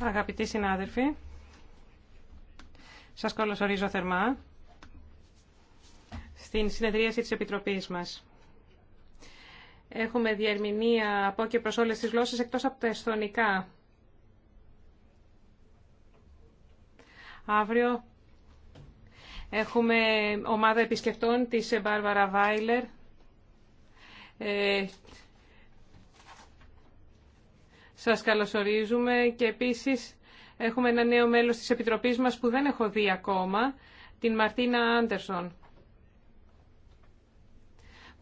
Αγαπητοί συνάδελφοι, σας καλωσορίζω θερμά στην συνεδρίαση της Επιτροπής μας. Έχουμε διερμηνία από και προς όλες τις γλώσσες εκτός από τα εσθονικά. Αύριο έχουμε ομάδα επισκεπτών της Μπάρβαρα Βάιλερ ε, σας καλωσορίζουμε και επίσης έχουμε ένα νέο μέλος της Επιτροπής μας που δεν έχω δει ακόμα, την Μαρτίνα Άντερσον,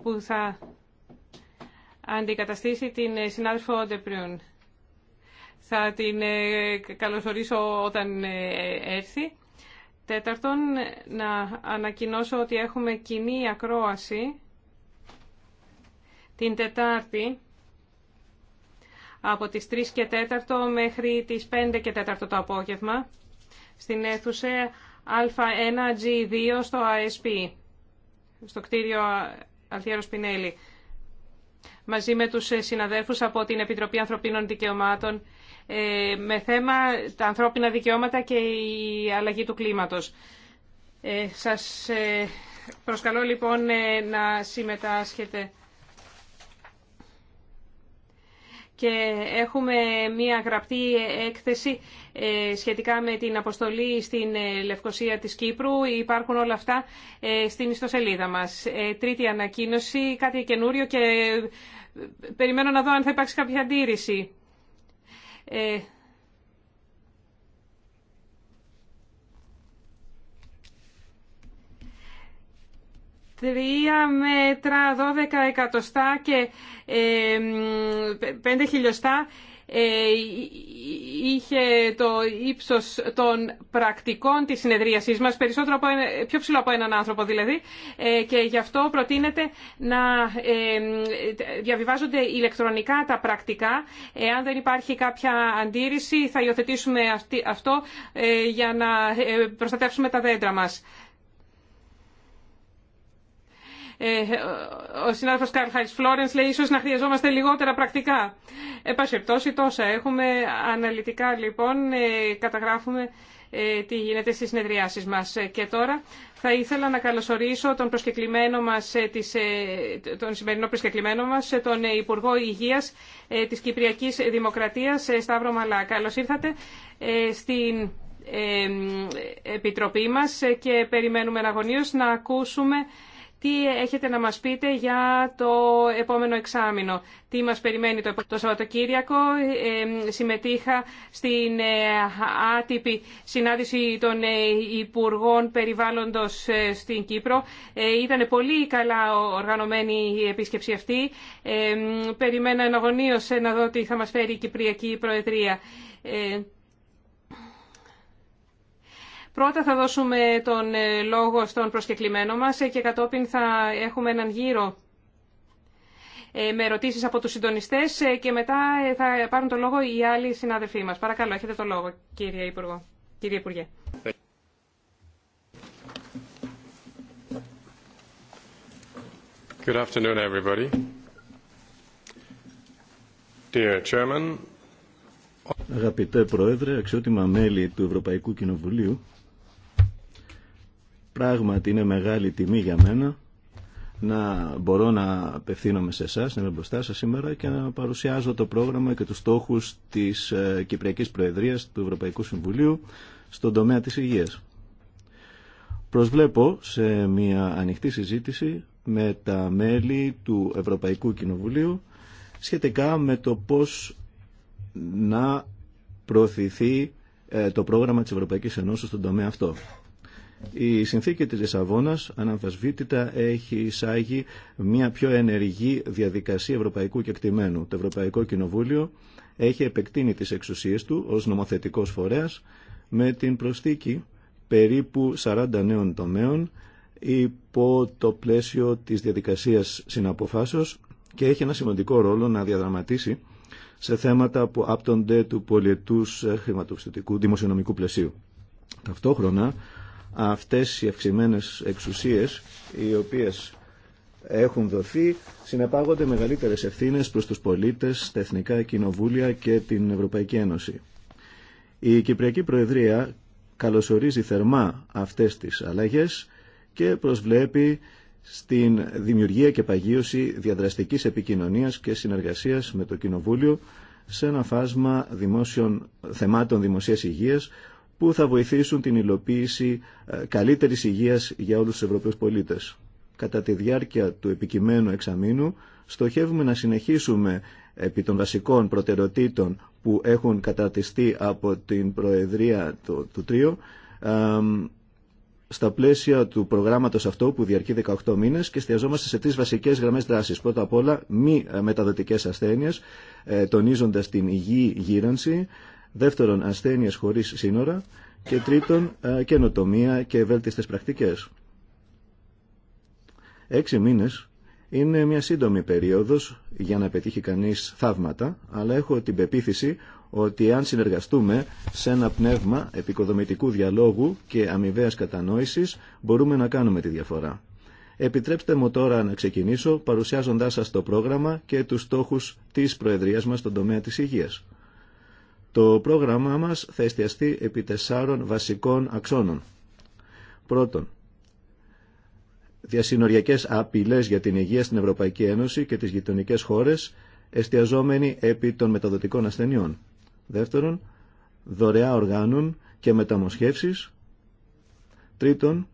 που θα αντικαταστήσει την ε, συνάδελφο Ντεπριούν. Θα την ε, καλωσορίσω όταν ε, έρθει. Τέταρτον, να ανακοινώσω ότι έχουμε κοινή ακρόαση την Τετάρτη από τις 3 και 4 μέχρι τις 5 και 4 το απόγευμα στην αίθουσα Α1G2 στο ASP, στο κτίριο Αλθιέρο Πινέλη, μαζί με τους ε, συναδέλφους από την Επιτροπή Ανθρωπίνων Δικαιωμάτων ε, με θέμα τα ανθρώπινα δικαιώματα και η αλλαγή του κλίματος. Ε, σας προσκαλώ λοιπόν να συμμετάσχετε. και έχουμε μία γραπτή έκθεση ε, σχετικά με την αποστολή στην ε, Λευκοσία της Κύπρου. Υπάρχουν όλα αυτά ε, στην ιστοσελίδα μας. Τρίτη ανακοίνωση, κάτι καινούριο και περιμένω να δω αν θα υπάρξει κάποια αντίρρηση. Τρία μέτρα, 12 εκατοστά και 5 χιλιοστά ε, είχε το ύψος των πρακτικών της συνεδρίασής μας, περισσότερο από πιο ψηλό από έναν άνθρωπο δηλαδή, ε, και γι' αυτό προτείνεται να διαβιβάζονται ηλεκτρονικά τα πρακτικά. Εάν δεν υπάρχει κάποια αντίρρηση θα υιοθετήσουμε αυτό ε, για να προστατεύσουμε τα δέντρα μας. Ε, ο συνάδελφος Καρλ Χάις Φλόρενς λέει ίσως να χρειαζόμαστε λιγότερα πρακτικά. Επασχεπτώσει τόσα έχουμε. Αναλυτικά λοιπόν ε, καταγράφουμε ε, τι γίνεται στις συνεδριάσεις μας. Και τώρα θα ήθελα να καλωσορίσω τον, προσκεκλημένο μας, τον σημερινό προσκεκλημένο μας, τον Υπουργό Υγείας της Κυπριακής Δημοκρατίας, Σταύρο Μαλά. Καλώς ήρθατε στην Επιτροπή μας και περιμένουμε αγωνίως να ακούσουμε τι έχετε να μας πείτε για το επόμενο εξάμεινο. Τι μας περιμένει το, το Σαββατοκύριακο. Ε, ε συμμετείχα στην ε, άτυπη συνάντηση των ε, Υπουργών Περιβάλλοντος στην Κύπρο. Ε, ήταν πολύ καλά οργανωμένη η επίσκεψη αυτή. Ε, περιμένω εναγωνίως να δω τι θα μας φέρει η Κυπριακή Προεδρία. Πρώτα θα δώσουμε τον ε, λόγο στον προσκεκλημένο μας ε, και κατόπιν θα έχουμε έναν γύρο ε, με ερωτήσεις από τους συντονιστές και μετά θα πάρουν το λόγο οι άλλοι συνάδελφοί μας. Παρακαλώ, έχετε το λόγο, κύριε, Υπουργό. κύριε Υπουργέ. Good afternoon, everybody. Dear Chairman. Αγαπητέ Πρόεδρε, αξιότιμα μέλη του Ευρωπαϊκού Κοινοβουλίου, Πράγματι είναι μεγάλη τιμή για μένα να μπορώ να απευθύνομαι σε εσά, να είμαι μπροστά σα σήμερα και να παρουσιάζω το πρόγραμμα και του στόχου τη ε, Κυπριακή Προεδρία του Ευρωπαϊκού Συμβουλίου στον τομέα τη υγεία. Προσβλέπω σε μια ανοιχτή συζήτηση με τα μέλη του Ευρωπαϊκού Κοινοβουλίου σχετικά με το πώς να προωθηθεί ε, το πρόγραμμα της Ευρωπαϊκής Ενώσης στον τομέα αυτό. Η συνθήκη της Λισαβόνας αναμφασβήτητα έχει εισάγει μια πιο ενεργή διαδικασία ευρωπαϊκού κεκτημένου. Το Ευρωπαϊκό Κοινοβούλιο έχει επεκτείνει τις εξουσίες του ως νομοθετικός φορέας με την προσθήκη περίπου 40 νέων τομέων υπό το πλαίσιο της διαδικασίας συναποφάσεως και έχει ένα σημαντικό ρόλο να διαδραματίσει σε θέματα που άπτονται του πολιετούς χρηματοπιστωτικού δημοσιονομικού πλαισίου. Ταυτόχρονα αυτές οι αυξημένες εξουσίες οι οποίες έχουν δοθεί συνεπάγονται μεγαλύτερες ευθύνες προς τους πολίτες, τα εθνικά κοινοβούλια και την Ευρωπαϊκή Ένωση. Η Κυπριακή Προεδρία καλωσορίζει θερμά αυτές τις αλλαγές και προσβλέπει στην δημιουργία και παγίωση διαδραστικής επικοινωνίας και συνεργασίας με το Κοινοβούλιο σε ένα φάσμα δημόσιων, θεμάτων δημοσίας υγείας που θα βοηθήσουν την υλοποίηση ε, καλύτερης υγείας για όλους τους Ευρωπαίους πολίτες. Κατά τη διάρκεια του επικειμένου εξαμήνου στοχεύουμε να συνεχίσουμε επί των βασικών προτεραιοτήτων που έχουν καταρτιστεί από την Προεδρία του, του Τρίου στα πλαίσια του προγράμματο αυτό που διαρκεί 18 μήνε και εστιαζόμαστε σε τρει βασικέ γραμμέ δράση. Πρώτα απ' όλα, μη μεταδοτικέ ασθένειε, τονίζοντα την υγιή γύρανση, Δεύτερον, ασθένειες χωρίς σύνορα. Και τρίτον, καινοτομία και ευέλτιστες πρακτικές. Έξι μήνες είναι μια σύντομη περίοδος για να πετύχει κανείς θαύματα, αλλά έχω την πεποίθηση ότι αν συνεργαστούμε σε ένα πνεύμα επικοδομητικού διαλόγου και αμοιβαία κατανόησης, μπορούμε να κάνουμε τη διαφορά. Επιτρέψτε μου τώρα να ξεκινήσω παρουσιάζοντάς σας το πρόγραμμα και τους στόχους της Προεδρίας μας στον τομέα της υγείας. Το πρόγραμμά μας θα εστιαστεί επί τεσσάρων βασικών αξώνων. Πρώτον, διασυνοριακές απειλές για την υγεία στην Ευρωπαϊκή Ένωση και τις γειτονικές χώρες, εστιαζόμενοι επί των μεταδοτικών ασθενειών. Δεύτερον, δωρεά οργάνων και μεταμοσχεύσεις. Τρίτον,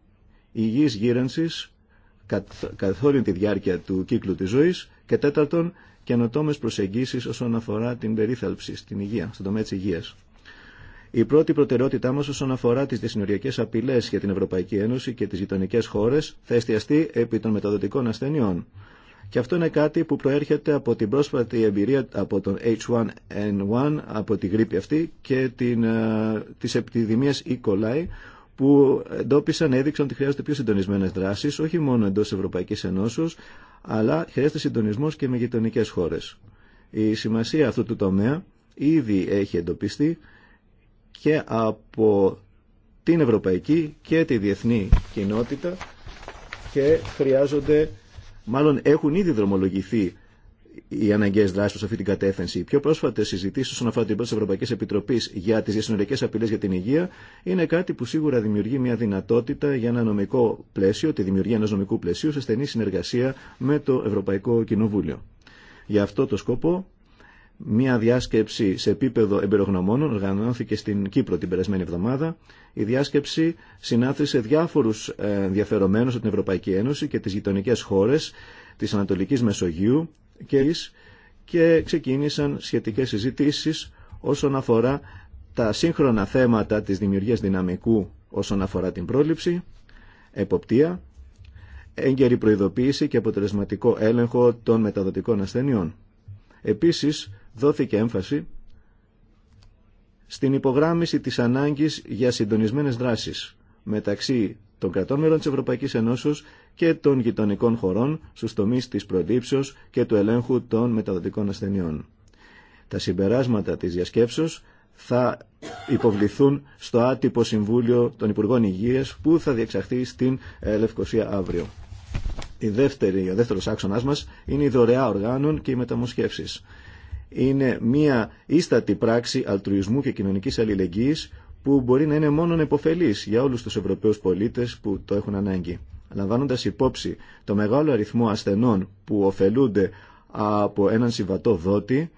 υγιής γύρανσης καθ, όλη τη διάρκεια του κύκλου της ζωής. Και τέταρτον, καινοτόμε προσεγγίσεις όσον αφορά την περίθαλψη στην υγεία, στον τομέα της υγείας. Η πρώτη προτεραιότητά μας όσον αφορά τις δυσυνοριακές απειλές για την Ευρωπαϊκή Ένωση και τις γειτονικέ χώρες θα εστιαστεί επί των μεταδοτικών ασθενειών. Και αυτό είναι κάτι που προέρχεται από την πρόσφατη εμπειρία από τον H1N1, από τη γρήπη αυτή και την, ε, τις επιδημίες E. coli, που εντόπισαν, έδειξαν ότι χρειάζονται πιο συντονισμένε δράσει, όχι μόνο εντό Ευρωπαϊκή Ενώσεω, αλλά χρειάζεται συντονισμό και με γειτονικέ χώρε. Η σημασία αυτού του τομέα ήδη έχει εντοπιστεί και από την ευρωπαϊκή και τη διεθνή κοινότητα και χρειάζονται, μάλλον έχουν ήδη δρομολογηθεί οι αναγκαίε δράσει προ αυτή την κατεύθυνση. Οι πιο πρόσφατε συζητήσει όσον αφορά την πρώτη Ευρωπαϊκή Επιτροπή για τι διασυνοριακέ απειλέ για την υγεία είναι κάτι που σίγουρα δημιουργεί μια δυνατότητα για ένα νομικό πλαίσιο, τη δημιουργία ενό νομικού πλαισίου σε στενή συνεργασία με το Ευρωπαϊκό Κοινοβούλιο. Για αυτό το σκοπό, μια διάσκεψη σε επίπεδο εμπειρογνωμόνων οργανώθηκε στην Κύπρο την περασμένη εβδομάδα. Η διάσκεψη συνάθρισε διάφορου ε, ενδιαφερομένου από την Ευρωπαϊκή Ένωση και τι γειτονικέ χώρε τη Ανατολική Μεσογείου και, και ξεκίνησαν σχετικές συζητήσεις όσον αφορά τα σύγχρονα θέματα της δημιουργίας δυναμικού όσον αφορά την πρόληψη, εποπτεία, έγκαιρη προειδοποίηση και αποτελεσματικό έλεγχο των μεταδοτικών ασθενειών. Επίσης, δόθηκε έμφαση στην υπογράμμιση της ανάγκης για συντονισμένες δράσεις μεταξύ των κρατών μερών της Ευρωπαϊκής Ενώσεως και των γειτονικών χωρών στους τομείς της προλήψεως και του ελέγχου των μεταδοτικών ασθενειών. Τα συμπεράσματα της διασκέψεως θα υποβληθούν στο άτυπο Συμβούλιο των Υπουργών Υγείας που θα διεξαχθεί στην ε, Λευκοσία αύριο. Η δεύτερη, ο δεύτερος άξονας μας είναι η δωρεά οργάνων και οι μεταμοσχεύσεις. Είναι μια ίστατη πράξη αλτρουισμού και κοινωνικής αλληλεγγύης που μπορεί να είναι μόνον επωφελής για όλους τους Ευρωπαίους πολίτες που το έχουν ανάγκη λαμβάνοντα υπόψη το μεγάλο αριθμό ασθενών που ωφελούνται από έναν συμβατό δότη,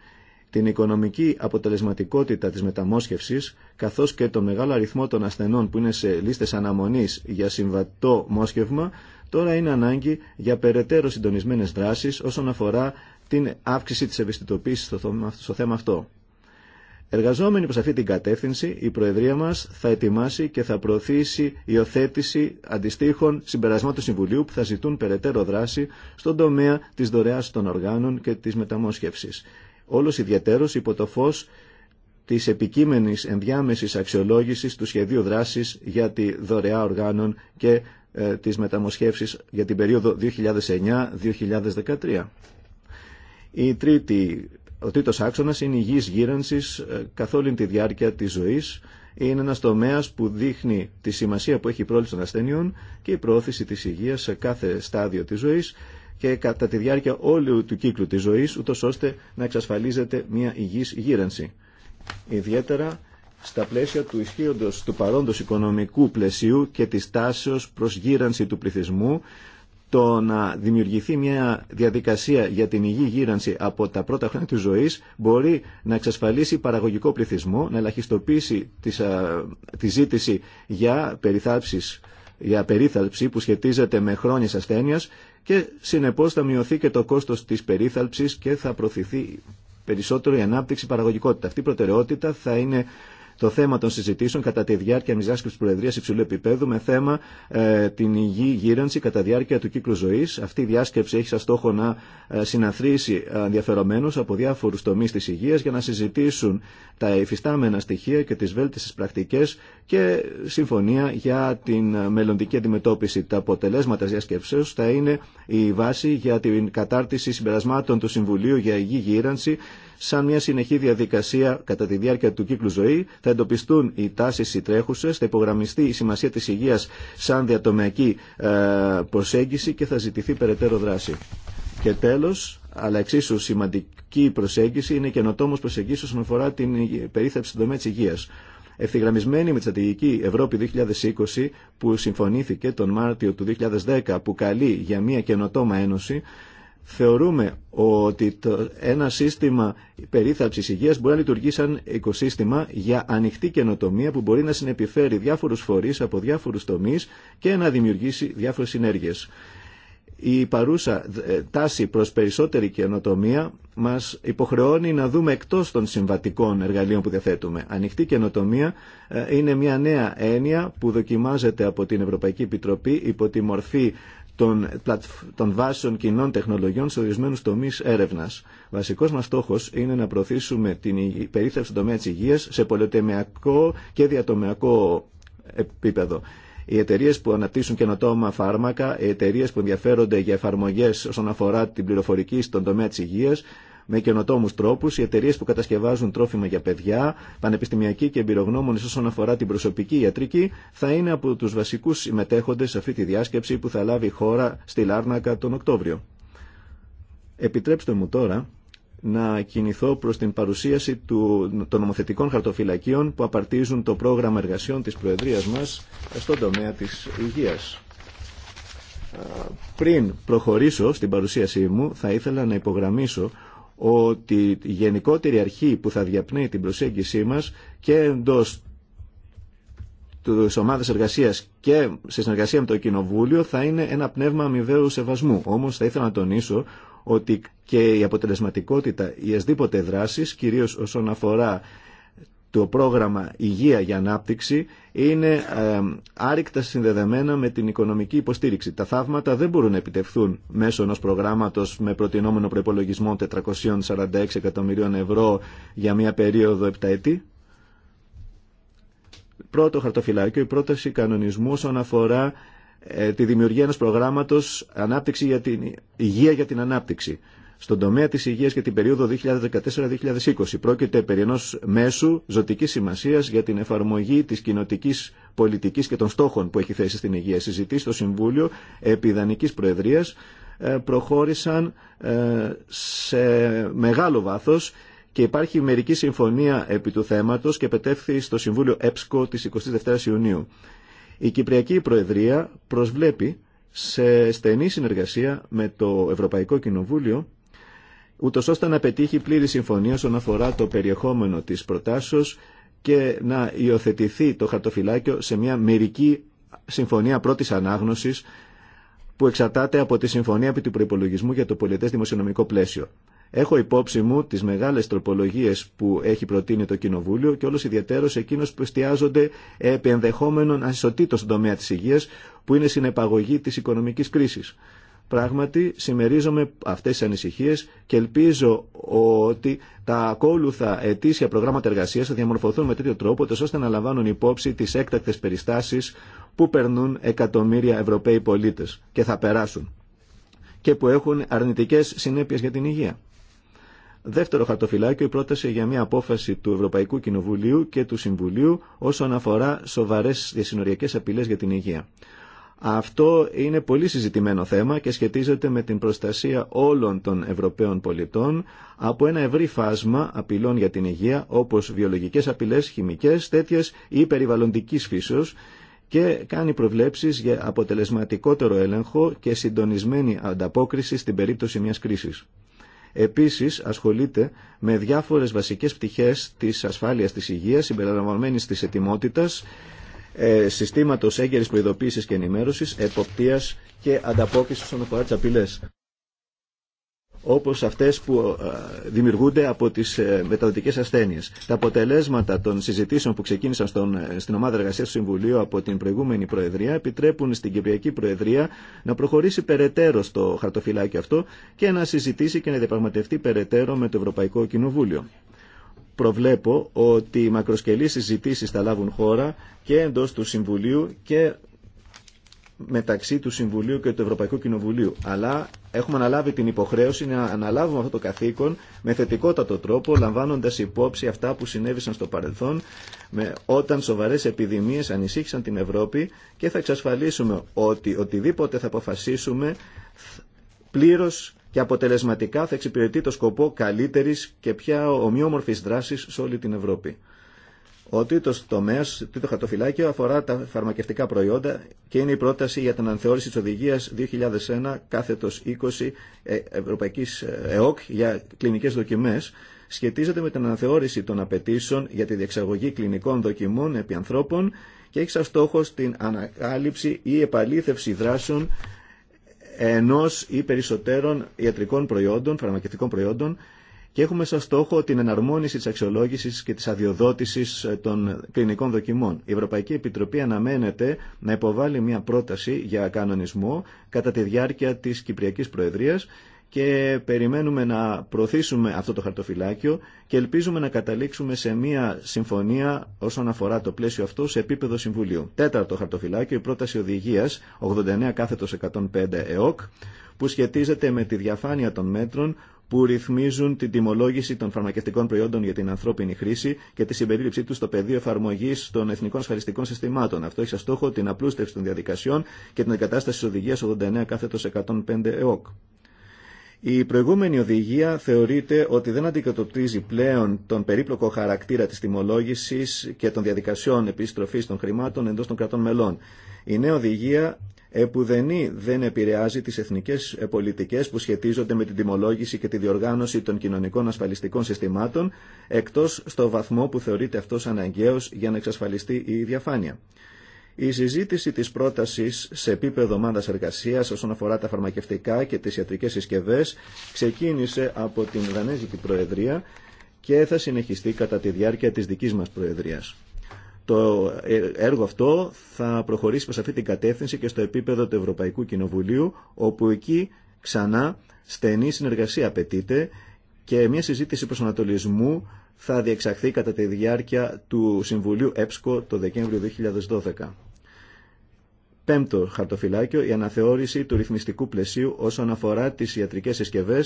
την οικονομική αποτελεσματικότητα της μεταμόσχευσης, καθώς και το μεγάλο αριθμό των ασθενών που είναι σε λίστες αναμονής για συμβατό μόσχευμα, τώρα είναι ανάγκη για περαιτέρω συντονισμένες δράσεις όσον αφορά την αύξηση της ευαισθητοποίησης στο θέμα αυτό. Εργαζόμενοι προς αυτή την κατεύθυνση, η Προεδρία μας θα ετοιμάσει και θα προωθήσει υιοθέτηση αντιστοίχων συμπερασμάτων Συμβουλίου που θα ζητούν περαιτέρω δράση στον τομέα της δωρεάς των οργάνων και της μεταμόσχευσης. Όλος ιδιαίτερος υπό το φως της επικείμενης ενδιάμεσης αξιολόγησης του σχεδίου δράσης για τη δωρεά οργάνων και ε, της μεταμοσχεύσης για την περίοδο 2009-2013. Η τρίτη ο τρίτος άξονας είναι η υγιής γύρανσης ε, καθ' όλη τη διάρκεια της ζωής. Είναι ένας τομέας που δείχνει τη σημασία που έχει η πρόληψη των ασθενειών και η προώθηση της υγείας σε κάθε στάδιο της ζωής και κατά τη διάρκεια όλου του κύκλου της ζωής, ούτως ώστε να εξασφαλίζεται μια υγιής γύρανση. Ιδιαίτερα στα πλαίσια του ισχύοντος του παρόντος οικονομικού πλαισίου και της τάσεως προς γύρανση του πληθυσμού, το να δημιουργηθεί μια διαδικασία για την υγιή γύρανση από τα πρώτα χρόνια της ζωής μπορεί να εξασφαλίσει παραγωγικό πληθυσμό, να ελαχιστοποιήσει τη ζήτηση για περιθάψεις για περίθαλψη που σχετίζεται με χρόνια ασθένειας και συνεπώς θα μειωθεί και το κόστος της περίθαλψης και θα προωθηθεί περισσότερο η ανάπτυξη παραγωγικότητα. Αυτή η προτεραιότητα θα είναι το θέμα των συζητήσεων κατά τη διάρκεια μια διάσκεψη Προεδρία υψηλού επίπεδου με θέμα ε, την υγιή γύρανση κατά διάρκεια του κύκλου ζωή. Αυτή η διάσκεψη έχει σαν στόχο να ε, συναθρήσει ενδιαφερομένου από διάφορου τομεί τη υγεία για να συζητήσουν τα υφιστάμενα στοιχεία και τι βέλτιστε πρακτικέ και συμφωνία για την μελλοντική αντιμετώπιση. Τα αποτελέσματα τη διάσκεψεω θα είναι η βάση για την κατάρτιση συμπερασμάτων του Συμβουλίου για υγιή γύρανση σαν μια συνεχή διαδικασία κατά τη διάρκεια του κύκλου ζωή, θα εντοπιστούν οι τάσει οι τρέχουσε, θα υπογραμμιστεί η σημασία τη υγεία σαν διατομιακή ε, προσέγγιση και θα ζητηθεί περαιτέρω δράση. Και τέλο, αλλά εξίσου σημαντική προσέγγιση είναι η καινοτόμω προσεγγίση όσον αφορά την περίθαψη στον τομέα τη υγεία. Ευθυγραμμισμένη με τη στρατηγική Ευρώπη 2020 που συμφωνήθηκε τον Μάρτιο του 2010 που καλεί για μια καινοτόμα ένωση, θεωρούμε ότι το, ένα σύστημα περίθαψης υγείας μπορεί να λειτουργεί σαν οικοσύστημα για ανοιχτή καινοτομία που μπορεί να συνεπιφέρει διάφορους φορείς από διάφορους τομείς και να δημιουργήσει διάφορες συνέργειες. Η παρούσα ε, τάση προς περισσότερη καινοτομία μας υποχρεώνει να δούμε εκτός των συμβατικών εργαλείων που διαθέτουμε. Ανοιχτή καινοτομία ε, είναι μια νέα έννοια που δοκιμάζεται από την Ευρωπαϊκή Επιτροπή υπό τη μορφή των, των βάσεων κοινών τεχνολογιών σε ορισμένου τομεί έρευνα. Βασικό μα στόχο είναι να προωθήσουμε την περίθαλψη στον τομέα τη υγεία σε πολυτεμιακό και διατομιακό επίπεδο. Οι εταιρείε που αναπτύσσουν καινοτόμα φάρμακα, οι εταιρείε που ενδιαφέρονται για εφαρμογέ όσον αφορά την πληροφορική στον τομέα τη υγεία, με καινοτόμου τρόπου, οι εταιρείε που κατασκευάζουν τρόφιμα για παιδιά, πανεπιστημιακοί και εμπειρογνώμονε όσον αφορά την προσωπική ιατρική, θα είναι από του βασικού συμμετέχοντε σε αυτή τη διάσκεψη που θα λάβει η χώρα στη Λάρνακα τον Οκτώβριο. Επιτρέψτε μου τώρα να κινηθώ προς την παρουσίαση του, των νομοθετικών χαρτοφυλακίων που απαρτίζουν το πρόγραμμα εργασιών της Προεδρίας μας στον τομέα της υγείας. Πριν προχωρήσω στην παρουσίασή μου, θα ήθελα να υπογραμμίσω ότι η γενικότερη αρχή που θα διαπνέει την προσέγγισή μας και εντός της ομάδας εργασίας και σε συνεργασία με το Κοινοβούλιο θα είναι ένα πνεύμα αμοιβαίου σεβασμού. Όμως θα ήθελα να τονίσω ότι και η αποτελεσματικότητα ή ασδήποτε δράσεις, κυρίως όσον αφορά το πρόγραμμα Υγεία για Ανάπτυξη είναι άρρηκτα συνδεδεμένα με την οικονομική υποστήριξη. Τα θαύματα δεν μπορούν να επιτευχθούν μέσω ενός προγράμματος με προτινόμενο προπολογισμό 446 εκατομμυρίων ευρώ για μια περίοδο επταετή. Πρώτο χαρτοφυλάκιο, η πρόταση κανονισμού όσον αφορά ε, τη δημιουργία ενός προγράμματος για την, υγεία για την ανάπτυξη στον τομέα της υγείας για την περίοδο 2014-2020. Πρόκειται περί ενός μέσου ζωτικής σημασίας για την εφαρμογή της κοινοτική πολιτικής και των στόχων που έχει θέσει στην υγεία. Συζητήσει στο Συμβούλιο επί Προεδρίας ε, προχώρησαν ε, σε μεγάλο βάθος και υπάρχει μερική συμφωνία επί του θέματος και πετέφθη στο Συμβούλιο ΕΠΣΚΟ της 22 Ιουνίου. Η Κυπριακή Προεδρία προσβλέπει σε στενή συνεργασία με το Ευρωπαϊκό Κοινοβούλιο ούτω ώστε να πετύχει πλήρη συμφωνία όσον αφορά το περιεχόμενο τη προτάσεω και να υιοθετηθεί το χαρτοφυλάκιο σε μια μερική συμφωνία πρώτη ανάγνωση που εξαρτάται από τη συμφωνία επί του προπολογισμού για το πολιτέ δημοσιονομικό πλαίσιο. Έχω υπόψη μου τι μεγάλε τροπολογίε που έχει προτείνει το Κοινοβούλιο και όλο ιδιαίτερο εκείνου που εστιάζονται επί ενδεχόμενων ασυσοτήτων στον τομέα τη υγεία που είναι συνεπαγωγή τη οικονομική κρίση. Πράγματι, συμμερίζομαι αυτές τις ανησυχίες και ελπίζω ότι τα ακόλουθα ετήσια προγράμματα εργασίας θα διαμορφωθούν με τέτοιο τρόπο, ώστε να λαμβάνουν υπόψη τις έκτακτες περιστάσεις που περνούν εκατομμύρια Ευρωπαίοι πολίτες και θα περάσουν και που έχουν αρνητικές συνέπειες για την υγεία. Δεύτερο χαρτοφυλάκιο, η πρόταση για μια απόφαση του Ευρωπαϊκού Κοινοβουλίου και του Συμβουλίου όσον αφορά σοβαρές διασυνοριακές απειλές για την υγεία. Αυτό είναι πολύ συζητημένο θέμα και σχετίζεται με την προστασία όλων των Ευρωπαίων πολιτών από ένα ευρύ φάσμα απειλών για την υγεία όπως βιολογικές απειλές, χημικές, τέτοιες ή περιβαλλοντικής φύσεως και κάνει προβλέψεις για αποτελεσματικότερο έλεγχο και συντονισμένη ανταπόκριση στην περίπτωση μιας κρίσης. Επίσης ασχολείται με διάφορες βασικές πτυχές της ασφάλειας της υγείας συμπεριλαμβανομένης της ετοιμότητας ε, συστήματος έγκαιρης προειδοποίησης και ενημέρωση, εποπτεία και ανταπόκρισης όσον αφορά τι απειλέ, όπω αυτέ που ε, δημιουργούνται από τις ε, μεταδοτικέ ασθένειε. Τα αποτελέσματα των συζητήσεων που ξεκίνησαν στον, ε, στην ομάδα εργασία του Συμβουλίου από την προηγούμενη Προεδρία επιτρέπουν στην Κυπριακή Προεδρία να προχωρήσει περαιτέρω στο χαρτοφυλάκι αυτό και να συζητήσει και να διαπραγματευτεί περαιτέρω με το Ευρωπαϊκό Κοινοβούλιο προβλέπω ότι οι μακροσκελείς συζητήσεις θα λάβουν χώρα και εντός του Συμβουλίου και μεταξύ του Συμβουλίου και του Ευρωπαϊκού Κοινοβουλίου. Αλλά έχουμε αναλάβει την υποχρέωση να αναλάβουμε αυτό το καθήκον με θετικότατο τρόπο, λαμβάνοντα υπόψη αυτά που συνέβησαν στο παρελθόν, με, όταν σοβαρέ επιδημίε ανησύχησαν την Ευρώπη και θα εξασφαλίσουμε ότι οτιδήποτε θα αποφασίσουμε πλήρως και αποτελεσματικά θα εξυπηρετεί το σκοπό καλύτερης και πια ομοιόμορφης δράσης σε όλη την Ευρώπη. Ο τρίτο τομέα, το τρίτο χαρτοφυλάκιο, αφορά τα φαρμακευτικά προϊόντα και είναι η πρόταση για την αναθεώρηση τη οδηγία 2001 κάθετο 20 ε, Ευρωπαϊκή ε, ΕΟΚ για κλινικέ δοκιμέ. Σχετίζεται με την αναθεώρηση των απαιτήσεων για τη διεξαγωγή κλινικών δοκιμών επί ανθρώπων και έχει σαν στόχο την ανακάλυψη ή επαλήθευση δράσεων Ενό ή περισσότερων ιατρικών προϊόντων, φαρμακευτικών προϊόντων και έχουμε σαν στόχο την εναρμόνιση της αξιολόγησης και της αδειοδότηση ε, των κλινικών δοκιμών. Η Ευρωπαϊκή Επιτροπή αναμένεται να υποβάλει μια πρόταση για κανονισμό κατά τη διάρκεια της Κυπριακής Προεδρίας και περιμένουμε να προωθήσουμε αυτό το χαρτοφυλάκιο και ελπίζουμε να καταλήξουμε σε μια συμφωνία όσον αφορά το πλαίσιο αυτό σε επίπεδο Συμβουλίου. Τέταρτο χαρτοφυλάκιο, η πρόταση οδηγία 89 κάθετο 105 ΕΟΚ, που σχετίζεται με τη διαφάνεια των μέτρων που ρυθμίζουν την τιμολόγηση των φαρμακευτικών προϊόντων για την ανθρώπινη χρήση και τη συμπερίληψή του στο πεδίο εφαρμογή των εθνικών ασφαλιστικών συστημάτων. Αυτό έχει σαν στόχο την απλούστευση των διαδικασιών και την εγκατάσταση τη οδηγία 89 κάθετο 105 ΕΟΚ. Η προηγούμενη οδηγία θεωρείται ότι δεν αντικατοπτρίζει πλέον τον περίπλοκο χαρακτήρα της τιμολόγησης και των διαδικασιών επιστροφής των χρημάτων εντός των κρατών μελών. Η νέα οδηγία επουδενή δεν επηρεάζει τις εθνικές πολιτικές που σχετίζονται με την τιμολόγηση και τη διοργάνωση των κοινωνικών ασφαλιστικών συστημάτων, εκτός στο βαθμό που θεωρείται αυτός αναγκαίος για να εξασφαλιστεί η διαφάνεια. Η συζήτηση της πρότασης σε επίπεδο ομάδας εργασίας όσον αφορά τα φαρμακευτικά και τις ιατρικές συσκευές ξεκίνησε από την Δανέζικη Προεδρία και θα συνεχιστεί κατά τη διάρκεια της δικής μας Προεδρίας. Το ε, έργο αυτό θα προχωρήσει προς αυτή την κατεύθυνση και στο επίπεδο του Ευρωπαϊκού Κοινοβουλίου, όπου εκεί ξανά στενή συνεργασία απαιτείται και μια συζήτηση προσανατολισμού θα διεξαχθεί κατά τη διάρκεια του Συμβουλίου ΕΠΣΚΟ το Δεκέμβριο 2012. Πέμπτο χαρτοφυλάκιο, η αναθεώρηση του ρυθμιστικού πλαισίου όσον αφορά τις ιατρικές συσκευέ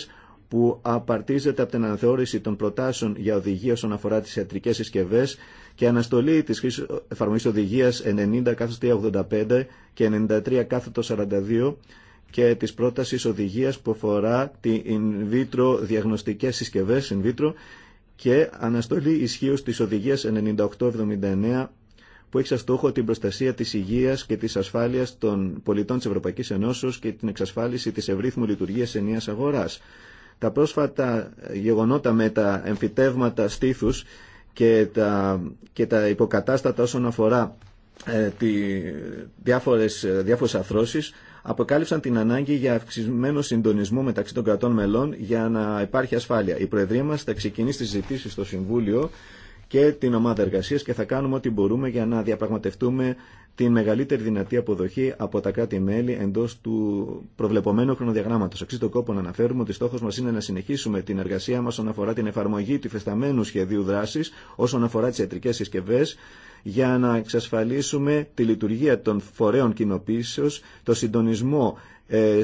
που απαρτίζεται από την αναθεώρηση των προτάσεων για οδηγία όσον αφορά τις ιατρικές συσκευέ και αναστολή της εφαρμογής οδηγίας 90-85 και 93-42 και της πρότασης οδηγίας που αφορά την in vitro διαγνωστικές συσκευές και αναστολή ισχύω της οδηγίας 9879 που έχει σαν στόχο την προστασία της υγεία και της ασφάλειας των πολιτών τη ευρωπαϊκή Ενώσεω και την εξασφάλιση της ευρύθμου λειτουργίας ενία αγορά. Τα πρόσφατα γεγονότα με τα εμφυτεύματα στήθου και τα, και τα υποκατάστατα όσον αφορά ε, τη, διάφορες, ε, διάφορες αθρώσεις αποκάλυψαν την ανάγκη για αυξημένο συντονισμό μεταξύ των κρατών μελών για να υπάρχει ασφάλεια. Η Προεδρία μα θα ξεκινήσει τι συζητήσει στο Συμβούλιο και την ομάδα εργασία και θα κάνουμε ό,τι μπορούμε για να διαπραγματευτούμε την μεγαλύτερη δυνατή αποδοχή από τα κράτη-μέλη εντό του προβλεπωμένου χρονοδιαγράμματο. Εξή, το κόπο να αναφέρουμε ότι στόχο μα είναι να συνεχίσουμε την εργασία μα όσον αφορά την εφαρμογή του φεσταμένου σχεδίου δράση, όσον αφορά τι ιατρικέ συσκευέ, για να εξασφαλίσουμε τη λειτουργία των φορέων κοινοποίησεω, το συντονισμό, ε,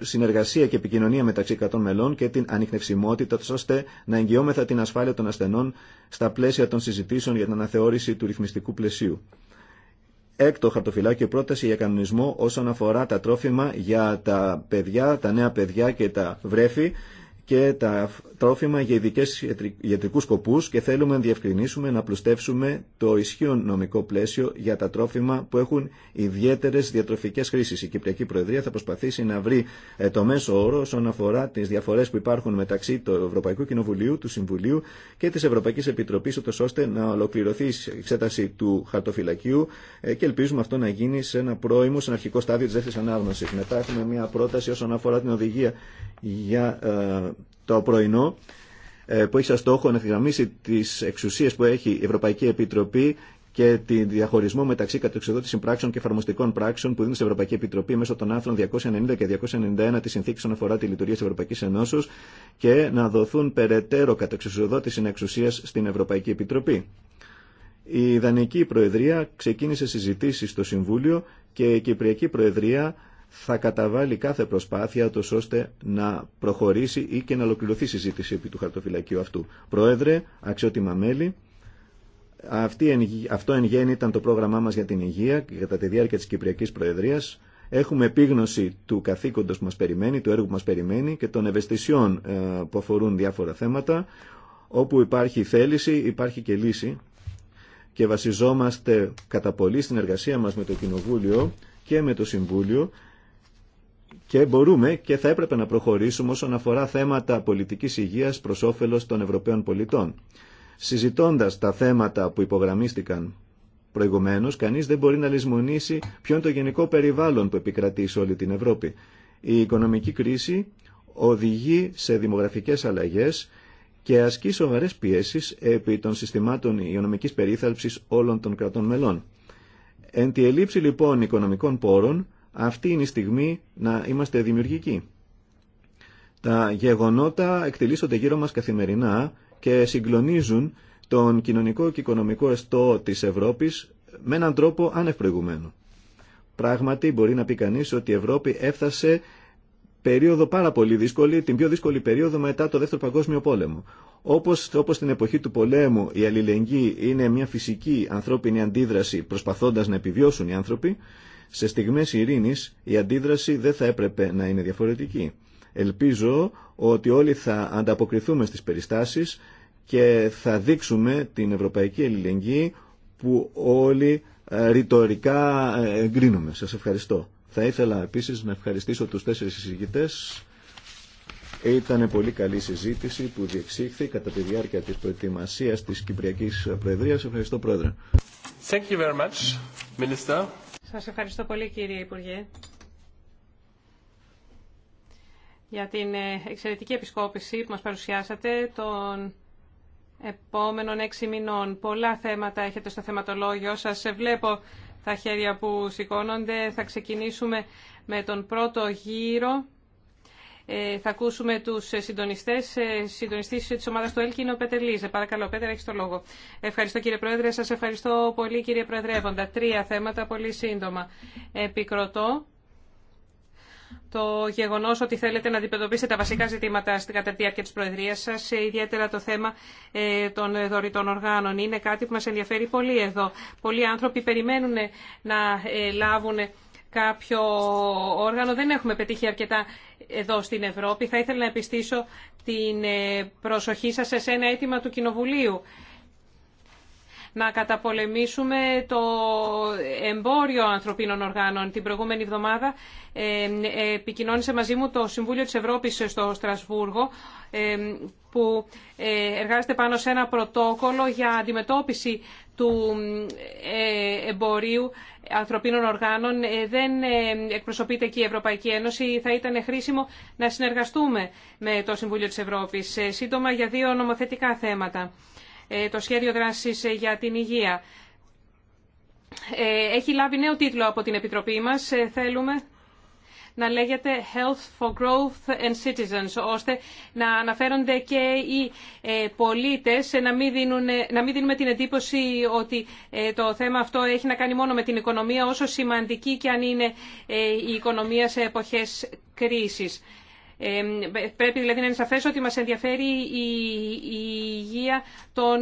συνεργασία και επικοινωνία μεταξύ 100 μελών και την ανιχνευσιμότητα, ώστε να εγγυόμεθα την ασφάλεια των ασθενών στα πλαίσια των συζητήσεων για την αναθεώρηση του ρυθμιστικού πλαισίου. Έκτο χαρτοφυλάκιο πρόταση για κανονισμό όσον αφορά τα τρόφιμα για τα παιδιά, τα νέα παιδιά και τα βρέφη και τα τρόφιμα για ειδικέ ιατρικού σκοπού και θέλουμε να διευκρινίσουμε, να πλουστεύσουμε το ισχύον νομικό πλαίσιο για τα τρόφιμα που έχουν ιδιαίτερε διατροφικέ χρήσει. Η Κυπριακή Προεδρία θα προσπαθήσει να βρει ε, το μέσο όρο όσον αφορά τι διαφορέ που υπάρχουν μεταξύ του Ευρωπαϊκού Κοινοβουλίου, του Συμβουλίου και τη Ευρωπαϊκή Επιτροπή, ώστε να ολοκληρωθεί η εξέταση του χαρτοφυλακίου ε, και ελπίζουμε αυτό να γίνει σε ένα πρώιμο, σε ένα αρχικό στάδιο τη δεύτερη ανάγνωση. Μετά έχουμε μια πρόταση όσον αφορά την οδηγία για ε, το πρωινό ε, που έχει σαν στόχο να γραμμίσει τις εξουσίες που έχει η Ευρωπαϊκή Επιτροπή και τη διαχωρισμό μεταξύ κατεξοδότηση πράξεων και εφαρμοστικών πράξεων που δίνει στην Ευρωπαϊκή Επιτροπή μέσω των άρθρων 290 και 291 τη συνθήκη όσον αφορά τη λειτουργία τη Ευρωπαϊκή Ενώσεω και να δοθούν περαιτέρω κατεξοδότηση εξουσία στην Ευρωπαϊκή Επιτροπή. Η Δανική Προεδρία ξεκίνησε συζητήσει στο Συμβούλιο και η Κυπριακή Προεδρία θα καταβάλει κάθε προσπάθεια τόσο ώστε να προχωρήσει ή και να ολοκληρωθεί η συζήτηση επί του χαρτοφυλακίου αυτού. Πρόεδρε, αξιότιμα μέλη, αυτή, αυτό εν γέννη ήταν το πρόγραμμά μας για την υγεία και κατά τη διάρκεια της Κυπριακής Προεδρίας. Έχουμε επίγνωση του καθήκοντος που μας περιμένει, του έργου που μας περιμένει και των ευαισθησιών ε, που αφορούν διάφορα θέματα. Όπου υπάρχει θέληση υπάρχει και λύση και βασιζόμαστε κατά πολύ στην εργασία μας με το Κοινοβούλιο και με το Συμβούλιο και μπορούμε και θα έπρεπε να προχωρήσουμε όσον αφορά θέματα πολιτικής υγείας προς όφελος των Ευρωπαίων πολιτών. Συζητώντας τα θέματα που υπογραμμίστηκαν προηγουμένως, κανείς δεν μπορεί να λησμονήσει ποιο είναι το γενικό περιβάλλον που επικρατεί σε όλη την Ευρώπη. Η οικονομική κρίση οδηγεί σε δημογραφικές αλλαγές και ασκεί σοβαρές πιέσεις επί των συστημάτων υγειονομικής περίθαλψης όλων των κρατών μελών. Εν τη ελήψη λοιπόν οικονομικών πόρων, αυτή είναι η στιγμή να είμαστε δημιουργικοί. Τα γεγονότα εκτελήσονται γύρω μας καθημερινά και συγκλονίζουν τον κοινωνικό και οικονομικό εστό της Ευρώπης με έναν τρόπο ανευπροηγουμένο. Πράγματι μπορεί να πει κανείς ότι η Ευρώπη έφτασε περίοδο πάρα πολύ δύσκολη, την πιο δύσκολη περίοδο μετά το Δεύτερο Παγκόσμιο Πόλεμο. Όπως, όπως στην εποχή του πολέμου η αλληλεγγύη είναι μια φυσική ανθρώπινη αντίδραση προσπαθώντας να επιβιώσουν οι άνθρωποι, σε στιγμές ειρήνης η αντίδραση δεν θα έπρεπε να είναι διαφορετική. Ελπίζω ότι όλοι θα ανταποκριθούμε στις περιστάσεις και θα δείξουμε την ευρωπαϊκή ελληνική που όλοι ε, ρητορικά ε, εγκρίνουμε. Σας ευχαριστώ. Θα ήθελα επίσης να ευχαριστήσω τους τέσσερις συζητητές. Ήταν πολύ καλή συζήτηση που διεξήχθη κατά τη διάρκεια της προετοιμασίας της Κυπριακής Προεδρίας. Ευχαριστώ Πρόεδρε. Thank you very σας ευχαριστώ πολύ κύριε Υπουργέ για την ε, εξαιρετική επισκόπηση που μας παρουσιάσατε των επόμενων έξι μηνών. Πολλά θέματα έχετε στο θεματολόγιο σας. Βλέπω τα χέρια που σηκώνονται. Θα ξεκινήσουμε με τον πρώτο γύρο ε, θα ακούσουμε του ε, συντονιστέ. Ε, Συντονιστή τη ομάδα του ΕΛΚ είναι ο Πέτερ Λίζε. Παρακαλώ, Πέτερ, έχει το λόγο. Ευχαριστώ, κύριε Πρόεδρε. Σα ευχαριστώ πολύ, κύριε Προεδρεύοντα. Τρία θέματα πολύ σύντομα. Επικροτώ το γεγονό ότι θέλετε να αντιμετωπίσετε τα βασικά ζητήματα στην κατά τη διάρκεια τη Προεδρία σα, ιδιαίτερα το θέμα των δωρητών οργάνων. Είναι κάτι που μα ενδιαφέρει πολύ εδώ. Πολλοί άνθρωποι περιμένουν να λάβουν κάποιο όργανο. Δεν έχουμε πετύχει αρκετά εδώ στην Ευρώπη. Θα ήθελα να επιστήσω την ε, προσοχή σας σε ένα αίτημα του Κοινοβουλίου να καταπολεμήσουμε το εμπόριο ανθρωπίνων οργάνων. Την προηγούμενη εβδομάδα ε, επικοινώνησε μαζί μου το Συμβούλιο της Ευρώπης στο Στρασβούργο ε, που εργάζεται πάνω σε ένα πρωτόκολλο για αντιμετώπιση του εμπορίου ανθρωπίνων οργάνων ε, δεν ε, εκπροσωπείται εκεί η Ευρωπαϊκή Ένωση. Θα ήταν χρήσιμο να συνεργαστούμε με το Συμβούλιο της Ευρώπης. Ε, σύντομα για δύο νομοθετικά θέματα. Το σχέδιο δράσης για την υγεία. Έχει λάβει νέο τίτλο από την Επιτροπή μας. Θέλουμε να λέγεται Health for Growth and Citizens, ώστε να αναφέρονται και οι ε, πολίτες, να μην, δίνουν, να μην δίνουμε την εντύπωση ότι ε, το θέμα αυτό έχει να κάνει μόνο με την οικονομία, όσο σημαντική και αν είναι ε, η οικονομία σε εποχές κρίσης. Ε, πρέπει δηλαδή να είναι σαφές ότι μας ενδιαφέρει η, η υγεία των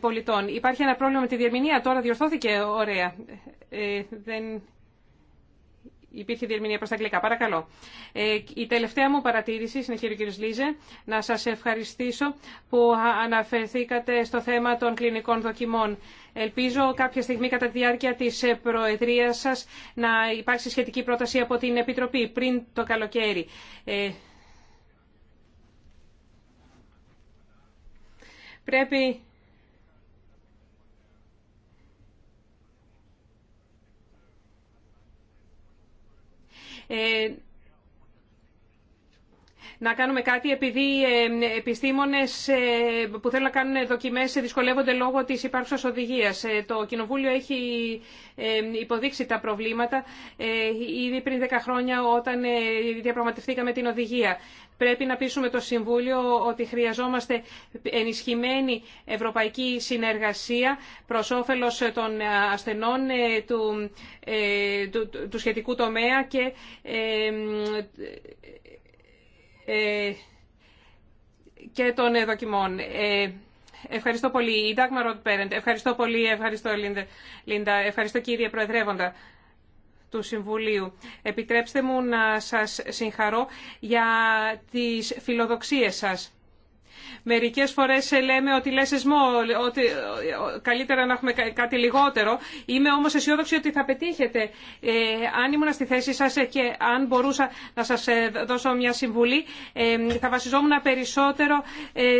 πολιτών. Υπάρχει ένα πρόβλημα με τη διαμηνία, τώρα διορθώθηκε ωραία υπήρχε διερμηνία προ τα αγγλικά. Παρακαλώ. Ε, η τελευταία μου παρατήρηση, συνεχίζει ο κ. Λίζε, να σας ευχαριστήσω που αναφερθήκατε στο θέμα των κλινικών δοκιμών. Ελπίζω κάποια στιγμή κατά τη διάρκεια της ε, προεδρίας σας να υπάρξει σχετική πρόταση από την Επιτροπή πριν το καλοκαίρι. Ε, πρέπει Ε, να κάνουμε κάτι επειδή ε, επιστήμονες ε, που θέλουν να κάνουν δοκιμές δυσκολεύονται λόγω της υπάρχουσας οδηγίας. Το Κοινοβούλιο έχει υποδείξει τα προβλήματα ήδη πριν 10 χρόνια όταν διαπραγματευτήκαμε την οδηγία πρέπει να πείσουμε το Συμβούλιο ότι χρειαζόμαστε ενισχυμένη ευρωπαϊκή συνεργασία προς όφελος των ασθενών ε, ε, του, του, σχετικού τομέα και ε, και των δοκιμών. Ευχαριστώ πολύ, Ιντάγμα Ροτ Πέρεντ. Ευχαριστώ πολύ, ευχαριστώ, Λίντα. Ευχαριστώ, κύριε Προεδρεύοντα του Συμβουλίου. Επιτρέψτε μου να σας συγχαρώ για τις φιλοδοξίες σας. Μερικές φορές λέμε ότι λες εσμό, ότι καλύτερα να έχουμε κάτι λιγότερο. Είμαι όμως αισιόδοξη ότι θα πετύχετε. Ε, αν ήμουν στη θέση σας ε, και αν μπορούσα να σας ε, δώσω μια συμβουλή, θα βασιζόμουν περισσότερο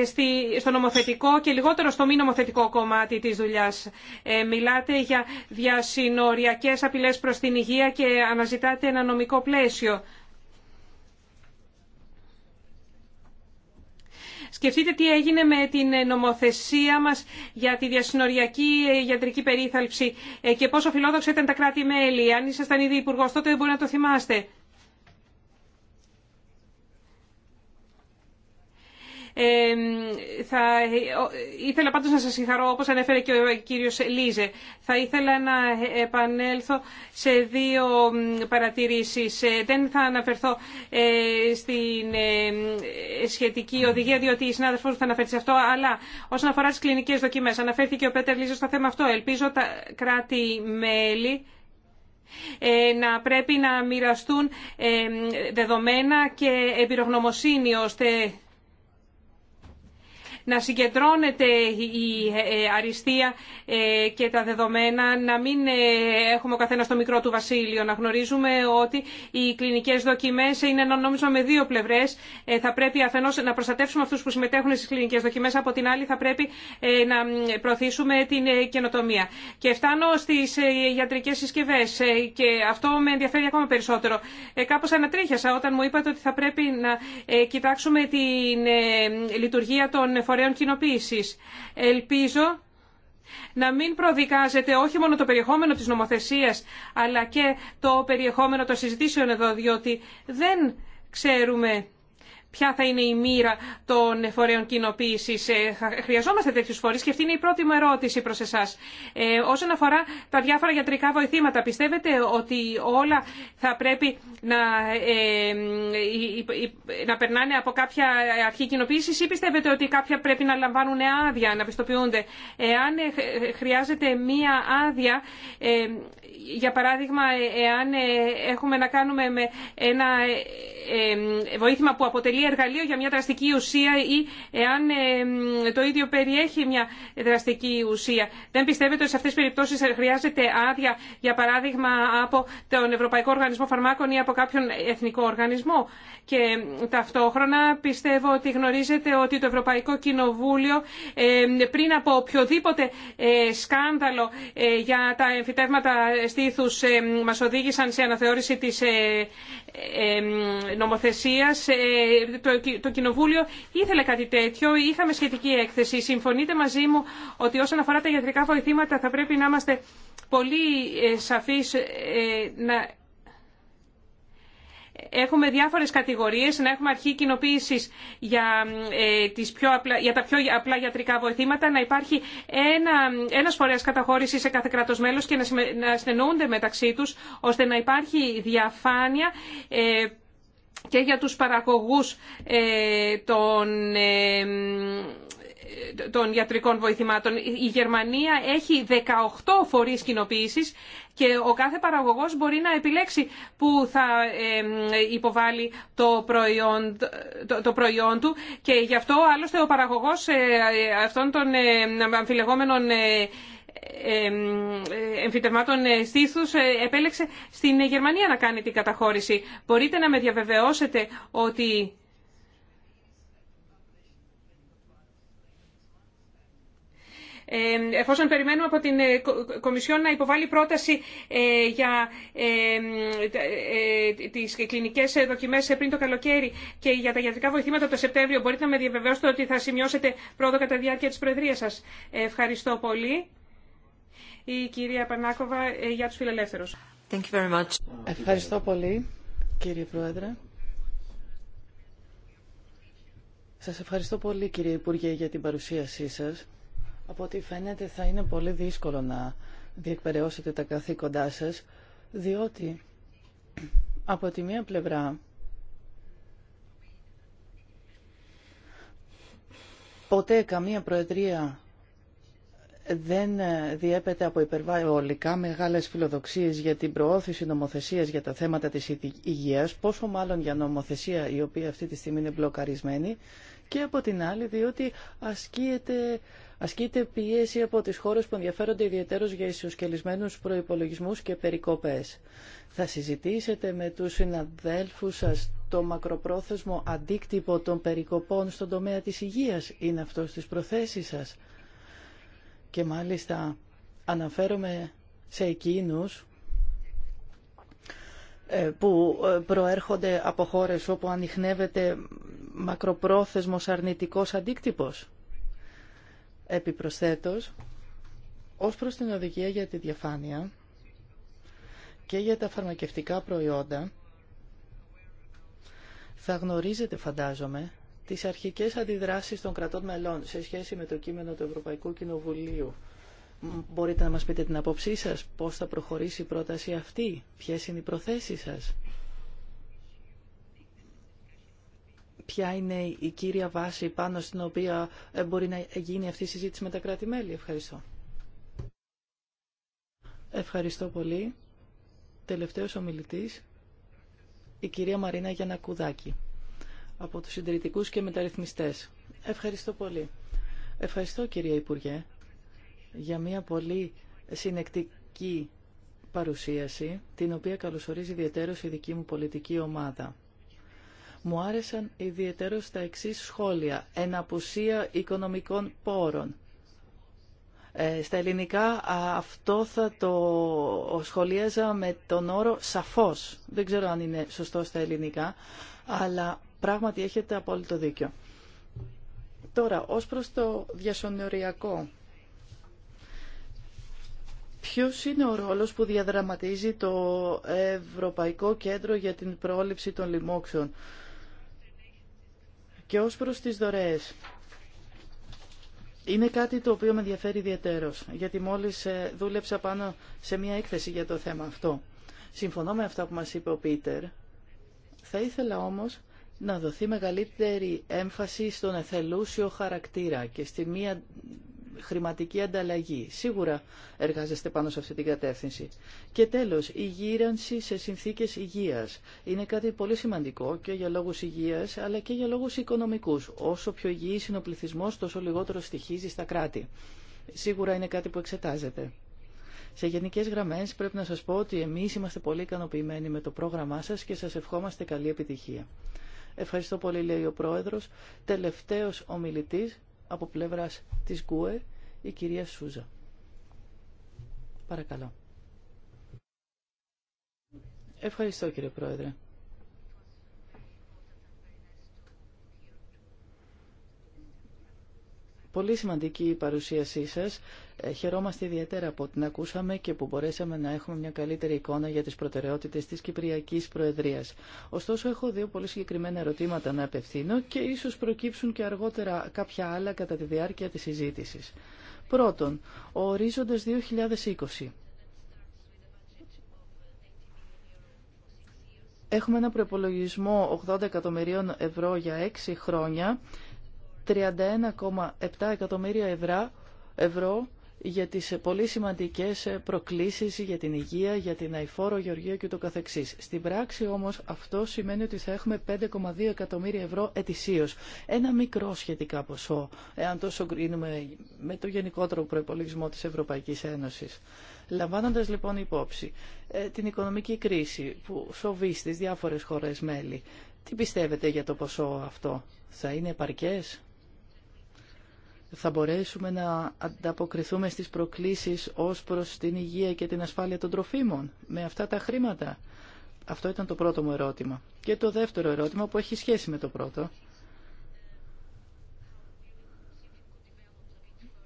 στη, στο νομοθετικό και λιγότερο στο μη νομοθετικό κομμάτι της δουλειάς. μιλάτε για διασυνοριακές απειλές προς την υγεία και αναζητάτε ένα νομικό πλαίσιο. Σκεφτείτε τι έγινε με την ε, νομοθεσία μας για τη διασυνοριακή ε, γιατρική περίθαλψη ε, και πόσο φιλόδοξα ήταν τα κράτη-μέλη. Αν ήσασταν ήδη υπουργό, τότε μπορεί να το θυμάστε. θα, ήθελα πάντως να σας συγχαρώ, όπως ανέφερε και ο κύριος Λίζε. Θα ήθελα να επανέλθω σε δύο παρατηρήσεις. Ε, δεν θα αναφερθώ ε, στην ε, σχετική οδηγία, διότι η συνάδελφοι θα αναφέρει σε αυτό, αλλά όσον αφορά τις κλινικές δοκιμές, αναφέρθηκε ο Πέτερ Λίζε στο θέμα αυτό. Ελπίζω τα κράτη-μέλη να πρέπει να μοιραστούν δεδομένα και εμπειρογνωμοσύνη ώστε να συγκεντρώνεται η ε, αριστεία ε, και τα δεδομένα, να μην ε, έχουμε ο καθένα το μικρό του βασίλειο, να γνωρίζουμε ότι οι κλινικέ δοκιμέ είναι ένα νόμισμα με δύο πλευρέ. Θα πρέπει αφενό να προστατεύσουμε αυτού που συμμετέχουν στι κλινικέ δοκιμέ, από την άλλη θα πρέπει να προωθήσουμε την καινοτομία. Και φτάνω στι ιατρικέ συσκευέ και αυτό με ενδιαφέρει ακόμα περισσότερο. Κάπω ανατρίχιασα όταν μου είπατε ότι θα πρέπει να κοιτάξουμε την λειτουργία των φορέων κοινοποίηση. Ελπίζω να μην προδικάζεται όχι μόνο το περιεχόμενο της νομοθεσίας, αλλά και το περιεχόμενο των συζητήσεων εδώ, διότι δεν ξέρουμε ποια θα είναι η μοίρα των φορέων κοινοποίηση. Ε, χρειαζόμαστε τέτοιου φορεί και αυτή είναι η πρώτη μου ερώτηση προ εσά. Ε, όσον αφορά τα διάφορα γιατρικά βοηθήματα, πιστεύετε ότι όλα θα πρέπει να, ε, ε να περνάνε από κάποια αρχή κοινοποίηση ή πιστεύετε ότι κάποια πρέπει να λαμβάνουν άδεια, να πιστοποιούνται. Εάν ε, χρειάζεται μία άδεια, ε, για παράδειγμα, εάν έχουμε να κάνουμε με ένα βοήθημα που αποτελεί εργαλείο για μια δραστική ουσία ή εάν ε, το ίδιο περιέχει μια δραστική ουσία. Δεν πιστεύετε ότι σε αυτές τι περιπτώσεις χρειάζεται άδεια, για παράδειγμα, από τον Ευρωπαϊκό Οργανισμό Φαρμάκων ή από κάποιον εθνικό οργανισμό. Και ταυτόχρονα πιστεύω ότι γνωρίζετε ότι το Ευρωπαϊκό Κοινοβούλιο ε, πριν από οποιοδήποτε ε, σκάνδαλο για τα εμφυτεύματα στήθους μα οδήγησαν σε αναθεώρηση της νομοθεσίας ε, το Κοινοβούλιο ήθελε κάτι τέτοιο, είχαμε σχετική έκθεση. Συμφωνείτε μαζί μου ότι όσον αφορά τα ιατρικά βοηθήματα θα πρέπει να είμαστε πολύ ε, σαφείς ε, να έχουμε διάφορες κατηγορίες, να έχουμε αρχή κοινοποίηση για, για τα πιο απλά γιατρικά βοηθήματα, να υπάρχει ένα, ένας φορέας καταχώρηση σε κάθε κράτος μέλος και να, να συνεννοούνται μεταξύ τους, ώστε να υπάρχει διαφάνεια και για τους παραγωγούς ε, των ε, των ιατρικών βοηθημάτων. Η Γερμανία έχει 18 φορείς κοινοποίησης και ο κάθε παραγωγός μπορεί να επιλέξει που θα ε, υποβάλει το προϊόν, το, το του και γι' αυτό άλλωστε ο παραγωγός αυτών των αμφιλεγόμενων εμφυτευμάτων ε, στήθου ε, επέλεξε στην Γερμανία να κάνει την καταχώρηση. Μπορείτε να με διαβεβαιώσετε ότι εφόσον περιμένουμε από την ε, Κομισιόν να υποβάλει πρόταση για τις κλινικές δοκιμές πριν το καλοκαίρι και για τα ιατρικά βοηθήματα το Σεπτέμβριο, μπορείτε να με διαβεβαιώσετε ότι θα σημειώσετε πρόοδο κατά διάρκεια της Προεδρίας σας. Ευχαριστώ πολύ η κυρία Πανάκοβα ε, για τους φιλελεύθερους. Thank you very much. Ευχαριστώ πολύ, κύριε Πρόεδρε. Σας ευχαριστώ πολύ, κύριε Υπουργέ, για την παρουσίασή σας. Από ό,τι φαίνεται θα είναι πολύ δύσκολο να διεκπαιρεώσετε τα καθήκοντά σας, διότι από τη μία πλευρά ποτέ καμία προεδρία δεν ε, διέπεται από υπερβολικά μεγάλες φιλοδοξίες για την προώθηση νομοθεσίας για τα θέματα της υγείας, πόσο μάλλον για νομοθεσία η οποία αυτή τη στιγμή είναι μπλοκαρισμένη, και από την άλλη διότι ασκείται, ασκείται πίεση από τις χώρες που ενδιαφέρονται ιδιαίτερως για ισοσκελισμένους προϋπολογισμούς και περικοπές. Θα συζητήσετε με τους συναδέλφους σας το μακροπρόθεσμο αντίκτυπο των περικοπών στον τομέα της υγείας. Είναι αυτό στις προθέσεις σας και μάλιστα αναφέρομαι σε εκείνους ε, που ε, προέρχονται από χώρες όπου ανοιχνεύεται μακροπρόθεσμος αρνητικός αντίκτυπος. Επιπροσθέτως, ως προς την οδηγία για τη διαφάνεια και για τα φαρμακευτικά προϊόντα, θα γνωρίζετε φαντάζομαι τις αρχικές αντιδράσεις των κρατών μελών σε σχέση με το κείμενο του Ευρωπαϊκού Κοινοβουλίου. Μπορείτε να μας πείτε την απόψή σας, πώς θα προχωρήσει η πρόταση αυτή, ποιες είναι οι προθέσεις σας. Ποια είναι η κύρια βάση πάνω στην οποία ε, μπορεί να γίνει αυτή η συζήτηση με τα κράτη-μέλη. Ευχαριστώ. Ευχαριστώ πολύ. Τελευταίος ομιλητής, η κυρία Μαρίνα Γιανακουδάκη από τους συντηρητικούς και μεταρρυθμιστές. Ευχαριστώ πολύ. Ευχαριστώ κυρία Υπουργέ για μια πολύ συνεκτική παρουσίαση, την οποία καλωσορίζει ιδιαίτερως η δική μου πολιτική ομάδα. Μου άρεσαν ιδιαίτερως τα εξής σχόλια. Εναπουσία οικονομικών πόρων. Ε, στα ελληνικά αυτό θα το σχολίαζα με τον όρο σαφώς. Δεν ξέρω αν είναι σωστό στα ελληνικά, αλλά Πράγματι έχετε απόλυτο δίκιο. Τώρα, ως προς το διασωνεωριακό, ποιος είναι ο ρόλος που διαδραματίζει το Ευρωπαϊκό Κέντρο για την Πρόληψη των Λοιμόξεων και ως προς τις δωρεές. Είναι κάτι το οποίο με ενδιαφέρει ιδιαίτερος, γιατί μόλις ε, δούλεψα πάνω σε μια έκθεση για το θέμα αυτό. Συμφωνώ με αυτά που μας είπε ο Πίτερ. Θα ήθελα όμως να δοθεί μεγαλύτερη έμφαση στον εθελούσιο χαρακτήρα και στη μία χρηματική ανταλλαγή. Σίγουρα εργάζεστε πάνω σε αυτή την κατεύθυνση. Και τέλος, η γύρανση σε συνθήκες υγείας. Είναι κάτι πολύ σημαντικό και για λόγους υγείας, αλλά και για λόγους οικονομικούς. Όσο πιο υγιής είναι ο πληθυσμός, τόσο λιγότερο στοιχίζει στα κράτη. Σίγουρα είναι κάτι που εξετάζεται. Σε γενικές γραμμές πρέπει να σας πω ότι εμείς είμαστε πολύ ικανοποιημένοι με το πρόγραμμά σας και σας ευχόμαστε καλή επιτυχία. Ευχαριστώ πολύ, λέει ο Πρόεδρος. Τελευταίος ομιλητής από πλευράς της ΚΟΕ, η κυρία Σούζα. Παρακαλώ. Ευχαριστώ, κύριε Πρόεδρε. Πολύ σημαντική η παρουσίασή σας Χαιρόμαστε ιδιαίτερα που την ακούσαμε και που μπορέσαμε να έχουμε μια καλύτερη εικόνα για τις προτεραιότητες της Κυπριακής Προεδρίας. Ωστόσο, έχω δύο πολύ συγκεκριμένα ερωτήματα να απευθύνω και ίσως προκύψουν και αργότερα κάποια άλλα κατά τη διάρκεια της συζήτησης. Πρώτον, ο ορίζοντας 2020. Έχουμε ένα προπολογισμό 80 εκατομμυρίων ευρώ για 6 χρόνια, 31,7 εκατομμύρια ευρώ για τις πολύ σημαντικές προκλήσεις για την υγεία, για την αηφόρο γεωργία και το καθεξής. Στην πράξη όμως αυτό σημαίνει ότι θα έχουμε 5,2 εκατομμύρια ευρώ ετησίως. Ένα μικρό σχετικά ποσό, εάν το συγκρίνουμε με το γενικότερο προϋπολογισμό της Ευρωπαϊκής Ένωσης. Λαμβάνοντας λοιπόν υπόψη ε, την οικονομική κρίση που σοβεί στις διάφορες χώρες μέλη, τι πιστεύετε για το ποσό αυτό, θα είναι επαρκές? θα μπορέσουμε να ανταποκριθούμε στις προκλήσεις ως προς την υγεία και την ασφάλεια των τροφίμων με αυτά τα χρήματα. Αυτό ήταν το πρώτο μου ερώτημα. Και το δεύτερο ερώτημα που έχει σχέση με το πρώτο.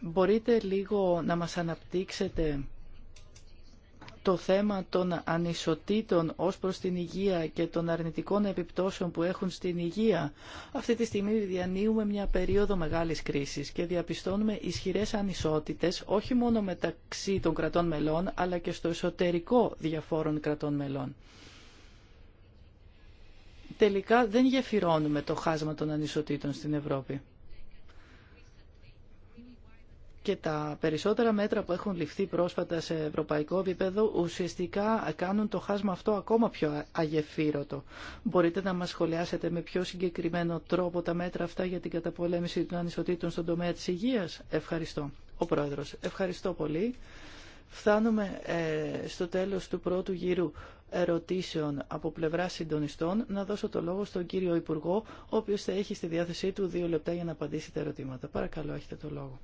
Μπορείτε λίγο να μας αναπτύξετε το θέμα των ανισοτήτων ως προς την υγεία και των αρνητικών επιπτώσεων που έχουν στην υγεία. Αυτή τη στιγμή διανύουμε μια περίοδο μεγάλης κρίσης και διαπιστώνουμε ισχυρές ανισότητες όχι μόνο μεταξύ των κρατών μελών αλλά και στο εσωτερικό διαφόρων κρατών μελών. Τελικά δεν γεφυρώνουμε το χάσμα των ανισοτήτων στην Ευρώπη και τα περισσότερα μέτρα που έχουν ληφθεί πρόσφατα σε ευρωπαϊκό επίπεδο ουσιαστικά κάνουν το χάσμα αυτό ακόμα πιο αγεφύρωτο. Μπορείτε να μας σχολιάσετε με πιο συγκεκριμένο τρόπο τα μέτρα αυτά για την καταπολέμηση των ανισοτήτων στον τομέα της υγείας. Ευχαριστώ. Ο Πρόεδρος, ευχαριστώ πολύ. Φτάνουμε ε, στο τέλος του πρώτου γύρου ερωτήσεων από πλευρά συντονιστών. Να δώσω το λόγο στον κύριο Υπουργό, ο οποίος θα έχει στη διάθεσή του δύο λεπτά για να απαντήσει τα ερωτήματα. Παρακαλώ, έχετε το λόγο.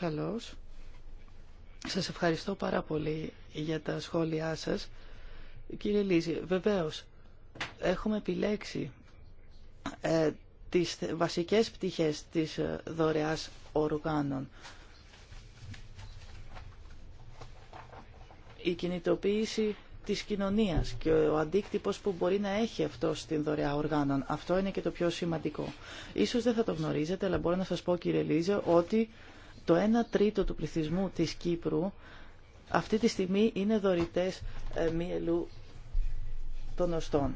Καλώς. Σας ευχαριστώ πάρα πολύ για τα σχόλιά σας. Κύριε Λίζη, βεβαίως, έχουμε επιλέξει ε, τις βασικές πτυχές της ε, δωρεάς οργάνων. Η κινητοποίηση της κοινωνίας και ο αντίκτυπος που μπορεί να έχει αυτό στην δωρεά οργάνων. Αυτό είναι και το πιο σημαντικό. Ίσως δεν θα το γνωρίζετε, αλλά μπορώ να σας πω κύριε Λίζε ότι το 1 τρίτο του πληθυσμού της Κύπρου αυτή τη στιγμή είναι δωρητές ε, μυελού των οστών.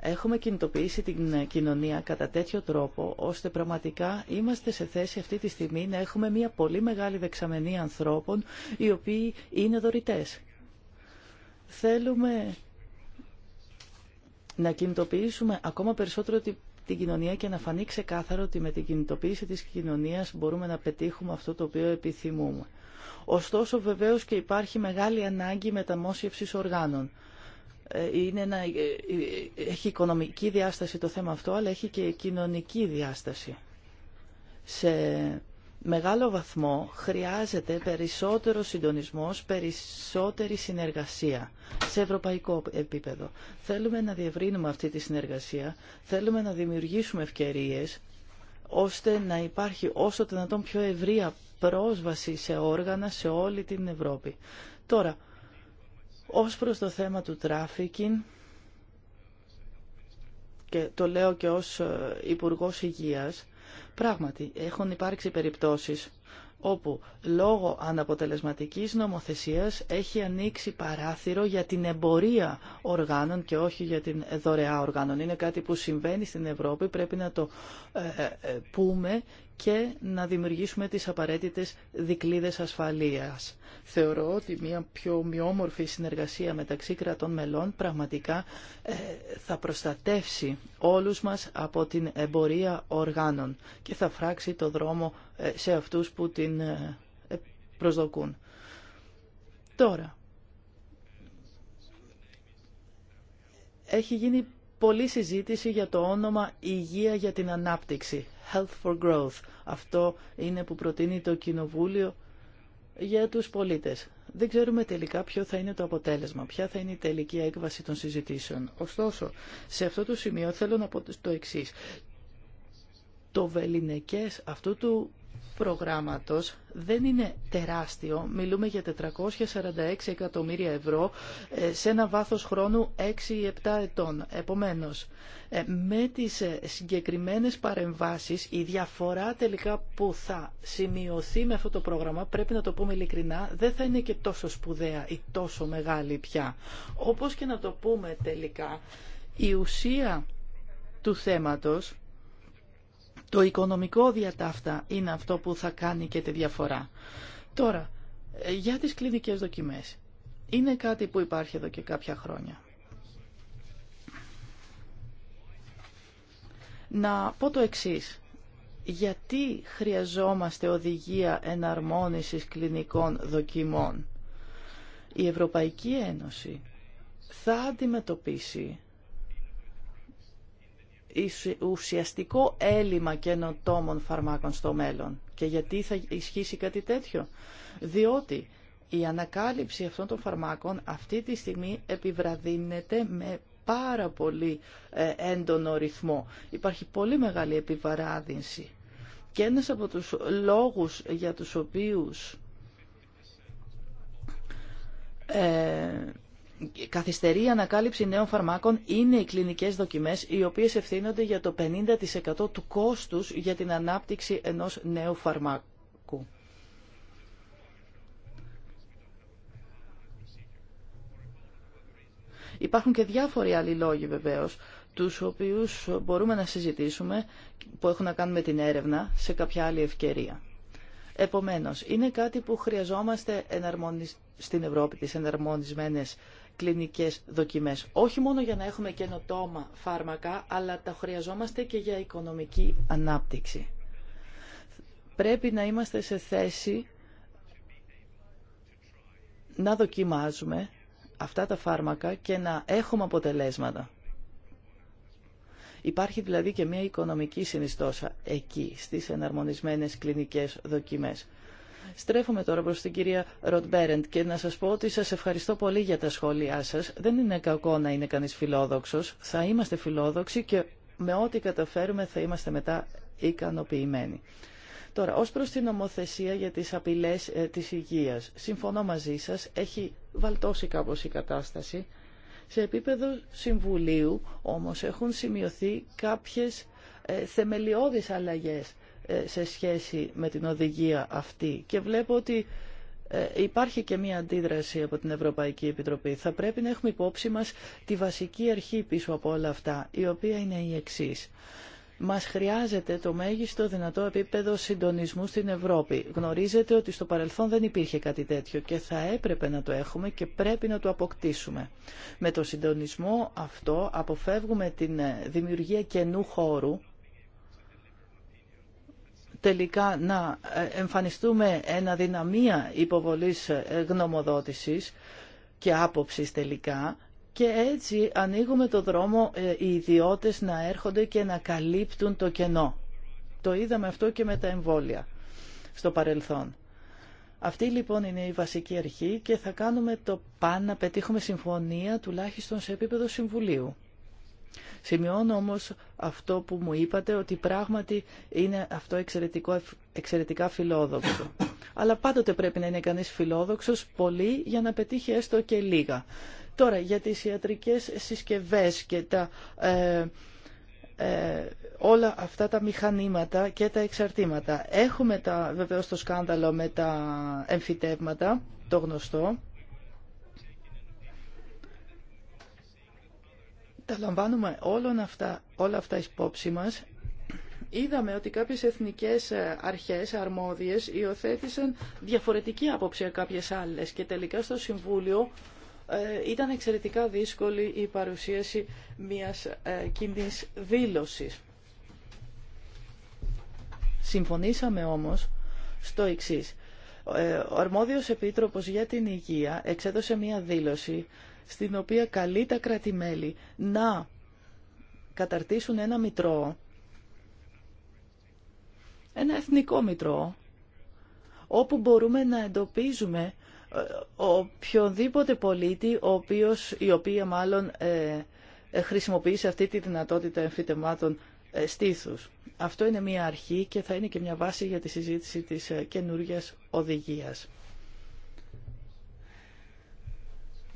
Έχουμε κινητοποιήσει την ε, κοινωνία κατά τέτοιο τρόπο, ώστε πραγματικά είμαστε σε θέση αυτή τη στιγμή να έχουμε μια πολύ μεγάλη δεξαμενή ανθρώπων, οι οποίοι είναι δωρητές. Θέλουμε να κινητοποιήσουμε ακόμα περισσότερο την την κοινωνία και να φανεί ξεκάθαρο ότι με την κινητοποίηση της κοινωνίας μπορούμε να πετύχουμε αυτό το οποίο επιθυμούμε. Ωστόσο βεβαίως και υπάρχει μεγάλη ανάγκη μεταμόσχευσης οργάνων. Ε, είναι ένα, ε, ε, έχει οικονομική διάσταση το θέμα αυτό, αλλά έχει και κοινωνική διάσταση. Σε μεγάλο βαθμό χρειάζεται περισσότερο συντονισμός, περισσότερη συνεργασία σε ευρωπαϊκό επίπεδο. Θέλουμε να διευρύνουμε αυτή τη συνεργασία, θέλουμε να δημιουργήσουμε ευκαιρίες ώστε να υπάρχει όσο δυνατόν πιο ευρεία πρόσβαση σε όργανα σε όλη την Ευρώπη. Τώρα, ως προς το θέμα του τράφικιν, και το λέω και ως ε, Υπουργός Υγείας, Πράγματι, έχουν υπάρξει περιπτώσεις όπου λόγω αναποτελεσματικής νομοθεσίας έχει ανοίξει παράθυρο για την εμπορία οργάνων και όχι για την δωρεά οργάνων. Είναι κάτι που συμβαίνει στην Ευρώπη, πρέπει να το ε, ε, ε, πούμε και να δημιουργήσουμε τις απαραίτητες δικλίδες ασφαλείας. Θεωρώ ότι μια πιο ομοιόμορφη συνεργασία μεταξύ κρατών μελών πραγματικά ε, θα προστατεύσει όλους μας από την εμπορία οργάνων και θα φράξει το δρόμο ε, σε αυτούς που την ε, προσδοκούν. Τώρα, έχει γίνει πολλή συζήτηση για το όνομα «Υγεία για την Ανάπτυξη». Health for Growth. Αυτό είναι που προτείνει το Κοινοβούλιο για τους πολίτες. Δεν ξέρουμε τελικά ποιο θα είναι το αποτέλεσμα, ποια θα είναι η τελική έκβαση των συζητήσεων. Ωστόσο, σε αυτό το σημείο θέλω να πω το εξής. Το βεληνικές αυτού του προγράμματος δεν είναι τεράστιο. Μιλούμε για 446 εκατομμύρια ευρώ ε, σε ένα βάθος χρόνου 6 ή 7 ετών. Επομένως, ε, με τις ε, συγκεκριμένες παρεμβάσεις, η διαφορά τελικά που θα σημειωθεί με αυτό το πρόγραμμα, πρέπει να το πούμε ειλικρινά, δεν θα είναι και τόσο σπουδαία ή τόσο μεγάλη πια. Όπως και να το πούμε τελικά, η ουσία του θέματος το οικονομικό διατάφτα είναι αυτό που θα κάνει και τη διαφορά. Τώρα, ε, για τις κλινικές δοκιμές. Είναι κάτι που υπάρχει εδώ και κάποια χρόνια. Να πω το εξής. Γιατί χρειαζόμαστε οδηγία εναρμόνισης κλινικών δοκιμών. Η Ευρωπαϊκή Ένωση θα αντιμετωπίσει ουσιαστικό έλλειμμα καινοτόμων φαρμάκων στο μέλλον. Και γιατί θα ισχύσει κάτι τέτοιο. Διότι η ανακάλυψη αυτών των φαρμάκων αυτή τη στιγμή επιβραδύνεται με πάρα πολύ ε, έντονο ρυθμό. Υπάρχει πολύ μεγάλη επιβαράδυνση. Και ένας από τους λόγους για τους οποίους ε, καθυστερεί η ανακάλυψη νέων φαρμάκων είναι οι κλινικές δοκιμές οι οποίες ευθύνονται για το 50% του κόστους για την ανάπτυξη ενός νέου φαρμάκου. Υπάρχουν και διάφοροι άλλοι λόγοι βεβαίως, τους οποίους μπορούμε να συζητήσουμε, που έχουν να κάνουν με την έρευνα, σε κάποια άλλη ευκαιρία. Επομένως, είναι κάτι που χρειαζόμαστε στην Ευρώπη τις εναρμονισμένες κλινικές δοκιμές. Όχι μόνο για να έχουμε καινοτόμα φάρμακα, αλλά τα χρειαζόμαστε και για οικονομική ανάπτυξη. Πρέπει να είμαστε σε θέση να δοκιμάζουμε αυτά τα φάρμακα και να έχουμε αποτελέσματα. Υπάρχει δηλαδή και μια οικονομική συνιστόσα εκεί, στις εναρμονισμένες κλινικές δοκιμές. Στρέφομαι τώρα προς την κυρία Ροτμπέρεντ και να σας πω ότι σας ευχαριστώ πολύ για τα σχόλιά σας. Δεν είναι κακό να είναι κανείς φιλόδοξος. Θα είμαστε φιλόδοξοι και με ό,τι καταφέρουμε θα είμαστε μετά ικανοποιημένοι. Τώρα, ως προς την νομοθεσία για τις απειλές ε, της υγείας, συμφωνώ μαζί σας, έχει βαλτώσει κάπως η κατάσταση. Σε επίπεδο Συμβουλίου, όμως, έχουν σημειωθεί κάποιες ε, θεμελιώδεις αλλαγές ε, σε σχέση με την οδηγία αυτή και βλέπω ότι ε, υπάρχει και μία αντίδραση από την Ευρωπαϊκή Επιτροπή. Θα πρέπει να έχουμε υπόψη μας τη βασική αρχή πίσω από όλα αυτά, η οποία είναι η εξή. Μας χρειάζεται το μέγιστο δυνατό επίπεδο συντονισμού στην Ευρώπη. Γνωρίζετε ότι στο παρελθόν δεν υπήρχε κάτι τέτοιο και θα έπρεπε να το έχουμε και πρέπει να το αποκτήσουμε. Με το συντονισμό αυτό αποφεύγουμε την ε, δημιουργία καινού χώρου, τελικά να ε, εμφανιστούμε ένα δυναμία υποβολής ε, γνωμοδότησης και άποψης τελικά και έτσι ανοίγουμε το δρόμο ε, οι ιδιώτες να έρχονται και να καλύπτουν το κενό. Το είδαμε αυτό και με τα εμβόλια στο παρελθόν. Αυτή λοιπόν είναι η βασική αρχή και θα κάνουμε το παν να πετύχουμε συμφωνία τουλάχιστον σε επίπεδο Συμβουλίου. Σημειώνω όμως αυτό που μου είπατε ότι πράγματι είναι αυτό εξαιρετικό, εξαιρετικά φιλόδοξο. Αλλά πάντοτε πρέπει να είναι κανείς φιλόδοξος πολύ για να πετύχει έστω και λίγα. Τώρα για τις ιατρικές συσκευές και τα... Ε, ε όλα αυτά τα μηχανήματα και τα εξαρτήματα. Έχουμε τα, βεβαίως το σκάνδαλο με τα εμφυτεύματα, το γνωστό, τα λαμβάνουμε αυτά, όλα αυτά υπόψη μας, είδαμε ότι κάποιες εθνικές ε, αρχές αρμόδιες υιοθέτησαν διαφορετική άποψη από κάποιες άλλες και τελικά στο Συμβούλιο ε, ήταν εξαιρετικά δύσκολη η παρουσίαση μιας ε, κοινή δήλωσης. Συμφωνήσαμε όμως στο εξής. Ο αρμόδιος επίτροπος για την υγεία εξέδωσε μια δήλωση στην οποία καλεί τα κρατη να καταρτήσουν ένα μητρό, ένα εθνικό μητρό, όπου μπορούμε να εντοπίζουμε ε, οποιονδήποτε πολίτη, ο οποίος, η οποία μάλλον ε, ε, χρησιμοποιήσει αυτή τη δυνατότητα εμφυτεμάτων ε, στήθους. Αυτό είναι μια αρχή και θα είναι και μια βάση για τη συζήτηση της ε, καινούργιας οδηγίας.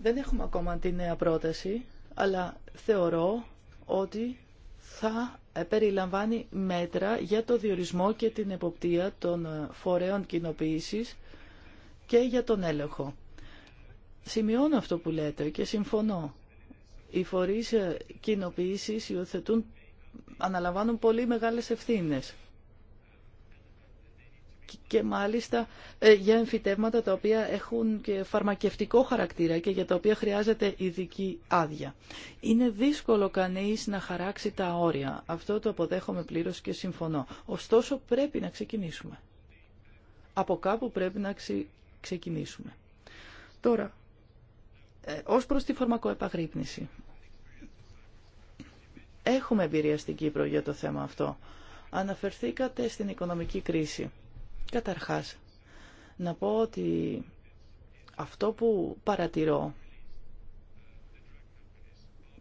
Δεν έχουμε ακόμα τη νέα πρόταση, αλλά θεωρώ ότι θα ε, περιλαμβάνει μέτρα για το διορισμό και την εποπτεία των ε, φορέων κοινοποίηση και για τον έλεγχο. Σημειώνω αυτό που λέτε και συμφωνώ. Οι φορείς ε, κοινοποίησης αναλαμβάνουν πολύ μεγάλες ευθύνες και μάλιστα ε, για εμφυτεύματα τα οποία έχουν και φαρμακευτικό χαρακτήρα και για τα οποία χρειάζεται ειδική άδεια. Είναι δύσκολο κανείς να χαράξει τα όρια. Αυτό το αποδέχομαι πλήρως και συμφωνώ. Ωστόσο πρέπει να ξεκινήσουμε. Από κάπου πρέπει να ξεκινήσουμε. Τώρα, ε, ως προς τη φαρμακοεπαγρύπνηση. Έχουμε εμπειρία στην Κύπρο για το θέμα αυτό. Αναφερθήκατε στην οικονομική κρίση. Καταρχάς, να πω ότι αυτό που παρατηρώ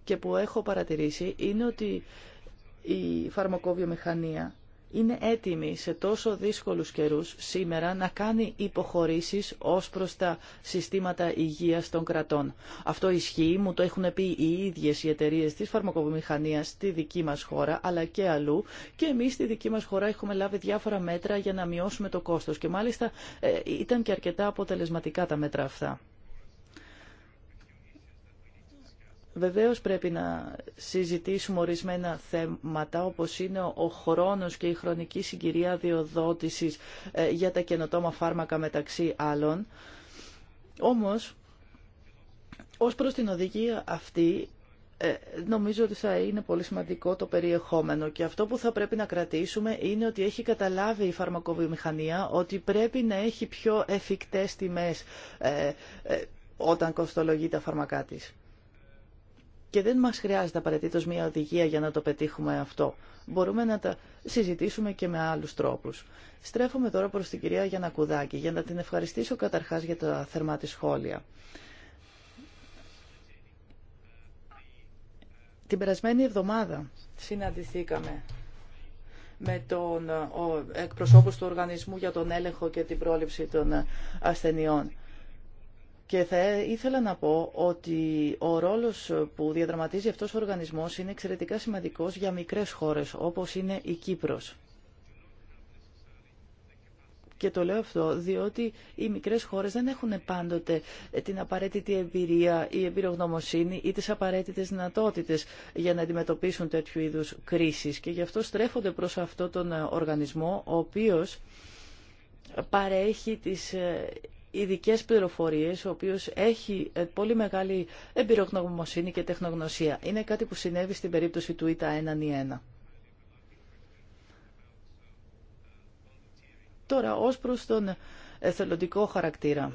και που έχω παρατηρήσει είναι ότι η φαρμακοβιομηχανία είναι έτοιμη σε τόσο δύσκολους καιρούς σήμερα να κάνει υποχωρήσεις ως προς τα συστήματα υγείας των κρατών. Αυτό ισχύει, μου το έχουν πει οι ίδιες οι εταιρείε της φαρμακοβιομηχανίας στη δική μας χώρα, αλλά και αλλού. Και εμείς στη δική μας χώρα έχουμε λάβει διάφορα μέτρα για να μειώσουμε το κόστος. Και μάλιστα ε, ήταν και αρκετά αποτελεσματικά τα μέτρα αυτά. Βεβαίως πρέπει να συζητήσουμε ορισμένα θέματα όπως είναι ο χρόνος και η χρονική συγκυρία διοδότησης ε, για τα καινοτόμα φάρμακα μεταξύ άλλων. Όμως, ως προς την οδηγία αυτή ε, νομίζω ότι θα είναι πολύ σημαντικό το περιεχόμενο και αυτό που θα πρέπει να κρατήσουμε είναι ότι έχει καταλάβει η φαρμακοβιομηχανία ότι πρέπει να έχει πιο εφικτές τιμές ε, όταν κοστολογεί τα φαρμακά της. Και δεν μας χρειάζεται απαραίτητο μια οδηγία για να το πετύχουμε αυτό. Μπορούμε να τα συζητήσουμε και με άλλους τρόπους. Στρέφομαι τώρα προς την κυρία Γιανακουδάκη για να την ευχαριστήσω καταρχάς για τα θερμά της σχόλια. Την περασμένη εβδομάδα συναντηθήκαμε με τον εκπροσώπους του Οργανισμού για τον Έλεγχο και την Πρόληψη των ε, Ασθενειών. Και θα ήθελα να πω ότι ο ρόλος που διαδραματίζει αυτός ο οργανισμός είναι εξαιρετικά σημαντικός για μικρές χώρες όπως είναι η Κύπρος. Και το λέω αυτό διότι οι μικρές χώρες δεν έχουν πάντοτε την απαραίτητη εμπειρία ή εμπειρογνωμοσύνη ή τις απαραίτητες δυνατότητες για να αντιμετωπίσουν τέτοιου είδους κρίσεις. Και γι' αυτό στρέφονται προς αυτόν τον οργανισμό ο οποίος παρέχει τις ειδικέ πληροφορίες, ο οποίο έχει ε, πολύ μεγάλη εμπειρογνωμοσύνη και τεχνογνωσία. Είναι κάτι που συνέβη στην περίπτωση του ΙΤΑ 1 1. Τώρα, ως προς τον εθελοντικό χαρακτήρα,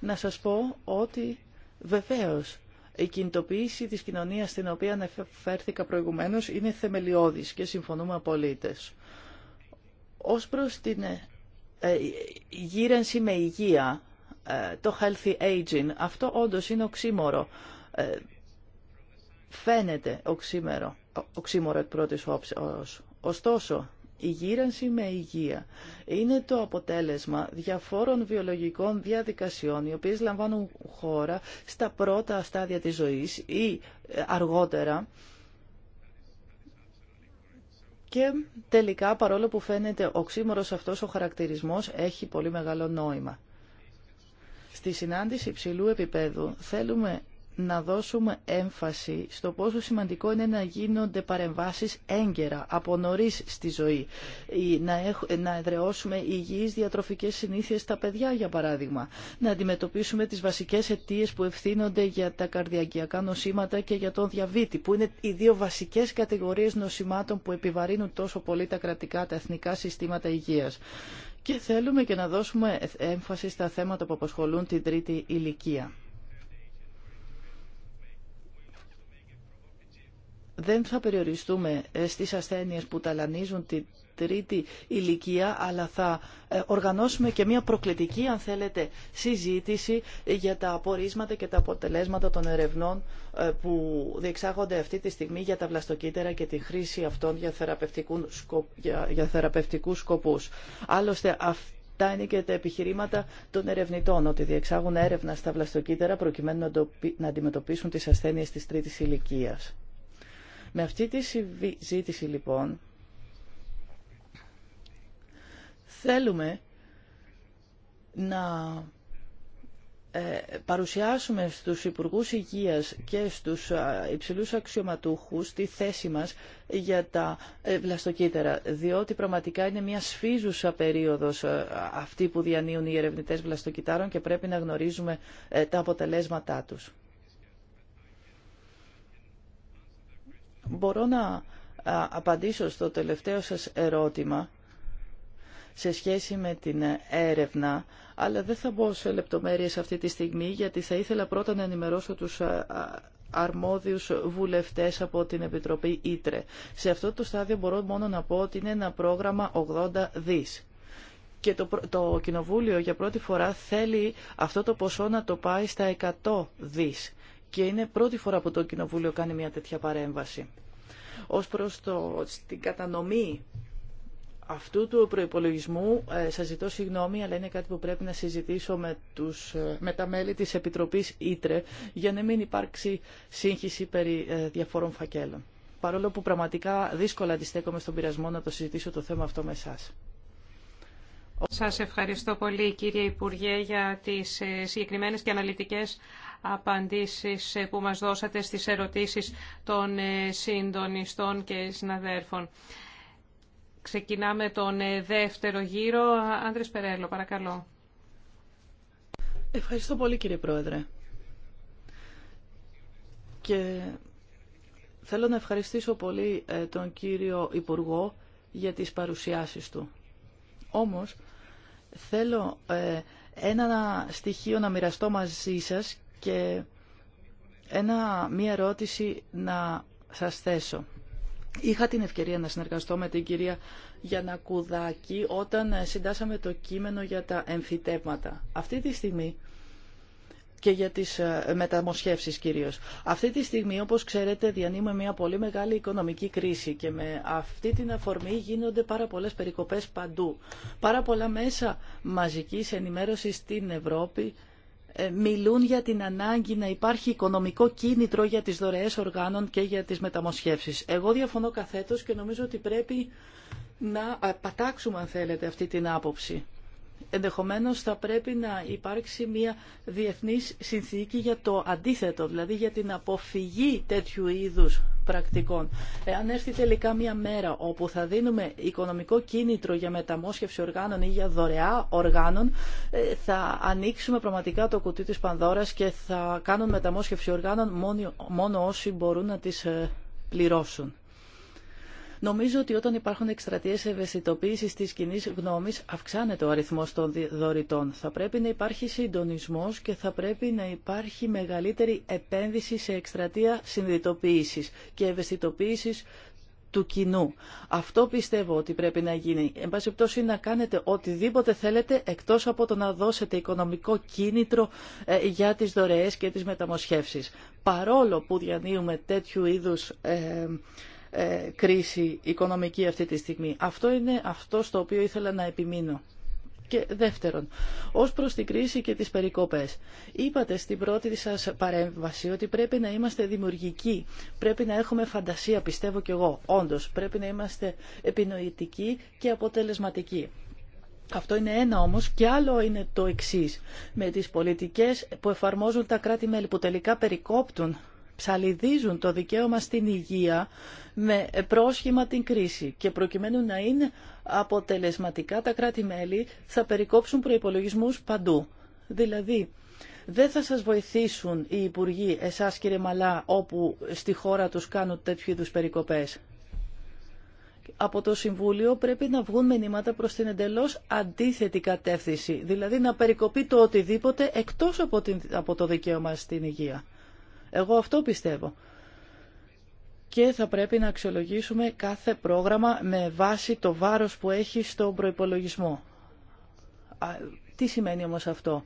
να σας πω ότι βεβαίως η κινητοποίηση της κοινωνίας στην οποία αναφέρθηκα προηγουμένως είναι θεμελιώδης και συμφωνούμε απολύτες. Ως προς την ε, γύρενση με υγεία, ε, το healthy aging, αυτό όντως είναι οξύμορο. Ε, φαίνεται οξύμερο, οξύμορο εκ πρώτης όψης. Ωστόσο, η γύρανση με υγεία είναι το αποτέλεσμα διαφόρων βιολογικών διαδικασιών οι οποίες λαμβάνουν χώρα στα πρώτα στάδια της ζωής ή αργότερα και τελικά, παρόλο που φαίνεται οξύμορος αυτός ο χαρακτηρισμός, έχει πολύ μεγάλο νόημα. Στη συνάντηση υψηλού επίπεδου θέλουμε να δώσουμε έμφαση στο πόσο σημαντικό είναι να γίνονται παρεμβάσεις έγκαιρα, από νωρί στη ζωή. Να, έχ, να εδραιώσουμε υγιείς διατροφικές συνήθειες στα παιδιά, για παράδειγμα. Να αντιμετωπίσουμε τις βασικές αιτίες που ευθύνονται για τα καρδιακιακά νοσήματα και για τον διαβήτη, που είναι οι δύο βασικές κατηγορίες νοσημάτων που επιβαρύνουν τόσο πολύ τα κρατικά, τα εθνικά συστήματα υγείας. Και θέλουμε και να δώσουμε έμφαση στα θέματα που απασχολούν την τρίτη ηλικία. δεν θα περιοριστούμε ε, στις ασθένειες που ταλανίζουν την τρίτη ηλικία, αλλά θα ε, οργανώσουμε και μια προκλητική, αν θέλετε, συζήτηση για τα απορίσματα και τα αποτελέσματα των ερευνών ε, που διεξάγονται αυτή τη στιγμή για τα βλαστοκύτταρα και τη χρήση αυτών για, σκοπ... για... για θεραπευτικούς σκοπούς. Άλλωστε, αυτά είναι και τα επιχειρήματα των ερευνητών, ότι διεξάγουν έρευνα στα βλαστοκύτταρα προκειμένου να αντιμετωπίσουν τις ασθένειες της τρίτης ηλικίας. Με αυτή τη συζήτηση λοιπόν θέλουμε να ε, παρουσιάσουμε στους Υπουργούς Υγείας και στους υψηλούς αξιωματούχους τη θέση μας για τα ε, βλαστοκύτταρα, διότι πραγματικά είναι μια σφίζουσα περίοδος ε, αυτή που διανύουν οι ερευνητές βλαστοκυτάρων και πρέπει να γνωρίζουμε τα αποτελέσματά τους. Μπορώ να απαντήσω στο τελευταίο σας ερώτημα σε σχέση με την έρευνα, αλλά δεν θα μπω σε λεπτομέρειες αυτή τη στιγμή, γιατί θα ήθελα πρώτα να ενημερώσω τους αρμόδιους βουλευτές από την Επιτροπή Ήτρε. Σε αυτό το στάδιο μπορώ μόνο να πω ότι είναι ένα πρόγραμμα 80 δις. Και το, το Κοινοβούλιο για πρώτη φορά θέλει αυτό το ποσό να το πάει στα 100 δις και είναι πρώτη φορά που το Κοινοβούλιο κάνει μια τέτοια παρέμβαση. Ως προς το, την κατανομή αυτού του προϋπολογισμού ε, σας ζητώ συγγνώμη αλλά είναι κάτι που πρέπει να συζητήσω με, τους, ε, με τα μέλη της Επιτροπής Ήτρε για να μην υπάρξει σύγχυση περί ε, διαφόρων φακέλων. Παρόλο που πραγματικά δύσκολα αντιστέκομαι στον πειρασμό να το συζητήσω το θέμα αυτό με εσάς. Σας ευχαριστώ πολύ κύριε Υπουργέ για τις ε, συγκεκριμένες και αναλυτικές απαντήσεις ε, που μας δώσατε στις ερωτήσεις των ε, συντονιστών και συναδέρφων. Ξεκινάμε τον ε, δεύτερο γύρο. Άντρες Περέλο, παρακαλώ. Ευχαριστώ πολύ κύριε Πρόεδρε. Και θέλω να ευχαριστήσω πολύ τον κύριο Υπουργό για τις παρουσιάσεις του. Όμως θέλω ένα στοιχείο να μοιραστώ μαζί σας και μία ερώτηση να σας θέσω. Είχα την ευκαιρία να συνεργαστώ με την κυρία Γιανακουδάκη όταν ε, συντάσαμε το κείμενο για τα εμφυτεύματα. Αυτή τη στιγμή και για τις ε, μεταμοσχεύσεις κυρίως. Αυτή τη στιγμή, όπως ξέρετε, διανύουμε μια πολύ μεγάλη οικονομική κρίση και με αυτή την αφορμή γίνονται πάρα πολλές περικοπές παντού. Πάρα πολλά μέσα μαζικής ενημέρωσης στην Ευρώπη ε, μιλούν για την ανάγκη να υπάρχει οικονομικό κίνητρο για τις δωρεές οργάνων και για τις μεταμοσχεύσεις. Εγώ διαφωνώ καθέτως και νομίζω ότι πρέπει να ε, πατάξουμε αν θέλετε αυτή την άποψη ενδεχομένως θα πρέπει να υπάρξει μια διεθνής συνθήκη για το αντίθετο, δηλαδή για την αποφυγή τέτοιου είδους πρακτικών. Εάν έρθει τελικά μια μέρα όπου θα δίνουμε οικονομικό κίνητρο για μεταμόσχευση οργάνων ή για δωρεά οργάνων, ε, θα ανοίξουμε πραγματικά το κουτί της Πανδώρας και θα κάνουν μεταμόσχευση οργάνων μόνο όσοι μπορούν να τις ε, πληρώσουν. Νομίζω ότι όταν υπάρχουν εκστρατείε ευαισθητοποίηση τη κοινή γνώμη, αυξάνεται ο αριθμό των δωρητών. Θα πρέπει να υπάρχει συντονισμό και θα πρέπει να υπάρχει μεγαλύτερη επένδυση σε εκστρατεία συνειδητοποίηση και ευαισθητοποίηση του κοινού. Αυτό πιστεύω ότι πρέπει να γίνει. Εν πάση πτώση να κάνετε οτιδήποτε θέλετε εκτός από το να δώσετε οικονομικό κίνητρο ε, για τις δωρεές και τις μεταμοσχεύσεις. Παρόλο που διανύουμε τέτοιου είδους ε, ε, κρίση οικονομική αυτή τη στιγμή. Αυτό είναι αυτό στο οποίο ήθελα να επιμείνω. Και δεύτερον, ως προς την κρίση και τις περικοπές. Είπατε στην πρώτη σας παρέμβαση ότι πρέπει να είμαστε δημιουργικοί, πρέπει να έχουμε φαντασία, πιστεύω κι εγώ. Όντως, πρέπει να είμαστε επινοητικοί και αποτελεσματικοί. Αυτό είναι ένα όμως και άλλο είναι το εξής. Με τις πολιτικές που εφαρμόζουν τα κράτη-μέλη που τελικά περικόπτουν ψαλιδίζουν το δικαίωμα στην υγεία με πρόσχημα την κρίση και προκειμένου να είναι αποτελεσματικά τα κράτη-μέλη θα περικόψουν προϋπολογισμούς παντού. Δηλαδή, δεν θα σας βοηθήσουν οι υπουργοί, εσάς κύριε Μαλά, όπου στη χώρα τους κάνουν τέτοιου είδους περικοπές. Από το Συμβούλιο πρέπει να βγουν μηνύματα προς την εντελώς αντίθετη κατεύθυνση, δηλαδή να περικοπεί το οτιδήποτε εκτός από το δικαίωμα στην υγεία. Εγώ αυτό πιστεύω. Και θα πρέπει να αξιολογήσουμε κάθε πρόγραμμα με βάση το βάρος που έχει στον προϋπολογισμό. Τι σημαίνει όμως αυτό.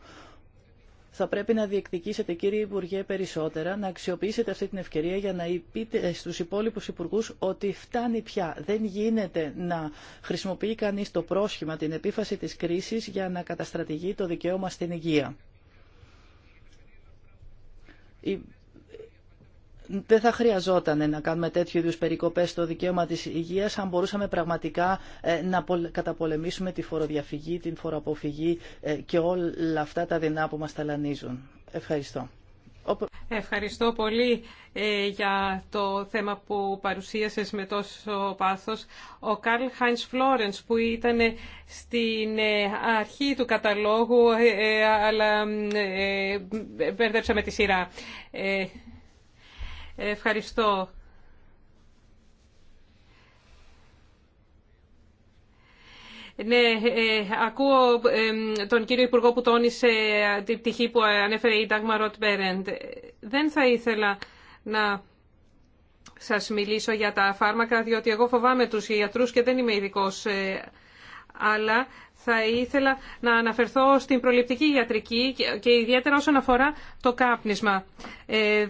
Θα πρέπει να διεκδικήσετε κύριε Υπουργέ περισσότερα, να αξιοποιήσετε αυτή την ευκαιρία για να πείτε στους υπόλοιπους υπουργούς ότι φτάνει πια. Δεν γίνεται να χρησιμοποιεί κανείς το πρόσχημα, την επίφαση της κρίσης για να καταστρατηγεί το δικαίωμα στην υγεία δεν θα χρειαζόταν να κάνουμε τέτοιου είδου περικοπές στο δικαίωμα της υγείας αν μπορούσαμε πραγματικά ε, να καταπολεμήσουμε τη φοροδιαφυγή, την φοροαποφυγή ε, και όλα αυτά τα δεινά που μα ταλανίζουν. Ευχαριστώ. Ευχαριστώ πολύ ε, για το θέμα που παρουσίασες με τόσο πάθος. Ο Καρλ Χάινς Φλόρενς που ήταν στην αρχή του καταλόγου αλλά μπερδέψαμε τη σειρά. Ευχαριστώ. Ναι, ε, ακούω τον κύριο Υπουργό που τόνισε ε, την πτυχή που ανέφερε η Ντάγμα Ροτ Μπέρεντ. Δεν θα ήθελα να σας μιλήσω για τα φάρμακα, διότι εγώ φοβάμαι τους ιατρούς και δεν είμαι ειδικό. Ε, αλλά θα ήθελα να αναφερθώ στην προληπτική ιατρική και ιδιαίτερα όσον αφορά το κάπνισμα. 18 ε,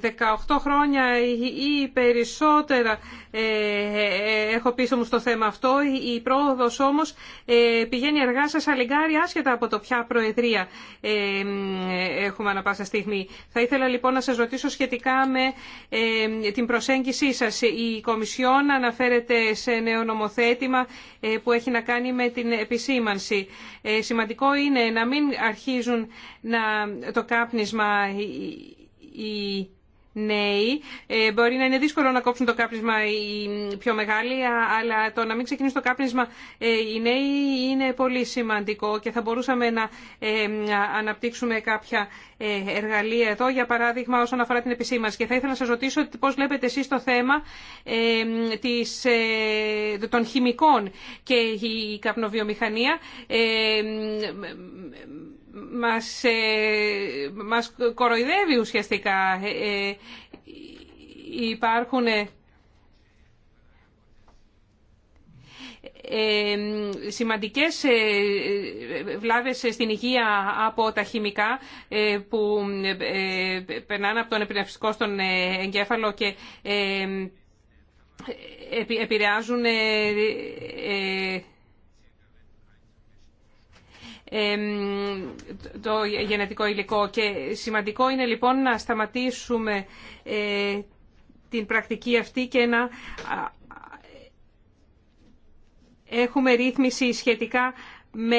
χρόνια ή περισσότερα ε, ε, έχω πίσω μου στο θέμα αυτό. Η πρόοδος όμως πηγαίνει αργά σε σαλιγκάρι άσχετα από το ποια προεδρία έχουμε ανα πάσα στιγμή. Θα ήθελα λοιπόν να σας ρωτήσω σχετικά με την προσέγγισή σας. Η Κομισιόν αναφέρεται σε νέο νομοθέτημα που έχει να κάνει με την επισήμανση ε, σημαντικό είναι να μην αρχίζουν να, το κάπνισμα οι νέοι. Ε, μπορεί να είναι δύσκολο να κόψουν το κάπνισμα οι πιο μεγάλοι, αλλά το να μην ξεκινήσει το κάπνισμα ε, οι νέοι είναι πολύ σημαντικό και θα μπορούσαμε να ε, αναπτύξουμε κάποια εργαλεία εδώ, για παράδειγμα όσον αφορά την επισήμανση. Και θα ήθελα να σας ρωτήσω πώς βλέπετε εσείς το θέμα της, των χημικών και η καπνοβιομηχανία μας, ε, μας κοροϊδεύει ουσιαστικά. Ε, ε, υπάρχουν σημαντικές βλάβες στην υγεία από τα χημικά που περνάνε από τον επινευστικό στον εγκέφαλο και επηρεάζουν το γενετικό υλικό. Και σημαντικό είναι λοιπόν να σταματήσουμε ε, την πρακτική αυτή και να έχουμε ρύθμιση σχετικά με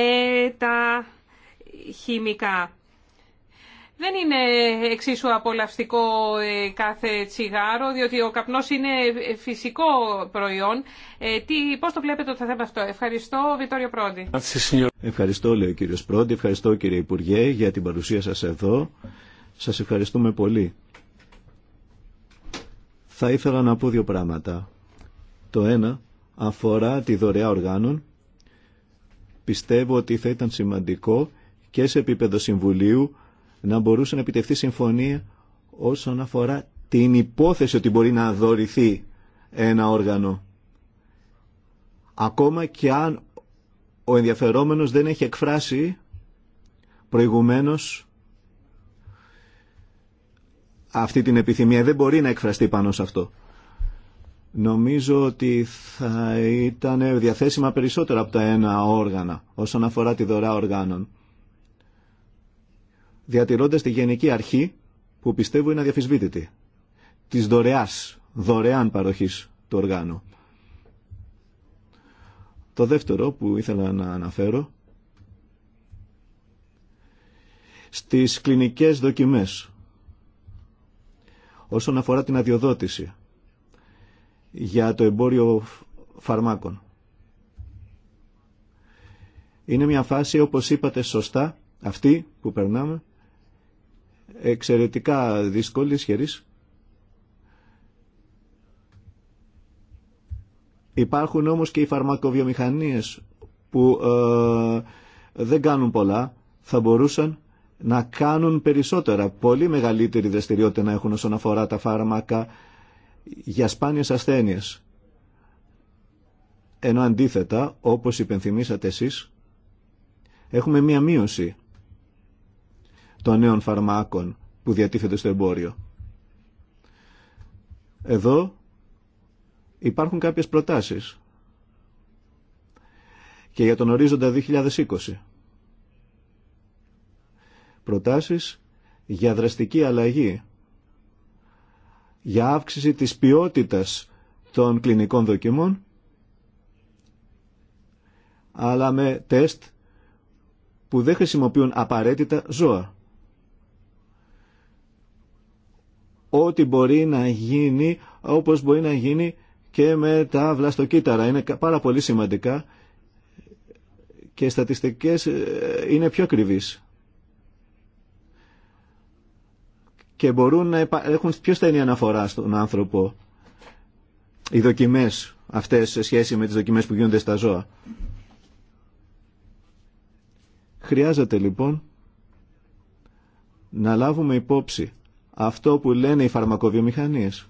τα χημικά. Δεν είναι εξίσου απολαυστικό ε, κάθε τσιγάρο, διότι ο καπνός είναι ε, φυσικό προϊόν. Ε, τι, πώς το βλέπετε το θέμα αυτό. Ευχαριστώ, Βιτόριο Πρόντι. Ευχαριστώ, λέει ο κύριος Πρόντι. Ευχαριστώ, κύριε Υπουργέ, για την παρουσία σας εδώ. Σας ευχαριστούμε πολύ. Θα ήθελα να πω δύο πράγματα. Το ένα αφορά τη δωρεά οργάνων. Πιστεύω ότι θα ήταν σημαντικό και σε επίπεδο Συμβουλίου να μπορούσε να επιτευχθεί συμφωνία όσον αφορά την υπόθεση ότι μπορεί να δωρηθεί ένα όργανο. Ακόμα και αν ο ενδιαφερόμενος δεν έχει εκφράσει προηγουμένως αυτή την επιθυμία. Δεν μπορεί να εκφραστεί πάνω σε αυτό. Νομίζω ότι θα ήταν διαθέσιμα περισσότερα από τα ένα όργανα όσον αφορά τη δωρά οργάνων. Διατηρώντα τη γενική αρχή που πιστεύω είναι αδιαφυσβήτητη, της δωρεά, δωρεάν παροχής του οργάνου. Το δεύτερο που ήθελα να αναφέρω, στις κλινικές δοκιμές, όσον αφορά την αδειοδότηση για το εμπόριο φαρμάκων. Είναι μια φάση, όπως είπατε σωστά, αυτή που περνάμε, εξαιρετικά δύσκολη, χερίς. Υπάρχουν όμως και οι φαρμακοβιομηχανίες που ε, δεν κάνουν πολλά, θα μπορούσαν να κάνουν περισσότερα, πολύ μεγαλύτερη δραστηριότητα να έχουν όσον αφορά τα φάρμακα για σπάνιες ασθένειες. Ενώ αντίθετα, όπως υπενθυμίσατε εσείς, έχουμε μία μείωση των νέων φαρμάκων που διατίθεται στο εμπόριο. Εδώ υπάρχουν κάποιες προτάσεις και για τον ορίζοντα 2020. Προτάσεις για δραστική αλλαγή, για αύξηση της ποιότητας των κλινικών δοκιμών, αλλά με τεστ που δεν χρησιμοποιούν απαραίτητα ζώα. ό,τι μπορεί να γίνει, όπως μπορεί να γίνει και με τα βλαστοκύτταρα. Είναι πάρα πολύ σημαντικά και οι στατιστικές ε, είναι πιο ακριβείς. Και μπορούν να έχουν πιο στενή αναφορά στον άνθρωπο οι δοκιμές αυτές σε σχέση με τις δοκιμές που γίνονται στα ζώα. Χρειάζεται λοιπόν να λάβουμε υπόψη αυτό που λένε οι φαρμακοβιομηχανίες.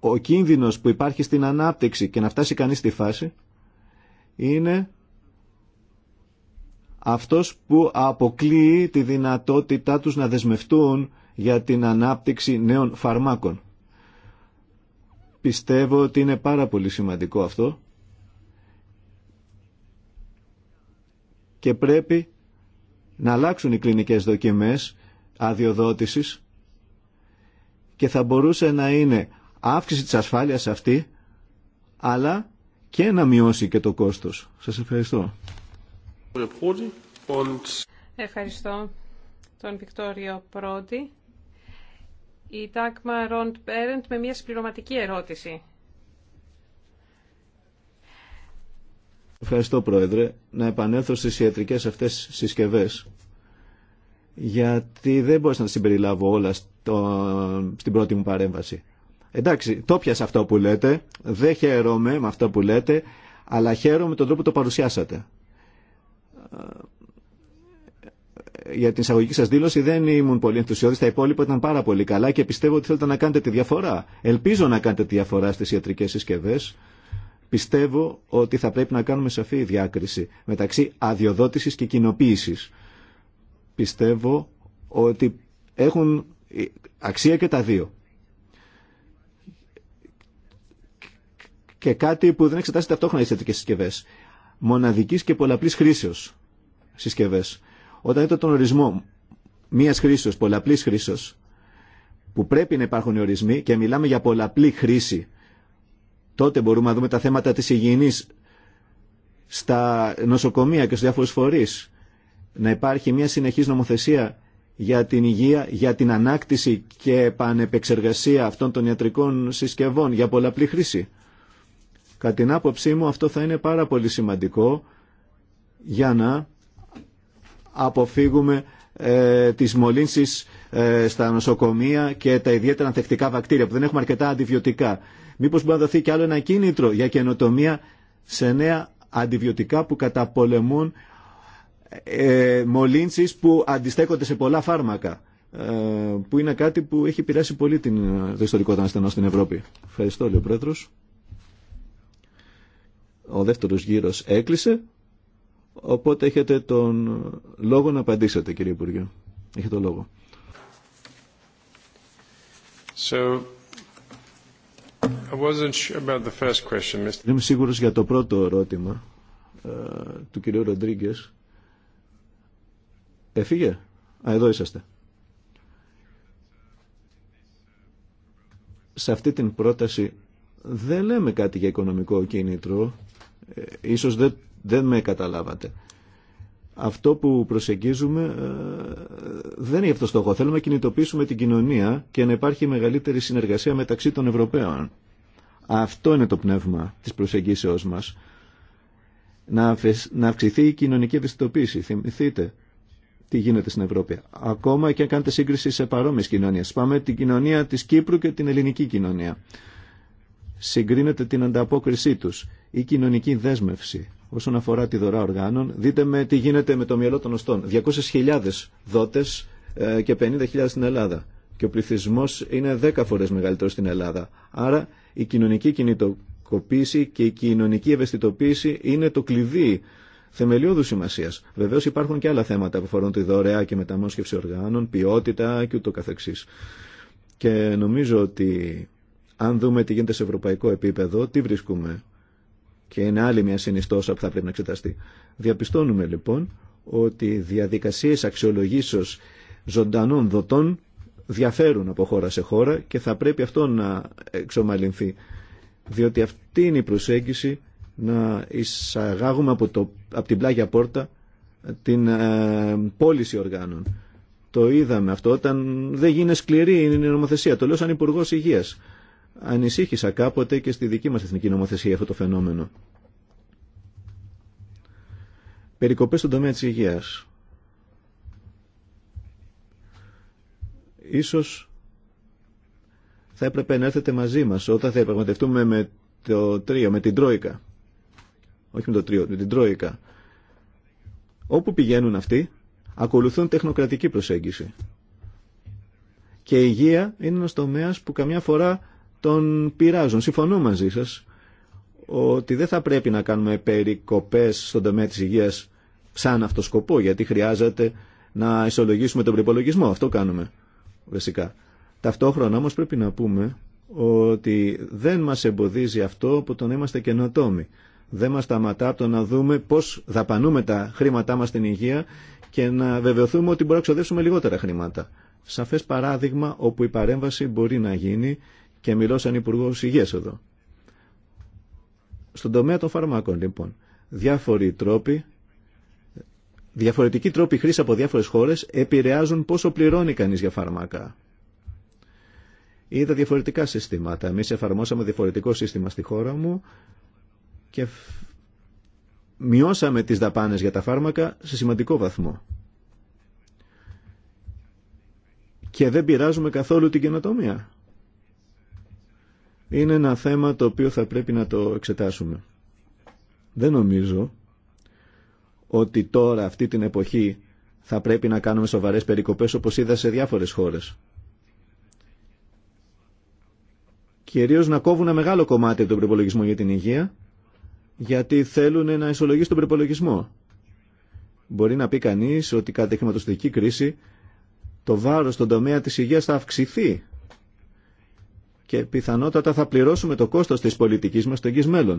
Ο κίνδυνος που υπάρχει στην ανάπτυξη και να φτάσει κανείς στη φάση είναι αυτός που αποκλείει τη δυνατότητά τους να δεσμευτούν για την ανάπτυξη νέων φαρμάκων. Πιστεύω ότι είναι πάρα πολύ σημαντικό αυτό και πρέπει να αλλάξουν οι κλινικές δοκιμές αδειοδότησης και θα μπορούσε να είναι αύξηση της ασφάλειας αυτή αλλά και να μειώσει και το κόστος. Σας ευχαριστώ. Ευχαριστώ τον Βικτόριο Πρόντι. Η Τάκμα Ροντ Πέρεντ με μια συμπληρωματική ερώτηση. Ευχαριστώ Πρόεδρε. Να επανέλθω στις ιατρικές αυτές συσκευές γιατί δεν μπορούσα να συμπεριλάβω όλα στο, στην πρώτη μου παρέμβαση. Εντάξει, το πιάσα αυτό που λέτε, δεν χαίρομαι με αυτό που λέτε, αλλά χαίρομαι τον τρόπο που το παρουσιάσατε. Ε, για την εισαγωγική σας δήλωση δεν ήμουν πολύ ενθουσιώδης, τα υπόλοιπα ήταν πάρα πολύ καλά και πιστεύω ότι θέλετε να κάνετε τη διαφορά. Ελπίζω να κάνετε τη διαφορά στις ιατρικές συσκευές. Πιστεύω ότι θα πρέπει να κάνουμε σαφή διάκριση μεταξύ αδειοδότησης και κοινοποίηση πιστεύω ότι έχουν αξία και τα δύο. Και κάτι που δεν εξετάζεται ταυτόχρονα οι θετικέ συσκευέ. Μοναδική και πολλαπλή χρήσεω συσκευέ. Όταν είδα τον ορισμό μία χρήσεω, πολλαπλή χρήσεω, που πρέπει να υπάρχουν οι ορισμοί και μιλάμε για πολλαπλή χρήση, τότε μπορούμε να δούμε τα θέματα τη υγιεινή στα νοσοκομεία και στου διάφορου φορεί να υπάρχει μια συνεχής νομοθεσία για την υγεία, για την ανάκτηση και επανεπεξεργασία αυτών των ιατρικών συσκευών για πολλαπλή χρήση. Κατά την άποψή μου αυτό θα είναι πάρα πολύ σημαντικό για να αποφύγουμε ε, τις μολύνσεις ε, στα νοσοκομεία και τα ιδιαίτερα ανθεκτικά βακτήρια που δεν έχουμε αρκετά αντιβιωτικά. Μήπως μπορεί να δοθεί και άλλο ένα κίνητρο για καινοτομία σε νέα αντιβιωτικά που καταπολεμούν ε, μολύνσεις που αντιστέκονται σε πολλά φάρμακα ε, που είναι κάτι που έχει πειράσει πολύ την, ε, το ιστορικό των ασθενών στην Ευρώπη. Ευχαριστώ, λέει ο Πρόεδρος. Ο δεύτερος γύρος έκλεισε, οπότε έχετε τον λόγο να απαντήσετε, κύριε Υπουργέ. Έχετε τον λόγο. So, I wasn't about the first question, Mr. Δεν είμαι σίγουρος για το πρώτο ερώτημα ε, του κυρίου Ροντρίγκες Έφυγε. Α, εδώ είσαστε. Σε αυτή την πρόταση δεν λέμε κάτι για οικονομικό κίνητρο. Ε, ίσως δεν, δεν με καταλάβατε. Αυτό που προσεγγίζουμε ε, δεν είναι αυτό στόχο. Θέλουμε να κινητοποιήσουμε την κοινωνία και να υπάρχει μεγαλύτερη συνεργασία μεταξύ των Ευρωπαίων. Αυτό είναι το πνεύμα της προσεγγίσεώς μας. Να αυξηθεί η κοινωνική ευαισθητοποίηση. Θυμηθείτε τι γίνεται στην Ευρώπη. Ακόμα και αν κάνετε σύγκριση σε παρόμοιε κοινωνίε. Πάμε την κοινωνία τη Κύπρου και την ελληνική κοινωνία. Συγκρίνετε την ανταπόκρισή του Η κοινωνική δέσμευση όσον αφορά τη δωρά οργάνων. Δείτε με τι γίνεται με το μυαλό των οστών. 200.000 δότες ε, και 50.000 στην Ελλάδα. Και ο πληθυσμό είναι 10 φορέ μεγαλύτερο στην Ελλάδα. Άρα η κοινωνική κινητοποίηση και η κοινωνική ευαισθητοποίηση είναι το κλειδί θεμελιώδου σημασία. Βεβαίω υπάρχουν και άλλα θέματα που αφορούν τη δωρεά και μεταμόσχευση οργάνων, ποιότητα και ούτω Και νομίζω ότι αν δούμε τι γίνεται σε ευρωπαϊκό επίπεδο, τι βρίσκουμε. Και είναι άλλη μια συνιστόσα που θα πρέπει να εξεταστεί. Διαπιστώνουμε λοιπόν ότι διαδικασίες αξιολογήσεως ζωντανών δοτών διαφέρουν από χώρα σε χώρα και θα πρέπει αυτό να εξομαλυνθεί. Διότι αυτή είναι η προσέγγιση να εισαγάγουμε από, το, από την πλάγια πόρτα την ε, πώληση οργάνων. Το είδαμε αυτό όταν δεν γίνει σκληρή η νομοθεσία. Το λέω σαν Υπουργό Υγεία. Ανησύχησα κάποτε και στη δική μα εθνική νομοθεσία αυτό το φαινόμενο. Περικοπές στον τομέα της υγείας. Ίσως θα έπρεπε να έρθετε μαζί μας όταν θα επαγματευτούμε με το τρίο, με την Τρόικα όχι με, το τρίο, με την Τρόικα. Όπου πηγαίνουν αυτοί, ακολουθούν τεχνοκρατική προσέγγιση. Και η υγεία είναι ένα τομέα που καμιά φορά τον πειράζουν. Συμφωνώ μαζί σα, ότι δεν θα πρέπει να κάνουμε περικοπέ στον τομέα τη υγεία σαν αυτό σκοπό, γιατί χρειάζεται να ισολογήσουμε τον προπολογισμό. Αυτό κάνουμε, βασικά. Ταυτόχρονα όμω πρέπει να πούμε ότι δεν μα εμποδίζει αυτό από το να είμαστε καινοτόμοι δεν μας σταματά από το να δούμε πώς δαπανούμε τα χρήματά μας στην υγεία και να βεβαιωθούμε ότι μπορούμε να ξοδέψουμε λιγότερα χρήματα. Σαφές παράδειγμα όπου η παρέμβαση μπορεί να γίνει και μιλώ σαν Υπουργό Υγείας εδώ. Στον τομέα των φαρμάκων λοιπόν, διάφοροι τρόποι, διαφορετικοί τρόποι χρήση από διάφορες χώρες επηρεάζουν πόσο πληρώνει κανείς για φαρμάκα. Είδα διαφορετικά συστήματα. Εμεί εφαρμόσαμε διαφορετικό σύστημα στη χώρα μου και μειώσαμε τις δαπάνες για τα φάρμακα σε σημαντικό βαθμό. Και δεν πειράζουμε καθόλου την καινοτομία. Είναι ένα θέμα το οποίο θα πρέπει να το εξετάσουμε. Δεν νομίζω ότι τώρα αυτή την εποχή θα πρέπει να κάνουμε σοβαρές περικοπές όπως είδα σε διάφορες χώρες. Κυρίως να κόβουν ένα μεγάλο κομμάτι από τον προπολογισμό για την υγεία γιατί θέλουν να ισολογήσουν τον προπολογισμό. Μπορεί να πει κανείς ότι κατά τη χρηματοστατική κρίση το βάρος στον τομέα της υγεία θα αυξηθεί και πιθανότατα θα πληρώσουμε το κόστος της πολιτικής μας στο εγγύ μέλλον.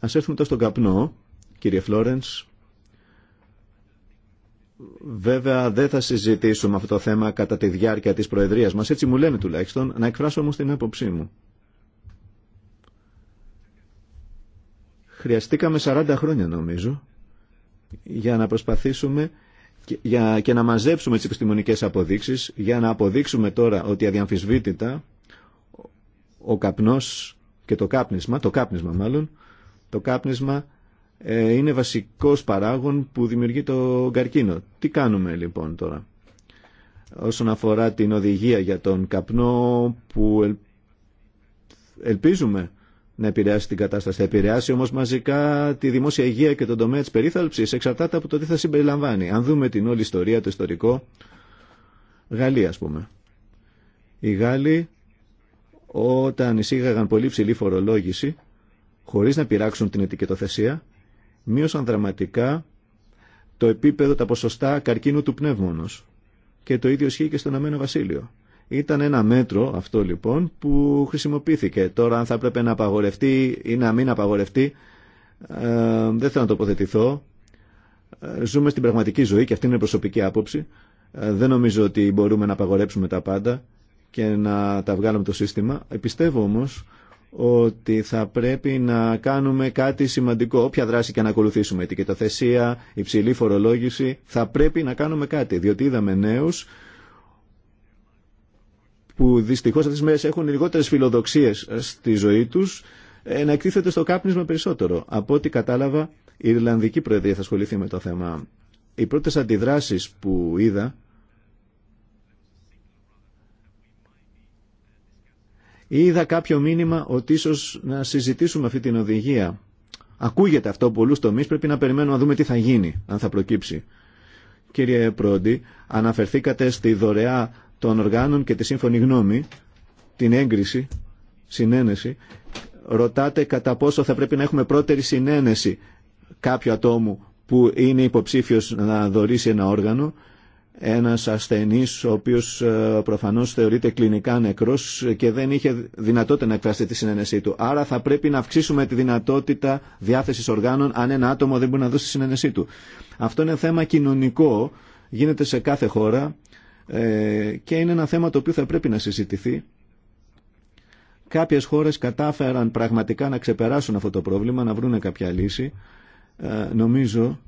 Α έρθουμε τώρα στον καπνό, κύριε Φλόρενς. Βέβαια δεν θα συζητήσουμε αυτό το θέμα κατά τη διάρκεια της Προεδρίας μας, έτσι μου λένε τουλάχιστον, να εκφράσω όμως την άποψή μου. Χρειαστήκαμε 40 χρόνια νομίζω για να προσπαθήσουμε και, για, και να μαζέψουμε τις επιστημονικές αποδείξεις για να αποδείξουμε τώρα ότι αδιαμφισβήτητα ο καπνός και το κάπνισμα, το κάπνισμα μάλλον, το κάπνισμα ε, είναι βασικός παράγων που δημιουργεί το καρκίνο. Τι κάνουμε λοιπόν τώρα όσον αφορά την οδηγία για τον καπνό που ελπίζουμε να επηρεάσει την κατάσταση. Θα επηρεάσει όμω μαζικά τη δημόσια υγεία και τον τομέα τη περίθαλψη. Εξαρτάται από το τι θα συμπεριλαμβάνει. Αν δούμε την όλη ιστορία, το ιστορικό, Γαλλία α πούμε. Οι Γάλλοι όταν εισήγαγαν πολύ ψηλή φορολόγηση, χωρίς να πειράξουν την ετικετοθεσία, μείωσαν δραματικά το επίπεδο, τα ποσοστά καρκίνου του πνεύμονος. Και το ίδιο ισχύει και στον Αμένο Βασίλειο. Ήταν ένα μέτρο αυτό λοιπόν που χρησιμοποιήθηκε. Τώρα αν θα έπρεπε να απαγορευτεί ή να μην απαγορευτεί ε, δεν θέλω να τοποθετηθώ. Ε, ζούμε στην πραγματική ζωή και αυτή είναι προσωπική άποψη. Ε, δεν νομίζω ότι μπορούμε να απαγορέψουμε τα πάντα και να τα βγάλουμε το σύστημα. Πιστεύω όμως ότι θα πρέπει να κάνουμε κάτι σημαντικό. Όποια δράση και να ακολουθήσουμε, η τικετοθεσία, υψηλή φορολόγηση, θα πρέπει να κάνουμε κάτι. Διότι είδαμε νέους που δυστυχώ αυτές τι μέρε έχουν λιγότερες φιλοδοξίες ε, στη ζωή τους ε, να εκτίθεται στο κάπνισμα περισσότερο. Από ό,τι κατάλαβα, η Ιρλανδική Προεδρία θα ασχοληθεί με το θέμα. Οι πρώτε αντιδράσει που είδα είδα κάποιο μήνυμα ότι ίσως να συζητήσουμε αυτή την οδηγία. Ακούγεται αυτό πολλού τομεί, πρέπει να περιμένουμε να δούμε τι θα γίνει, αν θα προκύψει. Κύριε Πρόντι, αναφερθήκατε στη δωρεά των οργάνων και τη σύμφωνη γνώμη, την έγκριση, συνένεση, ρωτάτε κατά πόσο θα πρέπει να έχουμε πρώτερη συνένεση κάποιου ατόμου που είναι υποψήφιος να δωρήσει ένα όργανο, ένας ασθενής ο οποίος ε, προφανώς θεωρείται κλινικά νεκρός και δεν είχε δυνατότητα να εκφράσει τη συνένεσή του. Άρα θα πρέπει να αυξήσουμε τη δυνατότητα διάθεσης οργάνων αν ένα άτομο δεν μπορεί να δώσει τη συνένεσή του. Αυτό είναι θέμα κοινωνικό, γίνεται σε κάθε χώρα ε, και είναι ένα θέμα το οποίο θα πρέπει να συζητηθεί. Κάποιες χώρες κατάφεραν πραγματικά να ξεπεράσουν αυτό το πρόβλημα, να βρουν κάποια λύση. Ε, νομίζω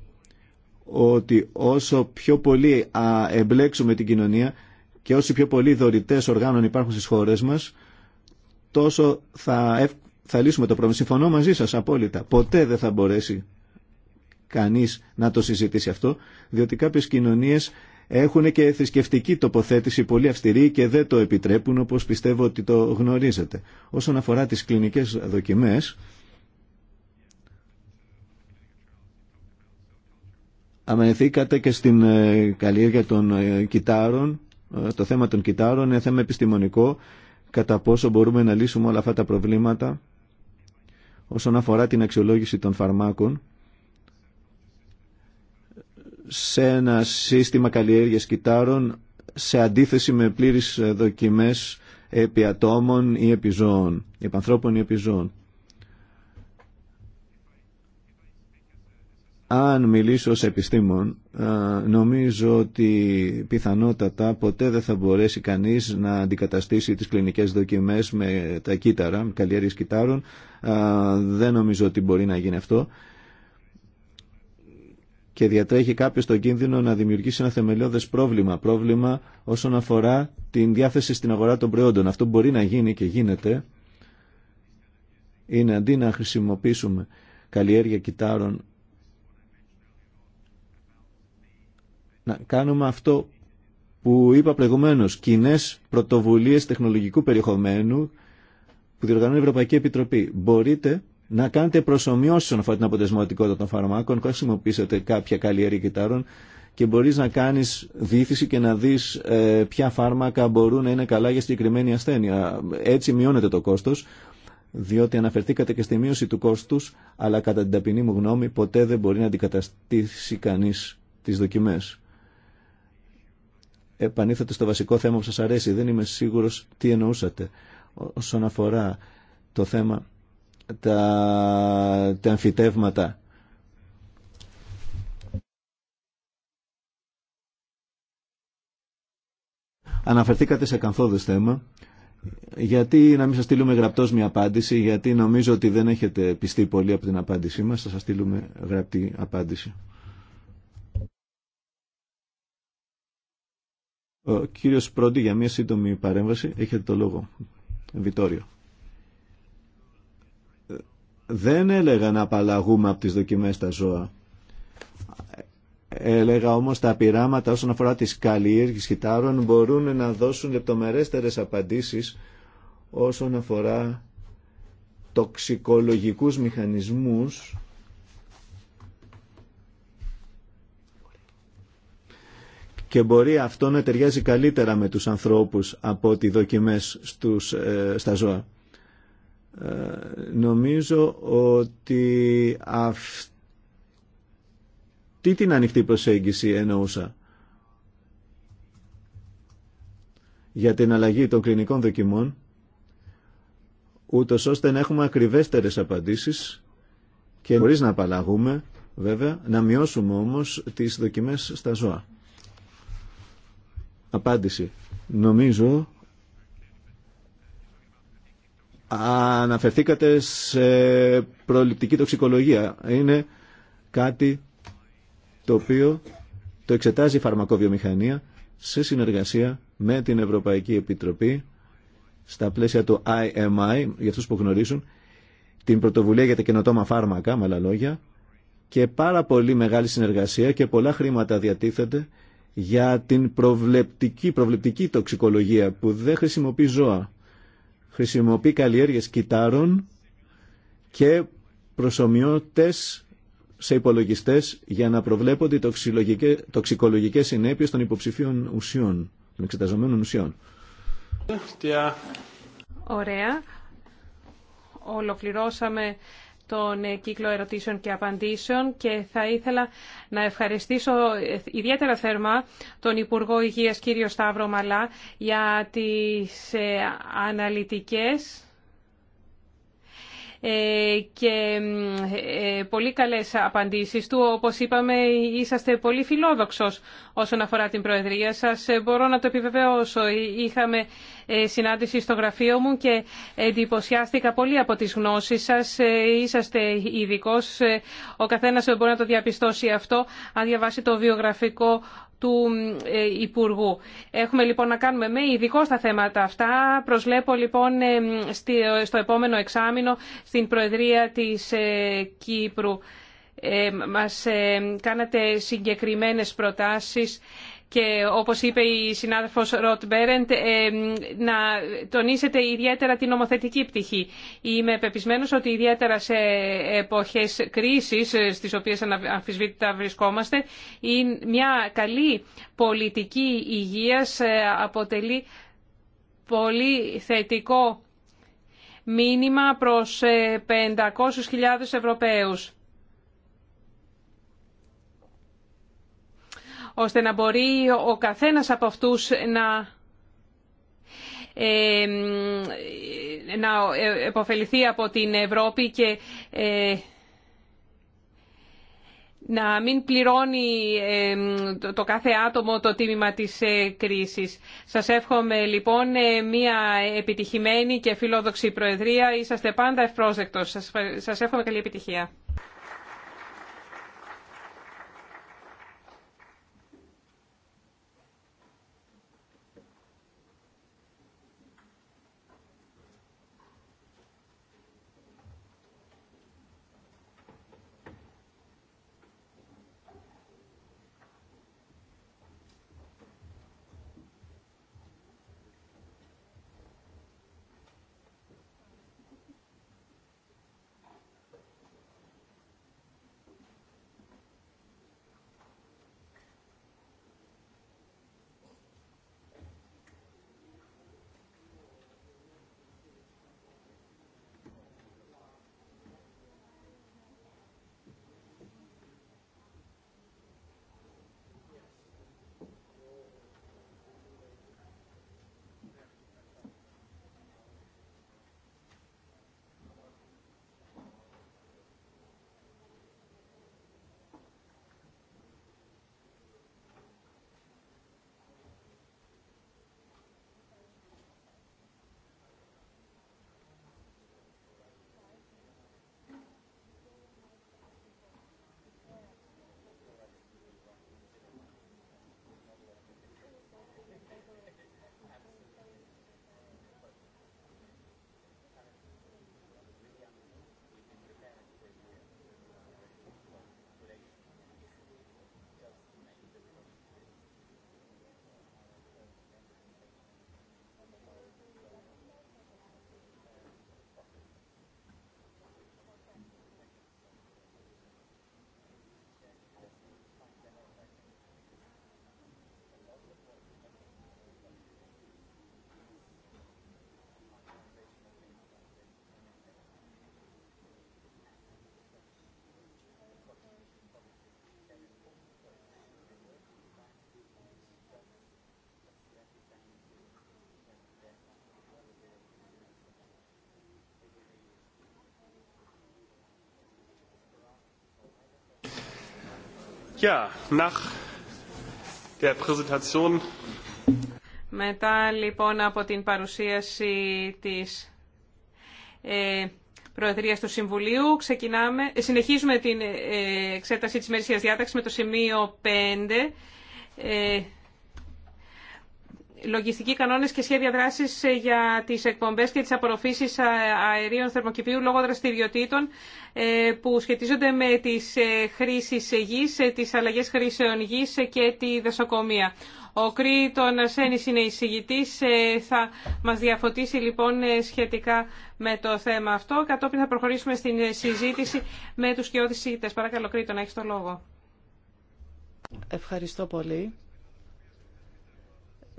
ότι όσο πιο πολύ εμπλέξουμε την κοινωνία και όσοι πιο πολλοί δωρητές οργάνων υπάρχουν στις χώρες μας, τόσο θα, θα λύσουμε το πρόβλημα. Συμφωνώ μαζί σας απόλυτα. Ποτέ δεν θα μπορέσει κανείς να το συζητήσει αυτό, διότι κάποιες κοινωνίες έχουν και θρησκευτική τοποθέτηση πολύ αυστηρή και δεν το επιτρέπουν όπως πιστεύω ότι το γνωρίζετε. Όσον αφορά τις κλινικές δοκιμές, αμενεθήκατε και στην ε, καλλιέργεια των ε, κυτάρων. Ε, το θέμα των κυτάρων είναι θέμα επιστημονικό, κατά πόσο μπορούμε να λύσουμε όλα αυτά τα προβλήματα όσον αφορά την αξιολόγηση των φαρμάκων σε ένα σύστημα καλλιέργειας κυτάρων σε αντίθεση με πλήρεις δοκιμές επί ή επιζών, ζώων, επί ανθρώπων ή επί Αν μιλήσω ως επιστήμον, νομίζω ότι πιθανότατα ποτέ δεν θα μπορέσει κανείς να αντικαταστήσει τις κλινικές δοκιμές με τα κύτταρα, με καλλιέργειες κυτάρων. Δεν νομίζω ότι μπορεί να γίνει αυτό και διατρέχει κάποιο τον κίνδυνο να δημιουργήσει ένα θεμελιώδε πρόβλημα. Πρόβλημα όσον αφορά την διάθεση στην αγορά των προϊόντων. Αυτό μπορεί να γίνει και γίνεται. Είναι αντί να χρησιμοποιήσουμε καλλιέργεια κιτάρων... να κάνουμε αυτό που είπα προηγουμένως, κοινέ πρωτοβουλίες τεχνολογικού περιεχομένου που διοργανώνει η Ευρωπαϊκή Επιτροπή. Μπορείτε να κάνετε προσωμιώσεις όσον αφορά την αποτελεσματικότητα των φαρμάκων, να χρησιμοποιήσετε κάποια καλλιέργεια κυτάρων και μπορείς να κάνεις δίθηση και να δεις ε, ποια φάρμακα μπορούν να είναι καλά για συγκεκριμένη ασθένεια. Έτσι μειώνεται το κόστος, διότι αναφερθήκατε και στη μείωση του κόστους, αλλά κατά την ταπεινή μου γνώμη ποτέ δεν μπορεί να αντικαταστήσει κανείς τις δοκιμές. Επανήθατε στο βασικό θέμα που σας αρέσει. Δεν είμαι σίγουρος τι εννοούσατε όσον αφορά το θέμα τα, τα εμφυτεύματα. Αναφερθήκατε σε καθόδες θέμα. Γιατί να μην σας στείλουμε γραπτός μια απάντηση, γιατί νομίζω ότι δεν έχετε πιστεί πολύ από την απάντησή μας, θα σας στείλουμε γραπτή απάντηση. Ο κύριος Πρόντι για μια σύντομη παρέμβαση, έχετε το λόγο. Βιτόριο δεν έλεγα να απαλλαγούμε από τις δοκιμές τα ζώα. Έλεγα όμως τα πειράματα όσον αφορά τις καλλιέργειες χιτάρων μπορούν να δώσουν λεπτομερέστερες απαντήσεις όσον αφορά τοξικολογικούς μηχανισμούς και μπορεί αυτό να ταιριάζει καλύτερα με τους ανθρώπους από ό,τι δοκιμές στους, ε, στα ζώα. Ε, νομίζω ότι αυτή την ανοιχτή προσέγγιση εννοούσα για την αλλαγή των κλινικών δοκιμών ούτως ώστε να έχουμε ακριβέστερες απαντήσεις και χωρίς να απαλλαγούμε βέβαια να μειώσουμε όμως τις δοκιμές στα ζώα. Απάντηση. Νομίζω Αναφερθήκατε σε προληπτική τοξικολογία. Είναι κάτι το οποίο το εξετάζει η φαρμακοβιομηχανία σε συνεργασία με την Ευρωπαϊκή Επιτροπή στα πλαίσια του IMI, για αυτούς που γνωρίζουν, την πρωτοβουλία για τα καινοτόμα φάρμακα, με άλλα λόγια, και πάρα πολύ μεγάλη συνεργασία και πολλά χρήματα διατίθεται για την προβλεπτική, προβλεπτική τοξικολογία που δεν χρησιμοποιεί ζώα χρησιμοποιεί καλλιέργειες κιτάρων και προσωμιώτες σε υπολογιστές για να προβλέπονται οι τοξικολογικές συνέπειες των υποψηφίων ουσιών, των εξεταζομένων ουσιών. Ωραία. Ολοκληρώσαμε τον ε, κύκλο ερωτήσεων και απαντήσεων και θα ήθελα να ευχαριστήσω ε, ιδιαίτερα θερμά τον Υπουργό Υγείας κύριο Σταύρο Μαλά για τις ε, αναλυτικές ε, και ε, πολύ καλές απαντήσεις του. Όπως είπαμε, είσαστε πολύ φιλόδοξος όσον αφορά την Προεδρία σας. Ε, μπορώ να το επιβεβαιώσω. Είχαμε συνάντηση στο γραφείο μου και εντυπωσιάστηκα πολύ από τις γνώσεις σας. Είσαστε ειδικό. Ο καθένας μπορεί να το διαπιστώσει αυτό αν διαβάσει το βιογραφικό του ε, Υπουργού. Έχουμε λοιπόν να κάνουμε με ειδικό στα θέματα αυτά. Προσλέπω λοιπόν ε, στο επόμενο εξάμεινο στην Προεδρία της ε, Κύπρου. Μας κάνατε συγκεκριμένες προτάσεις και όπως είπε η συνάδελφος Ροτ Μπέρεντ, ε, να τονίσετε ιδιαίτερα την νομοθετική πτυχή. Είμαι πεπισμένος ότι ιδιαίτερα σε εποχές κρίσης, ε, στις οποίες αμφισβήτητα βρισκόμαστε, μια καλή πολιτική υγείας ε, αποτελεί πολύ θετικό μήνυμα προς 500.000 Ευρωπαίους. ώστε να μπορεί ο καθένας από αυτούς να ε, να επωφεληθεί από την Ευρώπη και ε, να μην πληρώνει ε, το κάθε άτομο το τίμημα της κρίσης. Σας εύχομαι λοιπόν μια επιτυχημένη και φιλόδοξη Προεδρία. Είσαστε πάντα ευπρόσδεκτος. Σας εύχομαι καλή επιτυχία. Μετά λοιπόν από την παρουσίαση της ε, Προεδρίας του Συμβουλίου ξεκινάμε, ε, συνεχίζουμε την ε, εξέταση της μερικής διάταξης με το σημείο 5 λογιστικοί κανόνες και σχέδια δράσης ε, για τις εκπομπές και τις απορροφήσεις αερίων θερμοκηπίου λόγω δραστηριοτήτων ε, που σχετίζονται με τις ε, χρήσεις γης, τις αλλαγές χρήσεων γης και τη δασοκομεία. Ο Κρήτον Αρσένης είναι εισηγητής, θα μας διαφωτίσει λοιπόν σχετικά με το θέμα αυτό. Κατόπιν θα προχωρήσουμε στην συζήτηση με τους κοιότητες. Παρακαλώ Κρήτον, έχεις το λόγο. Ευχαριστώ πολύ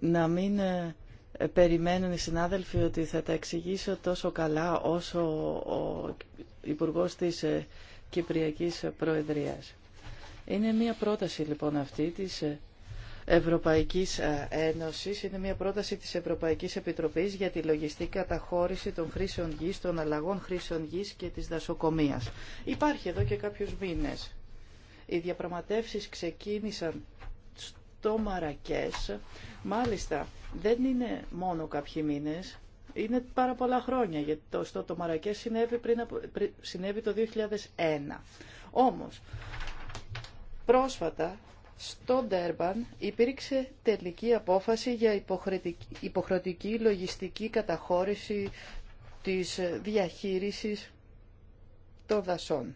να μην ε, ε, περιμένουν οι συνάδελφοι ότι θα τα εξηγήσω τόσο καλά όσο ο Υπουργός της ε, Κυπριακής Προεδρίας. Είναι μια πρόταση λοιπόν αυτή της Ευρωπαϊκής Ένωσης, είναι μια πρόταση της Ευρωπαϊκής Επιτροπής για τη λογιστική καταχώρηση των χρήσεων γης, των αλλαγών χρήσεων γης και της δασοκομείας. Υπάρχει εδώ και κάποιους μήνες. Οι διαπραγματεύσεις ξεκίνησαν στο Μαρακές. Μάλιστα, δεν είναι μόνο κάποιοι μήνες, είναι πάρα πολλά χρόνια, γιατί το, στο το Μαρακές συνέβη, πριν, πριν, συνέβη το 2001. Όμως, πρόσφατα στο Ντέρμπαν υπήρξε τελική απόφαση για υποχρεωτική λογιστική καταχώρηση της διαχείρισης των δασών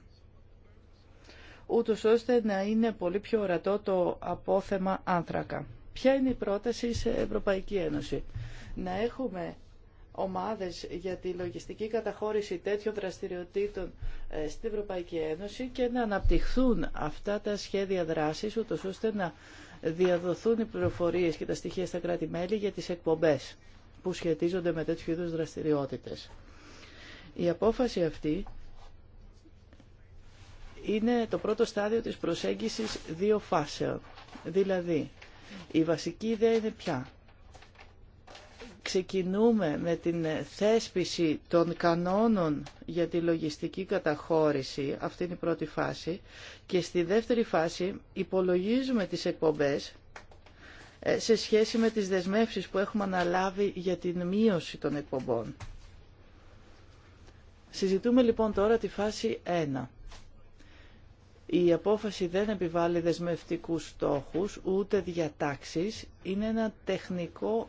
ούτως ώστε να είναι πολύ πιο ορατό το απόθεμα άνθρακα. Ποια είναι η πρόταση σε Ευρωπαϊκή Ένωση. Να έχουμε ομάδες για τη λογιστική καταχώρηση τέτοιων δραστηριοτήτων ε, στην Ευρωπαϊκή Ένωση και να αναπτυχθούν αυτά τα σχέδια δράσης, ούτως ώστε να διαδοθούν οι πληροφορίες και τα στοιχεία στα κράτη-μέλη για τις εκπομπές που σχετίζονται με τέτοιου είδους δραστηριότητες. Η απόφαση αυτή είναι το πρώτο στάδιο της προσέγγισης δύο φάσεων. Δηλαδή, η βασική ιδέα είναι πια. Ξεκινούμε με την θέσπιση των κανόνων για τη λογιστική καταχώρηση, αυτή είναι η πρώτη φάση, και στη δεύτερη φάση υπολογίζουμε τις εκπομπές ε, σε σχέση με τις δεσμεύσεις που έχουμε αναλάβει για την μείωση των εκπομπών. Συζητούμε λοιπόν τώρα τη φάση 1. Η απόφαση δεν επιβάλλει δεσμευτικούς στόχους, ούτε διατάξεις. Είναι ένα τεχνικό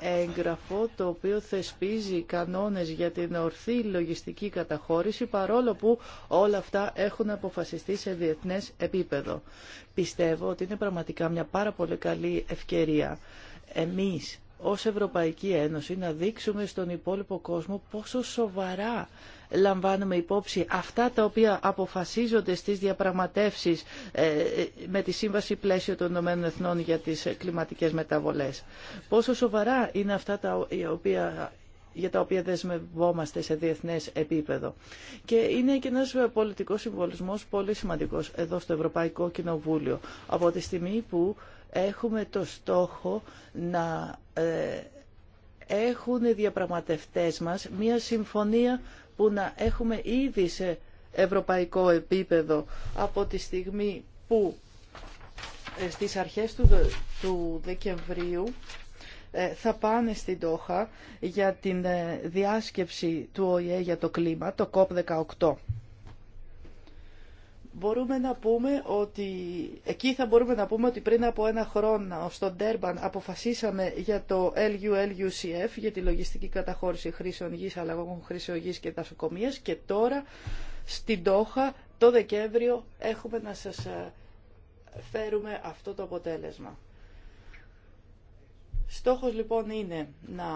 έγγραφο το οποίο θεσπίζει κανόνες για την ορθή λογιστική καταχώρηση παρόλο που όλα αυτά έχουν αποφασιστεί σε διεθνές επίπεδο. Πιστεύω ότι είναι πραγματικά μια πάρα πολύ καλή ευκαιρία εμείς ως Ευρωπαϊκή Ένωση να δείξουμε στον υπόλοιπο κόσμο πόσο σοβαρά λαμβάνουμε υπόψη αυτά τα οποία αποφασίζονται στις διαπραγματεύσεις ε, με τη Σύμβαση Πλαίσιο των Ηνωμένων Εθνών για τις κλιματικές μεταβολές. Πόσο σοβαρά είναι αυτά τα οποία για τα οποία δεσμευόμαστε σε διεθνές επίπεδο. Και είναι και ένας πολιτικός συμβολισμός πολύ σημαντικός εδώ στο Ευρωπαϊκό Κοινοβούλιο. Από τη στιγμή που έχουμε το στόχο να ε, έχουν οι διαπραγματευτές μας μια συμφωνία που να έχουμε ήδη σε ευρωπαϊκό επίπεδο από τη στιγμή που ε, στις αρχές του, Δεκεμβρίου ε, θα πάνε στην Τόχα για την ε, διάσκεψη του ΟΗΕ για το κλίμα, το COP18 μπορούμε να πούμε ότι εκεί θα μπορούμε να πούμε ότι πριν από ένα χρόνο στο Ντέρμπαν αποφασίσαμε για το LULUCF για τη λογιστική καταχώρηση χρήσεων γης, αλλαγών χρήσεων γης και τασοκομείας και τώρα στην Τόχα το Δεκέμβριο έχουμε να σας ε, φέρουμε αυτό το αποτέλεσμα. Στόχος λοιπόν είναι να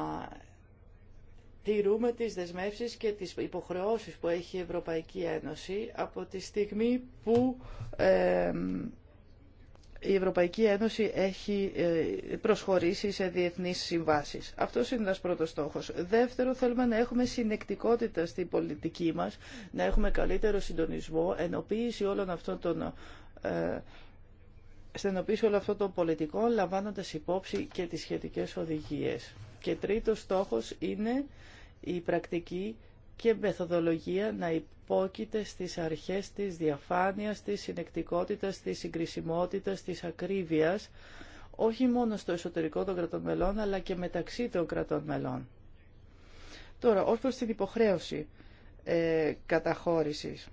τηρούμε τις δεσμεύσεις και τις υποχρεώσεις που έχει η Ευρωπαϊκή Ένωση από τη στιγμή που η Ευρωπαϊκή Ένωση έχει ε, προσχωρήσει σε διεθνείς συμβάσεις. Αυτό είναι ένας πρώτος στόχος. Δεύτερο, θέλουμε να έχουμε συνεκτικότητα στην πολιτική μας, να έχουμε καλύτερο συντονισμό, ενοποίηση όλων αυτών των ε, στενοποίηση όλων αυτών το πολιτικών, λαμβάνοντας υπόψη και τις σχετικές οδηγίες. Και τρίτος στόχος είναι η πρακτική και μεθοδολογία να υπόκειται στις αρχές της διαφάνειας, της συνεκτικότητας, της συγκρισιμότητας, της ακρίβειας, όχι μόνο στο εσωτερικό των κρατών μελών, αλλά και μεταξύ των κρατών μελών. Τώρα, ως προς την υποχρέωση ε, καταχώρησης.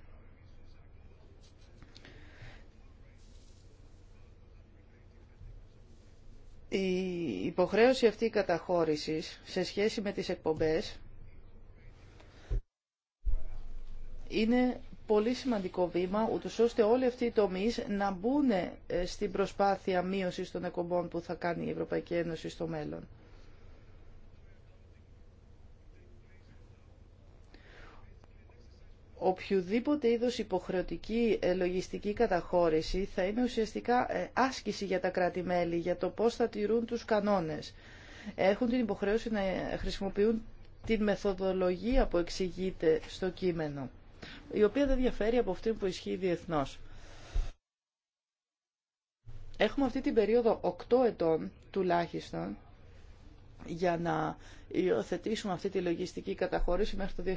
Η υποχρέωση αυτή καταχώρησης σε σχέση με τις εκπομπές είναι πολύ σημαντικό βήμα, ούτως ώστε όλοι αυτοί οι τομείς να μπουν ε, στην προσπάθεια μείωσης των εκπομπών που θα κάνει η Ευρωπαϊκή Ένωση στο μέλλον. οποιοδήποτε είδος υποχρεωτική ε, λογιστική καταχώρηση θα είναι ουσιαστικά ε, άσκηση για τα κράτη-μέλη, για το πώς θα τηρούν τους κανόνες. Έχουν την υποχρέωση να χρησιμοποιούν την μεθοδολογία που εξηγείται στο κείμενο η οποία δεν διαφέρει από αυτή που ισχύει διεθνώ. Έχουμε αυτή την περίοδο 8 ετών τουλάχιστον για να υιοθετήσουμε αυτή τη λογιστική καταχώρηση μέχρι το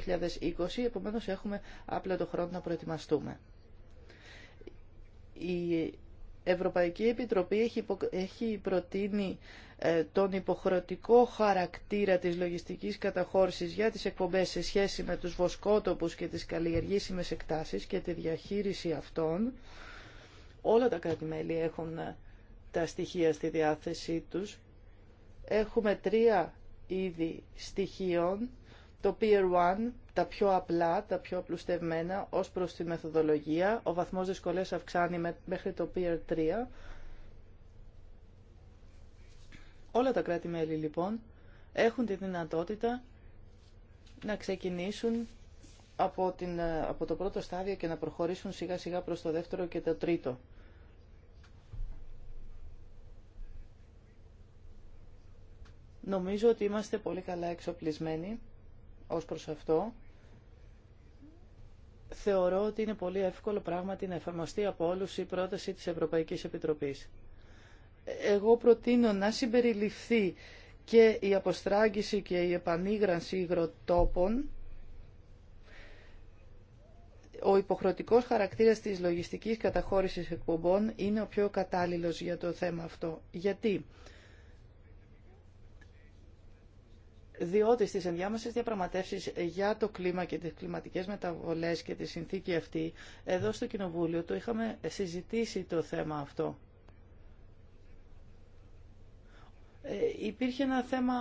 2020, επομένως έχουμε απλά το χρόνο να προετοιμαστούμε. Η Ευρωπαϊκή Επιτροπή έχει, έχει προτείνει ε, τον υποχρεωτικό χαρακτήρα της λογιστικής καταχώρησης για τις εκπομπές σε σχέση με τους βοσκότοπους και τις καλλιεργήσιμες εκτάσεις και τη διαχείριση αυτών. Όλα τα κρατη έχουν ε, τα στοιχεία στη διάθεσή τους. Έχουμε τρία είδη στοιχείων το Peer 1, τα πιο απλά, τα πιο απλουστευμένα ως προς τη μεθοδολογία. Ο βαθμός δυσκολίας αυξάνει μέχρι το Peer 3. Όλα τα κράτη-μέλη λοιπόν έχουν τη δυνατότητα να ξεκινήσουν από, την, από το πρώτο στάδιο και να προχωρήσουν σιγά σιγά προς το δεύτερο και το τρίτο. Νομίζω ότι είμαστε πολύ καλά εξοπλισμένοι ως προς αυτό. Θεωρώ ότι είναι πολύ εύκολο πράγματι να εφαρμοστεί από όλους η πρόταση της Ευρωπαϊκής Επιτροπής. Εγώ προτείνω να συμπεριληφθεί και η αποστράγγιση και η επανήγρανση υγροτόπων ο υποχρεωτικός χαρακτήρας της λογιστικής καταχώρησης εκπομπών είναι ο πιο κατάλληλος για το θέμα αυτό. Γιατί διότι στις ενδιάμεσες διαπραγματεύσεις για το κλίμα και τις κλιματικές μεταβολές και τη συνθήκη αυτή, εδώ στο Κοινοβούλιο το είχαμε συζητήσει το θέμα αυτό. Ε, υπήρχε ένα θέμα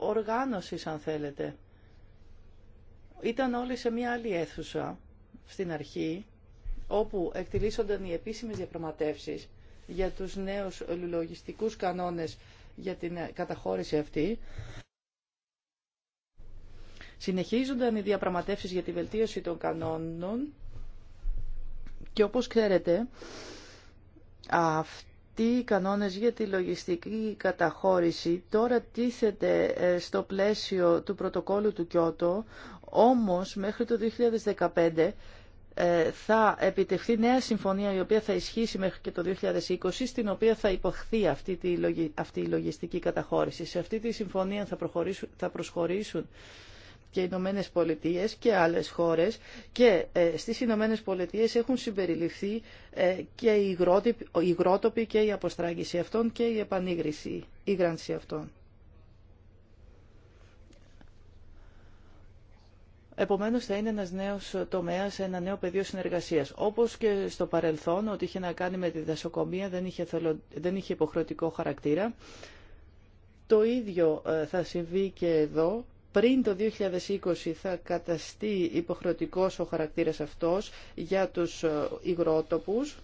οργάνωσης, αν θέλετε. Ήταν όλοι σε μια άλλη αίθουσα στην αρχή, όπου εκτιλήσονταν οι επίσημες διαπραγματεύσεις για τους νέους λουλογιστικούς κανόνες για την καταχώρηση αυτή. Συνεχίζονταν οι διαπραγματεύσεις για τη βελτίωση των κανόνων και όπως ξέρετε αυτοί οι κανόνες για τη λογιστική καταχώρηση τώρα τίθεται ε, στο πλαίσιο του πρωτοκόλλου του Κιώτο, όμως μέχρι το 2015 ε, θα επιτευχθεί νέα συμφωνία η οποία θα ισχύσει μέχρι και το 2020 στην οποία θα υποχθεί αυτή, αυτή η λογιστική καταχώρηση. Σε αυτή τη συμφωνία θα, θα προσχωρήσουν και οι Ηνωμένε Πολιτείε και άλλες χώρες και ε, στις Ηνωμένε Πολιτείε έχουν συμπεριληφθεί ε, και οι υγρότοποι και η αποστράγγιση αυτών και η επανήγρηση, η γράνση αυτών. Επομένως θα είναι ένα νέος τομέας, ένα νέο πεδίο συνεργασίας. Όπως και στο παρελθόν, ό,τι είχε να κάνει με τη δασοκομεία δεν είχε, δεν είχε υποχρεωτικό χαρακτήρα. Το ίδιο ε, θα συμβεί και εδώ πριν το 2020 θα καταστεί υποχρεωτικός ο χαρακτήρας αυτός για τους ε, υγρότοπους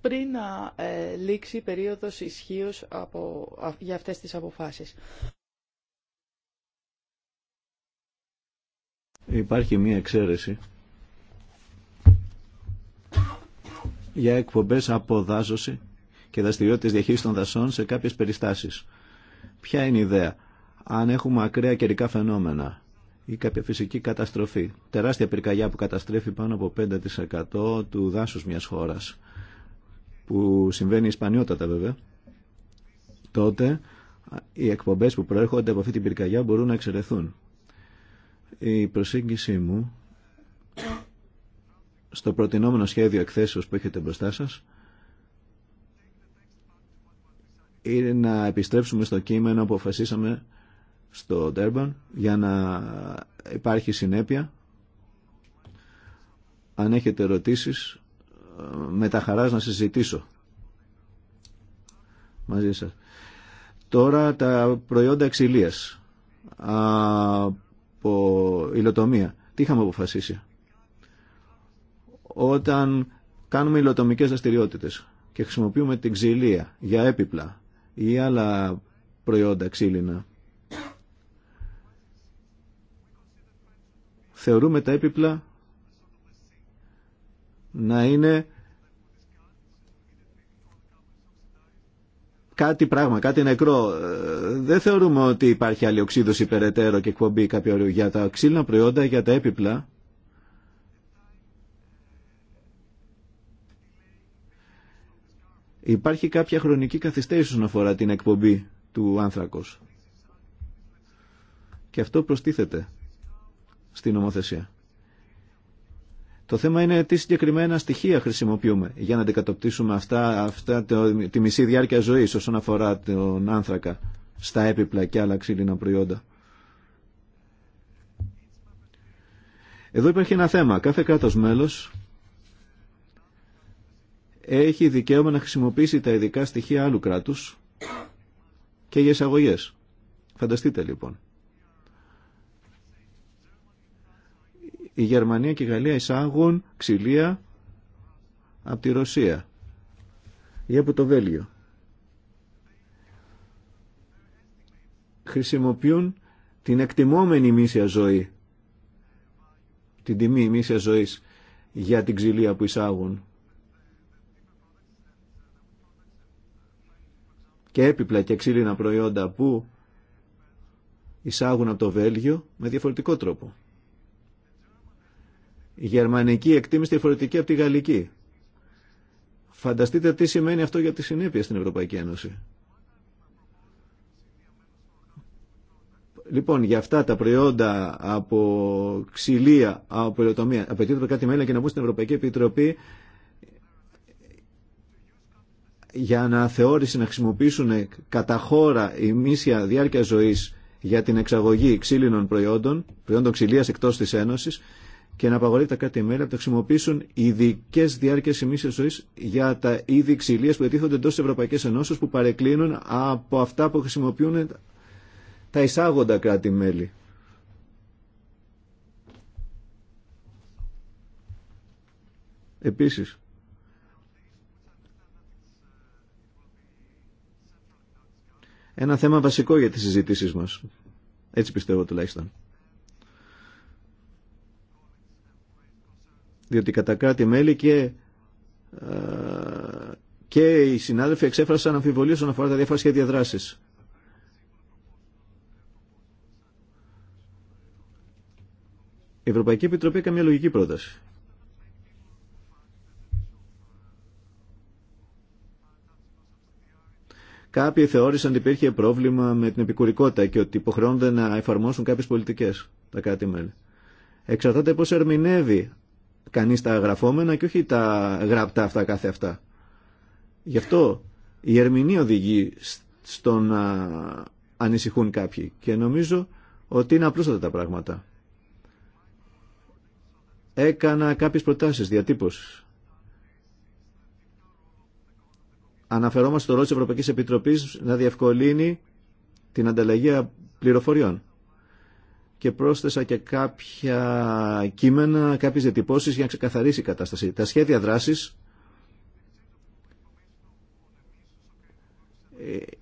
πριν να ε, λήξει η περίοδος ισχύως από, για αυτές τις αποφάσεις. Υπάρχει μία εξαίρεση για εκπομπές από δάσωση και δραστηριότητε διαχείρισης των δασών σε κάποιες περιστάσεις. Ποια είναι η ιδέα. Αν έχουμε ακραία καιρικά φαινόμενα ή κάποια φυσική καταστροφή, τεράστια πυρκαγιά που καταστρέφει πάνω από 5% του δάσους μιας χώρας, που συμβαίνει ισπανιότατα βέβαια, τότε οι εκπομπές που προέρχονται από αυτή την πυρκαγιά μπορούν να εξαιρεθούν. Η προσήγγιση μου στο προτινόμενο σχέδιο εκθέσεως που έχετε μπροστά σας είναι να επιστρέψουμε στο κείμενο που αποφασίσαμε στο Ντέρμπαν για να υπάρχει συνέπεια. Αν έχετε ερωτήσεις, με τα χαράς να συζητήσω μαζί σας. Τώρα τα προϊόντα ξυλίας από υλοτομία. Τι είχαμε αποφασίσει. Όταν κάνουμε υλοτομικέ δραστηριότητε και χρησιμοποιούμε την ξυλία για έπιπλα, ή άλλα προϊόντα ξύλινα. Θεωρούμε τα έπιπλα να είναι κάτι πράγμα, κάτι νεκρό. Ε, δεν θεωρούμε ότι υπάρχει άλλη οξύδωση περαιτέρω και εκπομπή κάποιο για τα ξύλινα προϊόντα, για τα έπιπλα. Υπάρχει κάποια χρονική καθυστέρηση όσον αφορά την εκπομπή του άνθρακος. Και αυτό προστίθεται στην νομοθεσία. Το θέμα είναι τι συγκεκριμένα στοιχεία χρησιμοποιούμε για να αντικατοπτήσουμε αυτά, αυτά τη μισή διάρκεια ζωής όσον αφορά τον άνθρακα στα έπιπλα και άλλα ξύλινα προϊόντα. Εδώ υπάρχει ένα θέμα. Κάθε κράτος μέλος έχει δικαίωμα να χρησιμοποιήσει τα ειδικά στοιχεία άλλου κράτους και για εισαγωγέ. Φανταστείτε λοιπόν. Η Γερμανία και η Γαλλία εισάγουν ξυλία από τη Ρωσία ή από το Βέλγιο. Χρησιμοποιούν την εκτιμόμενη μίσια ζωή, την τιμή μίσια ζωής για την ξυλία που εισάγουν και έπιπλα και ξύλινα προϊόντα που εισάγουν από το Βέλγιο με διαφορετικό τρόπο. Η γερμανική εκτίμηση διαφορετική από τη γαλλική. Φανταστείτε τι σημαίνει αυτό για τη συνέπεια στην Ευρωπαϊκή Ένωση. Λοιπόν, για αυτά τα προϊόντα από ξυλία, από πελοτομία, απαιτείται κάτι μέλλον και να μπουν στην Ευρωπαϊκή Επιτροπή για αναθεώρηση να χρησιμοποιήσουν κατά χώρα η μίσια διάρκεια ζωής για την εξαγωγή ξύλινων προϊόντων, προϊόντων ξυλίας εκτός της Ένωσης και να απαγορεύει τα κράτη-μέλη να χρησιμοποιήσουν ειδικέ διάρκειε ημίσια ζωή για τα είδη ξυλία που ετίθονται εντό τη Ευρωπαϊκή Ενώσεω που παρεκκλίνουν από αυτά που χρησιμοποιούν τα εισάγοντα κράτη-μέλη. Επίσης, ένα θέμα βασικό για τις συζητήσεις μας. Έτσι πιστεύω τουλάχιστον. Διότι κατά κράτη μέλη και, ε, και οι συνάδελφοι εξέφρασαν αμφιβολίες όσον αφορά τα διάφορα σχέδια δράσης. Η Ευρωπαϊκή Επιτροπή έκανε μια λογική πρόταση. Κάποιοι θεώρησαν ότι υπήρχε πρόβλημα με την επικουρικότητα και ότι υποχρεώνονται να εφαρμόσουν κάποιε πολιτικέ τα κράτη-μέλη. Εξαρτάται πώ ερμηνεύει κανεί τα γραφόμενα και όχι τα γραπτά αυτά κάθε αυτά. Γι' αυτό η ερμηνεία οδηγεί στο να ανησυχούν κάποιοι και νομίζω ότι είναι απλούστατα τα πράγματα. Έκανα κάποιες προτάσεις διατύπωσης αναφερόμαστε στο ρόλο της Ευρωπαϊκής Επιτροπής να διευκολύνει την ανταλλαγή πληροφοριών. Και πρόσθεσα και κάποια κείμενα, κάποιες διατυπώσεις για να ξεκαθαρίσει η κατάσταση. Τα σχέδια δράσης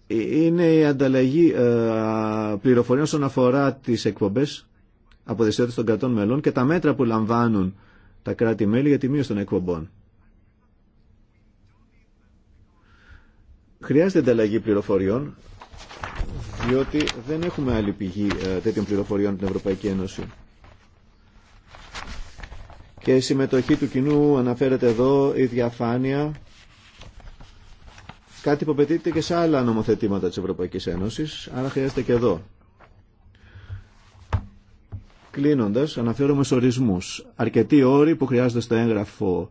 ε, είναι η ανταλλαγή ε, πληροφοριών όσον αφορά τις εκπομπές από δεσιότητες των κρατών μελών και τα μέτρα που λαμβάνουν τα κράτη-μέλη για τη μείωση των εκπομπών. Χρειάζεται ανταλλαγή πληροφοριών, διότι δεν έχουμε άλλη πηγή ε, τέτοιων πληροφοριών την Ευρωπαϊκή Ένωση. Και η συμμετοχή του κοινού αναφέρεται εδώ, η διαφάνεια, κάτι που απαιτείται και σε άλλα νομοθετήματα της Ευρωπαϊκής Ένωσης, αλλά χρειάζεται και εδώ. Κλείνοντας, αναφέρομαι στους ορισμούς. Αρκετοί όροι που χρειάζονται στο έγγραφο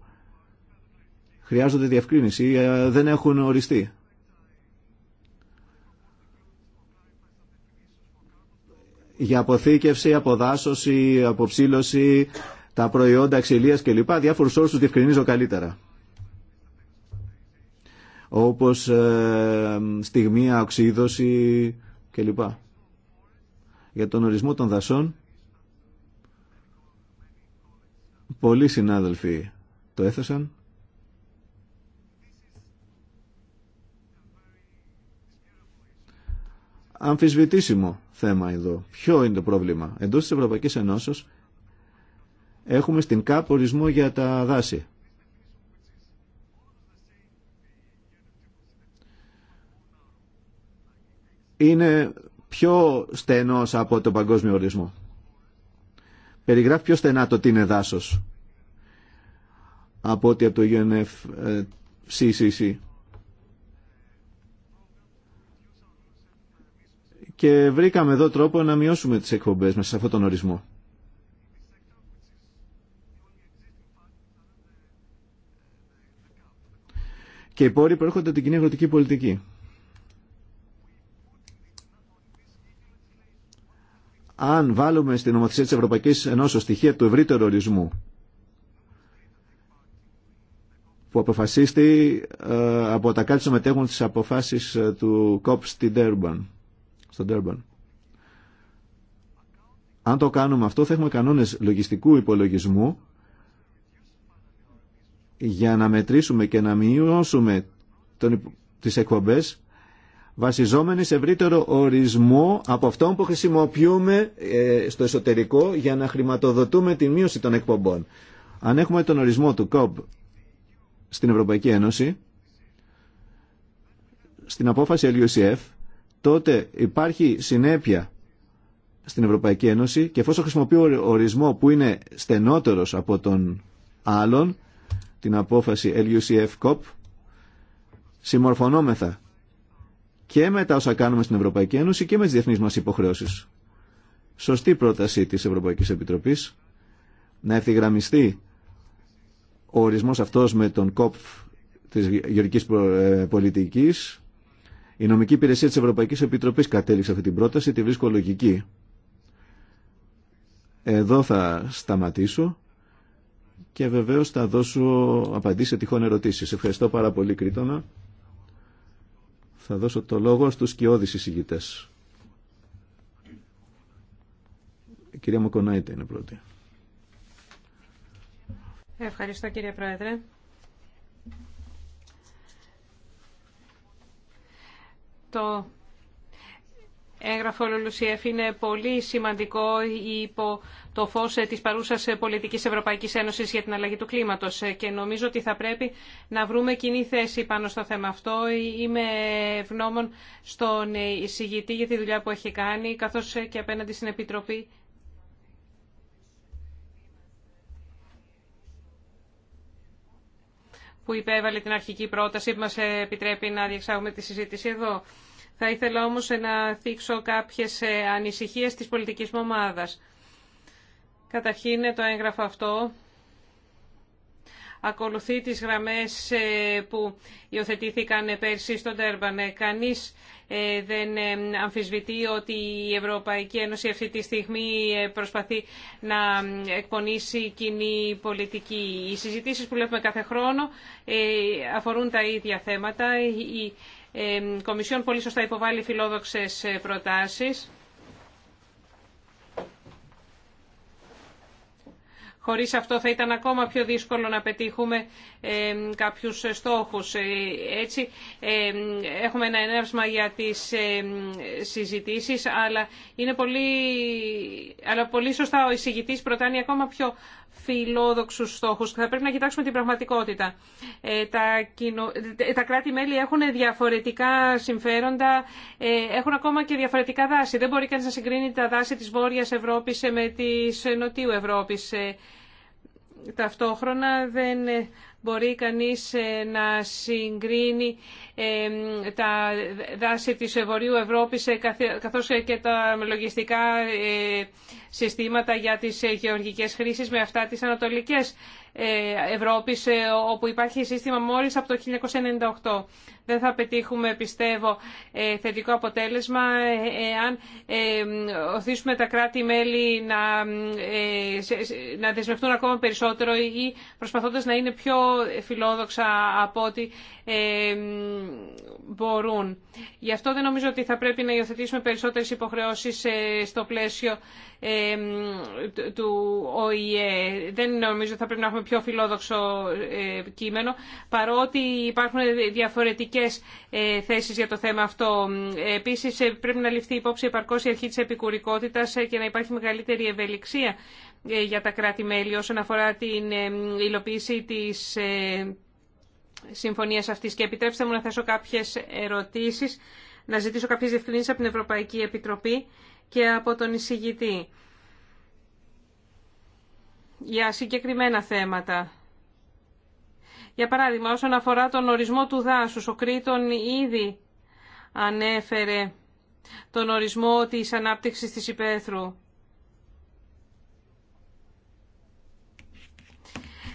χρειάζονται διευκρίνηση, ε, δεν έχουν οριστεί. για αποθήκευση, αποδάσωση, αποψήλωση, τα προϊόντα ξυλίας κλπ. Διάφορους όρους τους διευκρινίζω καλύτερα. Όπως ε, στιγμία οξύδωση κλπ. Για τον ορισμό των δασών, πολλοί συνάδελφοι το έθεσαν. αμφισβητήσιμο θέμα εδώ. Ποιο είναι το πρόβλημα. Εντός της Ευρωπαϊκής Ενώσεως έχουμε στην ΚΑΠ ορισμό για τα δάση. Είναι πιο στενός από τον παγκόσμιο ορισμό. Περιγράφει πιο στενά το τι είναι δάσος από ότι από το UNFCCC. και βρήκαμε εδώ τρόπο να μειώσουμε τις εκπομπές μας σε αυτόν τον ορισμό. Και οι πόροι προέρχονται την κοινή αγροτική πολιτική. Αν βάλουμε στην νομοθεσία της Ευρωπαϊκής Ενώσεως στοιχεία του ευρύτερου ορισμού που αποφασίστη ε, από τα κάτω μετέχουν τις αποφάσεις ε, του COP στην Τέρμπαν στο Ντέρμπαν. Αν το κάνουμε αυτό θα έχουμε κανόνες λογιστικού υπολογισμού για να μετρήσουμε και να μειώσουμε τον, τις εκπομπές βασιζόμενοι σε ευρύτερο ορισμό από αυτόν που χρησιμοποιούμε ε, στο εσωτερικό για να χρηματοδοτούμε τη μείωση των εκπομπών. Αν έχουμε τον ορισμό του ΚΟΠ στην Ευρωπαϊκή Ένωση, στην απόφαση LUCF τότε υπάρχει συνέπεια στην Ευρωπαϊκή Ένωση και εφόσον χρησιμοποιεί ορισμό που είναι στενότερος από τον άλλον, την απόφαση LUCF-COP, συμμορφωνόμεθα και με τα όσα κάνουμε στην Ευρωπαϊκή Ένωση και με τις διεθνείς μας υποχρεώσεις. Σωστή πρόταση της Ευρωπαϊκής Επιτροπής να ευθυγραμμιστεί ο ορισμός αυτός με τον COP της γεωργικής ε, πολιτικής η νομική υπηρεσία τη Ευρωπαϊκή Επιτροπή κατέληξε αυτή την πρόταση, τη βρίσκω λογική. Εδώ θα σταματήσω και βεβαίω θα δώσω απαντήσει σε τυχόν ερωτήσει. Ευχαριστώ πάρα πολύ Κρήτονα. Θα δώσω το λόγο στους σκιώδει εισηγητές. Η κυρία Μοκονάιτε είναι πρώτη. Ευχαριστώ κύριε Πρόεδρε. Το έγγραφο Λουλουσιέφ είναι πολύ σημαντικό υπό το φως της παρούσας πολιτικής Ευρωπαϊκής Ένωσης για την αλλαγή του κλίματος και νομίζω ότι θα πρέπει να βρούμε κοινή θέση πάνω στο θέμα αυτό. Είμαι ευγνώμων στον εισηγητή για τη δουλειά που έχει κάνει καθώς και απέναντι στην Επιτροπή που υπέβαλε την αρχική πρόταση που μας επιτρέπει να διεξάγουμε τη συζήτηση εδώ. Θα ήθελα όμως να θίξω κάποιες ε, ανησυχίες της πολιτικής μου ομάδας. Καταρχήν ε, το έγγραφο αυτό ακολουθεί τις γραμμές ε, που υιοθετήθηκαν πέρσι στον Τέρμπαν. Ε, κανείς ε, δεν αμφισβητεί ότι η Ευρωπαϊκή Ένωση αυτή τη στιγμή προσπαθεί να εκπονήσει κοινή πολιτική. Οι συζητήσεις που βλέπουμε κάθε χρόνο αφορούν τα ίδια θέματα. Η Κομισιόν πολύ σωστά υποβάλλει φιλόδοξες προτάσεις Χωρίς αυτό θα ήταν ακόμα πιο δύσκολο να πετύχουμε κάποιους στόχους. Ε, έτσι έχουμε ένα ενέργεια για τις συζητήσεις, αλλά, είναι πολύ, αλλά πολύ σωστά ο εισηγητής προτάνει ακόμα πιο φιλόδοξους στόχους. Θα πρέπει να κοιτάξουμε την πραγματικότητα. Ε, τα, ε, τα κράτη-μέλη έχουν διαφορετικά συμφέροντα, ε, έχουν ακόμα και διαφορετικά δάση. Δεν μπορεί κανείς να συγκρίνει τα δάση της Βόρειας Ευρώπης με της Νοτιού Ευρώπης. Ταυτόχρονα δεν μπορεί κανείς να συγκρίνει τα δάση της Βορείου Ευρώπης καθώς και τα λογιστικά συστήματα για τις ε, γεωργικές χρήσεις με αυτά της Ανατολικής ε, Ευρώπης, ε, όπου υπάρχει σύστημα μόλις από το 1998. Δεν θα πετύχουμε, πιστεύω, θετικό αποτέλεσμα εάν οθήσουμε τα κράτη-μέλη να, να δεσμευτούν ακόμα περισσότερο ή προσπαθώντας να είναι πιο φιλόδοξα από ό,τι μπορούν. Γι' αυτό δεν νομίζω ότι θα πρέπει να υιοθετήσουμε περισσότερες υποχρεώσεις στο πλαίσιο του ΟΗΕ. Δεν νομίζω ότι θα πρέπει να έχουμε πιο φιλόδοξο ε, κείμενο, παρότι υπάρχουν διαφορετικές ε, θέσεις για το θέμα αυτό. Επίσης, ε, πρέπει να ληφθεί υπόψη επαρκώς η αρχή της επικουρικότητας και να υπάρχει μεγαλύτερη ευελιξία για τα κράτη-μέλη όσον αφορά την υλοποίηση της συμφωνίας αυτής. Και επιτρέψτε μου να θέσω κάποιες ερωτήσεις, να ζητήσω κάποιες διευκρινήσεις από την Ευρωπαϊκή Επιτροπή και από τον εισηγητή για συγκεκριμένα θέματα. Για παράδειγμα, όσον αφορά τον ορισμό του δάσους, ο Κρήτον ήδη ανέφερε τον ορισμό της ανάπτυξης της υπαίθρου.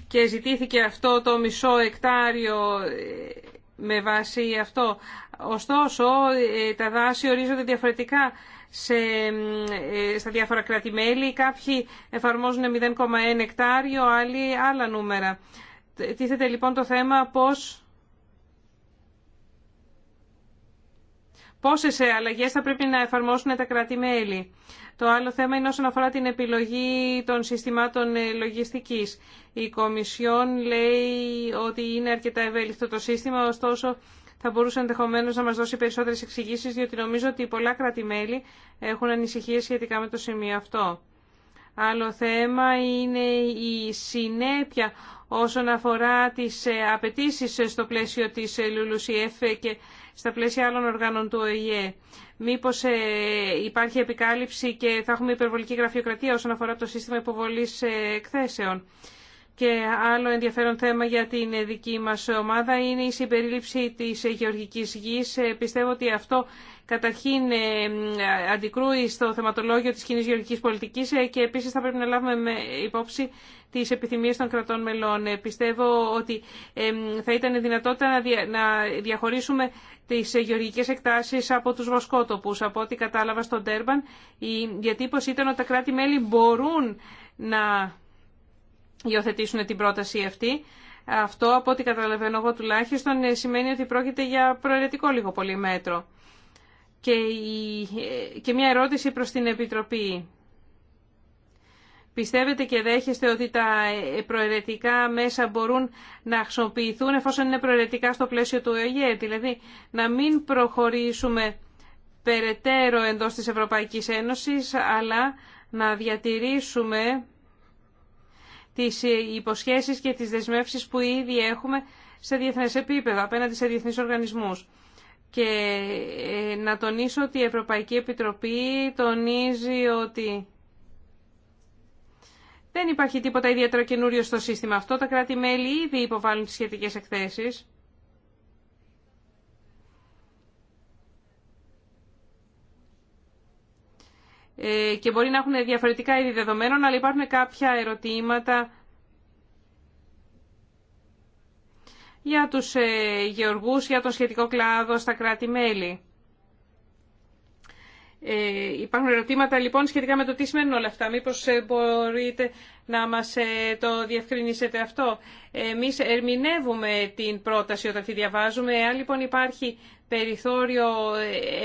Και ζητήθηκε αυτό το μισό εκτάριο ε, με βάση αυτό. Ωστόσο, ε, τα δάση ορίζονται διαφορετικά σε, ε, στα διάφορα κράτη-μέλη. Κάποιοι εφαρμόζουν 0,1 εκτάριο, άλλοι άλλα νούμερα. Τίθεται λοιπόν το θέμα πώς... Πόσες ε, αλλαγέ θα πρέπει να εφαρμόσουν τα κράτη-μέλη. Το άλλο θέμα είναι όσον αφορά την επιλογή των συστημάτων ε, λογιστικής. Η Κομισιόν λέει ότι είναι αρκετά ευέλικτο το σύστημα, ωστόσο θα μπορούσε ενδεχομένω να μα δώσει περισσότερε εξηγήσει, διότι νομίζω ότι πολλά κράτη-μέλη έχουν ανησυχίε σχετικά με το σημείο αυτό. Άλλο θέμα είναι η συνέπεια όσον αφορά τις ε, απαιτήσει ε, στο πλαίσιο της LULUCF ε, και στα πλαίσια άλλων οργάνων του ΟΗΕ. Μήπως υπάρχει επικάλυψη και θα έχουμε υπερβολική γραφειοκρατία όσον αφορά το σύστημα υποβολής εκθέσεων. Και άλλο ενδιαφέρον θέμα για την δική μας ομάδα είναι η συμπερίληψη της γεωργικής γης. Ε, πιστεύω ότι αυτό καταρχήν ε, αντικρούει στο θεματολόγιο της κοινή γεωργικής πολιτικής ε, και επίσης θα πρέπει να λάβουμε υπόψη τις επιθυμίες των κρατών μελών. Πιστεύω ότι θα ήταν δυνατότητα να διαχωρίσουμε τις γεωργικές εκτάσεις από τους βοσκότοπους. Από ό,τι κατάλαβα στον Τέρμπαν, η διατύπωση ήταν ότι τα κράτη-μέλη μπορούν να υιοθετήσουν την πρόταση αυτή. Αυτό, από ό,τι καταλαβαίνω εγώ τουλάχιστον, ε, σημαίνει ότι πρόκειται για προαιρετικό λίγο πολύ μέτρο. Και, ε, και μια ερώτηση προς την Επιτροπή. Πιστεύετε και δέχεστε ότι τα ε, προαιρετικά μέσα μπορούν να χρησιμοποιηθούν εφόσον είναι προαιρετικά στο πλαίσιο του ΕΟΓΕ, δηλαδή να μην προχωρήσουμε περαιτέρω εντός της Ευρωπαϊκής Ένωσης, αλλά να διατηρήσουμε τις ε, υποσχέσεις και τις δεσμεύσεις που ήδη έχουμε σε διεθνές επίπεδα, απέναντι σε διεθνείς οργανισμούς. Και ε, να τονίσω ότι η Ευρωπαϊκή Επιτροπή τονίζει ότι δεν υπάρχει τίποτα ιδιαίτερο καινούριο στο σύστημα αυτό. Τα κράτη-μέλη ήδη υποβάλλουν τις σχετικές εκθέσεις. Ε, και μπορεί να έχουν διαφορετικά είδη δεδομένων, αλλά υπάρχουν κάποια ερωτήματα για τους ε, γεωργούς, για τον σχετικό κλάδο στα κράτη-μέλη. Ε, υπάρχουν ερωτήματα λοιπόν σχετικά με το τι σημαίνουν όλα αυτά. Μήπως ε, μπορείτε να μας το διευκρινίσετε αυτό. Εμείς ερμηνεύουμε την πρόταση όταν τη διαβάζουμε. Εάν λοιπόν υπάρχει περιθώριο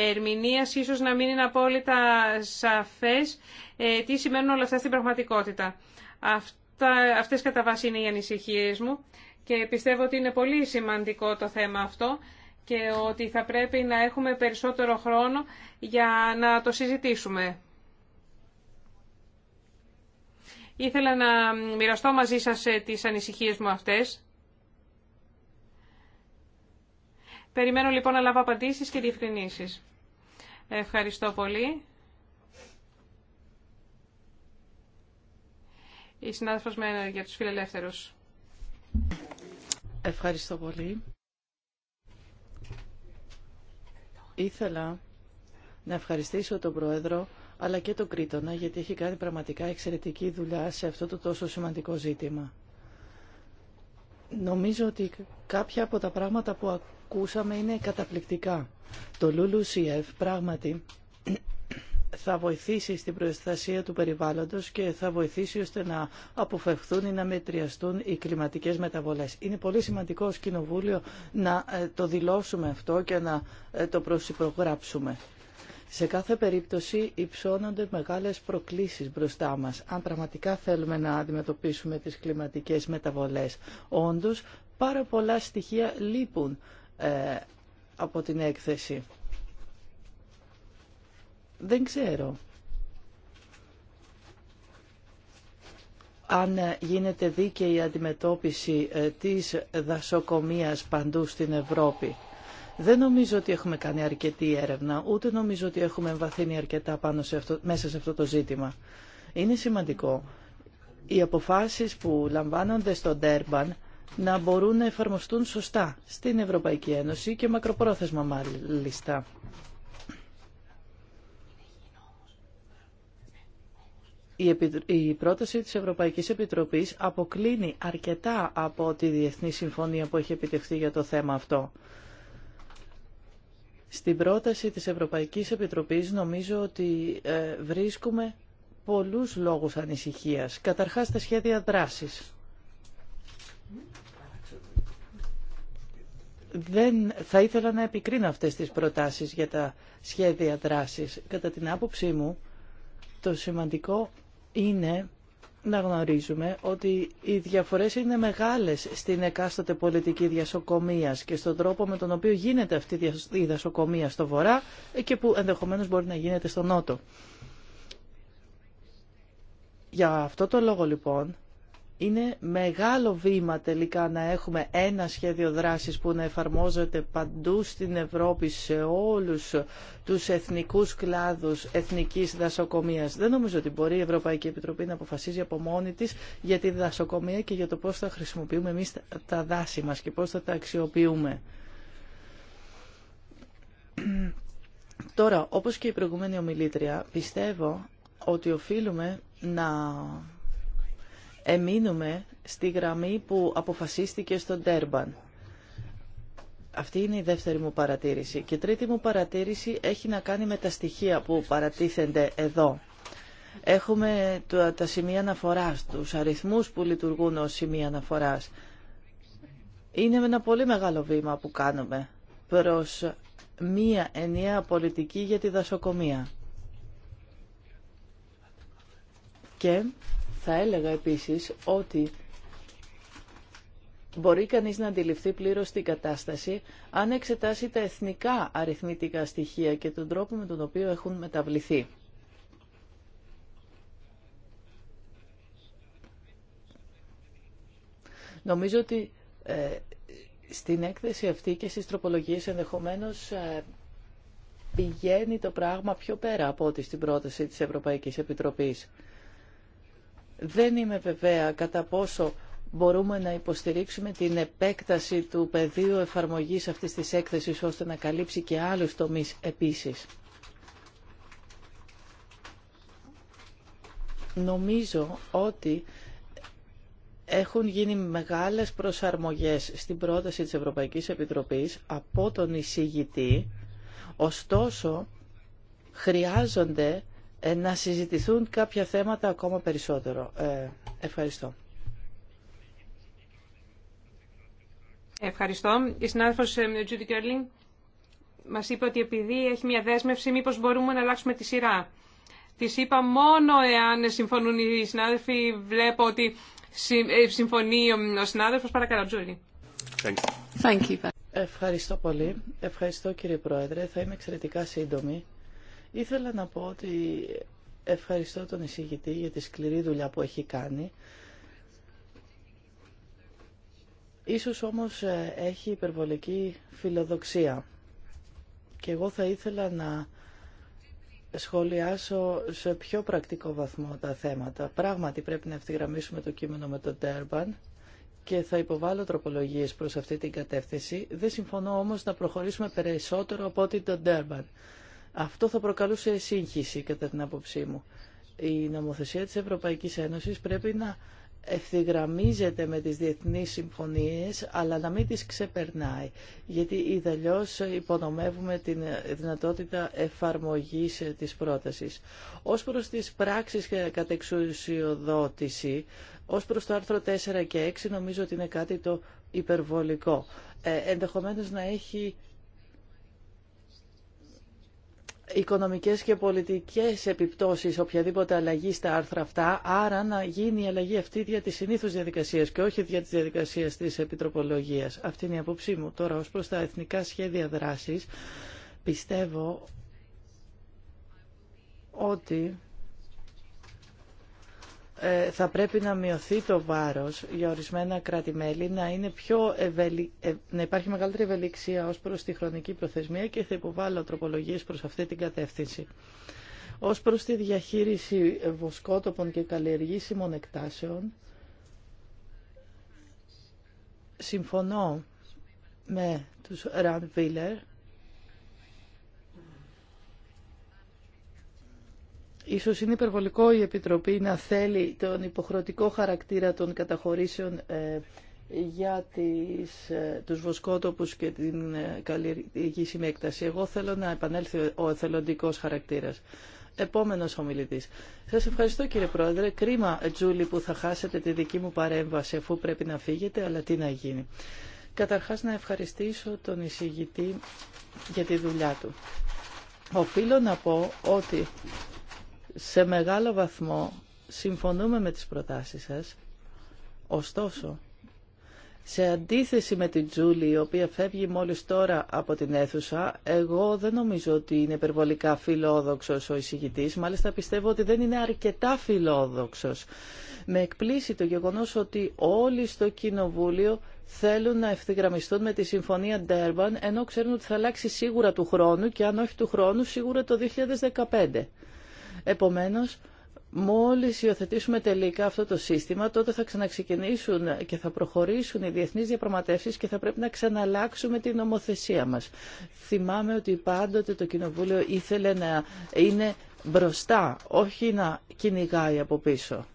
ερμηνείας ίσως να μην είναι απόλυτα σαφές ε, τι σημαίνουν όλα αυτά στην πραγματικότητα. Αυτά, αυτές κατά βάση είναι οι ανησυχίες μου και πιστεύω ότι είναι πολύ σημαντικό το θέμα αυτό και ότι θα πρέπει να έχουμε περισσότερο χρόνο για να το συζητήσουμε. Ήθελα να μοιραστώ μαζί σας ε, τις ανησυχίες μου αυτές. Περιμένω λοιπόν να λάβω απαντήσεις και διευκρινήσεις. Ευχαριστώ πολύ. Η συνάδελφος με για τους φιλελεύθερους. Ευχαριστώ πολύ. Ήθελα να ευχαριστήσω τον Πρόεδρο αλλά και τον Κρήτονα γιατί έχει κάνει πραγματικά εξαιρετική δουλειά σε αυτό το τόσο σημαντικό ζήτημα. Νομίζω ότι κάποια από τα πράγματα που ακούσαμε είναι καταπληκτικά. Το LULUCF πράγματι θα βοηθήσει στην προστασία του περιβάλλοντος και θα βοηθήσει ώστε να αποφευχθούν ή να μετριαστούν οι κλιματικές μεταβολές. Είναι πολύ σημαντικό ως Κοινοβούλιο να ε, το δηλώσουμε αυτό και να ε, το προσυπρογράψουμε. Σε κάθε περίπτωση υψώνονται μεγάλες προκλήσεις μπροστά μας, αν πραγματικά θέλουμε να αντιμετωπίσουμε τις κλιματικές μεταβολές. Όντως, πάρα πολλά στοιχεία λείπουν ε, από την έκθεση. Δεν ξέρω αν γίνεται δίκαιη η αντιμετώπιση ε, της δασοκομείας παντού στην Ευρώπη. Δεν νομίζω ότι έχουμε κάνει αρκετή έρευνα, ούτε νομίζω ότι έχουμε εμβαθύνει αρκετά πάνω σε αυτό, μέσα σε αυτό το ζήτημα. Είναι σημαντικό. Οι αποφάσεις που λαμβάνονται στο Ντέρμπαν να μπορούν να εφαρμοστούν σωστά στην Ευρωπαϊκή Ένωση και μακροπρόθεσμα μάλιστα. Η πρόταση της Ευρωπαϊκής Επιτροπής αποκλίνει αρκετά από τη διεθνή συμφωνία που έχει επιτευχθεί για το θέμα αυτό. Στην πρόταση της Ευρωπαϊκής Επιτροπής νομίζω ότι ε, βρίσκουμε πολλούς λόγους ανησυχίας. Καταρχάς τα σχέδια δράσης δεν θα ήθελα να επικρίνω αυτές τις προτάσεις για τα σχέδια δράσης. Κατά την άποψή μου, το σημαντικό είναι να γνωρίζουμε ότι οι διαφορές είναι μεγάλες στην εκάστοτε πολιτική διασωκομεία και στον τρόπο με τον οποίο γίνεται αυτή η διασωκομεία στο βορρά και που ενδεχομένως μπορεί να γίνεται στο νότο. Για αυτό το λόγο λοιπόν είναι μεγάλο βήμα τελικά να έχουμε ένα σχέδιο δράσης που να εφαρμόζεται παντού στην Ευρώπη σε όλους τους εθνικούς κλάδους εθνικής δασοκομείας. Δεν νομίζω ότι μπορεί η Ευρωπαϊκή Επιτροπή να αποφασίζει από μόνη της για τη δασοκομεία και για το πώς θα χρησιμοποιούμε εμείς τα δάση μας και πώς θα τα αξιοποιούμε. Τώρα, όπως και η προηγούμενη ομιλήτρια, πιστεύω ότι οφείλουμε να εμείνουμε στη γραμμή που αποφασίστηκε στον Τέρμπαν. Αυτή είναι η δεύτερη μου παρατήρηση. Και η τρίτη μου παρατήρηση έχει να κάνει με τα στοιχεία που παρατίθενται εδώ. Έχουμε τα σημεία αναφοράς, τους αριθμούς που λειτουργούν ως σημεία αναφοράς. Είναι ένα πολύ μεγάλο βήμα που κάνουμε προς μία ενιαία πολιτική για τη δασοκομεία. Και θα έλεγα επίσης ότι μπορεί κανείς να αντιληφθεί πλήρως την κατάσταση αν εξετάσει τα εθνικά αριθμητικά στοιχεία και τον τρόπο με τον οποίο έχουν μεταβληθεί. Νομίζω ότι ε, στην έκθεση αυτή και στις τροπολογίες ενδεχομένως ε, πηγαίνει το πράγμα πιο πέρα από ό,τι στην πρόταση της Ευρωπαϊκής Επιτροπής. Δεν είμαι βεβαία κατά πόσο μπορούμε να υποστηρίξουμε την επέκταση του πεδίου εφαρμογής αυτής της έκθεσης ώστε να καλύψει και άλλους τομείς επίσης. Νομίζω ότι έχουν γίνει μεγάλες προσαρμογές στην πρόταση της Ευρωπαϊκής Επιτροπής από τον εισηγητή, ωστόσο χρειάζονται ε, να συζητηθούν κάποια θέματα ακόμα περισσότερο. Ε, ευχαριστώ. Ευχαριστώ. Η συνάδελφος ε, Τζούντι Κέρλινγκ μας είπε ότι επειδή έχει μια δέσμευση, μήπως μπορούμε να αλλάξουμε τη σειρά. Τη είπα μόνο εάν συμφωνούν οι συνάδελφοι. Βλέπω ότι ε, συμφωνεί ο συνάδελφος. Παρακαλώ, Τζούλη. Ευχαριστώ πολύ. Ευχαριστώ κύριε Πρόεδρε. Θα είμαι εξαιρετικά σύντομη. Ήθελα να πω ότι ευχαριστώ τον εισηγητή για τη σκληρή δουλειά που έχει κάνει. Ίσως όμως ε, έχει υπερβολική φιλοδοξία. Και εγώ θα ήθελα να σχολιάσω σε πιο πρακτικό βαθμό τα θέματα. Πράγματι πρέπει να ευθυγραμμίσουμε το κείμενο με τον Τέρμπαν και θα υποβάλω τροπολογίες προς αυτή την κατεύθυνση. Δεν συμφωνώ όμως να προχωρήσουμε περισσότερο από ότι τον Τέρμπαν. Αυτό θα προκαλούσε σύγχυση κατά την άποψή μου. Η νομοθεσία της Ευρωπαϊκής Ένωσης πρέπει να ευθυγραμμίζεται με τις διεθνείς συμφωνίες αλλά να μην τις ξεπερνάει γιατί ιδελώς υπονομεύουμε την δυνατότητα εφαρμογής της πρότασης. Ως προς τις πράξεις κατεξουσιοδότηση, ως προς το άρθρο 4 και 6 νομίζω ότι είναι κάτι το υπερβολικό. Ε, ενδεχομένως να έχει οικονομικές και πολιτικές επιπτώσεις οποιαδήποτε αλλαγή στα άρθρα αυτά, άρα να γίνει η αλλαγή αυτή για τις συνήθους διαδικασίες και όχι για τις διαδικασίες της επιτροπολογίας. Αυτή είναι η απόψή μου. Τώρα, ως προς τα εθνικά σχέδια δράσης, πιστεύω ότι ε, θα πρέπει να μειωθεί το βάρος για ορισμένα κράτη-μέλη, να, είναι πιο ε, να υπάρχει μεγαλύτερη ευελιξία ως προς τη χρονική προθεσμία και θα υποβάλω τροπολογίες προς αυτή την κατεύθυνση. Ως προς τη διαχείριση βοσκότοπων και καλλιεργήσιμων εκτάσεων, συμφωνώ με τους Ραντ Βίλερ Ίσως είναι υπερβολικό η Επιτροπή να θέλει τον υποχρεωτικό χαρακτήρα των καταχωρήσεων ε, για τις, ε, τους βοσκότοπους και την ε, καλλιεργήσιμη έκταση. Εγώ θέλω να επανέλθει ο εθελοντικός χαρακτήρας. Επόμενος ομιλητής. Σας ευχαριστώ κύριε Πρόεδρε. Κρίμα, Τζούλη, που θα χάσετε τη δική μου παρέμβαση αφού πρέπει να φύγετε, αλλά τι να γίνει. Καταρχάς να ευχαριστήσω τον εισηγητή για τη δουλειά του. Οφείλω να πω ότι σε μεγάλο βαθμό συμφωνούμε με τις προτάσεις σας, ωστόσο, σε αντίθεση με την Τζούλη, η οποία φεύγει μόλις τώρα από την αίθουσα, εγώ δεν νομίζω ότι είναι υπερβολικά φιλόδοξος ο εισηγητής. Μάλιστα πιστεύω ότι δεν είναι αρκετά φιλόδοξος. Με εκπλήσει το γεγονός ότι όλοι στο Κοινοβούλιο θέλουν να ευθυγραμμιστούν με τη Συμφωνία Ντέρμπαν, ενώ ξέρουν ότι θα αλλάξει σίγουρα του χρόνου και αν όχι του χρόνου, σίγουρα το 2015. Επομένως, μόλις υιοθετήσουμε τελικά αυτό το σύστημα, τότε θα ξαναξεκινήσουν και θα προχωρήσουν οι διεθνείς διαπραγματεύσεις και θα πρέπει να ξαναλλάξουμε την νομοθεσία μας. Θυμάμαι ότι πάντοτε το Κοινοβούλιο ήθελε να είναι μπροστά, όχι να κυνηγάει από πίσω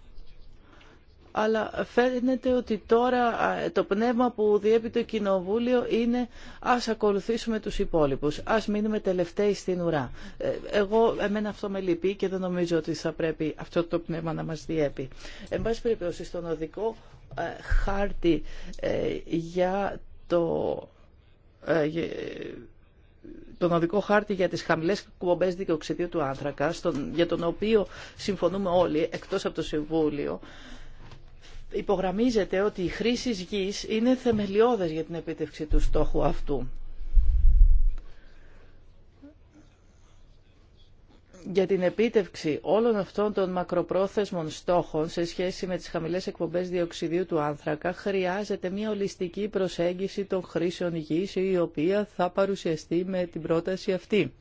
αλλά φαίνεται ότι τώρα το πνεύμα που διέπει το Κοινοβούλιο είναι ας ακολουθήσουμε τους υπόλοιπους, ας μείνουμε τελευταίοι στην ουρά. Ε, εγώ, εμένα αυτό με λυπεί και δεν νομίζω ότι θα πρέπει αυτό το πνεύμα να μας διέπει. Εν πάση περιπτώσει, στον οδικό ε, χάρτη ε, για το τον οδικό χάρτη για τις χαμηλές κουμπομπές δικαιοξυδίου του άνθρακα, στον, για τον οποίο συμφωνούμε όλοι, εκτός από το Συμβούλιο, υπογραμμίζεται ότι η χρήση γης είναι θεμελιώδες για την επίτευξη του στόχου αυτού. για την επίτευξη όλων αυτών των μακροπρόθεσμων στόχων σε σχέση με τις χαμηλές εκπομπές διοξιδίου του άνθρακα χρειάζεται μια ολιστική προσέγγιση των χρήσεων γης η οποία θα παρουσιαστεί με την πρόταση αυτή.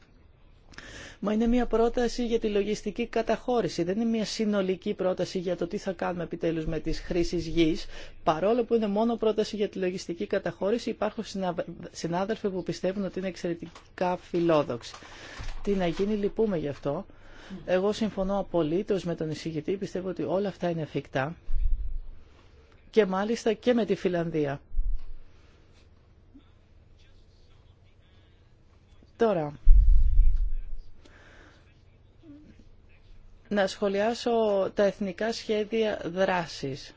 Μα είναι μια πρόταση για τη λογιστική καταχώρηση. Δεν είναι μια συνολική πρόταση για το τι θα κάνουμε επιτέλους με τις χρήσεις γης. Παρόλο που είναι μόνο πρόταση για τη λογιστική καταχώρηση, υπάρχουν συνάδελφοι που πιστεύουν ότι είναι εξαιρετικά φιλόδοξοι. Τι να γίνει, λυπούμε γι' αυτό. Εγώ συμφωνώ απολύτως με τον εισηγητή. Πιστεύω ότι όλα αυτά είναι εφικτά. Και μάλιστα και με τη Φιλανδία. Τώρα, να σχολιάσω τα εθνικά σχέδια δράσης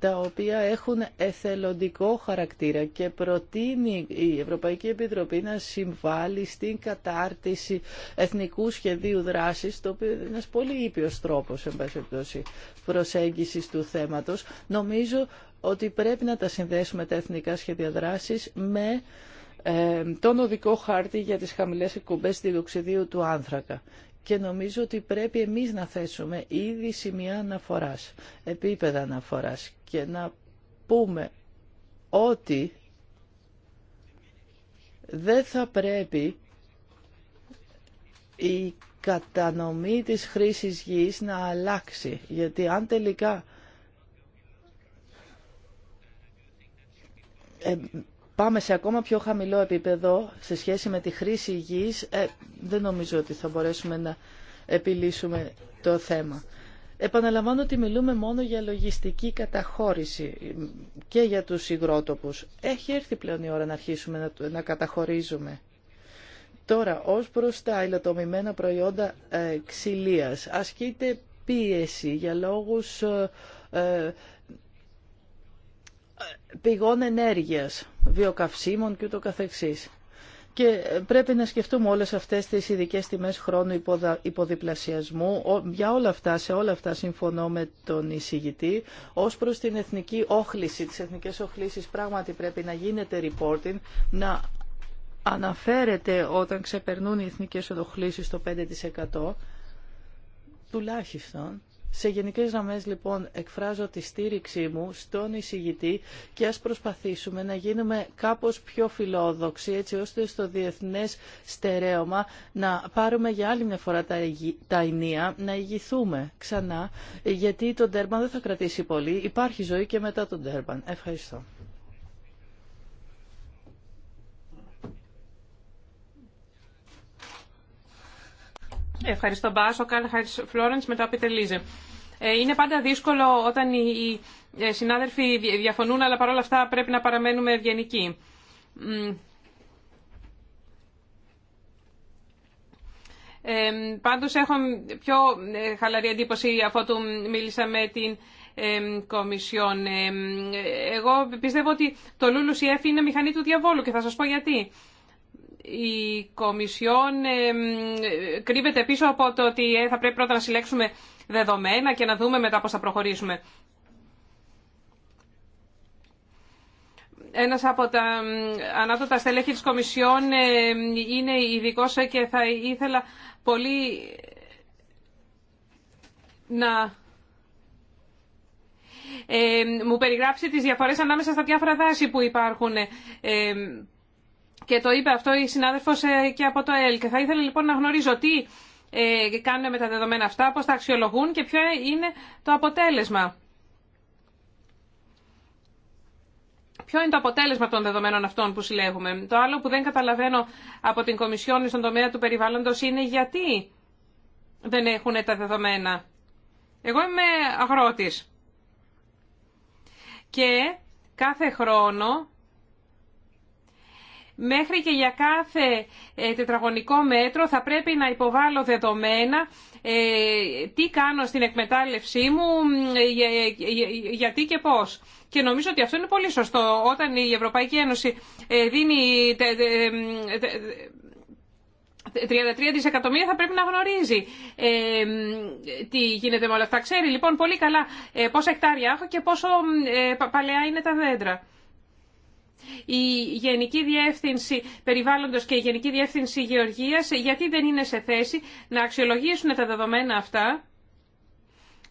τα οποία έχουν εθελοντικό χαρακτήρα και προτείνει η Ευρωπαϊκή Επιτροπή να συμβάλλει στην κατάρτιση εθνικού σχεδίου δράσης, το οποίο είναι ένας πολύ ήπιος τρόπος, εν προσέγγισης του θέματος. Νομίζω ότι πρέπει να τα συνδέσουμε τα εθνικά σχέδια δράσης με ε, τον οδικό χάρτη για τις χαμηλές εκπομπές διοξιδίου του άνθρακα και νομίζω ότι πρέπει εμείς να θέσουμε ήδη σημεία αναφοράς, επίπεδα αναφοράς και να πούμε ότι δεν θα πρέπει η κατανομή της χρήσης γης να αλλάξει, γιατί αν τελικά ε, πάμε σε ακόμα πιο χαμηλό επίπεδο σε σχέση με τη χρήση γης, ε, δεν νομίζω ότι θα μπορέσουμε να επιλύσουμε το θέμα. Επαναλαμβάνω ότι μιλούμε μόνο για λογιστική καταχώρηση και για τους υγρότοπους. Έχει έρθει πλέον η ώρα να αρχίσουμε να, να καταχωρίζουμε. Τώρα, ως προς τα υλοτομημένα προϊόντα ε, ξυλίας, ασκείται πίεση για λόγους ε, ε πηγών ενέργειας βιοκαυσίμων και ούτω καθεξής. Και πρέπει να σκεφτούμε όλες αυτές τις ειδικές τιμές χρόνου υποδιπλασιασμού. Για όλα αυτά, σε όλα αυτά συμφωνώ με τον εισηγητή. Ως προς την εθνική όχληση, τις εθνικές όχλησεις πράγματι πρέπει να γίνεται reporting, να αναφέρεται όταν ξεπερνούν οι εθνικές όχλησεις το 5% τουλάχιστον σε Γενικέ γραμμέ, λοιπόν εκφράζω τη στήριξή μου στον εισηγητή και α προσπαθήσουμε να γίνουμε κάπως πιο φιλόδοξοι έτσι ώστε στο διεθνέ στερέωμα να πάρουμε για άλλη μια φορά τα ενία, να ηγηθούμε ξανά γιατί το Τέρμπαν δεν θα κρατήσει πολύ. Υπάρχει ζωή και μετά τον Τέρμπαν. Ευχαριστώ. Ευχαριστώ Μπάσο, Κάλχαρτς Φλόρενς, μετά το Λίζε. Ε, είναι πάντα δύσκολο όταν οι ε, συνάδελφοι διαφωνούν, αλλά παρόλα αυτά πρέπει να παραμένουμε ευγενικοί. Ε, πάντως έχω πιο ε, χαλαρή εντύπωση αφού του μίλησα με την ε, Κομισιόν. εγώ πιστεύω ότι το Λούλου είναι μηχανή του διαβόλου και θα σας πω γιατί η Κομισιόν κρύβεται πίσω από το ότι ε, θα πρέπει πρώτα να συλλέξουμε δεδομένα και να δούμε μετά πώς θα προχωρήσουμε. Ένας από τα ανάτοτα στελέχη της Κομισιόν ε, είναι ειδικό και θα ήθελα πολύ να ε, μου περιγράψει τις διαφορές ανάμεσα στα διάφορα δάση που υπάρχουν. Και το είπε αυτό η συνάδελφος ε, και από το ΕΛ. Και θα ήθελα λοιπόν να γνωρίζω τι ε, κάνουν με τα δεδομένα αυτά, πώ τα αξιολογούν και ποιο είναι το αποτέλεσμα. Ποιο είναι το αποτέλεσμα των δεδομένων αυτών που συλλέγουμε. Το άλλο που δεν καταλαβαίνω από την Κομισιόν στον τομέα του περιβάλλοντος είναι γιατί δεν έχουν τα δεδομένα. Εγώ είμαι αγρότης. Και κάθε χρόνο Μέχρι και για κάθε ε, τετραγωνικό μέτρο θα πρέπει να υποβάλω δεδομένα ε, τι κάνω στην εκμετάλλευσή μου, ε, γιατί και πώς. Και νομίζω ότι αυτό είναι πολύ σωστό. Όταν η Ευρωπαϊκή Ένωση δίνει 33 δισεκατομμύρια θα πρέπει να γνωρίζει τι γίνεται με όλα αυτά. Ξέρει λοιπόν πολύ καλά πόσα εκτάρια έχω και πόσο ε, παλαιά είναι τα δέντρα η Γενική Διεύθυνση Περιβάλλοντος και η Γενική Διεύθυνση Γεωργίας γιατί δεν είναι σε θέση να αξιολογήσουν τα δεδομένα αυτά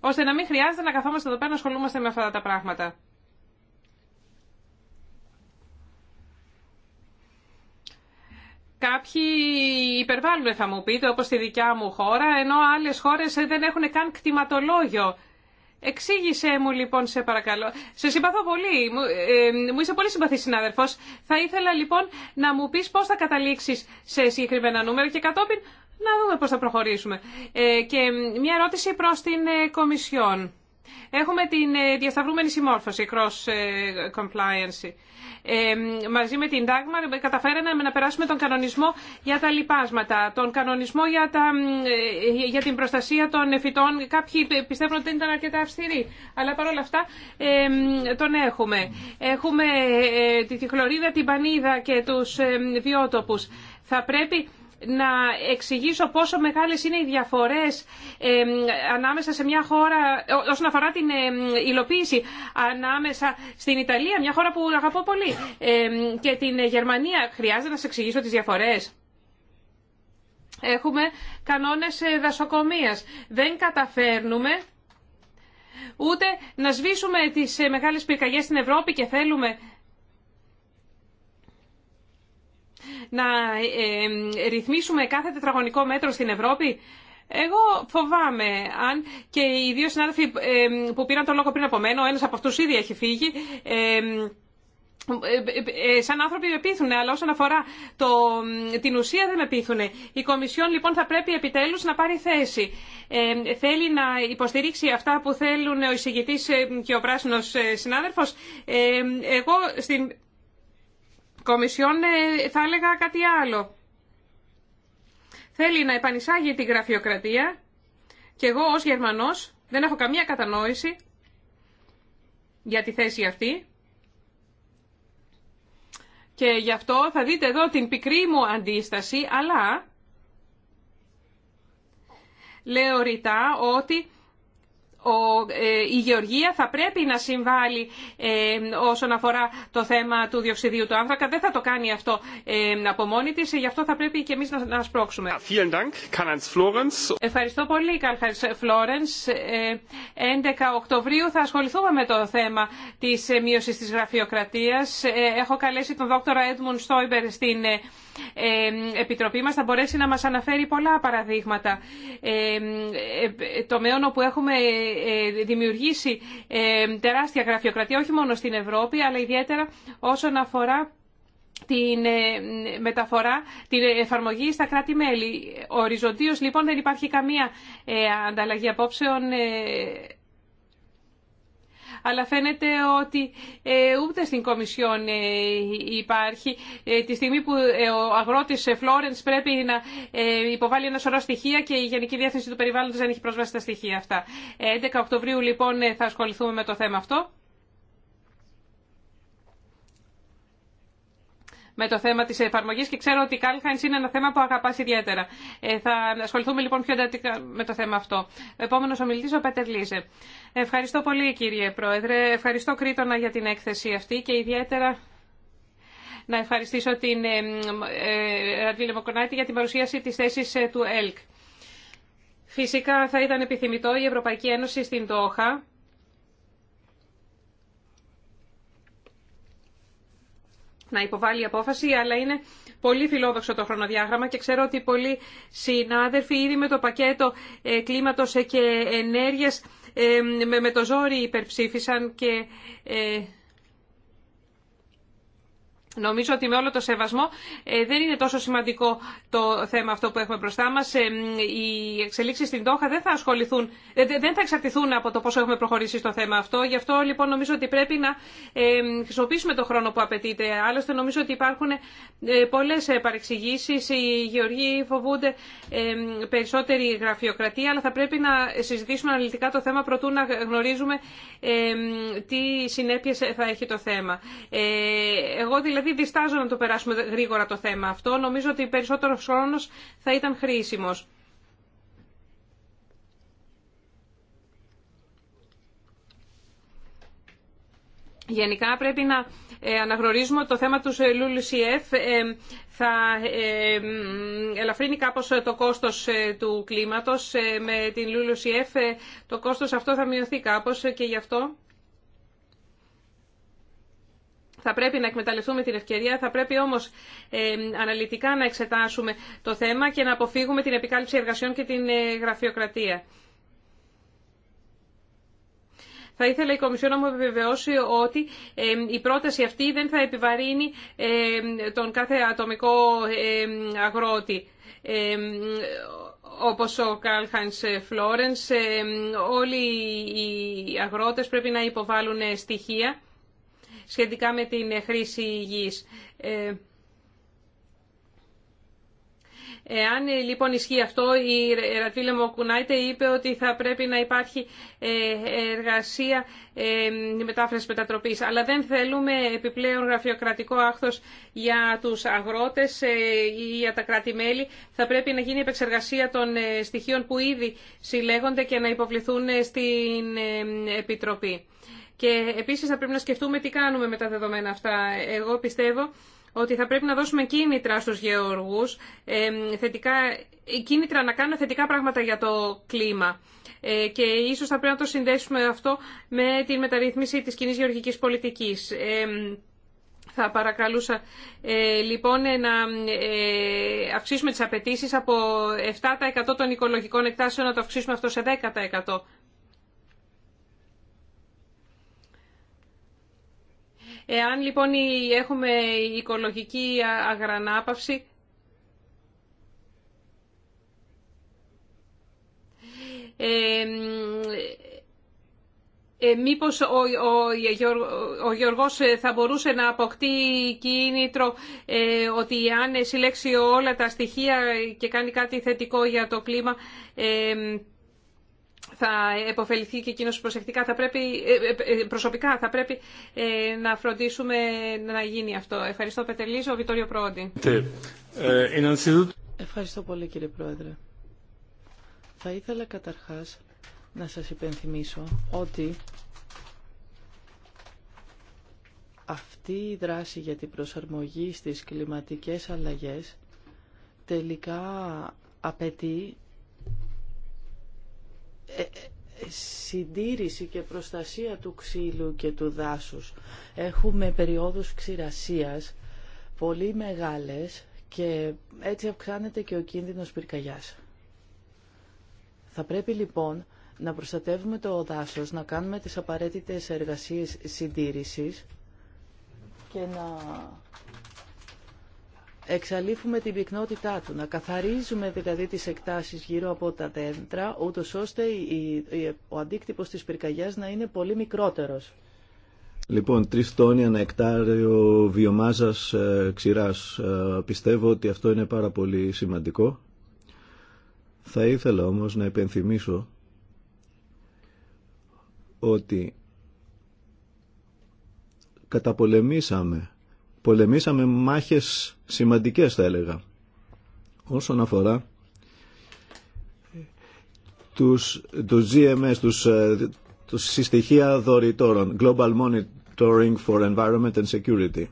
ώστε να μην χρειάζεται να καθόμαστε εδώ πέρα να ασχολούμαστε με αυτά τα πράγματα. Κάποιοι υπερβάλλουν θα μου πείτε όπως στη δικιά μου χώρα ενώ άλλες χώρες δεν έχουν καν κτηματολόγιο Εξήγησέ μου λοιπόν, σε παρακαλώ. Σε συμπαθώ πολύ. Μου, ε, είσαι πολύ συμπαθή συνάδελφο. Θα ήθελα λοιπόν να μου πει πώ θα καταλήξει σε συγκεκριμένα νούμερα και κατόπιν να δούμε πώ θα προχωρήσουμε. Ε, και μια ερώτηση προ την ε, Κομισιόν. Έχουμε την ε, διασταυρούμενη συμμόρφωση, cross-compliance. Ε, ε, μαζί με την Dagmar καταφέραμε να περάσουμε τον κανονισμό για τα λοιπάσματα, τον κανονισμό για, τα, για την προστασία των φυτών. Κάποιοι πιστεύουν ότι δεν ήταν αρκετά αυστηροί, αλλά παρόλα αυτά τον έχουμε. Έχουμε τη χλωρίδα, την πανίδα και τους βιότοπους. Θα πρέπει να εξηγήσω πόσο μεγάλες είναι οι διαφορές ανάμεσα σε μια χώρα, όσον αφορά την ε, υλοποίηση, ανάμεσα στην Ιταλία, μια χώρα που αγαπώ πολύ, και την Γερμανία. Χρειάζεται να σε εξηγήσω τις διαφορές. Έχουμε κανόνες ε, δασοκομείας. Δεν καταφέρνουμε ούτε να σβήσουμε τις ε, μεγάλες πυρκαγιές στην Ευρώπη και θέλουμε να ρυθμίσουμε κάθε τετραγωνικό μέτρο στην Ευρώπη. Εγώ φοβάμαι αν και οι δύο συνάδελφοι που πήραν τον λόγο πριν από μένα, ο ένας από αυτούς ήδη έχει φύγει, ε, ε, σαν άνθρωποι με πείθουν, αλλά όσον αφορά το, την ουσία δεν με πείθουν. Η Κομισιόν λοιπόν θα πρέπει επιτέλους να πάρει θέση. Ε, θέλει να υποστηρίξει αυτά που θέλουν ο εισηγητής και ο πράσινος ε, συνάδελφος. Ε, εγώ στην Κομισιόν ε, θα έλεγα κάτι άλλο. Θέλει να επανισάγει τη γραφειοκρατία και εγώ ως Γερμανός δεν έχω καμία κατανόηση για τη θέση αυτή. Και γι' αυτό θα δείτε εδώ την πικρή μου αντίσταση, αλλά λέω ρητά ότι ε, η γεωργία θα πρέπει να συμβάλλει ε, όσον αφορά το θέμα του διοξιδίου του άνθρακα. Δεν θα το κάνει αυτό ε, από μόνη τη, γι' αυτό θα πρέπει και εμείς να σπρώξουμε. Ευχαριστώ πολύ, Καλχάρη Φλόρενς. 11 Οκτωβρίου θα ασχοληθούμε με το θέμα της μείωσης της γραφειοκρατίας. Έχω καλέσει τον δόκτωρα Έντμουν Στόιμπερ στην Επιτροπή μας θα μπορέσει να μας αναφέρει πολλά παραδείγματα ε, το τομέων όπου έχουμε ε, δημιουργήσει τεράστια γραφειοκρατία όχι μόνο στην Ευρώπη αλλά ιδιαίτερα όσον αφορά την ε, μεταφορά, την εφαρμογή στα κράτη-μέλη. Οριζοντίως λοιπόν δεν υπάρχει καμία ανταλλαγή απόψεων αλλά φαίνεται ότι ε, ούτε στην Κομισιόν ε, υπάρχει. Ε, τη στιγμή που ο αγρότης Φλόρενς πρέπει να υποβάλει ένα σωρό στοιχεία και η Γενική Διεύθυνση του Περιβάλλοντος δεν έχει πρόσβαση στα στοιχεία αυτά. 11 Οκτωβρίου λοιπόν θα ασχοληθούμε με το θέμα αυτό. με το θέμα της εφαρμογή και ξέρω ότι Κάλχανς είναι ένα θέμα που αγαπά ιδιαίτερα. Ε, θα ασχοληθούμε λοιπόν πιο εντατικά με το θέμα αυτό. Επόμενος ομιλητή ο Πέτερ Λίζε. Ευχαριστώ πολύ κύριε Πρόεδρε. Ευχαριστώ Κρήτονα για την έκθεση αυτή και ιδιαίτερα να ευχαριστήσω την Ραντβίλε ε, ε, Μοκονάτη για την παρουσίαση της θέσης ε, του ΕΛΚ. Φυσικά θα ήταν επιθυμητό η Ευρωπαϊκή Ένωση στην Τόχα να υποβάλει απόφαση, αλλά είναι πολύ φιλόδοξο το χρονοδιάγραμμα και ξέρω ότι πολλοί συνάδελφοι ήδη με το πακέτο ε, κλίματος ε, και ενέργειας ε, με το ζόρι υπερψήφισαν και Νομίζω ότι με όλο το σεβασμό ε, δεν είναι τόσο σημαντικό το θέμα αυτό που έχουμε μπροστά μας. Ε, οι εξελίξεις στην Τόχα δεν θα, ασχοληθούν, ε, δεν θα εξαρτηθούν από το πόσο έχουμε προχωρήσει στο θέμα αυτό. Γι' αυτό λοιπόν νομίζω ότι πρέπει να χρησιμοποιήσουμε το χρόνο που απαιτείται. Άλλωστε νομίζω ότι υπάρχουν πολλές παρεξηγήσεις. Οι γεωργοί φοβούνται περισσότερη γραφειοκρατία, αλλά θα πρέπει να συζητήσουμε αναλυτικά το θέμα προτού να γνωρίζουμε τι συνέπειες θα έχει το θέμα. εγώ δηλαδή, δεν δηλαδή, διστάζω να το περάσουμε γρήγορα το θέμα αυτό. Νομίζω ότι περισσότερος χρόνο θα ήταν χρήσιμος. Γενικά πρέπει να ε, αναγνωρίζουμε ότι το θέμα του LULUCF ε, ε, θα ελαφρύνει κάπως το κόστος του κλίματος. Με την LULUCF το κόστος αυτό θα μειωθεί κάπως και γι' αυτό θα πρέπει να εκμεταλλευτούμε την ευκαιρία, θα πρέπει όμως ε, αναλυτικά να εξετάσουμε το θέμα και να αποφύγουμε την επικάλυψη εργασιών και την ε, γραφειοκρατία. Θα ήθελα η Κομισιόν να μου επιβεβαιώσει ότι ε, η πρόταση αυτή δεν θα επιβαρύνει τον κάθε ατομικό αγρότη. Όπως ο Καλχάνς Φλόρενς, όλοι οι αγρότες πρέπει να υποβάλουν στοιχεία σχετικά με την χρήση γης. Ε, εάν ε, λοιπόν ισχύει αυτό, η Ρατβίλε Μοκουνάιτε είπε ότι θα πρέπει να υπάρχει ε, εργασία μετάφρασης μετατροπής. Αλλά δεν θέλουμε επιπλέον γραφειοκρατικό άχθος για τους αγρότες ή για τα κράτη-μέλη. Θα πρέπει να γίνει επεξεργασία των στοιχείων που ήδη συλλέγονται και να υποβληθούν στην Επιτροπή. Και επίσης θα πρέπει να σκεφτούμε τι κάνουμε με τα δεδομένα αυτά. Εγώ πιστεύω ότι θα πρέπει να δώσουμε κίνητρα στους γεωργούς, ε, κίνητρα να κάνουν θετικά πράγματα για το κλίμα. Ε, και ίσως θα πρέπει να το συνδέσουμε αυτό με τη μεταρρύθμιση τη κοινή γεωργική πολιτική. Ε, θα παρακαλούσα ε, λοιπόν να ε, αυξήσουμε τις απαιτήσεις από 7% των οικολογικών εκτάσεων να το αυξήσουμε αυτό σε 10%. Εάν λοιπόν έχουμε οικολογική αγρανάπαυση, ε, ε, μήπως ο, ο, ε, θα μπορούσε να αποκτεί κίνητρο ε, ότι αν συλλέξει όλα τα στοιχεία και κάνει κάτι θετικό για το κλίμα, θα επωφεληθεί και εκείνος προσεκτικά, θα ε, ε, ε, προσωπικά θα πρέπει να φροντίσουμε να γίνει αυτό. Ευχαριστώ Πετελής, ο Βιτόριο Πρόντι. Ευχαριστώ πολύ κύριε Πρόεδρε. Θα ήθελα καταρχάς να σας υπενθυμίσω ότι αυτή η δράση για την προσαρμογή στις κλιματικές αλλαγές τελικά απαιτεί ε, ε, συντήρηση και προστασία του ξύλου και του δάσους. Έχουμε περιόδους ξηρασίας πολύ μεγάλες και έτσι αυξάνεται και ο κίνδυνος πυρκαγιάς. Θα πρέπει λοιπόν να προστατεύουμε το δάσος, να κάνουμε τις απαραίτητες εργασίες συντήρησης και να εξαλείφουμε την πυκνότητά του, να καθαρίζουμε δηλαδή τις εκτάσεις γύρω από τα δέντρα, ούτω ώστε ο αντίκτυπος της πυρκαγιάς να είναι πολύ μικρότερος. Λοιπόν, τρει τόνοι ένα εκτάριο βιομάζας ε, ξηράς. Ε, πιστεύω ότι αυτό είναι πάρα πολύ σημαντικό. Θα ήθελα όμως να επενθυμίσω ότι καταπολεμήσαμε πολεμήσαμε μάχες σημαντικές θα έλεγα όσον αφορά τους, τους GMS, τους, ε, τους συστοιχεία δωρητόρων, Global Monitoring for Environment and Security.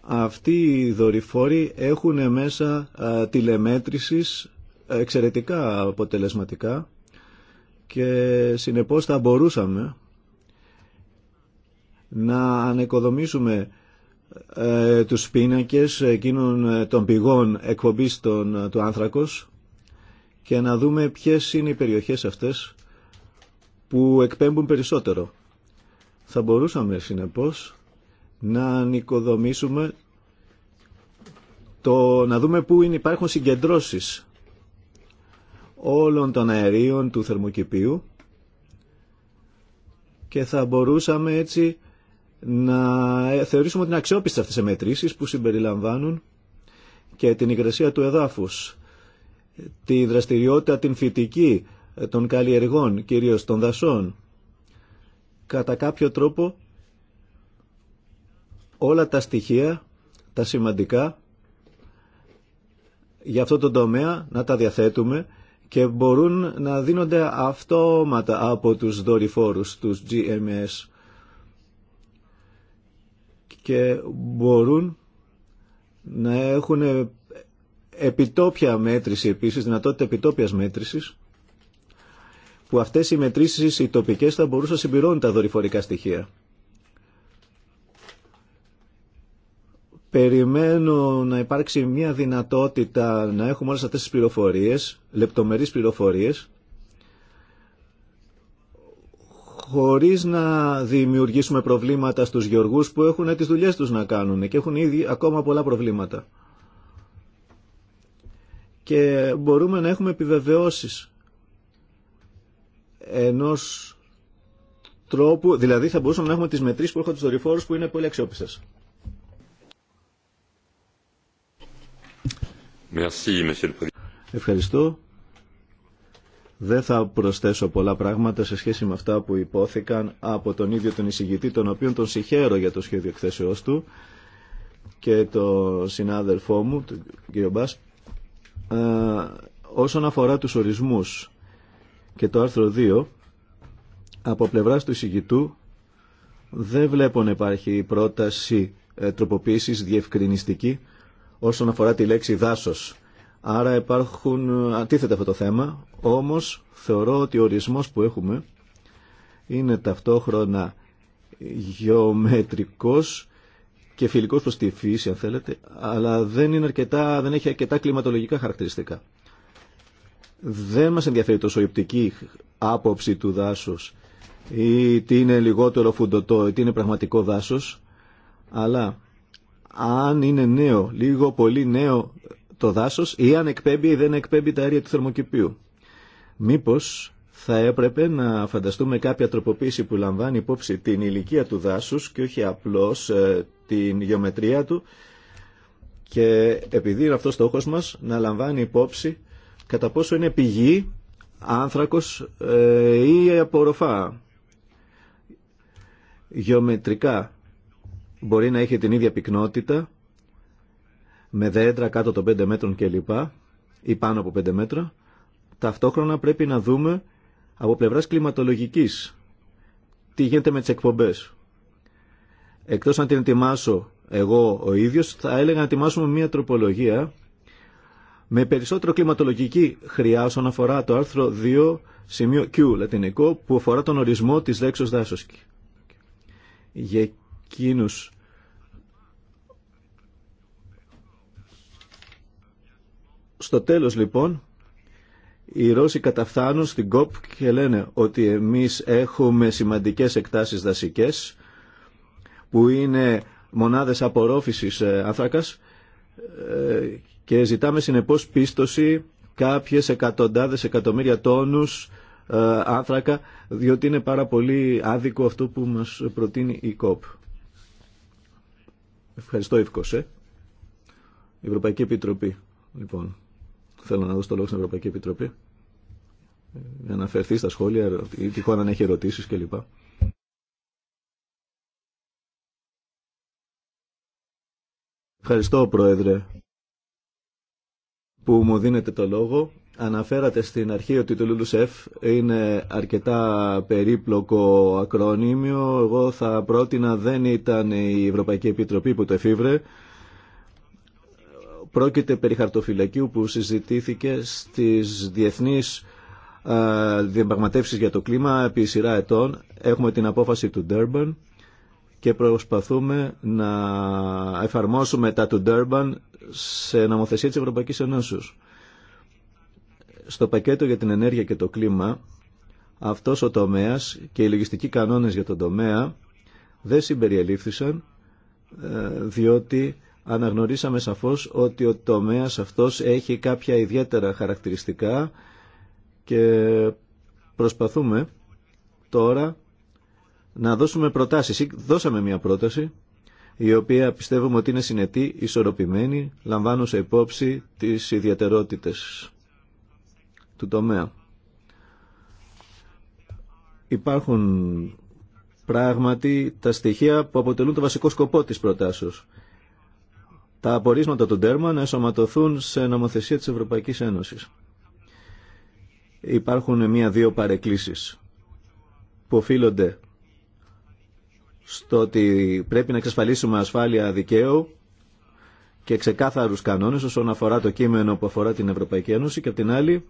Αυτοί οι δορυφόροι έχουν μέσα ε, τηλεμέτρησης εξαιρετικά αποτελεσματικά και συνεπώς θα μπορούσαμε να ανεκοδομήσουμε ε, τους πίνακες εκείνων ε, των πηγών εκπομπής ε, του άνθρακος και να δούμε ποιες είναι οι περιοχές αυτές που εκπέμπουν περισσότερο. Θα μπορούσαμε συνεπώς να ανοικοδομήσουμε το, να δούμε πού είναι, υπάρχουν συγκεντρώσεις όλων των αερίων του θερμοκηπίου και θα μπορούσαμε έτσι να ε, θεωρήσουμε την αξιόπιστη αυτέ τις μετρήσεις που συμπεριλαμβάνουν και την υγρασία του εδάφους, τη δραστηριότητα την φυτική ε, των καλλιεργών, κυρίως των δασών. Κατά κάποιο τρόπο όλα τα στοιχεία, τα σημαντικά, για αυτό το τομέα να τα διαθέτουμε και μπορούν να δίνονται αυτόματα από τους δορυφόρους, τους GMS και μπορούν να έχουν επιτόπια μέτρηση επίσης, δυνατότητα επιτόπιας μέτρησης, που αυτές οι μετρήσεις οι τοπικές θα μπορούσαν να συμπληρώνουν τα δορυφορικά στοιχεία. Περιμένω να υπάρξει μια δυνατότητα να έχουμε όλες αυτές τις πληροφορίες, λεπτομερείς πληροφορίες, χωρίς να δημιουργήσουμε προβλήματα στους γεωργούς που έχουν τις δουλειές τους να κάνουν και έχουν ήδη ακόμα πολλά προβλήματα. Και μπορούμε να έχουμε επιβεβαιώσεις ενός τρόπου, δηλαδή θα μπορούσαμε να έχουμε τις μετρήσεις που έρχονται στους δορυφόρους που είναι πολύ αξιόπιστες. Ευχαριστώ. Δεν θα προσθέσω πολλά πράγματα σε σχέση με αυτά που υπόθηκαν από τον ίδιο τον εισηγητή, τον οποίο τον συγχαίρω για το σχέδιο εκθέσεω του και τον συνάδελφό μου, τον κύριο Μπάς, ε, όσον αφορά τους ορισμούς και το άρθρο 2, από πλευράς του εισηγητού δεν βλέπω να υπάρχει πρόταση ε, τροποποίησης διευκρινιστική όσον αφορά τη λέξη δάσος Άρα υπάρχουν ε, αντίθετα αυτό το θέμα, όμως θεωρώ ότι ο ορισμός που έχουμε είναι ταυτόχρονα γεωμετρικός και φιλικός προς τη φύση αν θέλετε, αλλά δεν, είναι αρκετά, δεν έχει αρκετά κλιματολογικά χαρακτηριστικά. Δεν μας ενδιαφέρει τόσο η οπτική άποψη του δάσους ή τι είναι λιγότερο φουντοτό ή τι είναι πραγματικό δάσος, αλλά αν είναι νέο, λίγο πολύ νέο το δάσος ή αν εκπέμπει ή δεν εκπέμπει τα αέρια του θερμοκηπίου. Μήπως θα έπρεπε να φανταστούμε κάποια τροποποίηση που λαμβάνει υπόψη την ηλικία του δάσους και όχι απλώς ε, την γεωμετρία του και επειδή είναι αυτό ο στόχος να λαμβάνει υπόψη κατά πόσο είναι πηγή, άνθρακος ε, ή απορροφά. Γεωμετρικά μπορεί να έχει την ίδια πυκνότητα με δέντρα κάτω των 5 μέτρων κλπ. ή πάνω από 5 μέτρα. Ταυτόχρονα πρέπει να δούμε από πλευράς κλιματολογικής τι γίνεται με τι εκπομπέ. Εκτός αν την ετοιμάσω εγώ ο ίδιος, θα έλεγα να ετοιμάσουμε μια τροπολογία με περισσότερο κλιματολογική χρειά όσον αφορά το άρθρο 2 σημείο Q λατινικό που αφορά τον ορισμό της λέξης δάσος. Για εκείνους Στο τέλος λοιπόν οι Ρώσοι καταφθάνουν στην ΚΟΠ και λένε ότι εμείς έχουμε σημαντικές εκτάσεις δασικές που είναι μονάδες απορρόφησης ε, άνθρακας ε, και ζητάμε συνεπώς πίστοση κάποιες εκατοντάδες εκατομμύρια τόνους ε, άνθρακα διότι είναι πάρα πολύ άδικο αυτό που μας προτείνει η ΚΟΠ. Ευχαριστώ Ευκοσέ. Η Ευρωπαϊκή Επιτροπή λοιπόν. Θέλω να δώσω το λόγο στην Ευρωπαϊκή Επιτροπή. Ε, για να αναφερθεί στα σχόλια ή τυχόν αν έχει ερωτήσει, κλπ. Ευχαριστώ, Πρόεδρε, που μου δίνετε το λόγο. Αναφέρατε στην αρχή ότι το Λουλουσεφ είναι αρκετά περίπλοκο ακρόνιμιο. Εγώ θα πρότεινα δεν ήταν η Ευρωπαϊκή Επιτροπή που το εφήβρε, Πρόκειται περί χαρτοφυλακίου που συζητήθηκε στις διεθνείς διαπραγματεύσεις για το κλίμα επί σειρά ετών. Έχουμε την απόφαση του Durban και προσπαθούμε να εφαρμόσουμε τα του Durban σε νομοθεσία της Ευρωπαϊκής Ενώσεως. Στο πακέτο για την ενέργεια και το κλίμα, αυτός ο τομέας και οι λογιστικοί κανόνες για τον τομέα δεν συμπεριελήφθησαν ε, διότι αναγνωρίσαμε σαφώς ότι ο τομέας αυτός έχει κάποια ιδιαίτερα χαρακτηριστικά και προσπαθούμε τώρα να δώσουμε προτάσεις. Δώσαμε μια πρόταση η οποία πιστεύουμε ότι είναι συνετή, ισορροπημένη, λαμβάνω σε υπόψη τις ιδιαιτερότητες του τομέα. Υπάρχουν πράγματι τα στοιχεία που αποτελούν το βασικό σκοπό της προτάσεως τα απορίσματα του τέρμα να εσωματωθούν σε νομοθεσία της Ευρωπαϊκής Ένωσης. Υπάρχουν μία-δύο παρεκκλήσεις που οφείλονται στο ότι πρέπει να εξασφαλίσουμε ασφάλεια δικαίου και ξεκάθαρους κανόνες όσον αφορά το κείμενο που αφορά την Ευρωπαϊκή Ένωση και από την άλλη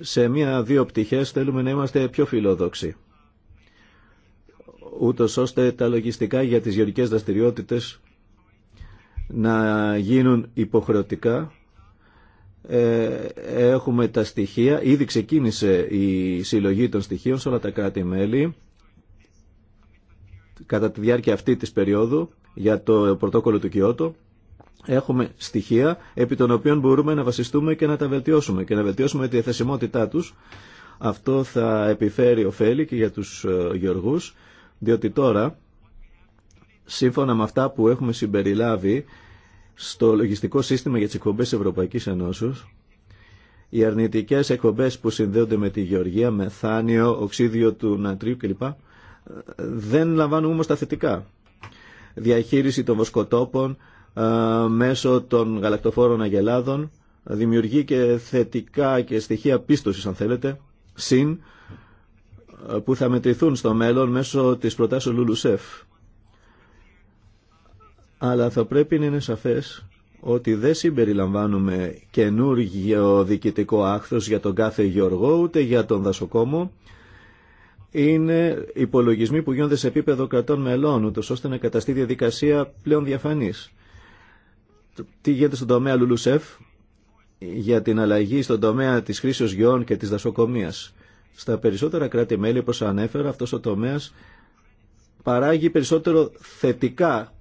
σε μία-δύο πτυχές θέλουμε να είμαστε πιο φιλόδοξοι ούτως ώστε τα λογιστικά για τις γεωρικές δραστηριότητες να γίνουν υποχρεωτικά. Ε, έχουμε τα στοιχεία. Ήδη ξεκίνησε η συλλογή των στοιχείων σε όλα τα κράτη-μέλη κατά τη διάρκεια αυτή της περίοδου για το πρωτόκολλο του Κιώτο. Έχουμε στοιχεία επί των οποίων μπορούμε να βασιστούμε και να τα βελτιώσουμε και να βελτιώσουμε τη διαθεσιμότητά τους. Αυτό θα επιφέρει ωφέλη και για τους ε, γεωργούς, διότι τώρα σύμφωνα με αυτά που έχουμε συμπεριλάβει στο λογιστικό σύστημα για τις εκπομπές Ευρωπαϊκής Ενώσεως, οι αρνητικές εκπομπές που συνδέονται με τη γεωργία, μεθάνιο, οξύδιο του νατρίου κλπ. Δεν λαμβάνουν όμως τα θετικά. Διαχείριση των βοσκοτόπων ε, μέσω των γαλακτοφόρων αγελάδων δημιουργεί και θετικά και στοιχεία πίστοσης αν θέλετε, συν ε, που θα μετρηθούν στο μέλλον μέσω της προτάσεως Λουλουσέφ αλλά θα πρέπει να είναι σαφές ότι δεν συμπεριλαμβάνουμε καινούργιο διοικητικό άχθος για τον κάθε γεωργό ούτε για τον δασοκόμο. Είναι υπολογισμοί που γίνονται σε επίπεδο κρατών μελών, ούτως ώστε να καταστεί διαδικασία πλέον διαφανής. Τι γίνεται στον τομέα Λουλουσεφ για την αλλαγή στον τομέα της χρήσεως γεών και της δασοκομείας. Στα περισσότερα κράτη-μέλη, όπως ανέφερα, αυτός ο τομέας παράγει περισσότερο θετικά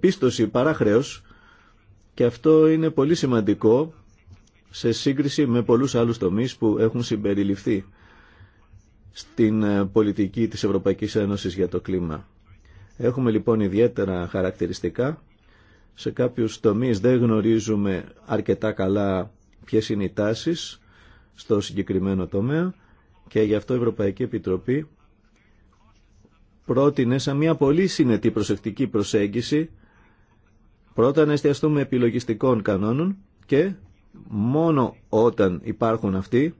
πίστοση παρά χρέος και αυτό είναι πολύ σημαντικό σε σύγκριση με πολλούς άλλους τομείς που έχουν συμπεριληφθεί στην ε, πολιτική της Ευρωπαϊκής Ένωσης για το κλίμα. Έχουμε λοιπόν ιδιαίτερα χαρακτηριστικά. Σε κάποιους τομείς δεν γνωρίζουμε αρκετά καλά ποιες είναι οι τάσεις στο συγκεκριμένο τομέα και γι' αυτό η Ευρωπαϊκή Επιτροπή πρότεινε σαν μια πολύ συνετή προσεκτική προσέγγιση πρώτα να εστιαστούμε επιλογιστικών κανόνων και μόνο όταν υπάρχουν αυτοί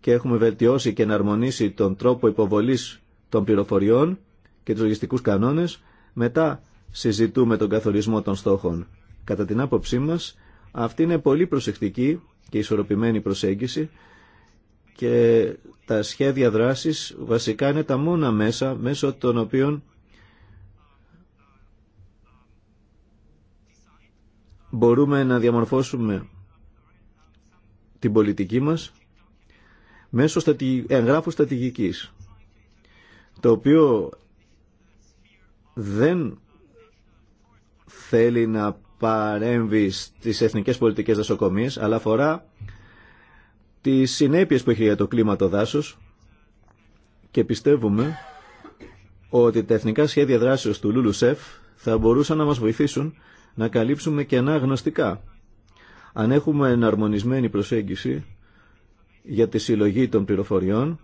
και έχουμε βελτιώσει και εναρμονίσει τον τρόπο υποβολής των πληροφοριών και τους λογιστικούς κανόνες, μετά συζητούμε τον καθορισμό των στόχων. Κατά την άποψή μας, αυτή είναι πολύ προσεκτική και ισορροπημένη προσέγγιση και τα σχέδια δράσης βασικά είναι τα μόνα μέσα μέσω των οποίων μπορούμε να διαμορφώσουμε την πολιτική μας μέσω εγγράφου στρατηγικής το οποίο δεν θέλει να παρέμβει στις εθνικές πολιτικές δασοκομείες αλλά αφορά τις συνέπειες που έχει για το κλίμα το δάσος και πιστεύουμε ότι τα εθνικά σχέδια δράσεως του Λούλουσεφ θα μπορούσαν να μας βοηθήσουν να καλύψουμε κενά γνωστικά. Αν έχουμε εναρμονισμένη προσέγγιση για τη συλλογή των πληροφοριών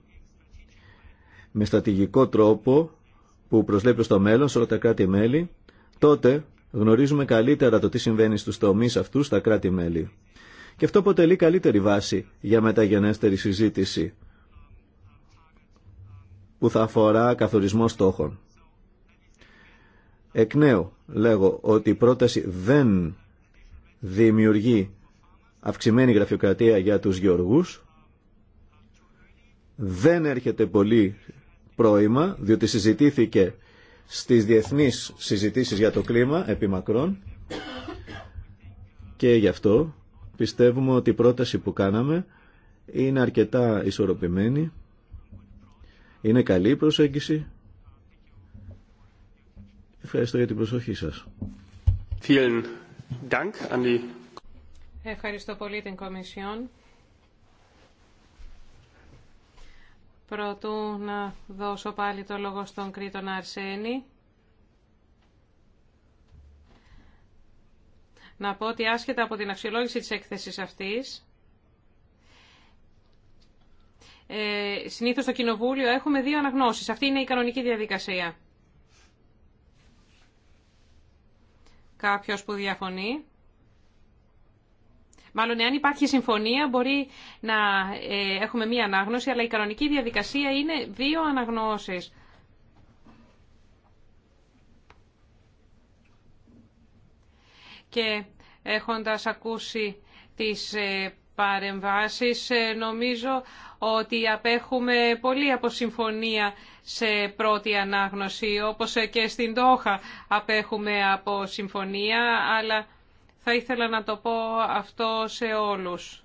με στατηγικό τρόπο που προσλέπει στο μέλλον σε όλα τα κράτη-μέλη, τότε γνωρίζουμε καλύτερα το τι συμβαίνει στους τομείς αυτούς στα κράτη-μέλη. Και αυτό αποτελεί καλύτερη βάση για μεταγενέστερη συζήτηση που θα αφορά καθορισμό στόχων. Εκ νέου λέγω ότι η πρόταση δεν δημιουργεί αυξημένη γραφειοκρατία για τους γεωργούς, δεν έρχεται πολύ πρόημα, διότι συζητήθηκε στις διεθνείς συζητήσεις για το κλίμα επί μακρόν και γι' αυτό Πιστεύουμε ότι η πρόταση που κάναμε είναι αρκετά ισορροπημένη, είναι καλή η προσέγγιση. Ευχαριστώ για την προσοχή σας. Ευχαριστώ πολύ την Κομισιόν. Πρωτού να δώσω πάλι το λόγο στον Κρήτον Αρσένη, να πω ότι άσχετα από την αξιολόγηση της έκθεσης αυτής, ε, συνήθως στο Κοινοβούλιο έχουμε δύο αναγνώσεις. Αυτή είναι η κανονική διαδικασία. Κάποιος που διαφωνεί. Μάλλον, εάν υπάρχει συμφωνία, μπορεί να ε, έχουμε μία ανάγνωση, αλλά η κανονική διαδικασία είναι δύο αναγνώσεις. και έχοντας ακούσει τις ε, παρεμβάσεις ε, νομίζω ότι απέχουμε πολύ από συμφωνία σε πρώτη ανάγνωση όπως ε, και στην Τόχα απέχουμε από συμφωνία αλλά θα ήθελα να το πω αυτό σε όλους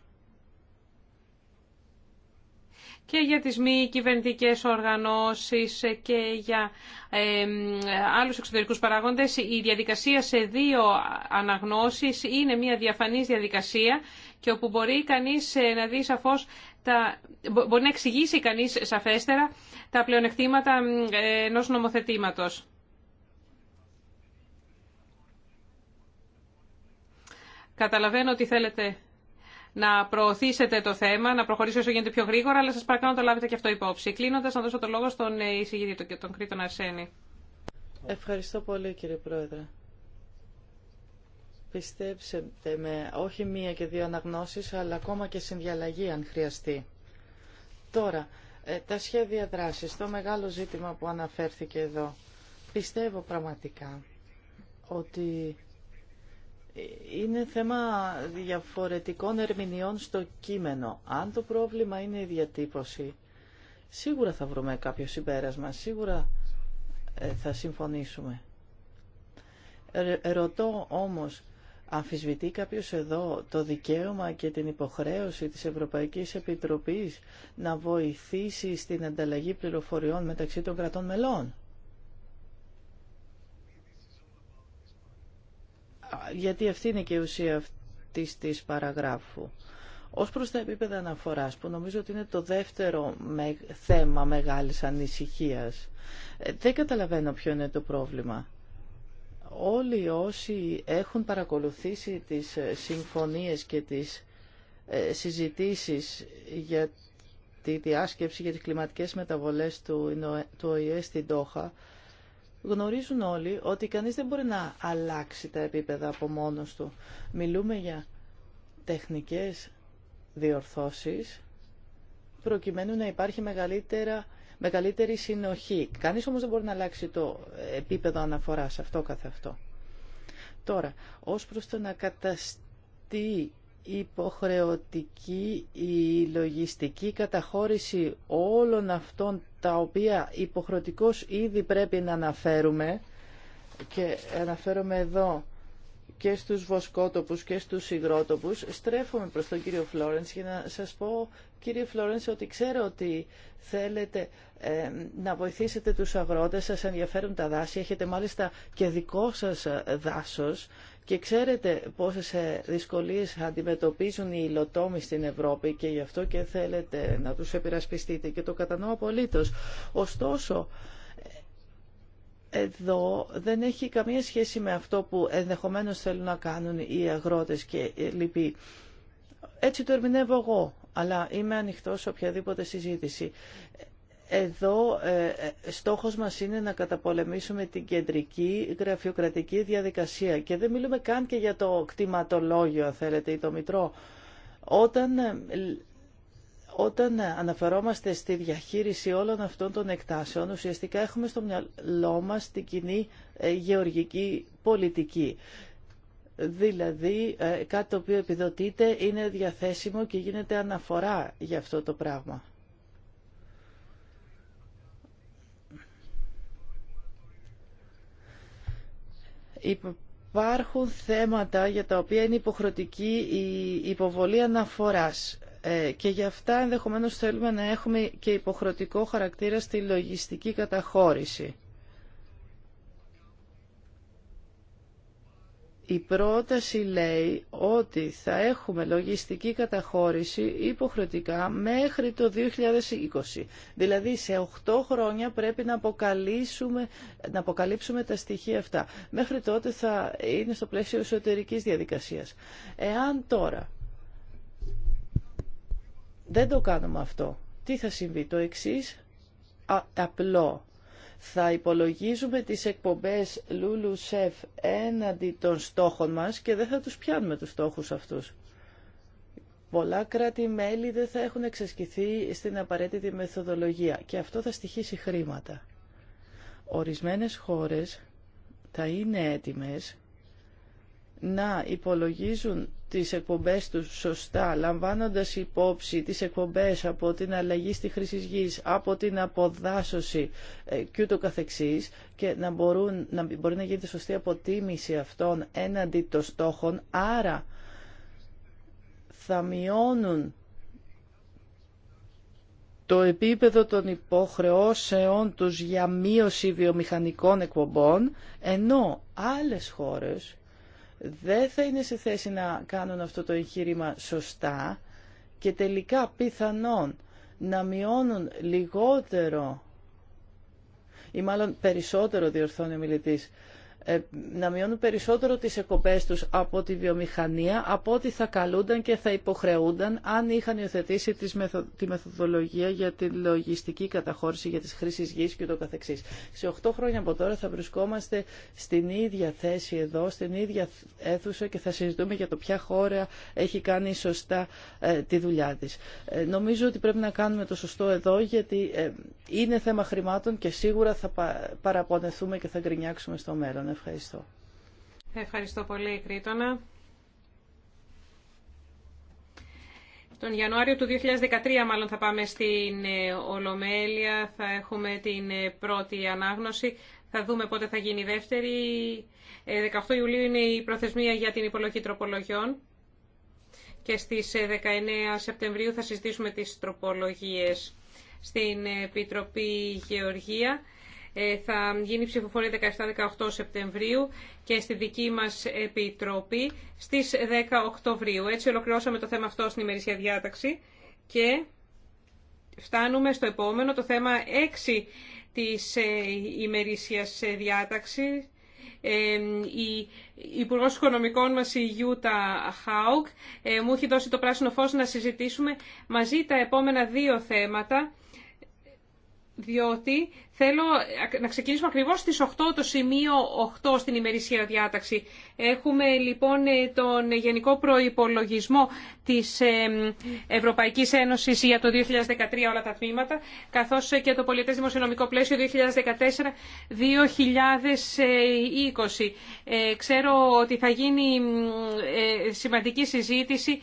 και για τις μη κυβερνητικές οργανώσεις και για ε, άλλους εξωτερικούς παράγοντες. Η διαδικασία σε δύο αναγνώσεις είναι μια διαφανής διαδικασία και όπου μπορεί κανείς ε, να δει σαφώς τα, μπορεί να εξηγήσει κανείς σαφέστερα τα πλεονεκτήματα ενός νομοθετήματος. Καταλαβαίνω ότι θέλετε να προωθήσετε το θέμα, να προχωρήσει όσο γίνεται πιο γρήγορα, αλλά σας παρακαλώ να το λάβετε και αυτό υπόψη. Κλείνοντα, να δώσω το λόγο στον ε, εισηγητή, τον Κρήτον Αρσένη. Ευχαριστώ πολύ κύριε Πρόεδρε. Πιστέψτε με, όχι μία και δύο αναγνώσεις, αλλά ακόμα και συνδιαλλαγή αν χρειαστεί. Τώρα, ε, τα σχέδια δράσης, το μεγάλο ζήτημα που αναφέρθηκε εδώ. Πιστεύω πραγματικά ότι είναι θέμα διαφορετικών ερμηνεών στο κείμενο. Αν το πρόβλημα είναι η διατύπωση, σίγουρα θα βρούμε κάποιο συμπέρασμα, σίγουρα ε, θα συμφωνήσουμε. Ρωτώ όμως, αμφισβητεί κάποιος εδώ το δικαίωμα και την υποχρέωση της Ευρωπαϊκής Επιτροπής να βοηθήσει στην ανταλλαγή πληροφοριών μεταξύ των κρατών μελών. γιατί αυτή είναι και η ουσία αυτή της παραγράφου. Ω προ τα επίπεδα αναφοράς, που νομίζω ότι είναι το δεύτερο θέμα μεγάλης ανησυχίας, ε, δεν καταλαβαίνω ποιο είναι το πρόβλημα. Όλοι όσοι έχουν παρακολουθήσει τις ε, συμφωνίες και τις ε, συζητήσεις για τη διάσκεψη για τις κλιματικές μεταβολές του ΟΗΕ στην Τόχα, γνωρίζουν όλοι ότι κανείς δεν μπορεί να αλλάξει τα επίπεδα από μόνος του. Μιλούμε για τεχνικές διορθώσεις προκειμένου να υπάρχει μεγαλύτερα, μεγαλύτερη συνοχή. Κανείς όμως δεν μπορεί να αλλάξει το επίπεδο αναφοράς αυτό καθ' αυτό. Τώρα, ως προς το να καταστεί υποχρεωτική η λογιστική καταχώρηση όλων αυτών τα οποία υποχρεωτικώς ήδη πρέπει να αναφέρουμε και αναφέρομαι εδώ και στους βοσκότοπους και στους υγρότοπους στρέφομαι προς τον κύριο Φλόρενς για να σας πω κύριε Φλόρενς ότι ξέρω ότι θέλετε ε, να βοηθήσετε τους αγρότες σας ενδιαφέρουν τα δάση έχετε μάλιστα και δικό σας ε, δάσος και ξέρετε πόσες ε, δυσκολίες αντιμετωπίζουν οι υλοτόμοι στην Ευρώπη και γι' αυτό και θέλετε να τους επειρασπιστείτε και το κατανοώ απολύτως. Ωστόσο, εδώ δεν έχει καμία σχέση με αυτό που ενδεχομένως θέλουν να κάνουν οι αγρότες και λοιποί. Έτσι το ερμηνεύω εγώ, αλλά είμαι ανοιχτός σε οποιαδήποτε συζήτηση. Εδώ ε, ε, στόχος μας είναι να καταπολεμήσουμε την κεντρική γραφειοκρατική διαδικασία και δεν μιλούμε καν και για το κτηματολόγιο, θέλετε, ή το μητρό. Όταν ε, όταν αναφερόμαστε στη διαχείριση όλων αυτών των εκτάσεων, ουσιαστικά έχουμε στο μυαλό μας την κοινή γεωργική πολιτική. Δηλαδή, κάτι το οποίο επιδοτείται είναι διαθέσιμο και γίνεται αναφορά για αυτό το πράγμα. υπάρχουν θέματα για τα οποία είναι υποχρεωτική η υποβολή αναφοράς ε, και γι' αυτά ενδεχομένως θέλουμε να έχουμε και υποχρεωτικό χαρακτήρα στη λογιστική καταχώρηση. Η πρόταση λέει ότι θα έχουμε λογιστική καταχώρηση υποχρεωτικά μέχρι το 2020. Δηλαδή σε 8 χρόνια πρέπει να, αποκαλύψουμε, να αποκαλύψουμε τα στοιχεία αυτά. Μέχρι τότε θα είναι στο πλαίσιο εσωτερικής διαδικασίας. Εάν τώρα δεν το κάνουμε αυτό, τι θα συμβεί το εξής α, απλό θα υπολογίζουμε τις εκπομπές Λούλου Σεφ έναντι των στόχων μας και δεν θα τους πιάνουμε τους στόχους αυτούς. Πολλά κράτη-μέλη δεν θα έχουν εξασκηθεί στην απαραίτητη μεθοδολογία και αυτό θα στοιχήσει χρήματα. Ορισμένες χώρες θα είναι έτοιμες να υπολογίζουν τις εκπομπές τους σωστά, λαμβάνοντας υπόψη τις εκπομπές από την αλλαγή στη χρήση γης, από την αποδάσωση ε, και ούτω καθεξής και να, μπορούν, να μπορεί να γίνεται σωστή αποτίμηση αυτών έναντι των στόχων, άρα θα μειώνουν το επίπεδο των υποχρεώσεών τους για μείωση βιομηχανικών εκπομπών, ενώ άλλες χώρες δεν θα είναι σε θέση να κάνουν αυτό το εγχείρημα σωστά και τελικά πιθανόν να μειώνουν λιγότερο ή μάλλον περισσότερο διορθώνει ο μιλητής ε, να μειώνουν περισσότερο τις εκοπές τους από τη βιομηχανία από ό,τι θα καλούνταν και θα υποχρεούνταν αν είχαν υιοθετήσει τη μεθοδολογία για τη λογιστική καταχώρηση για τις χρήσεις γης και το καθεξής. Σε 8 χρόνια από τώρα θα βρισκόμαστε στην ίδια θέση εδώ, στην ίδια αίθουσα και θα συζητούμε για το ποια χώρα έχει κάνει σωστά ε, τη δουλειά της. Ε, νομίζω ότι πρέπει να κάνουμε το σωστό εδώ γιατί είναι θέμα χρημάτων και σίγουρα θα παραπονεθούμε και θα γκρινιάξουμε στο μέλλον. Ευχαριστώ. Ευχαριστώ πολύ, Κρήτονα. Τον Ιανουάριο του 2013 μάλλον θα πάμε στην ε, Ολομέλεια, θα έχουμε την ε, πρώτη ανάγνωση. Θα δούμε πότε θα γίνει η δεύτερη. 18 ε, Ιουλίου είναι η προθεσμία για την υπολογή τροπολογιών και στις 19 Σεπτεμβρίου θα συζητήσουμε τις τροπολογίες στην Επιτροπή Γεωργία. Ε, θα γίνει ψηφοφορία 17-18 Σεπτεμβρίου και στη δική μας Επιτροπή στις 10 Οκτωβρίου. Έτσι ολοκληρώσαμε το θέμα αυτό στην ημερήσια διάταξη και φτάνουμε στο επόμενο, το θέμα 6 της ε, ημερήσιας διάταξης. Ε, η Υπουργός Οικονομικών μας, η Γιούτα Χάουκ, μου έχει δώσει το πράσινο φως να συζητήσουμε μαζί τα επόμενα δύο θέματα διότι θέλω να ξεκινήσουμε ακριβώς στις 8, το σημείο 8 στην ημερησία διάταξη. Έχουμε λοιπόν τον Γενικό Προϋπολογισμό της ε, Ευρωπαϊκής Ένωσης για το 2013 όλα τα τμήματα, καθώς και το Πολιτές Δημοσιονομικό Πλαίσιο 2014-2020. Ε, ξέρω ότι θα γίνει ε, σημαντική συζήτηση.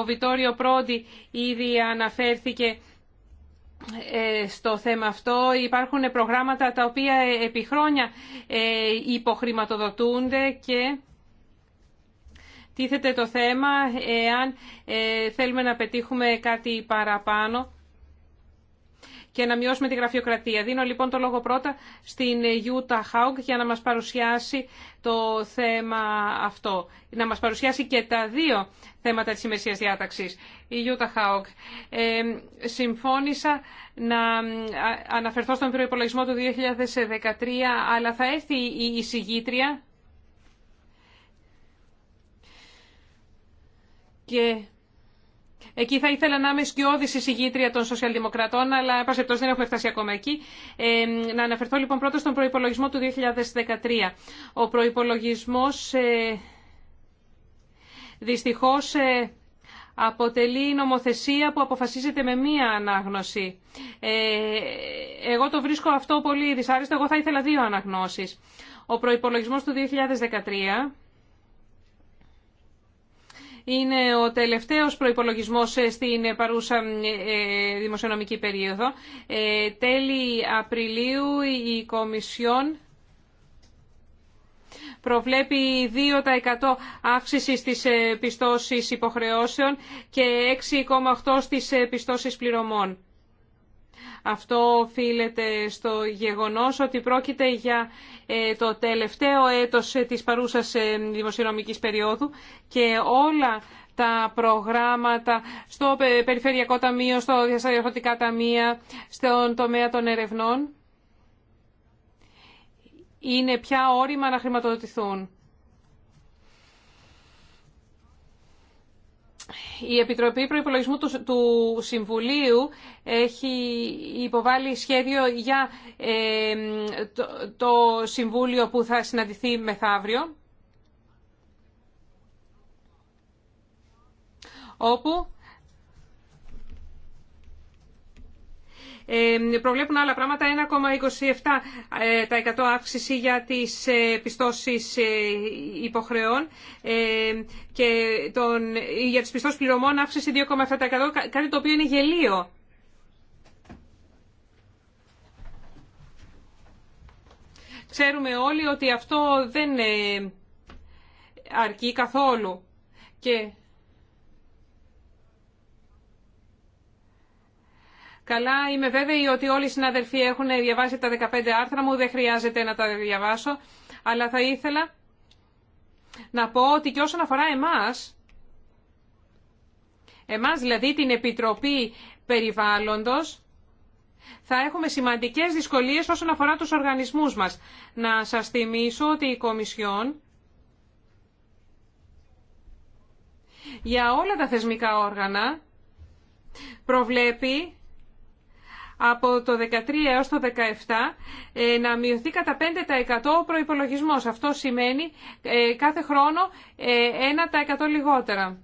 Ο Βιτόριο Πρόντι ήδη αναφέρθηκε ε, στο θέμα αυτό. Υπάρχουν προγράμματα τα οποία επί χρόνια ε, υποχρηματοδοτούνται και τίθεται το θέμα εάν ε, θέλουμε να πετύχουμε κάτι παραπάνω και να μειώσουμε τη γραφειοκρατία. Δίνω λοιπόν το λόγο πρώτα στην Ιούτα Χάουγκ για να μας παρουσιάσει το θέμα αυτό. Να μας παρουσιάσει και τα δύο θέματα της ημερησίας διάταξης. Η Ιούτα Χάουγκ. Ε, συμφώνησα να ε, αναφερθώ στον προϋπολογισμό του 2013, αλλά θα έρθει η εισηγήτρια και Εκεί θα ήθελα να είμαι σκιώδη εισηγήτρια των σοσιαλδημοκρατών, αλλά πασεπτό δεν έχουμε φτάσει ακόμα εκεί. Ε, να αναφερθώ λοιπόν πρώτα στον προπολογισμό του 2013. Ο προπολογισμό ε, δυστυχώ ε, αποτελεί νομοθεσία που αποφασίζεται με μία ανάγνωση. Ε, εγώ το βρίσκω αυτό πολύ δυσάρεστο. Εγώ θα ήθελα δύο αναγνώσει. Ο προπολογισμό του 2013 είναι ο τελευταίος προϋπολογισμός ε, στην ε, παρούσα ε, δημοσιονομική περίοδο. Τέλη Απριλίου η Κομισιόν προβλέπει 2% αύξηση στις πιστώσει υποχρεώσεων και 6,8% στις πιστώσεις πληρωμών. Αυτό οφείλεται στο γεγονός ότι πρόκειται για ε, το τελευταίο έτος ε, της παρούσας ε, δημοσιονομικής περίοδου και όλα τα προγράμματα στο Περιφερειακό Ταμείο, στο Διασταδιοφωτικά Ταμεία, στον τομέα των ερευνών, είναι πια όριμα να χρηματοδοτηθούν. Η Επιτροπή Προϋπολογισμού του, του Συμβουλίου έχει υποβάλει σχέδιο για ε, το, το Συμβούλιο που θα συναντηθεί μεθαύριο, όπου Ε, προβλέπουν άλλα πράγματα 1,27% ε, αύξηση για τις ε, πιστώσεις υποχρεών και τον, για τις πιστώσεις πληρωμών αύξηση 2,7% κάτι το οποίο είναι γελίο. Ξέρουμε όλοι ότι αυτό δεν αρκεί καθόλου. Και Καλά είμαι βέβαιη ότι όλοι οι συναδελφοί έχουν διαβάσει τα 15 άρθρα μου, δεν χρειάζεται να τα διαβάσω, αλλά θα ήθελα να πω ότι και όσον αφορά εμάς, εμάς δηλαδή την Επιτροπή Περιβάλλοντος, θα έχουμε σημαντικές δυσκολίες όσον αφορά τους οργανισμούς μας. Να σας θυμίσω ότι η Κομισιόν για όλα τα θεσμικά όργανα προβλέπει από το 2013 έως το 2017 ε, να μειωθεί κατά 5% ο προϋπολογισμός. Αυτό σημαίνει ε, κάθε χρόνο 1% ε, λιγότερα.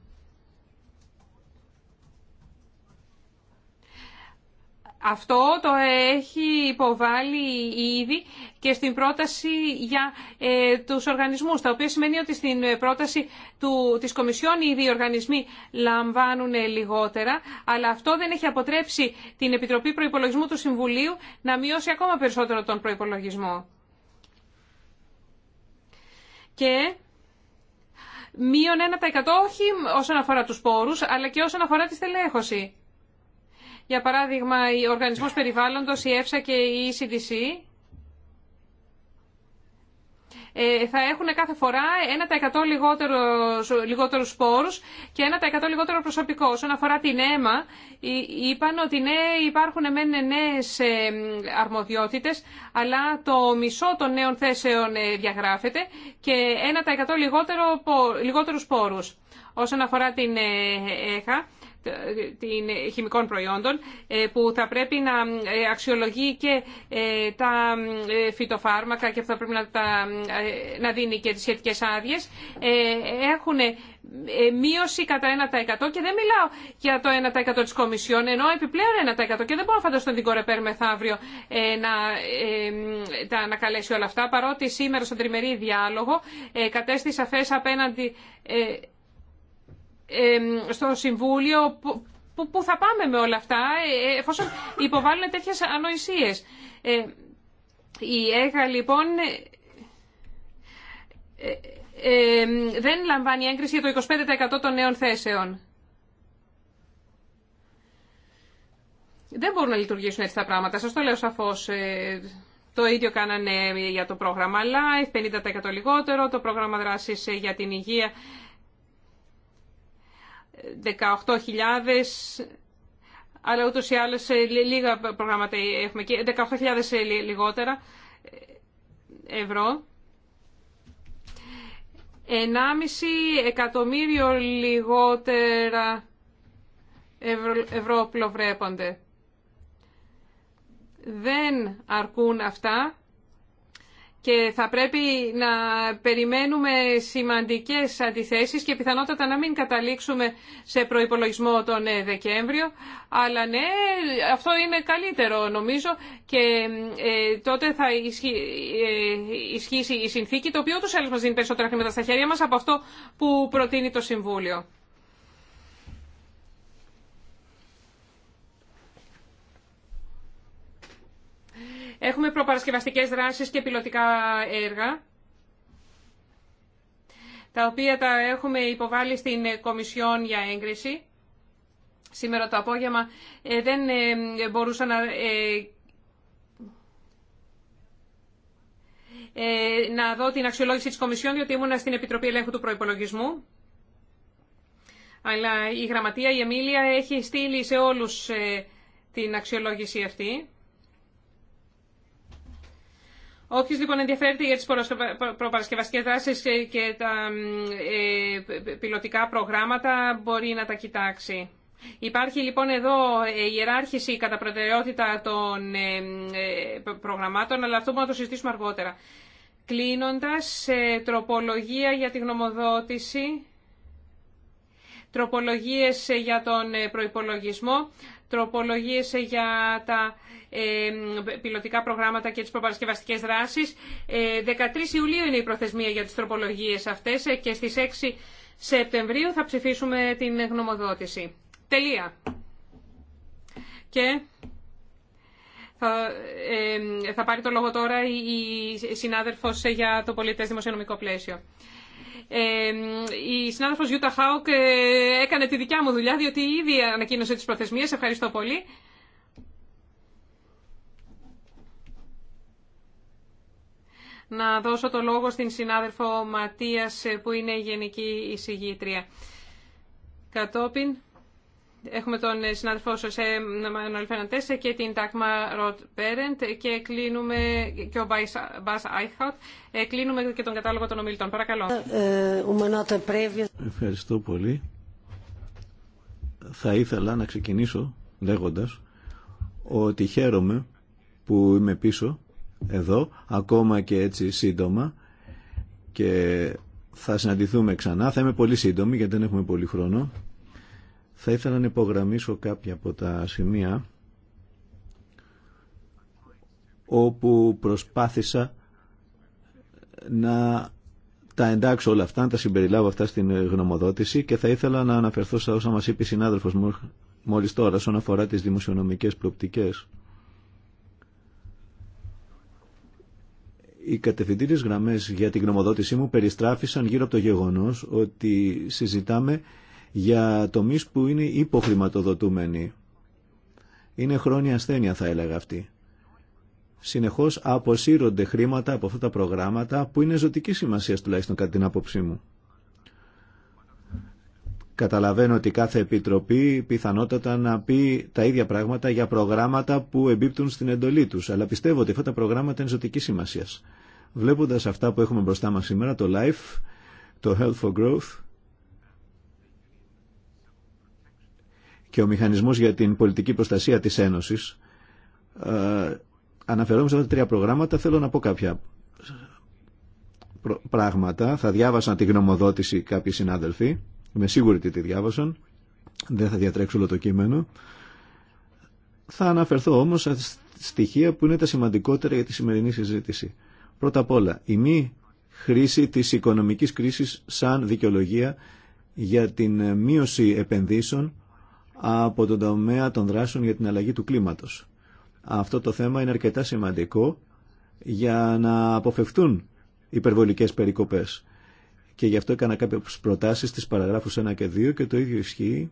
Αυτό το έχει υποβάλει ήδη και στην πρόταση για ε, τους οργανισμούς, τα οποία σημαίνει ότι στην πρόταση του, της Κομισιόν ήδη οι οργανισμοί λαμβάνουν ε, λιγότερα, αλλά αυτό δεν έχει αποτρέψει την Επιτροπή Προϋπολογισμού του Συμβουλίου να μειώσει ακόμα περισσότερο τον προϋπολογισμό. Και μείον 1% όχι όσον αφορά τους πόρους, αλλά και όσον αφορά τη στελέχωση. Για παράδειγμα, ο Οργανισμός Περιβάλλοντος, η ΕΦΣΑ και η ECDC ε, θα έχουν κάθε φορά 1% λιγότερους, λιγότερους σπόρους και 1% λιγότερο προσωπικό. Όσον αφορά την αίμα, είπαν ότι ναι, υπάρχουν μεν νέες ε, αρμοδιότητες, αλλά το μισό των νέων θέσεων ε, διαγράφεται και 1% λιγότερο, λιγότερους σπόρους. Όσον αφορά την ΕΧΑ, την χημικών προϊόντων ε, που θα πρέπει να ε, αξιολογεί και ε, τα φυτοφάρμακα και θα πρέπει να, να δίνει και τις σχετικές άδειε. έχουν μείωση κατά 1% και δεν μιλάω για το 1% της Κομισιόν, ενώ επιπλέον 1% και δεν μπορώ να φανταστώ την κορεπέρ μεθαύριο να τα ανακαλέσει όλα αυτά, παρότι σήμερα στον τριμερή διάλογο κατέστησα σαφές απέναντι στο Συμβούλιο που θα πάμε με όλα αυτά ε, ε, εφόσον υποβάλλουν τέτοιες ανοησίες. Ε, η ΕΓΑ λοιπόν δεν λαμβάνει έγκριση για το 25% των νέων θέσεων. Δεν μπορούν να λειτουργήσουν έτσι τα πράγματα. Σας το λέω σαφώς. Το ίδιο κάνανε για το πρόγραμμα LIFE, 50% λιγότερο, το πρόγραμμα δράσης για την υγεία 18.000 αλλά ούτως ή άλλως ε, λίγα προγράμματα έχουμε και ε, 18.000 λιγότερα ε, ευρώ. 1,5 εκατομμύριο λιγότερα ευρώ, ευρώ πλοβρέπονται. Δεν αρκούν αυτά και θα πρέπει να περιμένουμε σημαντικές αντιθέσεις και πιθανότατα να μην καταλήξουμε σε προϋπολογισμό τον ε, Δεκέμβριο. Αλλά ναι, αυτό είναι καλύτερο νομίζω και ε, τότε θα ισχύ, ε, ισχύσει η συνθήκη, το οποίο τους άλλους μας δίνει περισσότερα χρήματα στα χέρια μας από αυτό που προτείνει το Συμβούλιο. Έχουμε προπαρασκευαστικές δράσεις και πιλωτικά έργα, τα οποία τα έχουμε υποβάλει στην Κομισιόν για έγκριση. Σήμερα το απόγευμα ε, δεν ε, μπορούσα να ε, να δω την αξιολόγηση της Κομισιόν, διότι ήμουνα στην Επιτροπή Ελέγχου του Προϋπολογισμού. Αλλά η Γραμματεία, η Εμίλια, έχει στείλει σε όλους την αξιολόγηση αυτή. Όποιο λοιπόν ενδιαφέρεται για τι προπαρασκευαστικέ δράσει και τα ε, πιλωτικά προγράμματα μπορεί να τα κοιτάξει. Υπάρχει λοιπόν εδώ ε, η ιεράρχηση κατά προτεραιότητα των ε, προγραμμάτων, αλλά αυτό μπορούμε να το συζητήσουμε αργότερα. Κλείνοντας, τροπολογία για τη γνωμοδότηση, τροπολογίες για τον προϋπολογισμό τροπολογίες για τα ε, πιλωτικά προγράμματα και τις προπαρασκευαστικές δράσεις. 13 ε, Ιουλίου είναι η προθεσμία για τις τροπολογίες αυτές ε, και στις 6 Σεπτεμβρίου θα ψηφίσουμε την γνωμοδότηση. Τελεία. Και θα, θα πάρει το λόγο τώρα η συνάδελφος για το πολιτές δημοσιονομικό πλαίσιο η συνάδελφο Γιούτα Χάουκ ε, έκανε τη δικιά μου δουλειά, διότι ήδη ανακοίνωσε τι προθεσμίε. Ευχαριστώ πολύ. Να δώσω το λόγο στην συνάδελφο Ματίας, που είναι η Γενική Εισηγήτρια. Κατόπιν, Έχουμε τον ε, συνάδελφό σας, ε, Μανουέλ και την Τάκμα Ροτ Πέρεντ και κλείνουμε και ο Μπάς Άιχαουτ. Ε, κλείνουμε και τον κατάλογο των ομιλητών. Παρακαλώ. Ευχαριστώ πολύ. Θα ήθελα να ξεκινήσω λέγοντας ότι χαίρομαι που είμαι πίσω εδώ, ακόμα και έτσι σύντομα και θα συναντηθούμε ξανά. Θα είμαι πολύ σύντομη γιατί δεν έχουμε πολύ χρόνο. Θα ήθελα να υπογραμμίσω κάποια από τα σημεία όπου προσπάθησα να τα εντάξω όλα αυτά, να τα συμπεριλάβω αυτά στην γνωμοδότηση και θα ήθελα να αναφερθώ σε όσα μας είπε η συνάδελφος μου μόλις τώρα όσον αφορά τις δημοσιονομικές προοπτικές. Οι κατευθυντήριες γραμμές για την γνωμοδότησή μου περιστράφησαν γύρω από το γεγονός ότι συζητάμε για τομείς που είναι υποχρηματοδοτούμενοι. Είναι χρόνια ασθένεια θα έλεγα αυτή. Συνεχώς αποσύρονται χρήματα από αυτά τα προγράμματα που είναι ζωτική σημασία τουλάχιστον κατά την άποψή μου. Καταλαβαίνω ότι κάθε επιτροπή πιθανότατα να πει τα ίδια πράγματα για προγράμματα που εμπίπτουν στην εντολή τους, αλλά πιστεύω ότι αυτά τα προγράμματα είναι ζωτική σημασία. Βλέποντας αυτά που έχουμε μπροστά μας σήμερα, το LIFE, το Health for Growth, και ο μηχανισμός για την πολιτική προστασία της Ένωσης. Ε, αναφερόμαστε σε τα τρία προγράμματα, θέλω να πω κάποια πράγματα. Θα διάβασαν τη γνωμοδότηση κάποιοι συνάδελφοι, είμαι σίγουρη ότι τη διάβασαν, δεν θα διατρέξω όλο το κείμενο. Θα αναφερθώ όμως σε στοιχεία που είναι τα σημαντικότερα για τη σημερινή συζήτηση. Πρώτα απ' όλα, η μη χρήση της οικονομικής κρίσης σαν δικαιολογία για την μείωση επενδύσεων από τον τομέα των δράσεων για την αλλαγή του κλίματος. Αυτό το θέμα είναι αρκετά σημαντικό για να αποφευθούν υπερβολικές περικοπές. Και γι' αυτό έκανα κάποιες προτάσεις στις παραγράφους 1 και 2 και το ίδιο ισχύει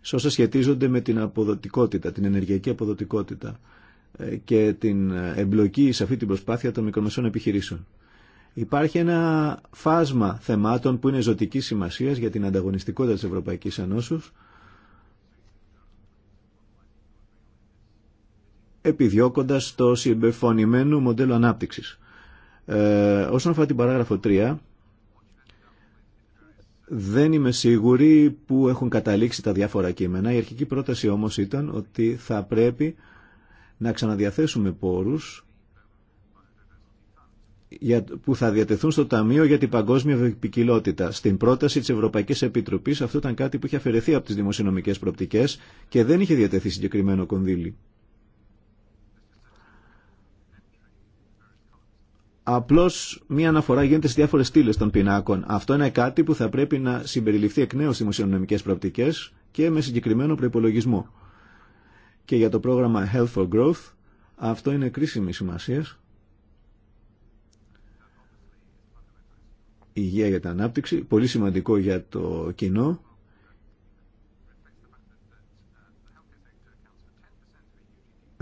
σε όσα σχετίζονται με την αποδοτικότητα, την ενεργειακή αποδοτικότητα ε, και την ε, εμπλοκή σε αυτή την προσπάθεια των μικρομεσών επιχειρήσεων. Υπάρχει ένα φάσμα θεμάτων που είναι ζωτικής σημασίας για την ανταγωνιστικότητα της Ευρωπαϊκής Ενώσεως. επιδιώκοντας το συμπεφωνημένο μοντέλο ανάπτυξης. Ε, όσον αφορά την παράγραφο 3, δεν είμαι σίγουρη που έχουν καταλήξει τα διάφορα κείμενα. Η αρχική πρόταση όμως ήταν ότι θα πρέπει να ξαναδιαθέσουμε πόρους που θα διατεθούν στο Ταμείο για την Παγκόσμια Ποικιλότητα. Στην πρόταση τη Ευρωπαϊκή Επιτροπή, αυτό ήταν κάτι που είχε αφαιρεθεί από τι δημοσιονομικέ προπτικέ και δεν είχε διατεθεί συγκεκριμένο κονδύλι. Απλώ μία αναφορά γίνεται στι διάφορε στήλε των πινάκων. Αυτό είναι κάτι που θα πρέπει να συμπεριληφθεί εκ νέου στι δημοσιονομικέ προοπτικέ και με συγκεκριμένο προπολογισμό. Και για το πρόγραμμα Health for Growth αυτό είναι κρίσιμη σημασία υγεία για την ανάπτυξη, πολύ σημαντικό για το κοινό.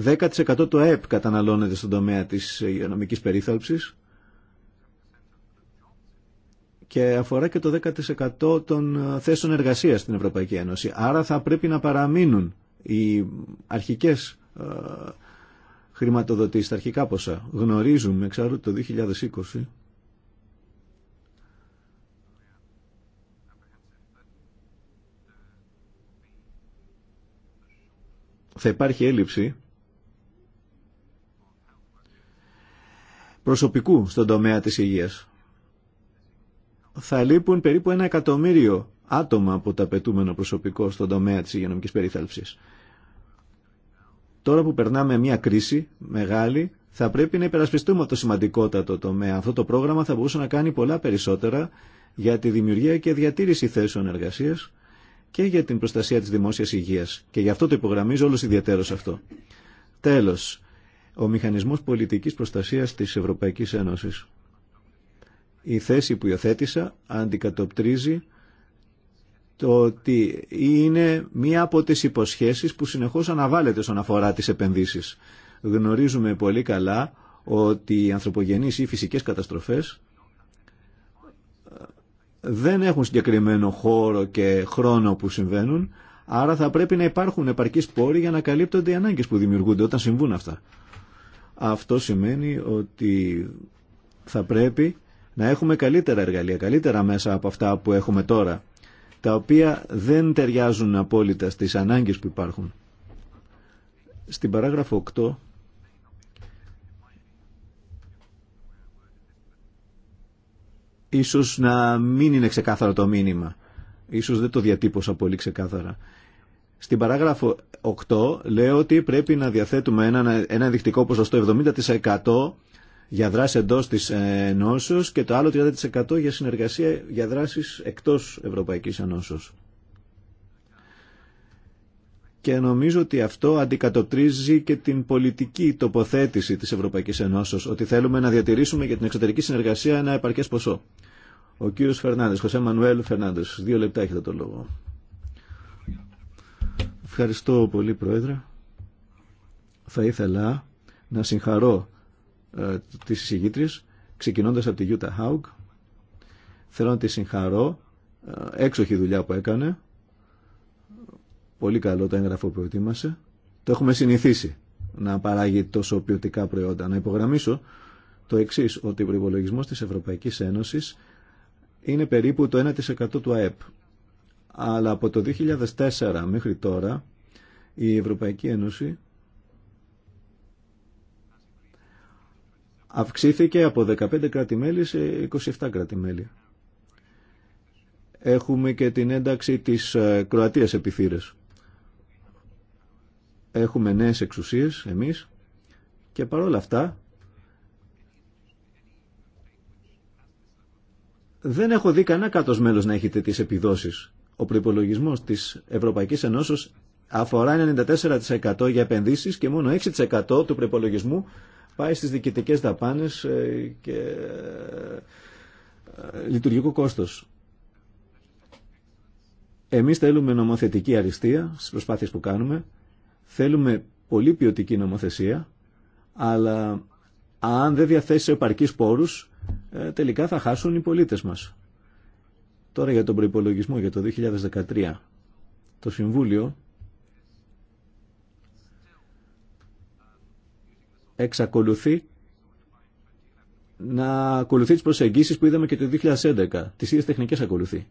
10% το ΕΠ καταναλώνεται στον τομέα της υγειονομικής περίθαλψης και αφορά και το 10% των θέσεων εργασίας στην Ευρωπαϊκή Ένωση. Άρα θα πρέπει να παραμείνουν οι αρχικές ε, χρηματοδοτήσεις, τα αρχικά ποσά. Γνωρίζουμε, το 2020, θα υπάρχει έλλειψη προσωπικού στον τομέα της υγείας. Θα λείπουν περίπου ένα εκατομμύριο άτομα από το απαιτούμενο προσωπικό στον τομέα της υγειονομικής περίθαλψης. Τώρα που περνάμε μια κρίση μεγάλη, θα πρέπει να υπερασπιστούμε το σημαντικότατο τομέα. Αυτό το πρόγραμμα θα μπορούσε να κάνει πολλά περισσότερα για τη δημιουργία και διατήρηση θέσεων εργασίας και για την προστασία της δημόσιας υγείας. Και γι' αυτό το υπογραμμίζω όλος ιδιαίτερος αυτό. Τέλος, ο μηχανισμός πολιτικής προστασίας της Ευρωπαϊκής Ένωσης. Η θέση που υιοθέτησα αντικατοπτρίζει το ότι είναι μία από τις υποσχέσεις που συνεχώς αναβάλλεται στον αφορά τις επενδύσεις. Γνωρίζουμε πολύ καλά ότι οι ανθρωπογενείς ή φυσικές καταστροφές δεν έχουν συγκεκριμένο χώρο και χρόνο που συμβαίνουν, άρα θα πρέπει να υπάρχουν επαρκείς πόροι για να καλύπτονται οι ανάγκες που δημιουργούνται όταν συμβούν αυτά. Αυτό σημαίνει ότι θα πρέπει να έχουμε καλύτερα εργαλεία, καλύτερα μέσα από αυτά που έχουμε τώρα, τα οποία δεν ταιριάζουν απόλυτα στις ανάγκες που υπάρχουν. Στην παράγραφο 8 Ίσως να μην είναι ξεκάθαρο το μήνυμα. Ίσως δεν το διατύπωσα πολύ ξεκάθαρα. Στην παράγραφο 8 λέω ότι πρέπει να διαθέτουμε ένα, ένα ποσοστό 70% για δράση εντός της ε, νόσος και το άλλο 30% για συνεργασία για δράσεις εκτός Ευρωπαϊκής Ενώσεω και νομίζω ότι αυτό αντικατοπτρίζει και την πολιτική τοποθέτηση της Ευρωπαϊκής Ενώσεως, ότι θέλουμε να διατηρήσουμε για την εξωτερική συνεργασία ένα επαρκές ποσό. Ο κύριος Φερνάνδης, Χωσέ Μανουέλ Φερνάνδης. δύο λεπτά έχετε το λόγο. Ευχαριστώ πολύ Πρόεδρε. Θα ήθελα να συγχαρώ ε, τις ξεκινώντα ξεκινώντας από τη Γιούτα Χάουγκ. Θέλω να τη συγχαρώ, ε, έξοχη δουλειά που έκανε, Πολύ καλό το έγγραφο που ετοίμασε. Το έχουμε συνηθίσει να παράγει τόσο ποιοτικά προϊόντα. Να υπογραμμίσω το εξή, ότι ο προπολογισμό τη Ευρωπαϊκή Ένωση είναι περίπου το 1% του ΑΕΠ. Αλλά από το 2004 μέχρι τώρα η Ευρωπαϊκή Ένωση αυξήθηκε από 15 κράτη-μέλη σε 27 κράτη-μέλη. Έχουμε και την ένταξη της ε, Κροατίας επιθύρες έχουμε νέες εξουσίες εμείς και παρόλα αυτά δεν έχω δει κανένα κάτος μέλος να έχει τέτοιες επιδόσεις. Ο προϋπολογισμός της Ευρωπαϊκής Ενώσεως αφορά 94% για επενδύσεις και μόνο 6% του προϋπολογισμού πάει στις διοικητικές δαπάνες ε, και ε, λειτουργικό κόστος. Εμείς θέλουμε νομοθετική αριστεία στις προσπάθειες που κάνουμε Θέλουμε πολύ ποιοτική νομοθεσία, αλλά αν δεν διαθέσει επαρκείς πόρους, ε, τελικά θα χάσουν οι πολίτες μας. Τώρα για τον προϋπολογισμό για το 2013. Το Συμβούλιο εξακολουθεί να ακολουθεί τις προσεγγίσεις που είδαμε και το 2011. Τις ίδιες τεχνικές ακολουθεί.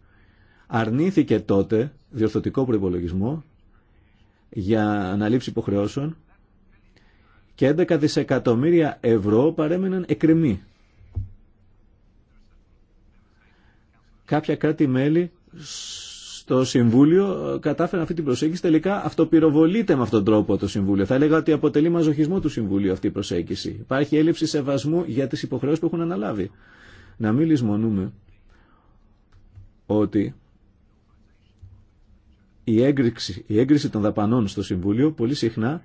Αρνήθηκε τότε διορθωτικό προϋπολογισμό για αναλήψη υποχρεώσεων και 11 δισεκατομμύρια ευρώ παρέμειναν εκκρεμή. Κάποια κράτη-μέλη στο Συμβούλιο κατάφεραν αυτή την προσέγγιση. Τελικά αυτοπυροβολείται με αυτόν τον τρόπο το Συμβούλιο. Θα έλεγα ότι αποτελεί μαζοχισμό του Συμβουλίου αυτή η προσέγγιση. Υπάρχει έλλειψη σεβασμού για τις υποχρεώσεις που έχουν αναλάβει. Να μην λησμονούμε ότι η έγκριση, η έγκριση των δαπανών στο Συμβούλιο πολύ συχνά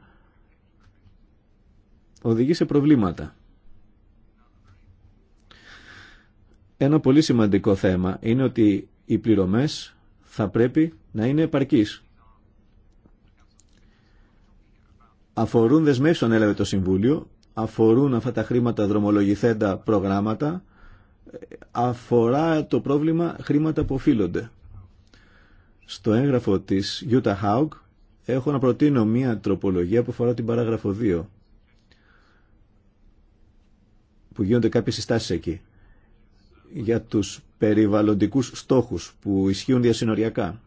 οδηγεί σε προβλήματα. Ένα πολύ σημαντικό θέμα είναι ότι οι πληρωμές θα πρέπει να είναι επαρκείς. Αφορούν δεσμεύσεις, ανέλαβε το Συμβούλιο, αφορούν αυτά τα χρήματα δρομολογηθέντα προγράμματα, αφορά το πρόβλημα χρήματα που οφείλονται. Στο έγγραφο της Utah Haug έχω να προτείνω μία τροπολογία που αφορά την παράγραφο 2 που γίνονται κάποιες συστάσεις εκεί για τους περιβαλλοντικούς στόχους που ισχύουν διασυνοριακά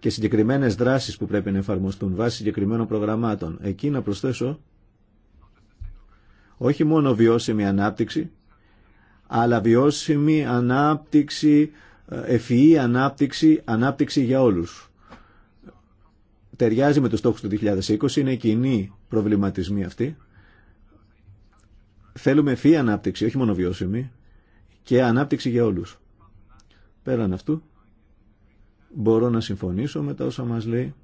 και συγκεκριμένες δράσεις που πρέπει να εφαρμοστούν βάσει συγκεκριμένων προγραμμάτων. Εκεί να προσθέσω όχι μόνο βιώσιμη ανάπτυξη, αλλά βιώσιμη ανάπτυξη ευφυή ανάπτυξη, ανάπτυξη για όλους. Ταιριάζει με το στόχους του 2020, είναι κοινοί προβληματισμοί αυτοί. Θέλουμε ευφυή ανάπτυξη, όχι μόνο βιώσιμη, και ανάπτυξη για όλους. Πέραν αυτού, μπορώ να συμφωνήσω με τα όσα μας λέει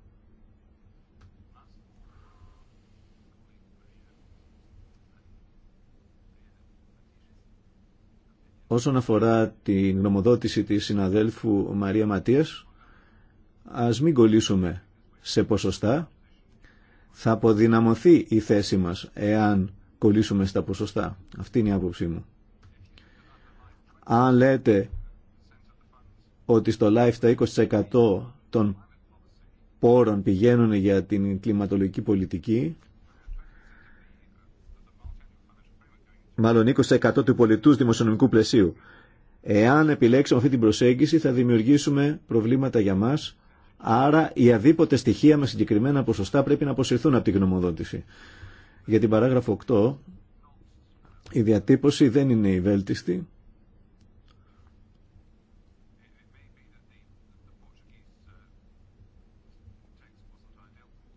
Όσον αφορά την γνωμοδότηση της συναδέλφου Μαρία Ματίας, ας μην κολλήσουμε σε ποσοστά. Θα αποδυναμωθεί η θέση μας εάν κολλήσουμε στα ποσοστά. Αυτή είναι η άποψή μου. Αν λέτε ότι στο live τα 20% των πόρων πηγαίνουν για την κλιματολογική πολιτική, μάλλον 20% του πολιτούς δημοσιονομικού πλαισίου. Εάν επιλέξουμε αυτή την προσέγγιση θα δημιουργήσουμε προβλήματα για μας, άρα οι αδίποτε στοιχεία με συγκεκριμένα ποσοστά πρέπει να αποσυρθούν από την γνωμοδότηση. Για την παράγραφο 8, η διατύπωση δεν είναι η βέλτιστη.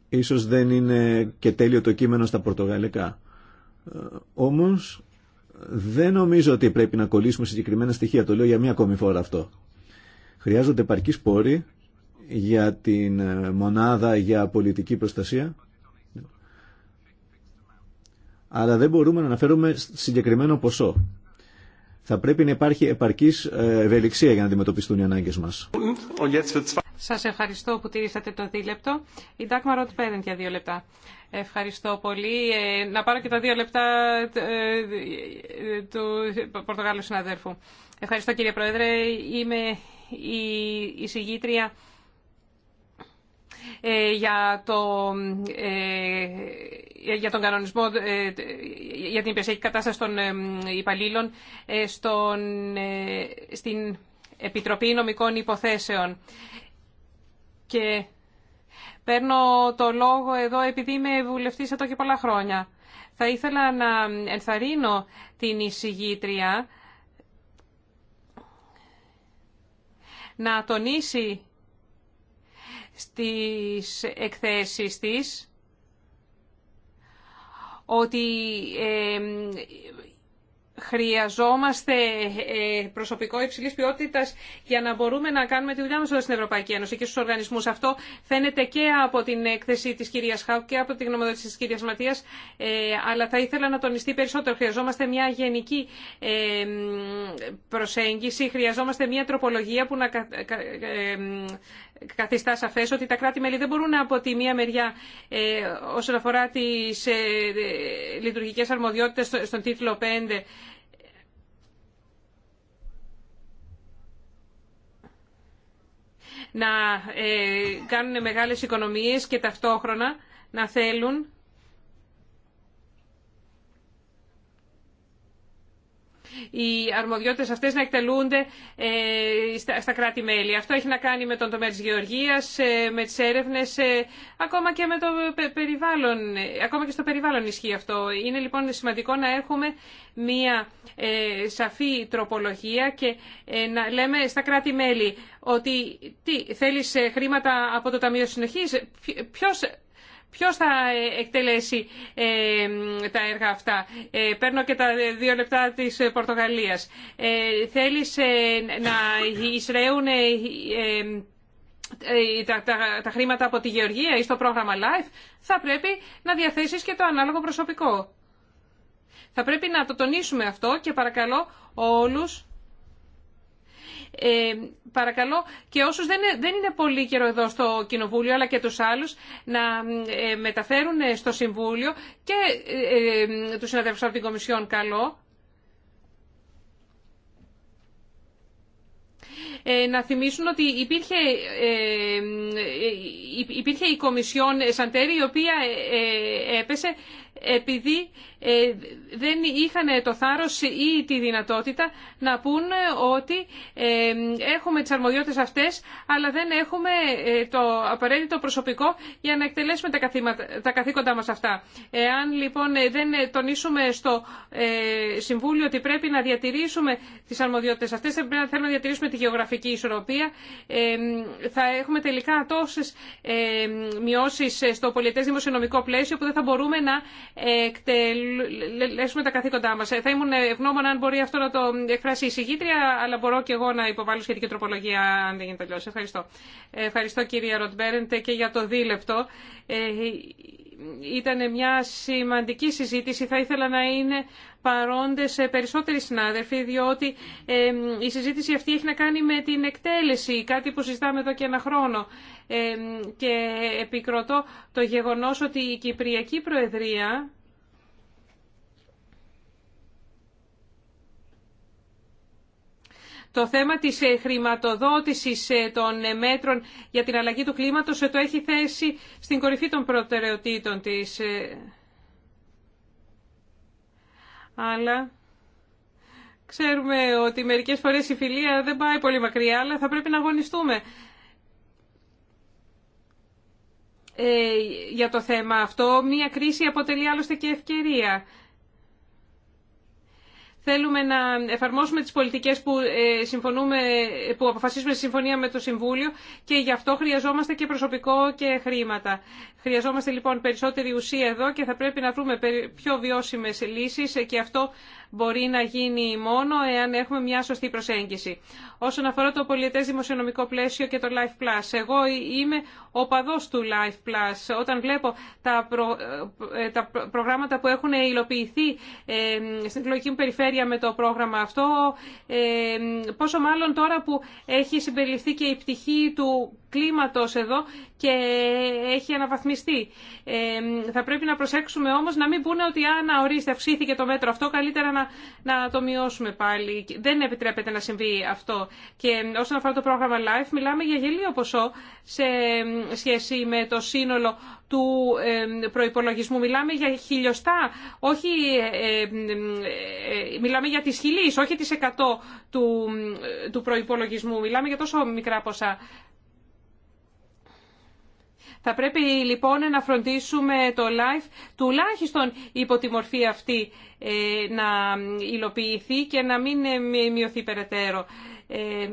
Ίσως δεν είναι και τέλειο το κείμενο στα πορτογαλικά. Ε, όμως δεν νομίζω ότι πρέπει να κολλήσουμε συγκεκριμένα στοιχεία. Το λέω για μία ακόμη φορά αυτό. Χρειάζονται επαρκή πόροι για την ε, μονάδα για πολιτική προστασία. Αλλά δεν μπορούμε να αναφέρουμε συγκεκριμένο ποσό. Θα πρέπει να υπάρχει επαρκής ε, ευελιξία για να αντιμετωπιστούν οι ανάγκες μας. Σας ευχαριστώ που τηρήσατε το δίλεπτο. Η Ντάκμα Ροτ για δύο λεπτά. Ευχαριστώ πολύ. Ε, να πάρω και τα δύο λεπτά ε, ε, του Πορτογάλου συναδέρφου. Ευχαριστώ κύριε Πρόεδρε. Είμαι η συγγήτρια για, το, για τον κανονισμό, για την υπηρεσιακή κατάσταση των υπαλλήλων στον, στην Επιτροπή Νομικών Υποθέσεων. Και παίρνω το λόγο εδώ επειδή είμαι βουλευτής εδώ και πολλά χρόνια. Θα ήθελα να ενθαρρύνω την εισηγήτρια να τονίσει στις εκθέσεις της ότι ε, χρειαζόμαστε ε, προσωπικό υψηλής ποιότητας για να μπορούμε να κάνουμε τη δουλειά μας εδώ στην Ευρωπαϊκή Ένωση και στους οργανισμούς. Αυτό φαίνεται και από την έκθεση της κυρίας Χάου και από την γνωμοδότηση της κυρίας Ματίας, ε, αλλά θα ήθελα να τονιστεί περισσότερο. Χρειαζόμαστε μια γενική ε, προσέγγιση, χρειαζόμαστε μια τροπολογία που να καθιστά σαφέ ότι τα κράτη-μέλη δεν μπορούν από τη μία μεριά ε, όσον αφορά τις ε, λειτουργικές αρμοδιότητες στον τίτλο 5 να ε, κάνουν μεγάλες οικονομίες και ταυτόχρονα να θέλουν οι αρμοδιότητες αυτές να εκτελούνται ε, στα κράτη-μέλη. Αυτό έχει να κάνει με τον τομέα γεωργίας, ε, με τις έρευνες, ε, ακόμα και, με το περιβάλλον, ακόμα και στο περιβάλλον ισχύει αυτό. Είναι λοιπόν σημαντικό να έχουμε μία σαφή τροπολογία και να λέμε στα κράτη-μέλη ότι τι, θέλεις χρήματα από το Ταμείο Συνοχής, ποιος Ποιος θα εκτελέσει ε, τα έργα αυτά. Ε, παίρνω και τα δύο λεπτά της Πορτογαλίας. Ε, θέλεις να εισραίουν τα, τα, τα χρήματα από τη Γεωργία ή στο πρόγραμμα Life. θα πρέπει να διαθέσεις και το ανάλογο προσωπικό. Θα πρέπει να το τονίσουμε αυτό και παρακαλώ όλους ε, παρακαλώ και όσους δεν, δεν είναι πολύ καιρό εδώ στο Κοινοβούλιο αλλά και τους άλλους να ε, μεταφέρουν ε, στο Συμβούλιο και ε, τους συναδέλφους από την Κομισιόν καλό να θυμίσουν ότι υπήρχε, υπήρχε η Κομισιόν Σαντέρη η οποία έπεσε επειδή ε, δεν είχαν το θάρρος ή τη δυνατότητα να πούν ότι ε, έχουμε τις αρμοδιότητες αυτές, αλλά δεν έχουμε ε, το απαραίτητο προσωπικό για να εκτελέσουμε τα, τα καθήκοντά μας αυτά. Εάν λοιπόν δεν τονίσουμε στο Συμβούλιο ότι πρέπει να διατηρήσουμε τις αρμοδιότητες αυτές, πρέπει να θέλουμε να διατηρήσουμε τη γεωγραφική ισορροπία, θα έχουμε τελικά τόσες μειώσεις στο πολιτές δημοσιονομικό πλαίσιο που δεν θα μπορούμε να εκτελέσουμε λέσουμε τα καθήκοντά μα. Ε, θα ήμουν ευγνώμων αν μπορεί αυτό να το εκφράσει η συγγήτρια, αλλά μπορώ και εγώ να υποβάλω σχετική τροπολογία αν δεν γίνεται τελειώσει. Ευχαριστώ. Ε, ευχαριστώ κυρία Μπέρεντε, και για το δίλεπτο. Ε, ήταν μια σημαντική συζήτηση. Θα ήθελα να είναι παρόντες περισσότεροι συνάδελφοι, διότι η συζήτηση αυτή έχει να κάνει με την εκτέλεση, κάτι που συζητάμε εδώ και ένα χρόνο. Και επικροτώ το γεγονός ότι η Κυπριακή Προεδρία Το θέμα της ε, χρηματοδότησης ε, των ε, μέτρων για την αλλαγή του κλίματος το έχει θέσει στην κορυφή των προτεραιοτήτων της. Αλλά ξέρουμε ότι μερικές φορές η φιλία δεν πάει πολύ μακριά, αλλά θα πρέπει να αγωνιστούμε για το θέμα αυτό. Μία κρίση αποτελεί άλλωστε και ευκαιρία. Θέλουμε να εφαρμόσουμε τις πολιτικές που, ε, συμφωνούμε, που αποφασίζουμε στη συμφωνία με το Συμβούλιο και γι' αυτό χρειαζόμαστε και προσωπικό και χρήματα. Χρειαζόμαστε λοιπόν περισσότερη ουσία εδώ και θα πρέπει να βρούμε πιο βιώσιμες λύσεις και αυτό μπορεί να γίνει μόνο εάν έχουμε μια σωστή προσέγγιση. Όσον αφορά το πολιετές δημοσιονομικό πλαίσιο και το Life Plus, εγώ είμαι ο παδός του Life Plus. Όταν βλέπω τα, ε, τα προγράμματα που έχουν υλοποιηθεί στην εκλογική μου περιφέρεια με το πρόγραμμα αυτό, πόσο μάλλον τώρα που έχει συμπεριληφθεί και η πτυχή του κλίματος εδώ και έχει αναβαθμίσει ε, θα πρέπει να προσέξουμε όμως να μην πούνε ότι αν ορίστε αυξήθηκε το μέτρο αυτό, καλύτερα να, να το μειώσουμε πάλι. Δεν επιτρέπεται να συμβεί αυτό. Και όσον αφορά το πρόγραμμα LIFE, μιλάμε για γελίο ποσό σε σχέση με το σύνολο του ε, προϋπολογισμού. Μιλάμε για χιλιοστά, όχι, ε, μιλάμε για τις χιλίες, όχι τις εκατό του, του προϋπολογισμού. Μιλάμε για τόσο μικρά ποσά. Θα πρέπει λοιπόν να φροντίσουμε το LIFE τουλάχιστον υπό τη μορφή αυτή ε, να υλοποιηθεί και να μην ε, μειωθεί περαιτέρω. Ε,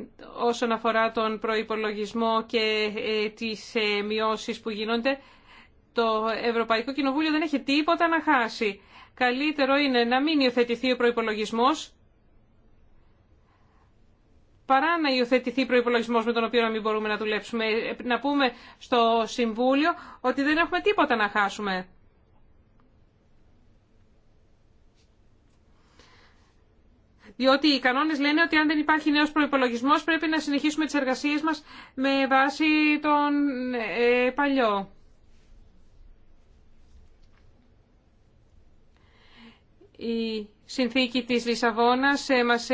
όσον αφορά τον προϋπολογισμό και τις μειώσεις που γίνονται, το Ευρωπαϊκό Κοινοβούλιο δεν έχει τίποτα να χάσει. Καλύτερο είναι να μην υιοθετηθεί ο προϋπολογισμός παρά να υιοθετηθεί προπολογισμό με τον οποίο να μην μπορούμε να δουλέψουμε. Ε, να πούμε στο Συμβούλιο ότι δεν έχουμε τίποτα να χάσουμε. Διότι οι κανόνες λένε ότι αν δεν υπάρχει νέος προϋπολογισμός πρέπει να συνεχίσουμε τις εργασίες μας με βάση τον ε, παλιό. Η συνθήκη της Λισαβόνας ε, μας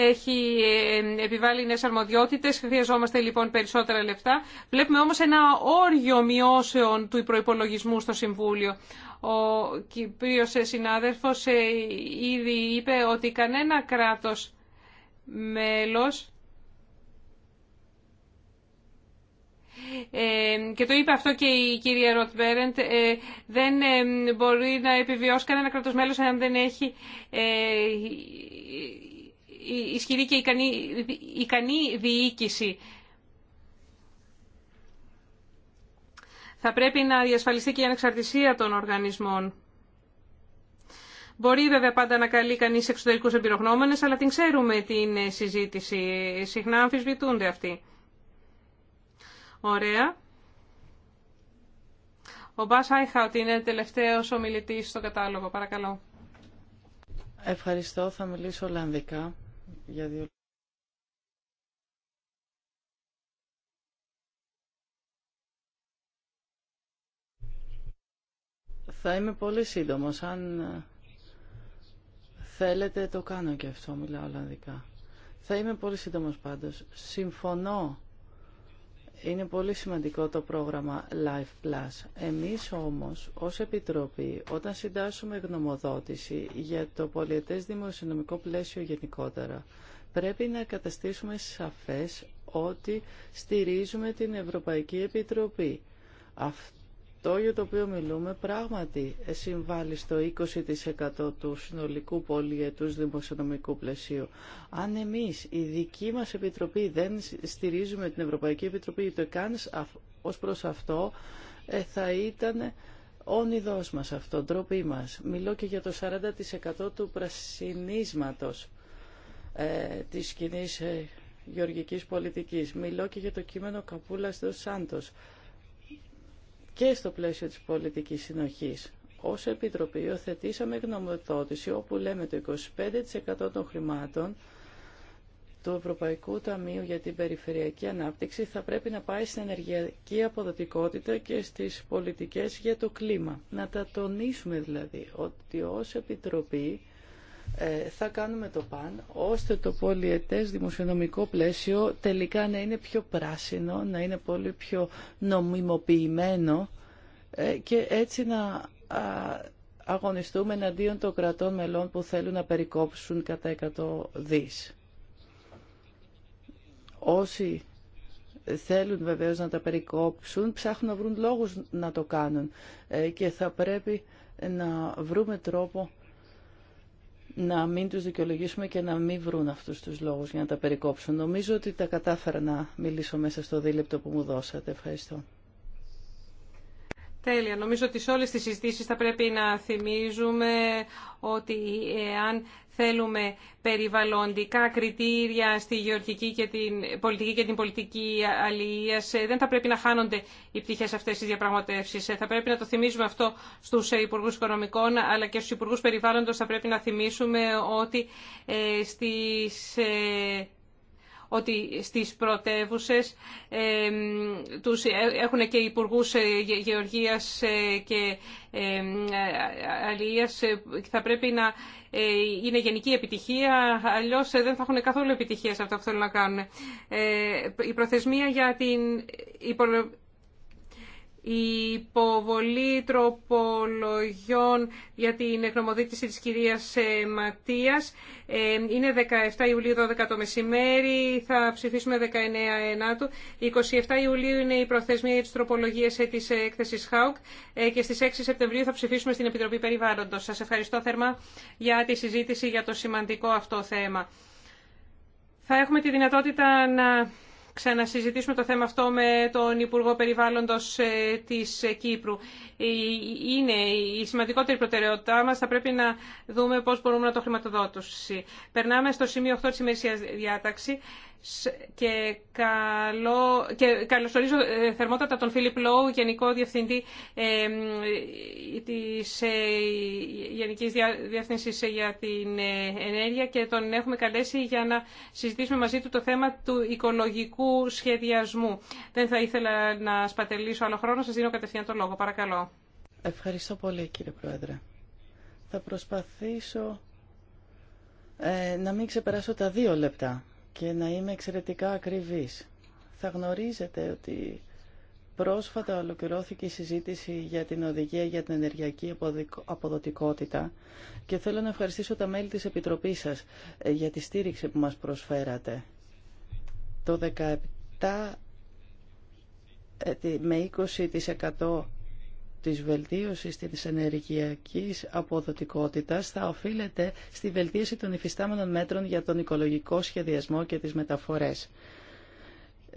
έχει ε, επιβάλει νέε αρμοδιότητε. χρειαζόμαστε λοιπόν περισσότερα λεφτά. Βλέπουμε όμως ένα όριο μειώσεων του προπολογισμού στο Συμβούλιο. Ο Κυπρίος ε, συνάδελφος ε, ήδη είπε ότι κανένα κράτος μέλος και το είπε αυτό και η κυρία Ροτβέρεντ, δεν μπορεί να επιβιώσει κανένα κράτος μέλος αν δεν έχει ισχυρή και ικανή, ικανή διοίκηση. Θα πρέπει να διασφαλιστεί και η ανεξαρτησία των οργανισμών. Μπορεί βέβαια πάντα να καλεί κανεί εξωτερικού εμπειρογνώμενε, αλλά την ξέρουμε την συζήτηση. Συχνά αμφισβητούνται αυτοί. Ωραία. Ο Μπά Άιχαουτ είναι τελευταίο ομιλητή στο κατάλογο. Παρακαλώ. Ευχαριστώ. Θα μιλήσω Ολλανδικά. Θα είμαι πολύ σύντομος. Αν ε, θέλετε το κάνω και αυτό, μιλάω Ολλανδικά. Θα είμαι πολύ σύντομος πάντως. Συμφωνώ είναι πολύ σημαντικό το πρόγραμμα Life Plus. Εμείς όμως ως Επιτροπή όταν συντάσσουμε γνωμοδότηση για το πολιετές δημοσιονομικό πλαίσιο γενικότερα πρέπει να καταστήσουμε σαφές ότι στηρίζουμε την Ευρωπαϊκή Επιτροπή. Το για το οποίο μιλούμε πράγματι συμβάλλει στο 20% του συνολικού πολιετούς δημοσιονομικού πλαισίου. Αν εμείς, η δική μας Επιτροπή, δεν στηρίζουμε την Ευρωπαϊκή Επιτροπή, το καν ως προς αυτό, ε, θα ήταν όνειδός μας αυτό, ντροπή μας. Μιλώ και για το 40% του πρασινίσματος ε, της κοινή ε, γεωργικής πολιτικής. Μιλώ και για το κείμενο Καπούλας Δος Σάντος και στο πλαίσιο της πολιτικής συνοχής. Ως Επιτροπή οθετήσαμε γνωμοδότηση όπου λέμε το 25% των χρημάτων του Ευρωπαϊκού Ταμείου για την Περιφερειακή Ανάπτυξη θα πρέπει να πάει στην ενεργειακή αποδοτικότητα και στις πολιτικές για το κλίμα. Να τα τονίσουμε δηλαδή ότι ως Επιτροπή ε, θα κάνουμε το παν ώστε το πολιετές δημοσιονομικό πλαίσιο τελικά να είναι πιο πράσινο, να είναι πολύ πιο νομιμοποιημένο ε, και έτσι να αγωνιστούμε εναντίον των κρατών μελών που θέλουν να περικόψουν κατά 100 δις. Όσοι θέλουν βεβαίως να τα περικόψουν, ψάχνουν να βρουν λόγους να το κάνουν ε, και θα πρέπει να βρούμε τρόπο να μην τους δικαιολογήσουμε και να μην βρουν αυτούς τους λόγους για να τα περικόψουν. Νομίζω ότι τα κατάφερα να μιλήσω μέσα στο δίλεπτο που μου δώσατε. Ευχαριστώ. Τέλεια. Νομίζω ότι σε όλες τις συζητήσεις θα πρέπει να θυμίζουμε ότι εάν Θέλουμε περιβαλλοντικά κριτήρια στη γεωργική και την πολιτική και την πολιτική αλληλεία. Ε, δεν θα πρέπει να χάνονται οι πτυχέ αυτέ τη διαπραγματεύσει. Ε, θα πρέπει να το θυμίζουμε αυτό στους ε, Υπουργού Οικονομικών αλλά και στους Υπουργού Περιβάλλοντος Θα πρέπει να θυμίσουμε ότι στι ότι στις πρωτεύουσε τους ε, έχουν και υπουργού ε, γεωργίας και ε, και ε, Θα πρέπει να είναι γενική επιτυχία, αλλιώς δεν θα έχουν καθόλου επιτυχία σε αυτό που θέλουν να κάνουν. η προθεσμία για την η υποβολή τροπολογιών για την εκνομοδίτηση της κυρίας ε, Ματίας ε, είναι 17 Ιουλίου 12 το μεσημέρι, θα ψηφίσουμε 19 Ενάτου. 27 Ιουλίου είναι η προθεσμία για τις τροπολογίες ε, της έκθεσης ΧΑΟΚ και στις 6 Σεπτεμβρίου θα ψηφίσουμε στην Επιτροπή Περιβάλλοντος. Σας ευχαριστώ θερμά για τη συζήτηση για το σημαντικό αυτό θέμα. Θα έχουμε τη δυνατότητα να ξανασυζητήσουμε το θέμα αυτό με τον Υπουργό Περιβάλλοντος ε, της ε, Κύπρου. Ε, είναι η σημαντικότερη προτεραιότητά μας. Θα πρέπει να δούμε πώς μπορούμε να το χρηματοδότηση. Περνάμε στο σημείο 8 της ημερησίας διάταξη και, καλό, και καλωσορίζω ε, θερμότατα τον Φίλιπ Λόου, Γενικό Διευθυντή ε, της ε, Γενικής Διεύθυνσης για την ε, Ενέργεια και τον έχουμε καλέσει για να συζητήσουμε μαζί του το θέμα του οικολογικού σχεδιασμού. Δεν θα ήθελα να σπατελήσω άλλο χρόνο, σας δίνω κατευθείαν τον λόγο. Παρακαλώ. Ευχαριστώ πολύ κύριε Πρόεδρε. Θα προσπαθήσω ε, να μην ξεπεράσω τα δύο λεπτά και να είμαι εξαιρετικά ακριβής. Θα γνωρίζετε ότι πρόσφατα ολοκληρώθηκε η συζήτηση για την οδηγία για την ενεργειακή αποδοτικότητα και θέλω να ευχαριστήσω τα μέλη της Επιτροπής σας ε, για τη στήριξη που μας προσφέρατε. Το 17 ε, με 20% της βελτίωσης της ενεργειακής αποδοτικότητας θα οφείλεται στη βελτίωση των υφιστάμενων μέτρων για τον οικολογικό σχεδιασμό και τις μεταφορές.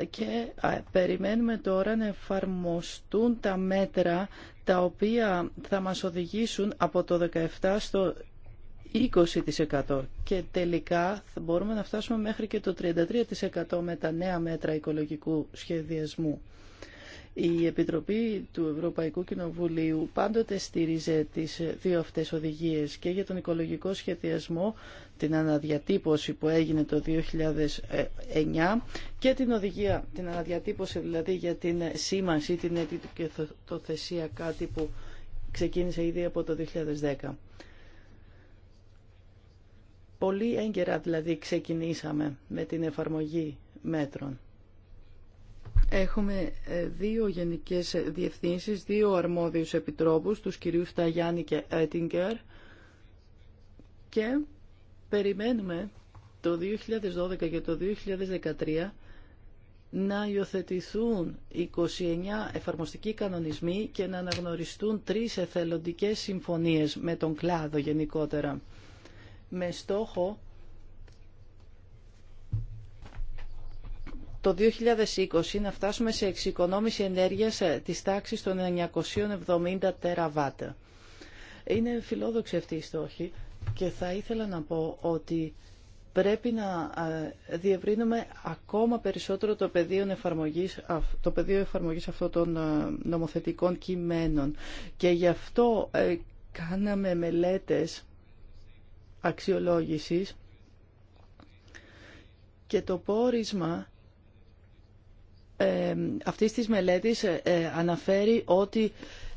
Και περιμένουμε τώρα να εφαρμοστούν τα μέτρα τα οποία θα μας οδηγήσουν από το 17 στο 20% και τελικά θα μπορούμε να φτάσουμε μέχρι και το 33% με τα νέα μέτρα οικολογικού σχεδιασμού. Η Επιτροπή του Ευρωπαϊκού Κοινοβουλίου πάντοτε στήριζε τις δύο αυτές οδηγίες και για τον οικολογικό σχεδιασμό, την αναδιατύπωση που έγινε το 2009 και την οδηγία, την αναδιατύπωση δηλαδή για την σήμανση, την ετικοθεσία, κάτι που ξεκίνησε ήδη από το 2010. Πολύ έγκαιρα δηλαδή ξεκινήσαμε με την εφαρμογή μέτρων. Έχουμε ε, δύο γενικές ε, διευθύνσεις, δύο αρμόδιους επιτρόπους, τους κυρίους Ταγιάννη και Έτιγκερ και περιμένουμε το 2012 και το 2013 να υιοθετηθούν 29 εφαρμοστικοί κανονισμοί και να αναγνωριστούν τρεις εθελοντικές συμφωνίες με τον κλάδο γενικότερα με στόχο το 2020 να φτάσουμε σε εξοικονόμηση ενέργειας ε, της τάξης των 970 τεραβάτ. Είναι φιλόδοξη αυτή η στόχη και θα ήθελα να πω ότι πρέπει να ε, διευρύνουμε ακόμα περισσότερο το πεδίο εφαρμογής, το πεδίο εφαρμογής αυτών των ε, νομοθετικών κειμένων. Και γι' αυτό κάναμε μελέτες αξιολόγησης και το πόρισμα αυτής της μελέτης ε, ε, αναφέρει ότι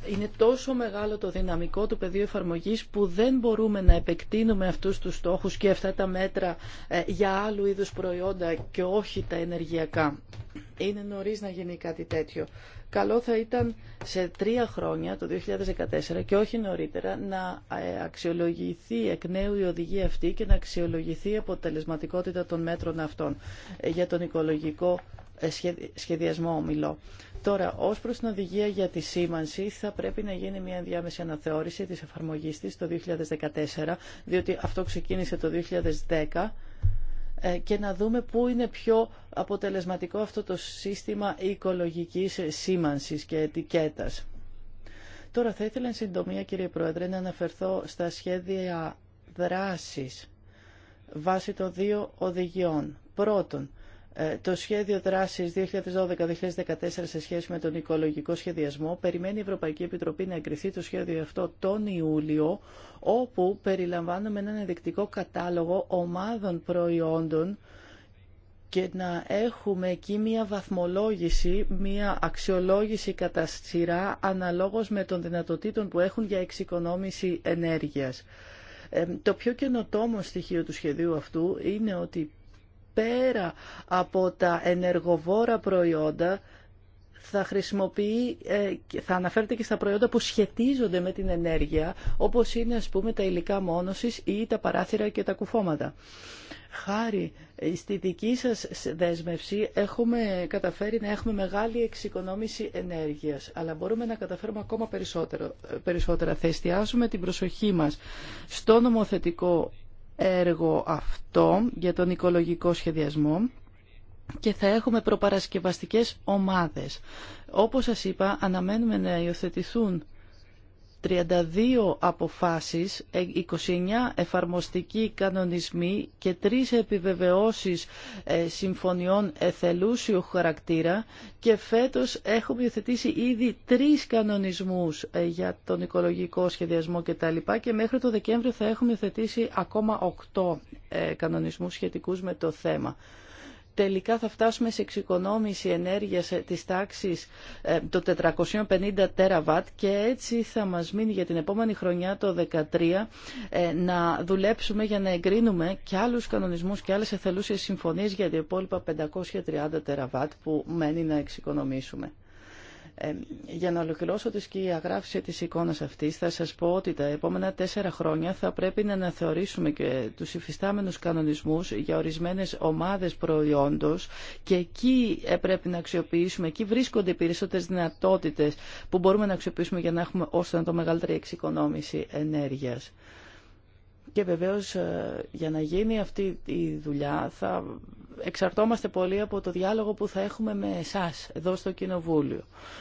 είναι τόσο μεγάλο το δυναμικό του πεδίου εφαρμογής που δεν μπορούμε να επεκτείνουμε αυτούς τους στόχους και αυτά τα μέτρα ε, για άλλου είδους προϊόντα και όχι τα ενεργειακά. Είναι νωρίς να γίνει κάτι τέτοιο. Καλό θα ήταν σε τρία χρόνια, το 2014 και όχι νωρίτερα, να αξιολογηθεί εκ νέου η οδηγία αυτή και να αξιολογηθεί η αποτελεσματικότητα των μέτρων αυτών για τον οικολογικό ε, σχεδιασμό ομιλώ. Τώρα, ως προς την οδηγία για τη σήμανση, θα πρέπει να γίνει μια διάμεση αναθεώρηση της εφαρμογή της το 2014, διότι αυτό ξεκίνησε το 2010 ε, και να δούμε πού είναι πιο αποτελεσματικό αυτό το σύστημα οικολογικής σήμανσης και ετικέτας. Τώρα θα ήθελα εν συντομία κύριε Πρόεδρε να αναφερθώ στα σχέδια δράσης βάσει των δύο οδηγιών. Πρώτον, ε, το σχέδιο δράσης 2012-2014 σε σχέση με τον οικολογικό σχεδιασμό περιμένει η Ευρωπαϊκή Επιτροπή να εγκριθεί το σχέδιο αυτό τον Ιούλιο όπου περιλαμβάνουμε έναν ενδεικτικό κατάλογο ομάδων προϊόντων και να έχουμε εκεί μία βαθμολόγηση, μία αξιολόγηση κατά σειρά αναλόγως με των δυνατοτήτων που έχουν για εξοικονόμηση ενέργειας. Ε, το πιο καινοτόμο στοιχείο του σχεδίου αυτού είναι ότι πέρα από τα ενεργοβόρα προϊόντα θα χρησιμοποιεί, ε, θα αναφέρεται και στα προϊόντα που σχετίζονται με την ενέργεια, όπως είναι ας πούμε τα υλικά μόνωσης ή τα παράθυρα και τα κουφώματα. Χάρη στη δική σας δέσμευση έχουμε καταφέρει να έχουμε μεγάλη εξοικονόμηση ενέργειας, αλλά μπορούμε να καταφέρουμε ακόμα περισσότερο, ε, περισσότερα. Θα εστιάσουμε την προσοχή μας στο νομοθετικό έργο αυτό για τον οικολογικό σχεδιασμό και θα έχουμε προπαρασκευαστικές ομάδες. Όπως σας είπα, αναμένουμε να υιοθετηθούν 32 αποφάσεις, 29 εφαρμοστικοί κανονισμοί και 3 επιβεβαιώσεις ε, συμφωνιών εθελούσιου χαρακτήρα και φέτος έχουμε υιοθετήσει ήδη 3 κανονισμούς ε, για τον οικολογικό σχεδιασμό κτλ. και μέχρι το Δεκέμβριο θα έχουμε υιοθετήσει ακόμα 8 ε, κανονισμούς σχετικούς με το θέμα τελικά θα φτάσουμε σε εξοικονόμηση ενέργειας ε, της τάξης ε, το 450 τεραβάτ και έτσι θα μας μείνει για την επόμενη χρονιά το 2013 ε, να δουλέψουμε για να εγκρίνουμε και άλλους κανονισμούς και άλλες εθελούσεις συμφωνίες για τα υπόλοιπα 530 τεραβάτ που μένει να εξοικονομήσουμε. Ε, για να ολοκληρώσω τη σκιαγράφηση της εικόνας αυτής, θα σας πω ότι τα επόμενα τέσσερα χρόνια θα πρέπει να αναθεωρήσουμε και τους υφιστάμενους κανονισμούς για ορισμένες ομάδες προϊόντος και εκεί πρέπει να αξιοποιήσουμε, εκεί βρίσκονται οι περισσότερες δυνατότητες που μπορούμε να αξιοποιήσουμε για να έχουμε όσο να το μεγαλύτερη εξοικονόμηση ενέργειας. Και βεβαίως ε, για να γίνει αυτή η δουλειά θα εξαρτώμαστε πολύ από το διάλογο που θα έχουμε με εσάς εδώ στο Κοινοβούλιο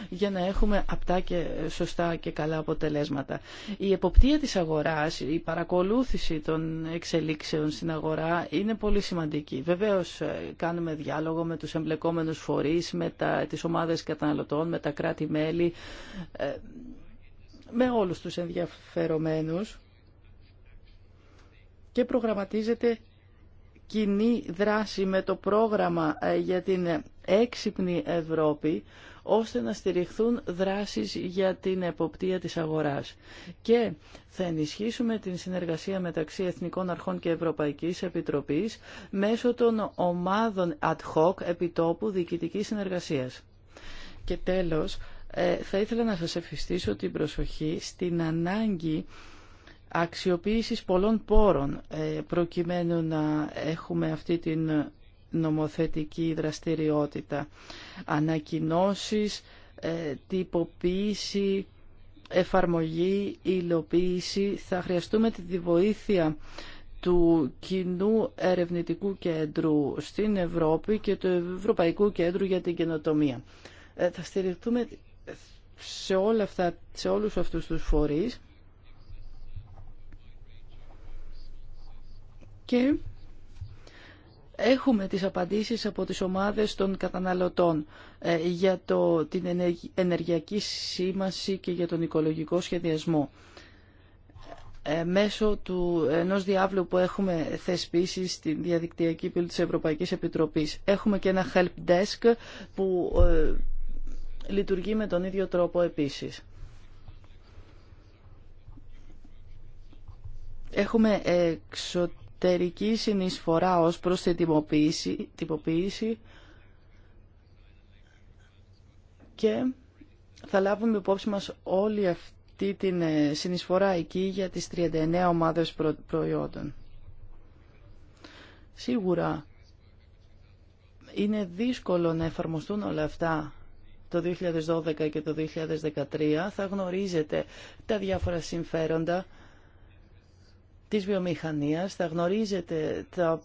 για να έχουμε απτά και σωστά και καλά αποτελέσματα. Η εποπτεία της αγοράς, η παρακολούθηση των εξελίξεων στην αγορά είναι πολύ σημαντική. Βεβαίως ε, κάνουμε διάλογο με τους εμπλεκόμενους φορείς, με τα, τις ομάδες καταναλωτών, με τα κράτη-μέλη, ε, με όλους τους ενδιαφερομένους και προγραμματίζεται κοινή δράση με το πρόγραμμα ε, για την έξυπνη Ευρώπη ώστε να στηριχθούν δράσεις για την εποπτεία της αγοράς. Και θα ενισχύσουμε την συνεργασία μεταξύ Εθνικών Αρχών και Ευρωπαϊκής Επιτροπής μέσω των ομάδων ad hoc επιτόπου διοικητικής συνεργασίας. Και τέλος, ε, θα ήθελα να σας ευχηστήσω την προσοχή στην ανάγκη αξιοποίησης πολλών πόρων ε, προκειμένου να έχουμε αυτή την νομοθετική δραστηριότητα. Ανακοινώσεις, ε, τυποποίηση, εφαρμογή, υλοποίηση. Θα χρειαστούμε τη βοήθεια του κοινού ερευνητικού κέντρου στην Ευρώπη και του Ευρωπαϊκού Κέντρου για την Καινοτομία. Ε, θα στηριχτούμε σε, όλα αυτά, σε όλους αυτούς τους φορείς και έχουμε τις απαντήσεις από τις ομάδες των καταναλωτών ε, για το, την ενεργειακή σήμαση και για τον οικολογικό σχεδιασμό. Ε, μέσω του, ενός διάβλου που έχουμε θεσπίσει στην διαδικτυακή πύλη της Ευρωπαϊκής Επιτροπής. Έχουμε και ένα help desk που ε, λειτουργεί με τον ίδιο τρόπο επίσης. Έχουμε εσωτερική συνεισφορά ως προς την τυποποίηση, τυποποίηση και θα λάβουμε υπόψη μας όλη αυτή την ε, συνεισφορά εκεί για τις 39 ομάδες προϊόντων. Σίγουρα είναι δύσκολο να εφαρμοστούν όλα αυτά το 2012 και το 2013. Θα γνωρίζετε τα διάφορα συμφέροντα της βιομηχανίας, θα γνωρίζετε τα,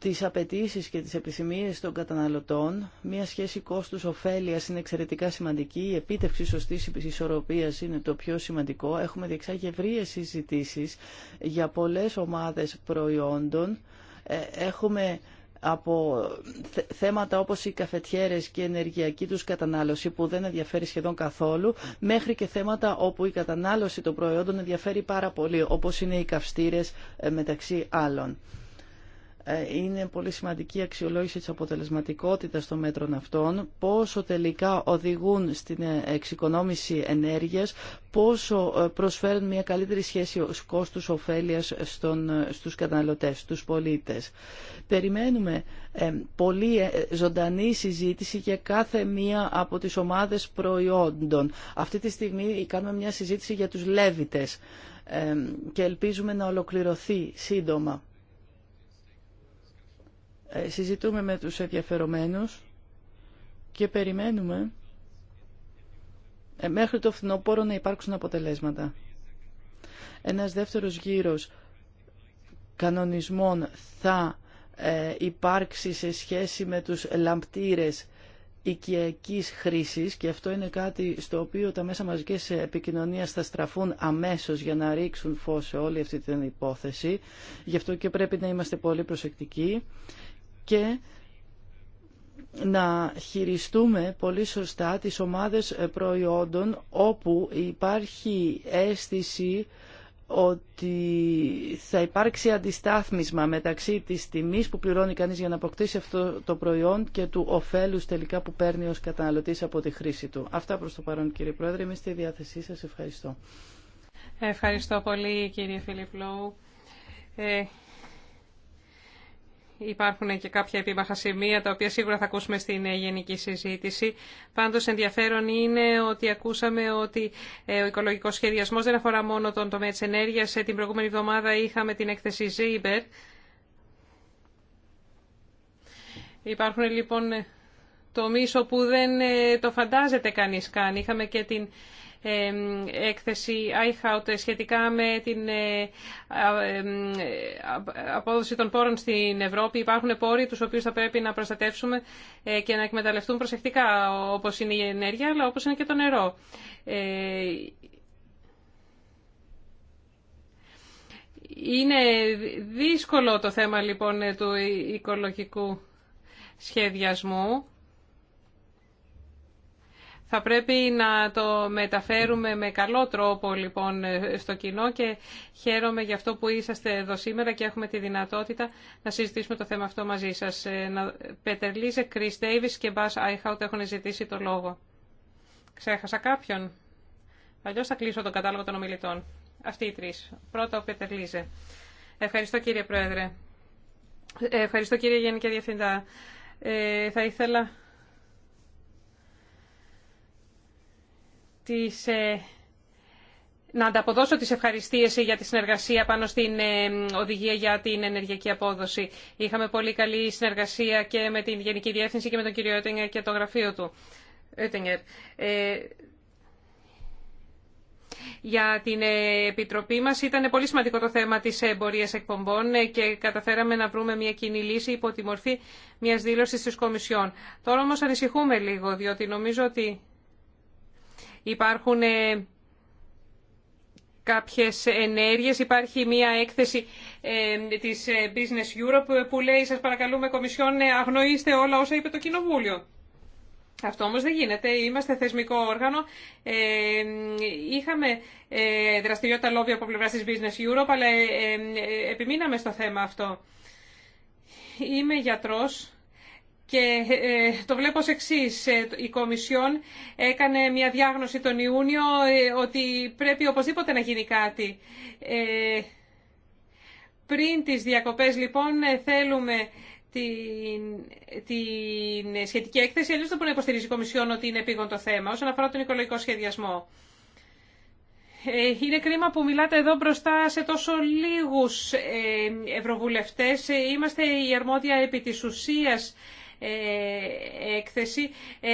τις απαιτήσει και τις επιθυμίες των καταναλωτών. Μία σχέση κόστους-οφέλειας είναι εξαιρετικά σημαντική. Η επίτευξη σωστής ισορροπίας είναι το πιο σημαντικό. Έχουμε διεξάγει ευρείες συζητήσεις για πολλές ομάδες προϊόντων. Ε, έχουμε από θέματα όπως οι καφετιέρες και η ενεργειακή τους κατανάλωση που δεν ενδιαφέρει σχεδόν καθόλου μέχρι και θέματα όπου η κατανάλωση των προϊόντων ενδιαφέρει πάρα πολύ όπως είναι οι καυστήρες ε, μεταξύ άλλων. Ε, είναι πολύ σημαντική η αξιολόγηση της αποτελεσματικότητας των μέτρων αυτών, πόσο τελικά οδηγούν στην ε, εξοικονόμηση ενέργειας, πόσο ε, προσφέρουν μια καλύτερη σχέση ως κόστους ωφέλειας στον, στους καταναλωτές, στους πολίτες. Περιμένουμε πολύ ζωντανή συζήτηση για κάθε μία από τις ομάδες προϊόντων. Αυτή τη στιγμή κάνουμε μια συζήτηση για τους λέβητες και ελπίζουμε να ολοκληρωθεί σύντομα. Ε, συζητούμε με τους ενδιαφερομένους και περιμένουμε ε, μέχρι το φθινόπωρο να υπάρξουν αποτελέσματα. Ένας δεύτερος γύρος κανονισμών θα ε, υπάρξει σε σχέση με τους λαμπτήρες οικιακής χρήσης και αυτό είναι κάτι στο οποίο τα μέσα μαζικής επικοινωνίας θα στραφούν αμέσως για να ρίξουν φως σε όλη αυτή την υπόθεση. Γι' αυτό και πρέπει να είμαστε πολύ προσεκτικοί και να χειριστούμε πολύ σωστά τις ομάδες προϊόντων όπου υπάρχει αίσθηση ότι θα υπάρξει αντιστάθμισμα μεταξύ της τιμής που πληρώνει κανείς για να αποκτήσει αυτό το προϊόν και του ωφέλους τελικά που παίρνει ως καταναλωτής από τη χρήση του. Αυτά προς το παρόν κύριε Πρόεδρε, είμαι στη διάθεσή σας. Ευχαριστώ. Ευχαριστώ πολύ κύριε Φιλιπ Υπάρχουν και κάποια επίμαχα σημεία, τα οποία σίγουρα θα ακούσουμε στην ε, γενική συζήτηση. Πάντως ενδιαφέρον είναι ότι ακούσαμε ότι ε, ο οικολογικός σχεδιασμός δεν αφορά μόνο τον τομέα της ενέργειας. Ε, την προηγούμενη εβδομάδα είχαμε την έκθεση Ζήμπερ. Υπάρχουν λοιπόν τομεί όπου δεν το φαντάζεται κανεί καν. Είχαμε και την έκθεση iHout σχετικά με την ε, απόδοση των πόρων στην Ευρώπη. Υπάρχουν πόροι τους οποίους θα πρέπει να προστατεύσουμε ε, και να εκμεταλλευτούν προσεκτικά όπως είναι η ενέργεια αλλά όπως είναι και το νερό. Ε, είναι δύσκολο το θέμα λοιπόν του οικολογικού σχεδιασμού. Θα πρέπει να το μεταφέρουμε με καλό τρόπο λοιπόν στο κοινό και χαίρομαι για αυτό που είσαστε εδώ σήμερα και έχουμε τη δυνατότητα να συζητήσουμε το θέμα αυτό μαζί σας. Πέτερλιζε, Κρίς Τέιβις και Μπάς Άιχαουτ έχουν ζητήσει το λόγο. Ξέχασα κάποιον. Αλλιώς θα κλείσω τον κατάλογο των ομιλητών. Αυτοί οι τρεις. Πρώτα ο Πέτερ Ευχαριστώ κύριε Πρόεδρε. Ε, ευχαριστώ κύριε Γενική Διευθυντά. Ε, θα ήθελα Ε, να ανταποδώσω τις ευχαριστίες για τη συνεργασία πάνω στην ε, οδηγία για την ενεργειακή απόδοση. Είχαμε πολύ καλή συνεργασία και με την Γενική Διεύθυνση και με τον κύριο Έτενγερ και το γραφείο του. Ε, για την Επιτροπή μας ήταν πολύ σημαντικό το θέμα της εμπορίας εκπομπών και καταφέραμε να βρούμε μια κοινή λύση υπό τη μορφή μιας δήλωσης της Κομισιόν. Τώρα όμως ανησυχούμε λίγο, διότι νομίζω ότι υπάρχουν ε, κάποιες ενέργειες. Υπάρχει μία έκθεση ε, της ε, Business Europe που λέει «Σας παρακαλούμε, Κομισιόν, αγνοήστε όλα όσα είπε το Κοινοβούλιο». Αυτό όμως δεν γίνεται. Είμαστε θεσμικό όργανο. είχαμε δραστηριότητα λόβια από πλευρά της Business Europe, αλλά επιμείναμε στο θέμα αυτό. Είμαι γιατρός και ε, το βλέπω ως εξής. Ε, η Κομισιόν έκανε μια διάγνωση τον Ιούνιο ε, ότι πρέπει οπωσδήποτε να γίνει κάτι. Πριν τις διακοπές, λοιπόν, θέλουμε την, την σχετική έκθεση. Αλλιώς δεν μπορεί να υποστηρίζει η Κομισιόν ότι είναι επίγον το θέμα όσον αφορά τον οικολογικό σχεδιασμό. Είναι κρίμα που μιλάτε εδώ μπροστά σε τόσο λίγους ευρωβουλευτές. Είμαστε η αρμόδια επί της ουσίας ε, έκθεση. Ε,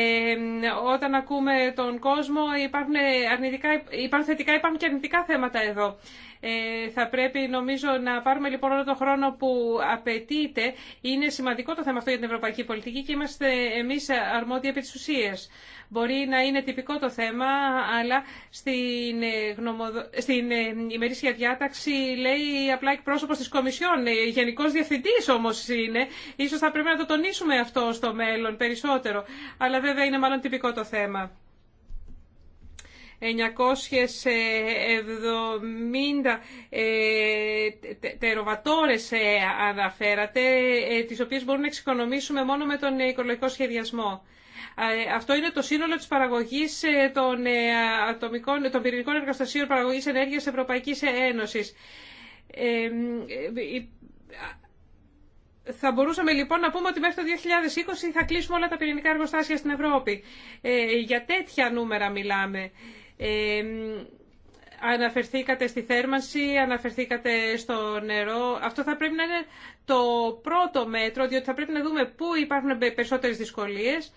όταν ακούμε τον κόσμο υπάρχουν, αρνητικά, υπάρχουν θετικά, υπάρχουν και αρνητικά θέματα εδώ. Ε, θα πρέπει νομίζω να πάρουμε λοιπόν όλο τον χρόνο που απαιτείται. Είναι σημαντικό το θέμα αυτό για την ευρωπαϊκή πολιτική και είμαστε εμείς αρμόδιοι επί της ουσίας. Μπορεί να είναι τυπικό το θέμα, αλλά στην, ε, γνωμοδο... στην ε, ημερήσια διάταξη λέει απλά εκπρόσωπο τη Κομισιόν. Γενικό Διευθυντή όμω είναι. σω θα πρέπει να το τονίσουμε αυτό στο μέλλον περισσότερο. Αλλά βέβαια είναι μάλλον τυπικό το θέμα. 970 ε, τεροβατόρες ε, αναφέρατε, ε, τις οποίες μπορούμε να εξοικονομήσουμε μόνο με τον οικολογικό σχεδιασμό. Αυτό είναι το σύνολο της παραγωγής των, πυρηνικών εργοστασίων παραγωγής ενέργειας Ευρωπαϊκής Ένωσης. Θα μπορούσαμε λοιπόν να πούμε ότι μέχρι το 2020 θα κλείσουμε όλα τα πυρηνικά εργοστάσια στην Ευρώπη. για τέτοια νούμερα μιλάμε αναφερθήκατε στη θέρμανση, αναφερθήκατε στο νερό. Αυτό θα πρέπει να είναι το πρώτο μέτρο, διότι θα πρέπει να δούμε πού υπάρχουν περισσότερες δυσκολίες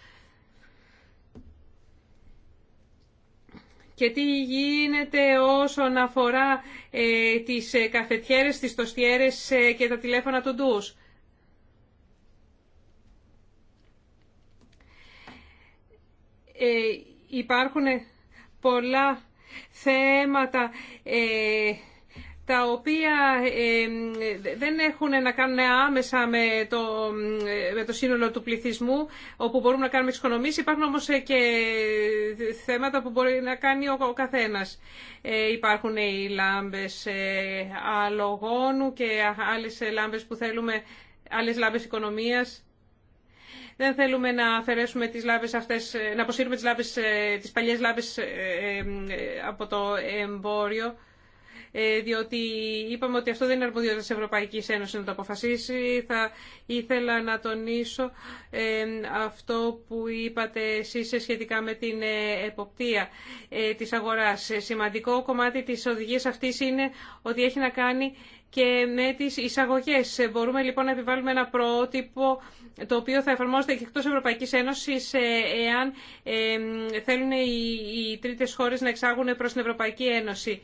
και τι γίνεται όσον αφορά ε, τις ε, καφετιέρες, τις τοστιέρες ε, και τα τηλέφωνα του ντους. Ε, υπάρχουν πολλά θέματα ε, τα οποία ε, δεν έχουν να κάνουν άμεσα με το, με το σύνολο του πληθυσμού, όπου μπορούμε να κάνουμε εξοικονομήσεις. Υπάρχουν όμως ε, και θέματα που μπορεί να κάνει ο, ο καθένας. υπάρχουν οι λάμπες αλογόνου και άλλες λάμπες που θέλουμε, άλλες λάμπες οικονομίας. Δεν θέλουμε να αφαιρέσουμε τις λάβες αυτές, να αποσύρουμε τις, λάβες, ε, τις παλιές λάβες ε, ε, από το εμπόριο. Ε, διότι είπαμε ότι αυτό δεν είναι αρμοδιότητα της Ευρωπαϊκής Ένωσης να το αποφασίσει. Θα ήθελα να τονίσω ε, αυτό που είπατε εσείς σχετικά με την ε, εποπτεία της αγοράς. Σημαντικό κομμάτι της οδηγίας αυτής είναι ότι έχει να κάνει και με τις εισαγωγές. Μπορούμε λοιπόν να επιβάλλουμε ένα πρότυπο το οποίο θα εφαρμόζεται και εκτός Ευρωπαϊκής Ένωσης εάν θέλουν οι τρίτες χώρες να εξάγουν προς την Ευρωπαϊκή Ένωση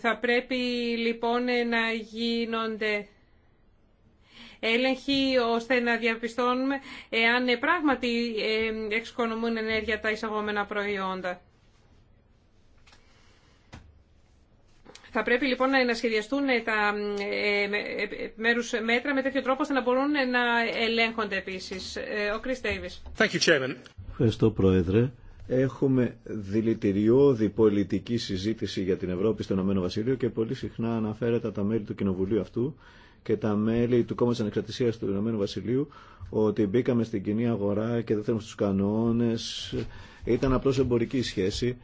θα πρέπει λοιπόν να γίνονται έλεγχοι ώστε να διαπιστώνουμε εάν ε, πράγματι εξοικονομούν ενέργεια τα εισαγόμενα προϊόντα. Θα πρέπει λοιπόν να σχεδιαστούν τα ε, ε, μέρους μέτρα με τέτοιο τρόπο ώστε να μπορούν να ελέγχονται επίσης. Ο Κρίς Ευχαριστώ Πρόεδρε έχουμε δηλητηριώδη πολιτική συζήτηση για την Ευρώπη στο Ηνωμένο Βασίλειο και πολύ συχνά αναφέρεται τα μέλη του Κοινοβουλίου αυτού και τα μέλη του Κόμματο Ανεξαρτησία του Ηνωμένου Βασιλείου ότι μπήκαμε στην κοινή αγορά και δεν θέλουμε στου κανόνε. Ήταν απλώ εμπορική σχέση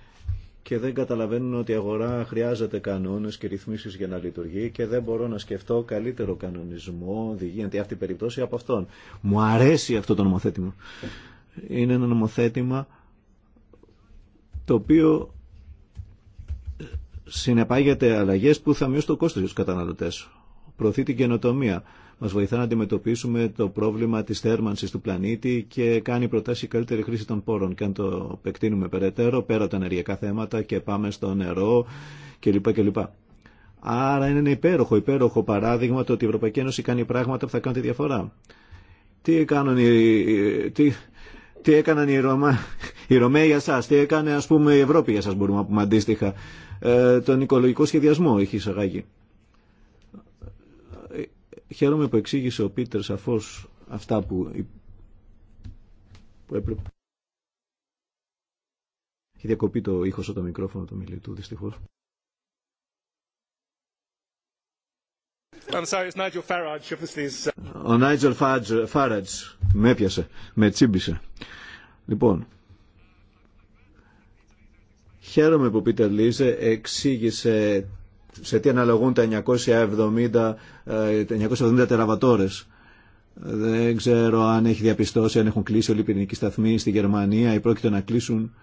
και δεν καταλαβαίνουν ότι η αγορά χρειάζεται κανόνε και ρυθμίσει για να λειτουργεί και δεν μπορώ να σκεφτώ καλύτερο κανονισμό, οδηγία, αυτή η περίπτωση από αυτόν. Μου αρέσει αυτό το νομοθέτημα. Είναι ένα νομοθέτημα το οποίο συνεπάγεται αλλαγές που θα μειώσουν το κόστος για τους καταναλωτές. Προωθεί την καινοτομία. Μας βοηθά να αντιμετωπίσουμε το πρόβλημα της θέρμανσης του πλανήτη και κάνει προτάσει καλύτερη χρήση των πόρων. Και αν το επεκτείνουμε περαιτέρω, πέρα από τα ενεργειακά θέματα και πάμε στο νερό κλπ. κλπ. Άρα είναι ένα υπέροχο, υπέροχο παράδειγμα το ότι η Ευρωπαϊκή Ένωση κάνει πράγματα που θα κάνουν τη διαφορά. Τι κάνουν οι, τι, τι έκαναν οι, Ρωμα... οι Ρωμαίοι για σας, τι έκανε ας πούμε η Ευρώπη για σας μπορούμε να πούμε αντίστοιχα. Ε, τον οικολογικό σχεδιασμό έχει εισαγάγει. Ε, χαίρομαι που εξήγησε ο Πίτερ Σαφώ αυτά που, που έπρεπε. Έχει διακοπεί το ήχο στο το μικρόφωνο του μιλητού δυστυχώς. Uh, ο Νάιτζελ Φάρατζ με έπιασε, με τσίμπησε. Λοιπόν, χαίρομαι που ο Πίτερ Λίζε εξήγησε σε τι αναλογούν τα 970, 970 ε, τεραβατόρες. Δεν ξέρω αν έχει διαπιστώσει, αν έχουν κλείσει όλοι οι πυρηνικοί σταθμοί στη Γερμανία ή πρόκειται να κλείσουν.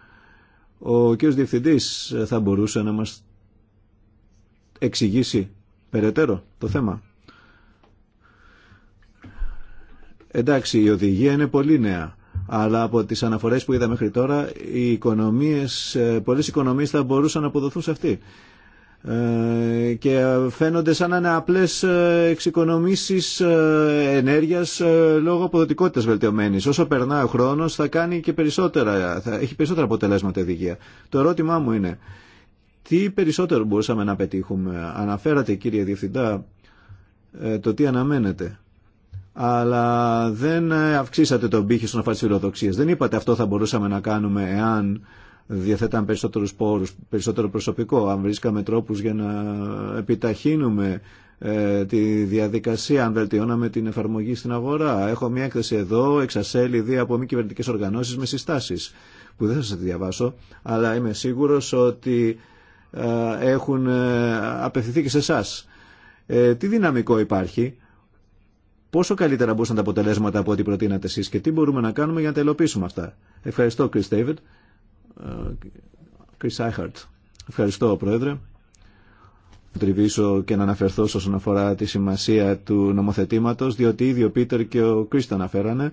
Ο κύριος Διευθυντής θα μπορούσε να μας εξηγήσει περαιτέρω το θέμα. Εντάξει, η οδηγία είναι πολύ νέα, αλλά από τις αναφορές που είδα μέχρι τώρα, οι οικονομίες, ε, πολλές οικονομίες θα μπορούσαν να αποδοθούν σε αυτή. Ε, και φαίνονται σαν να είναι απλέ ε, εξοικονομήσει ενέργειας λόγω αποδοτικότητα βελτιωμένης. Όσο περνά ο χρόνος θα κάνει και περισσότερα, θα έχει περισσότερα αποτελέσματα η οδηγία. Το ερώτημά μου είναι, τι περισσότερο μπορούσαμε να πετύχουμε. Αναφέρατε κύριε Διευθυντά ε, το τι αναμένετε. Αλλά δεν ε, αυξήσατε τον πύχη στον αφάσι της Δεν είπατε αυτό θα μπορούσαμε να κάνουμε εάν διαθέταμε περισσότερου πόρου, περισσότερο προσωπικό, αν βρίσκαμε τρόπου για να επιταχύνουμε ε, τη διαδικασία, αν βελτιώναμε την εφαρμογή στην αγορά. Έχω μια έκθεση εδώ, εξασέλιδη από μη κυβερνητικέ οργανώσει με συστάσει που δεν θα σα διαβάσω, αλλά είμαι σίγουρο ότι ε, έχουν ε, απευθυνθεί και σε εσά. Ε, τι δυναμικό υπάρχει, πόσο καλύτερα μπορούσαν τα αποτελέσματα από ό,τι προτείνατε εσεί και τι μπορούμε να κάνουμε για να τα ελοπίσουμε αυτά. Ευχαριστώ, Chris David. Chris Eichert. Ευχαριστώ, Πρόεδρε. Τριβήσω και να αναφερθώ όσον αφορά τη σημασία του νομοθετήματος, διότι ήδη ο Πίτερ και ο Κρίστα αναφέρανε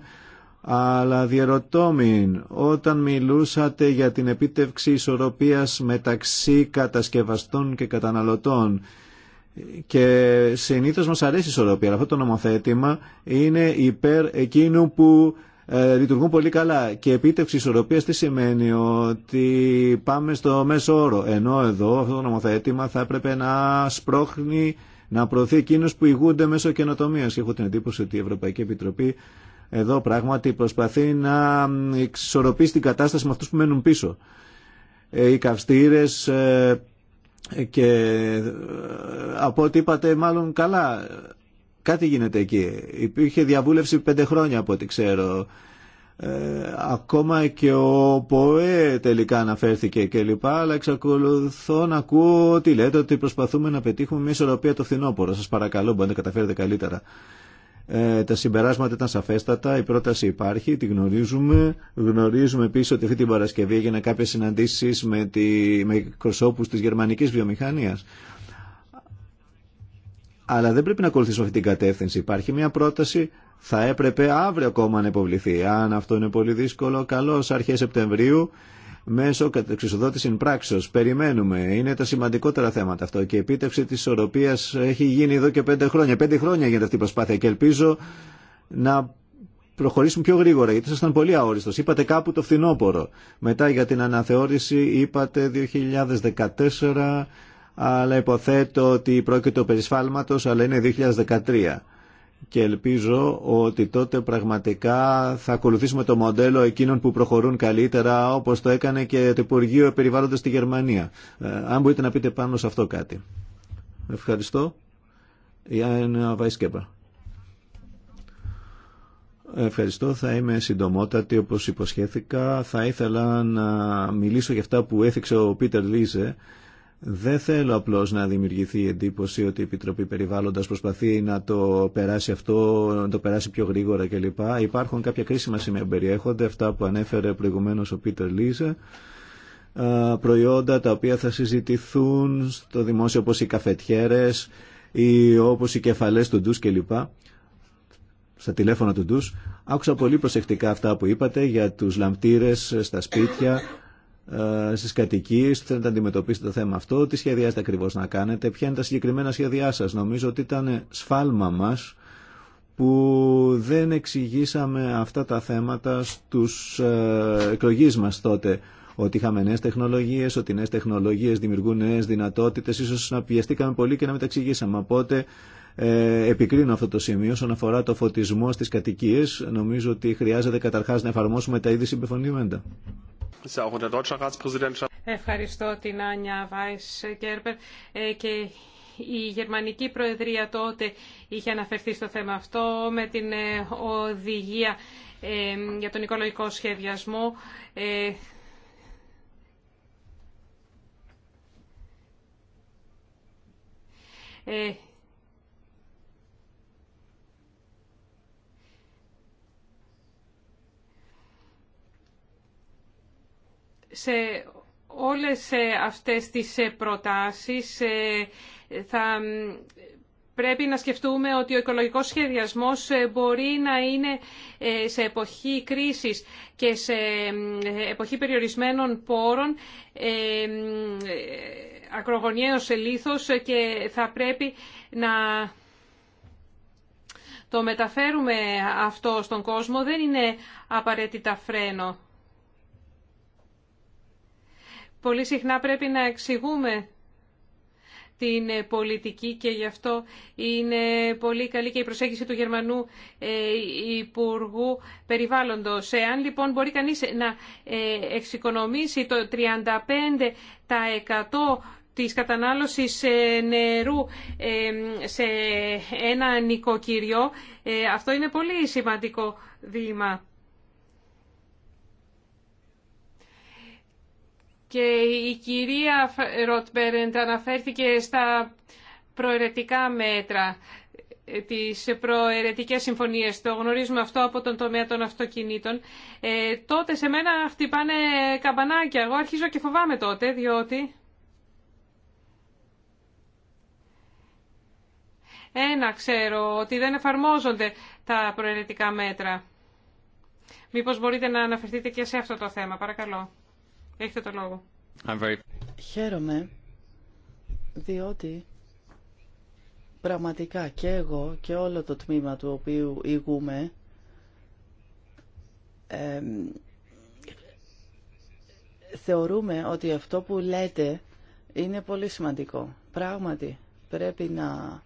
αλλά διερωτώμην όταν μιλούσατε για την επίτευξη ισορροπίας μεταξύ κατασκευαστών και καταναλωτών και συνήθως μας αρέσει η ισορροπία, αλλά αυτό το νομοθέτημα είναι υπέρ εκείνου που ε, λειτουργούν πολύ καλά. Και επίτευξη ισορροπίας τι σημαίνει ότι πάμε στο μέσο όρο. Ενώ εδώ αυτό το νομοθέτημα θα έπρεπε να σπρώχνει, να προωθεί εκείνους που ηγούνται μέσω καινοτομίας. Και έχω την εντύπωση ότι η Ευρωπαϊκή Επιτροπή εδώ πράγματι προσπαθεί να εξορροπήσει την κατάσταση με αυτούς που μένουν πίσω. Ε, οι καυστήρες ε, και ε, από ό,τι είπατε μάλλον καλά κάτι γίνεται εκεί. Υπήρχε διαβούλευση πέντε χρόνια από ό,τι ξέρω. Ε, ακόμα και ο ΠΟΕ τελικά αναφέρθηκε κλπ. Αλλά εξακολουθώ να ακούω ότι λέτε ότι προσπαθούμε να πετύχουμε μια ισορροπία το φθινόπωρο. Σας παρακαλώ, μπορείτε να καταφέρετε καλύτερα. Ε, τα συμπεράσματα ήταν σαφέστατα, η πρόταση υπάρχει, τη γνωρίζουμε. Γνωρίζουμε επίση ότι αυτή την Παρασκευή έγιναν κάποιε συναντήσει με, τη, με εκπροσώπου τη γερμανική βιομηχανία. Αλλά δεν πρέπει να ακολουθήσουμε αυτή την κατεύθυνση. Υπάρχει μια πρόταση, θα έπρεπε αύριο ακόμα να υποβληθεί. Αν αυτό είναι πολύ δύσκολο, καλώ αρχέ Σεπτεμβρίου μέσω κατεξοδότηση πράξεω. Περιμένουμε. Είναι τα σημαντικότερα θέματα αυτό και η επίτευξη της ισορροπία έχει γίνει εδώ και πέντε χρόνια. Πέντε χρόνια γίνεται αυτή η προσπάθεια και ελπίζω να προχωρήσουμε πιο γρήγορα γιατί ήσασταν πολύ αόριστο. Είπατε κάπου το φθινόπωρο. Μετά για την αναθεώρηση είπατε 2014 αλλά υποθέτω ότι πρόκειται περισφάλματος αλλά είναι 2013 και ελπίζω ότι τότε πραγματικά θα ακολουθήσουμε το μοντέλο εκείνων που προχωρούν καλύτερα όπως το έκανε και το Υπουργείο Περιβάλλοντος στη Γερμανία. Ε, αν μπορείτε να πείτε πάνω σε αυτό κάτι. Ευχαριστώ. Ιάννα Βαϊσκέπα. Ευχαριστώ. Θα είμαι συντομότατη όπως υποσχέθηκα. Θα ήθελα να μιλήσω για αυτά που έθιξε ο Πίτερ Λίζε δεν θέλω απλώ να δημιουργηθεί η εντύπωση ότι η Επιτροπή περιβάλλοντα προσπαθεί να το περάσει αυτό, να το περάσει πιο γρήγορα κλπ. Υπάρχουν κάποια κρίσιμα σημεία που περιέχονται, αυτά που ανέφερε προηγουμένω ο Πίτερ Λίζε, προϊόντα τα οποία θα συζητηθούν στο δημόσιο όπω οι καφετιέρες ή όπω οι κεφαλές του ντου κλπ. Στα τηλέφωνα του ντου. Άκουσα πολύ προσεκτικά αυτά που είπατε για του λαμπτήρες στα σπίτια, ε, στι κατοικίε, θέλετε να αντιμετωπίσετε το θέμα αυτό, τι σχεδιάζετε ακριβώ να κάνετε, ποια είναι τα συγκεκριμένα σχέδιά σα. Νομίζω ότι ήταν σφάλμα μα που δεν εξηγήσαμε αυτά τα θέματα στου ε, εκλογεί μα τότε ότι είχαμε νέε τεχνολογίε, ότι νέε τεχνολογίε δημιουργούν νέε δυνατότητε. σω να πιεστήκαμε πολύ και να μεταξηγήσαμε. Οπότε ε, επικρίνω αυτό το σημείο όσον αφορά το φωτισμό στις κατοικίες. Νομίζω ότι χρειάζεται καταρχάς να εφαρμόσουμε τα ήδη συμπεφωνημέντα. Ευχαριστώ την Άνια Βάις Κέρπερ ε, και η Γερμανική Προεδρία τότε είχε αναφερθεί στο θέμα αυτό με την ε, οδηγία για τον οικολογικό σχεδιασμό. Σε όλες ε, αυτές τις ε, προτάσεις ε, θα πρέπει να σκεφτούμε ότι ο οικολογικός σχεδιασμός μπορεί να είναι σε εποχή κρίσης και σε εποχή περιορισμένων πόρων ακρογωνιαίος λίθος και θα πρέπει να το μεταφέρουμε αυτό στον κόσμο. Δεν είναι απαραίτητα φρένο πολύ συχνά πρέπει να εξηγούμε την ε, πολιτική και γι' αυτό είναι πολύ καλή και η προσέγγιση του Γερμανού ε, Υπουργού Περιβάλλοντος. Εάν λοιπόν μπορεί κανείς να ε, εξοικονομήσει το 35% της κατανάλωσης νερού σε ένα νοικοκυριό, αυτό είναι πολύ σημαντικό βήμα. Και η κυρία Ροτμπέρεντ αναφέρθηκε στα προαιρετικά μέτρα, τις προαιρετικές συμφωνίες. Το γνωρίζουμε αυτό από τον τομέα των αυτοκινήτων. Ε, τότε σε μένα χτυπάνε καμπανάκια. Εγώ αρχίζω και φοβάμαι τότε, διότι... Ένα ξέρω, ότι δεν εφαρμόζονται τα προαιρετικά μέτρα. Μήπως μπορείτε να αναφερθείτε και σε αυτό το θέμα, παρακαλώ. Έχετε το λόγο. Χαίρομαι διότι πραγματικά και εγώ και όλο το τμήμα του οποίου ηγούμε θεωρούμε ότι αυτό που λέτε είναι πολύ σημαντικό. Πράγματι πρέπει να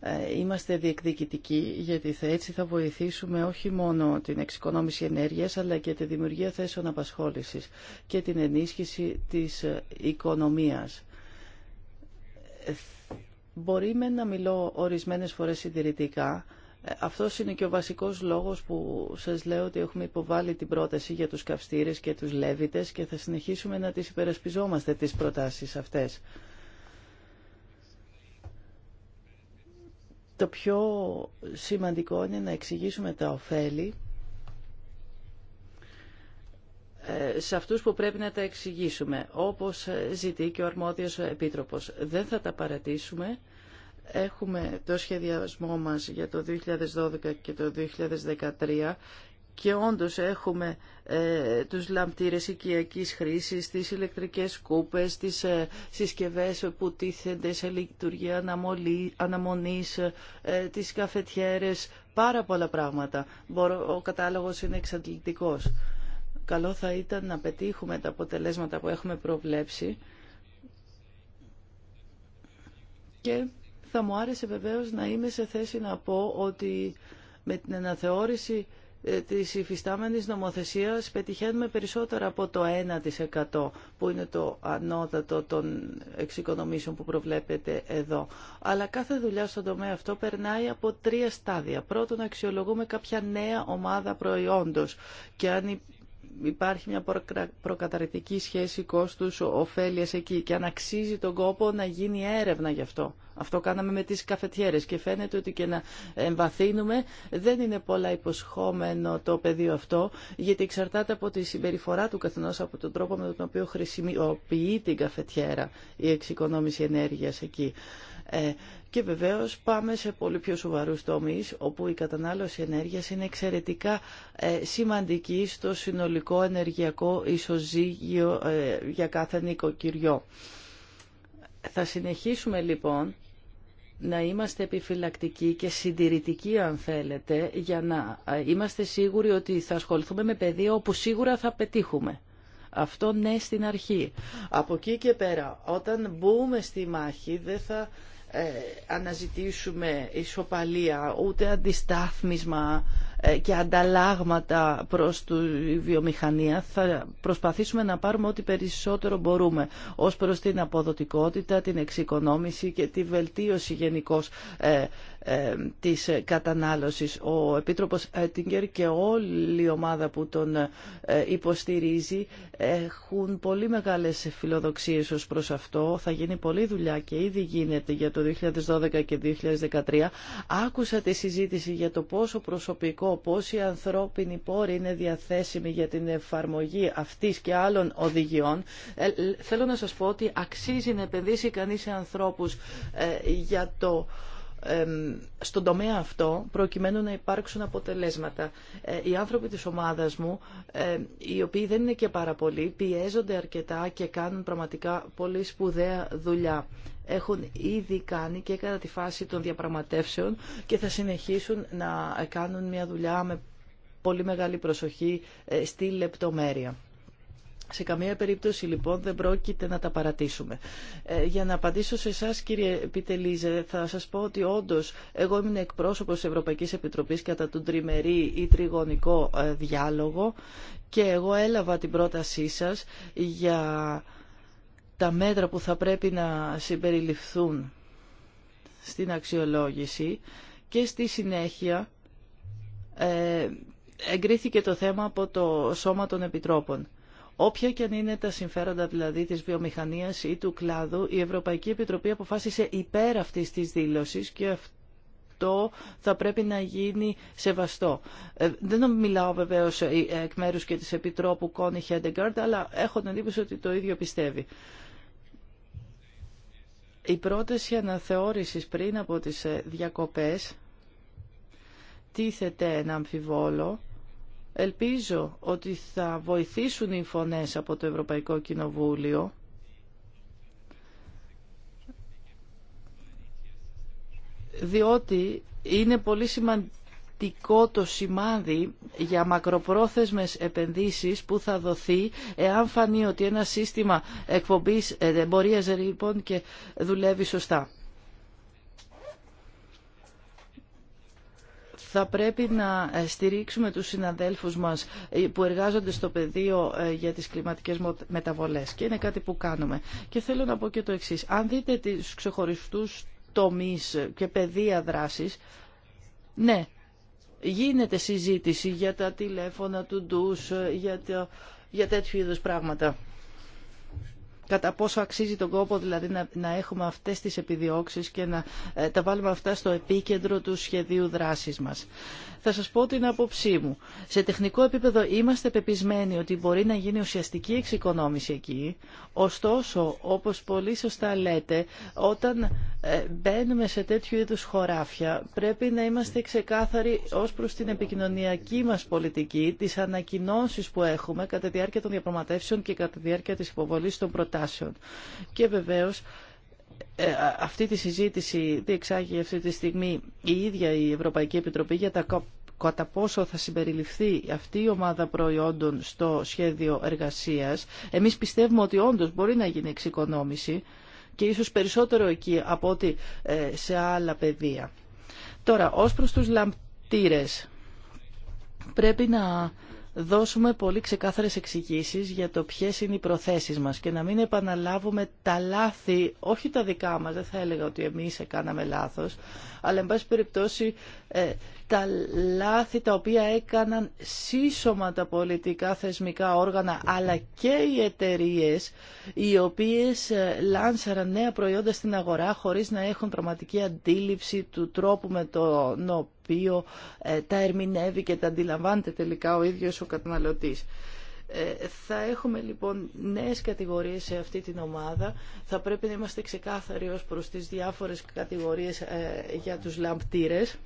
ε, είμαστε διεκδικητικοί γιατί έτσι θα βοηθήσουμε όχι μόνο την εξοικονόμηση ενέργειας αλλά και τη δημιουργία θέσεων απασχόλησης και την ενίσχυση της ε, οικονομίας. Ε, μπορεί με να μιλώ ορισμένες φορές συντηρητικά, αυτός είναι και ο βασικός λόγος που σας λέω ότι έχουμε υποβάλει την πρόταση για τους καυστήρες και τους λέβητες και θα συνεχίσουμε να τις υπερασπιζόμαστε τις προτάσεις αυτές. Το πιο σημαντικό είναι να εξηγήσουμε τα ωφέλη ε, σε αυτούς που πρέπει να τα εξηγήσουμε, όπως ζητεί και ο αρμόδιος επίτροπος. Δεν θα τα παρατήσουμε. Έχουμε το σχεδιασμό μας για το 2012 και το 2013 και όντως έχουμε ε, τους λαμπτήρες οικιακής χρήσης, τις ηλεκτρικές κούπες, τις ε, συσκευές που τίθενται σε λειτουργία αναμολή, αναμονής, ε, τις καφετιέρες, πάρα πολλά πράγματα. Μπορώ, ο κατάλογος είναι εξαντλητικός. Καλό θα ήταν να πετύχουμε τα αποτελέσματα που έχουμε προβλέψει και θα μου άρεσε βεβαίως να είμαι σε θέση να πω ότι με την αναθεώρηση ε, τη υφιστάμενης νομοθεσίας πετυχαίνουμε περισσότερα από το 1% που είναι το ανώτατο των εξοικονομήσεων που προβλέπεται εδώ. Αλλά κάθε δουλειά στον τομέα αυτό περνάει από τρία στάδια. Πρώτον, αξιολογούμε κάποια νέα ομάδα προϊόντος και αν υπάρχει μια προκαταρρετικη σχέση κόστους ωφέλειας εκεί και αναξίζει αξίζει τον κόπο να γίνει έρευνα γι' αυτό. Αυτό κάναμε με τις καφετιέρες και φαίνεται ότι και να εμβαθύνουμε δεν είναι πολλά υποσχόμενο το πεδίο αυτό γιατί εξαρτάται από τη συμπεριφορά του καθενός από τον τρόπο με τον οποίο χρησιμοποιεί την καφετιέρα η εξοικονόμηση ενέργειας εκεί. Ε, και βεβαίως πάμε σε πολύ πιο σοβαρούς τομείς όπου η κατανάλωση ενέργειας είναι εξαιρετικά ε, σημαντική στο συνολικό ενεργειακό ισοζύγιο ε, για κάθε νοικοκυριό. Θα συνεχίσουμε λοιπόν να είμαστε επιφυλακτικοί και συντηρητικοί αν θέλετε για να είμαστε σίγουροι ότι θα ασχοληθούμε με πεδίο όπου σίγουρα θα πετύχουμε. Αυτό ναι στην αρχή. Από εκεί και πέρα, όταν μπούμε στη μάχη δεν θα ε, αναζητήσουμε ισοπαλία, ούτε αντιστάθμισμα ε, και ανταλλάγματα προς τη βιομηχανία. Θα προσπαθήσουμε να πάρουμε ό,τι περισσότερο μπορούμε ως προς την αποδοτικότητα, την εξοικονόμηση και τη βελτίωση γενικώ ε, ε, της κατανάλωσης. Ο Επίτροπος Έτιγκερ και όλη η ομάδα που τον υποστηρίζει έχουν πολύ μεγάλες φιλοδοξίες ως προς αυτό. Θα γίνει πολλή δουλειά και ήδη γίνεται για το 2012 και 2013. Άκουσα τη συζήτηση για το πόσο προσωπικό σημαντικό πώς οι ανθρώπινοι πόροι είναι διαθέσιμοι για την εφαρμογή αυτής και άλλων οδηγιών. Ε, θέλω να σας πω ότι αξίζει να επενδύσει κανείς σε ανθρώπους ε, για το στον τομέα αυτό προκειμένου να υπάρξουν αποτελέσματα. Ε, οι άνθρωποι της ομάδας μου, οι οποίοι δεν είναι και πάρα πολλοί, πιέζονται αρκετά και κάνουν πραγματικά πολύ σπουδαία δουλειά έχουν ήδη κάνει και κατά τη φάση των διαπραγματεύσεων και θα συνεχίσουν να κάνουν μια δουλειά με πολύ μεγάλη προσοχή ε, στη λεπτομέρεια. Σε καμία περίπτωση λοιπόν δεν πρόκειται να τα παρατήσουμε. Ε, για να απαντήσω σε εσά, κύριε Πιτελίζε, θα σα πω ότι όντω εγώ ήμουν εκπρόσωπο τη Ευρωπαϊκή Επιτροπή κατά τον τριμερή ή τριγωνικό ε, διάλογο και εγώ έλαβα την πρότασή σα για τα μέτρα που θα πρέπει να συμπεριληφθούν στην αξιολόγηση και στη συνέχεια ε, εγκρίθηκε το θέμα από το Σώμα των Επιτρόπων. Όποια και αν είναι τα συμφέροντα δηλαδή της βιομηχανίας ή του κλάδου, η Ευρωπαϊκή Επιτροπή αποφάσισε υπέρ αυτής της δήλωσης και αυτό θα πρέπει να γίνει σεβαστό. Ε, δεν μιλάω βεβαίως ε, εκ μέρους και της Επιτρόπου Κόνι Χέντεγκάρντ, αλλά έχω την εντύπωση ότι το ίδιο πιστεύει. Η πρόταση αναθεώρησης πριν από τις ε, διακοπές τίθεται ένα αμφιβόλο. Ελπίζω ότι θα βοηθήσουν οι φωνές από το Ευρωπαϊκό Κοινοβούλιο διότι είναι πολύ σημαντικό θετικό το σημάδι για μακροπρόθεσμες επενδύσεις που θα δοθεί εάν φανεί ότι ένα σύστημα εκπομπής εμπορίας λοιπόν και δουλεύει σωστά. θα πρέπει να στηρίξουμε τους συναδέλφους μας που εργάζονται στο πεδίο ε, για τις κλιματικές μεταβολές και είναι κάτι που κάνουμε. Και θέλω να πω και το εξής. Αν δείτε τους ξεχωριστούς τομείς και πεδία δράσης, ναι, γίνεται συζήτηση για τα τηλέφωνα του ντους, ε, για, το, για τέτοιου είδους πράγματα κατά πόσο αξίζει τον κόπο δηλαδή να, έχουμε αυτές τις επιδιώξεις και να ε, τα βάλουμε αυτά στο επίκεντρο του σχεδίου δράσης μας. Θα σας πω την άποψή μου. Σε τεχνικό επίπεδο είμαστε πεπισμένοι ότι μπορεί να γίνει ουσιαστική εξοικονόμηση εκεί. Ωστόσο, όπως πολύ σωστά λέτε, όταν ε, μπαίνουμε σε τέτοιου είδους χωράφια πρέπει να είμαστε ξεκάθαροι ως προς την επικοινωνιακή μας πολιτική, τις ανακοινώσεις που έχουμε κατά τη διάρκεια των διαπραγματεύσεων και κατά τη διάρκεια της υποβολής των προτάσεων και βεβαίως ε, αυτή τη συζήτηση διεξάγει αυτή τη στιγμή η ίδια η Ευρωπαϊκή Επιτροπή για τα κατά πόσο θα συμπεριληφθεί αυτή η ομάδα προϊόντων στο σχέδιο εργασίας. Εμείς πιστεύουμε ότι όντως μπορεί να γίνει εξοικονόμηση και ίσως περισσότερο εκεί από ότι ε, σε άλλα πεδία. Τώρα, ως προς τους λαμπτήρες, πρέπει να δώσουμε πολύ ξεκάθαρες εξηγήσει για το ποιες είναι οι προθέσεις μας και να μην επαναλάβουμε τα λάθη, όχι τα δικά μας, δεν θα έλεγα ότι εμείς έκαναμε λάθος, αλλά εν πάση περιπτώσει ε, τα λάθη τα οποία έκαναν σύσσωμα τα πολιτικά θεσμικά όργανα αλλά και οι εταιρείε οι οποίες ε, λάνσαραν νέα προϊόντα στην αγορά χωρίς να έχουν πραγματική αντίληψη του τρόπου με τον οποίο ε, τα ερμηνεύει και τα αντιλαμβάνεται τελικά ο ίδιος ο καταναλωτής. Ε, θα έχουμε λοιπόν νέες κατηγορίες σε αυτή την ομάδα. Θα πρέπει να είμαστε ξεκάθαροι ως προς τις διάφορες κατηγορίες για τους λαμπτήρες.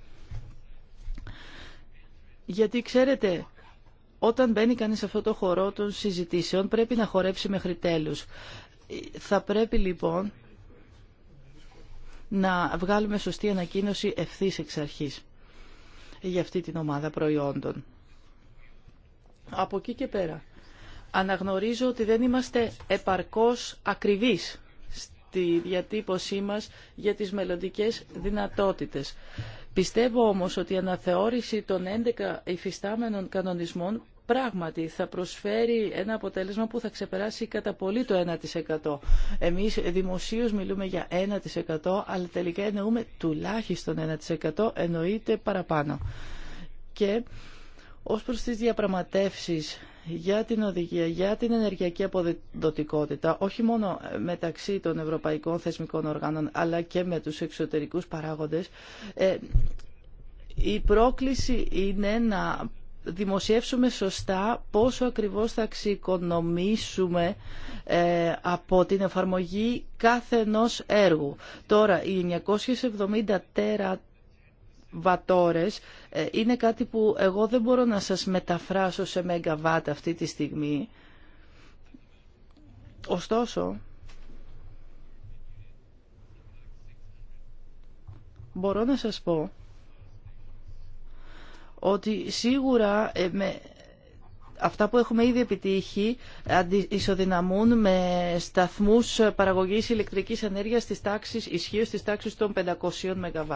Γιατί ξέρετε, όταν μπαίνει κανείς σε αυτό το χορό των συζητήσεων πρέπει να χορέψει μέχρι τέλους. Θα πρέπει λοιπόν να βγάλουμε σωστή ανακοίνωση ευθύ εξ αρχής για αυτή την ομάδα προϊόντων. Από εκεί και πέρα. Αναγνωρίζω ότι δεν είμαστε επαρκώς ακριβείς στη διατύπωσή μας για τις μελλοντικές δυνατότητες. Πιστεύω όμως ότι η αναθεώρηση των 11 υφιστάμενων κανονισμών πράγματι θα προσφέρει ένα αποτέλεσμα που θα ξεπεράσει κατά πολύ το 1%. Εμείς δημοσίως μιλούμε για 1%, αλλά τελικά εννοούμε τουλάχιστον 1%, εννοείται παραπάνω. Και ως προς τις διαπραγματεύσεις για την οδηγία, για την ενεργειακή αποδοτικότητα, όχι μόνο μεταξύ των ευρωπαϊκών θεσμικών οργάνων, αλλά και με τους εξωτερικούς παράγοντες, ε, η πρόκληση είναι να δημοσιεύσουμε σωστά πόσο ακριβώς θα ε, από την εφαρμογή κάθε ενός έργου. Τώρα, οι 970 τέρα βατόρες ε, είναι κάτι που εγώ δεν μπορώ να σας μεταφράσω σε μεγαβάτ αυτή τη στιγμή. Ωστόσο, μπορώ να σας πω ότι σίγουρα ε, αυτά που έχουμε ήδη επιτύχει ε, ισοδυναμούν με σταθμούς παραγωγής ηλεκτρικής ενέργειας της τάξης, ισχύω της τάξης των 500 ΜΒ.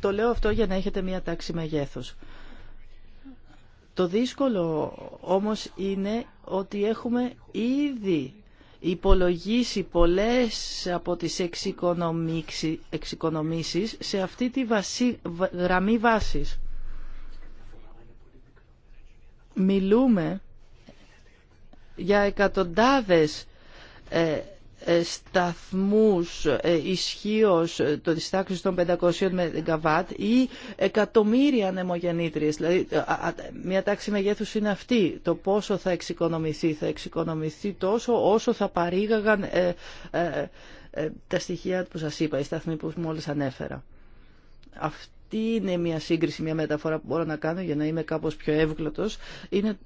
Το λέω αυτό για να έχετε μια τάξη Το δύσκολο όμως είναι ότι έχουμε ήδη υπολογίσει πολλές από τις εξοικονομήσεις σε αυτή τη βασί, γραμμή βάσης. Μιλούμε για εκατοντάδες ε, σταθμούς ε, ισχύως το της των 500 ΜΒ ή εκατομμύρια ανεμογεννήτριες. Δηλαδή ε, μια τάξη μεγέθους είναι αυτή. Το πόσο θα εξοικονομηθεί. Θα εξοικονομηθεί τόσο όσο θα παρήγαγαν ε, τα στοιχεία που σας είπα, οι σταθμοί που μόλις ανέφερα. Αυτό τι είναι μια σύγκριση, μια μεταφορά που μπορώ να κάνω για να είμαι κάπως πιο εύγλωτος. Είναι,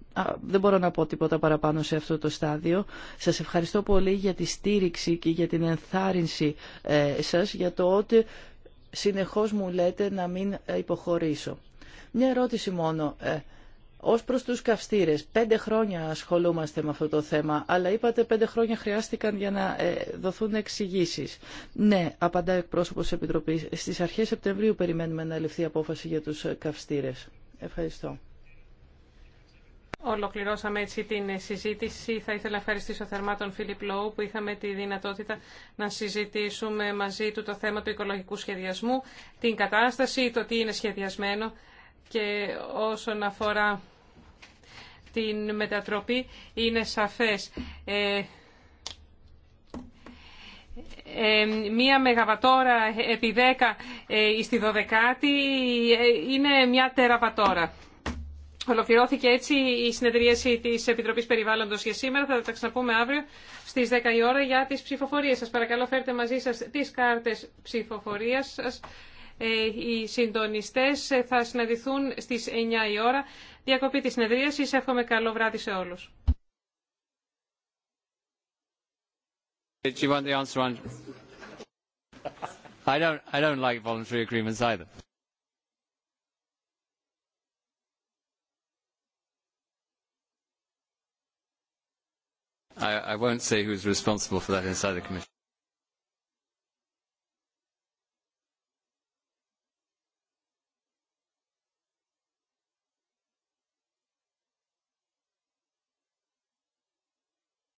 δεν μπορώ να πω τίποτα παραπάνω σε αυτό το στάδιο. Σας ευχαριστώ πολύ για τη στήριξη και για την ενθάρρυνση ε, σας για το ότι συνεχώς μου λέτε να μην ε, υποχωρήσω. Μια ερώτηση μόνο. Ε, ως προς τους καυστήρες, πέντε χρόνια ασχολούμαστε με αυτό το θέμα, αλλά είπατε πέντε χρόνια χρειάστηκαν για να ε, δοθούν εξηγήσει. Ναι, απαντάει εκπρόσωπος της Επιτροπής, στις αρχές Σεπτεμβρίου περιμένουμε να ληφθεί απόφαση για τους καυστήρες. Ευχαριστώ. Ολοκληρώσαμε έτσι την συζήτηση. Θα ήθελα να ευχαριστήσω θερμά τον Φίλιπ Λόου που είχαμε τη δυνατότητα να συζητήσουμε μαζί του το θέμα του οικολογικού σχεδιασμού, την κατάσταση, το τι είναι σχεδιασμένο και όσον αφορά την μετατροπή είναι σαφές. Ε, ε, μία μεγαβατόρα επί 10 ε, στη 12η ε, είναι μια τεραβατόρα. Ολοκληρώθηκε έτσι η συνεδρίαση της Επιτροπής Περιβάλλοντος για σήμερα. Θα τα ξαναπούμε αύριο στις 10 η ώρα για τις ψηφοφορίες σας. Παρακαλώ φέρτε μαζί σας τις κάρτες ψηφοφορίας σας οι συντονιστές θα συναντηθούν στις 9 η ώρα. Διακοπή της συνεδρίασης. Εύχομαι καλό βράδυ σε όλους. I don't. I don't like voluntary agreements either. I I won't say who's responsible for that inside the Commission.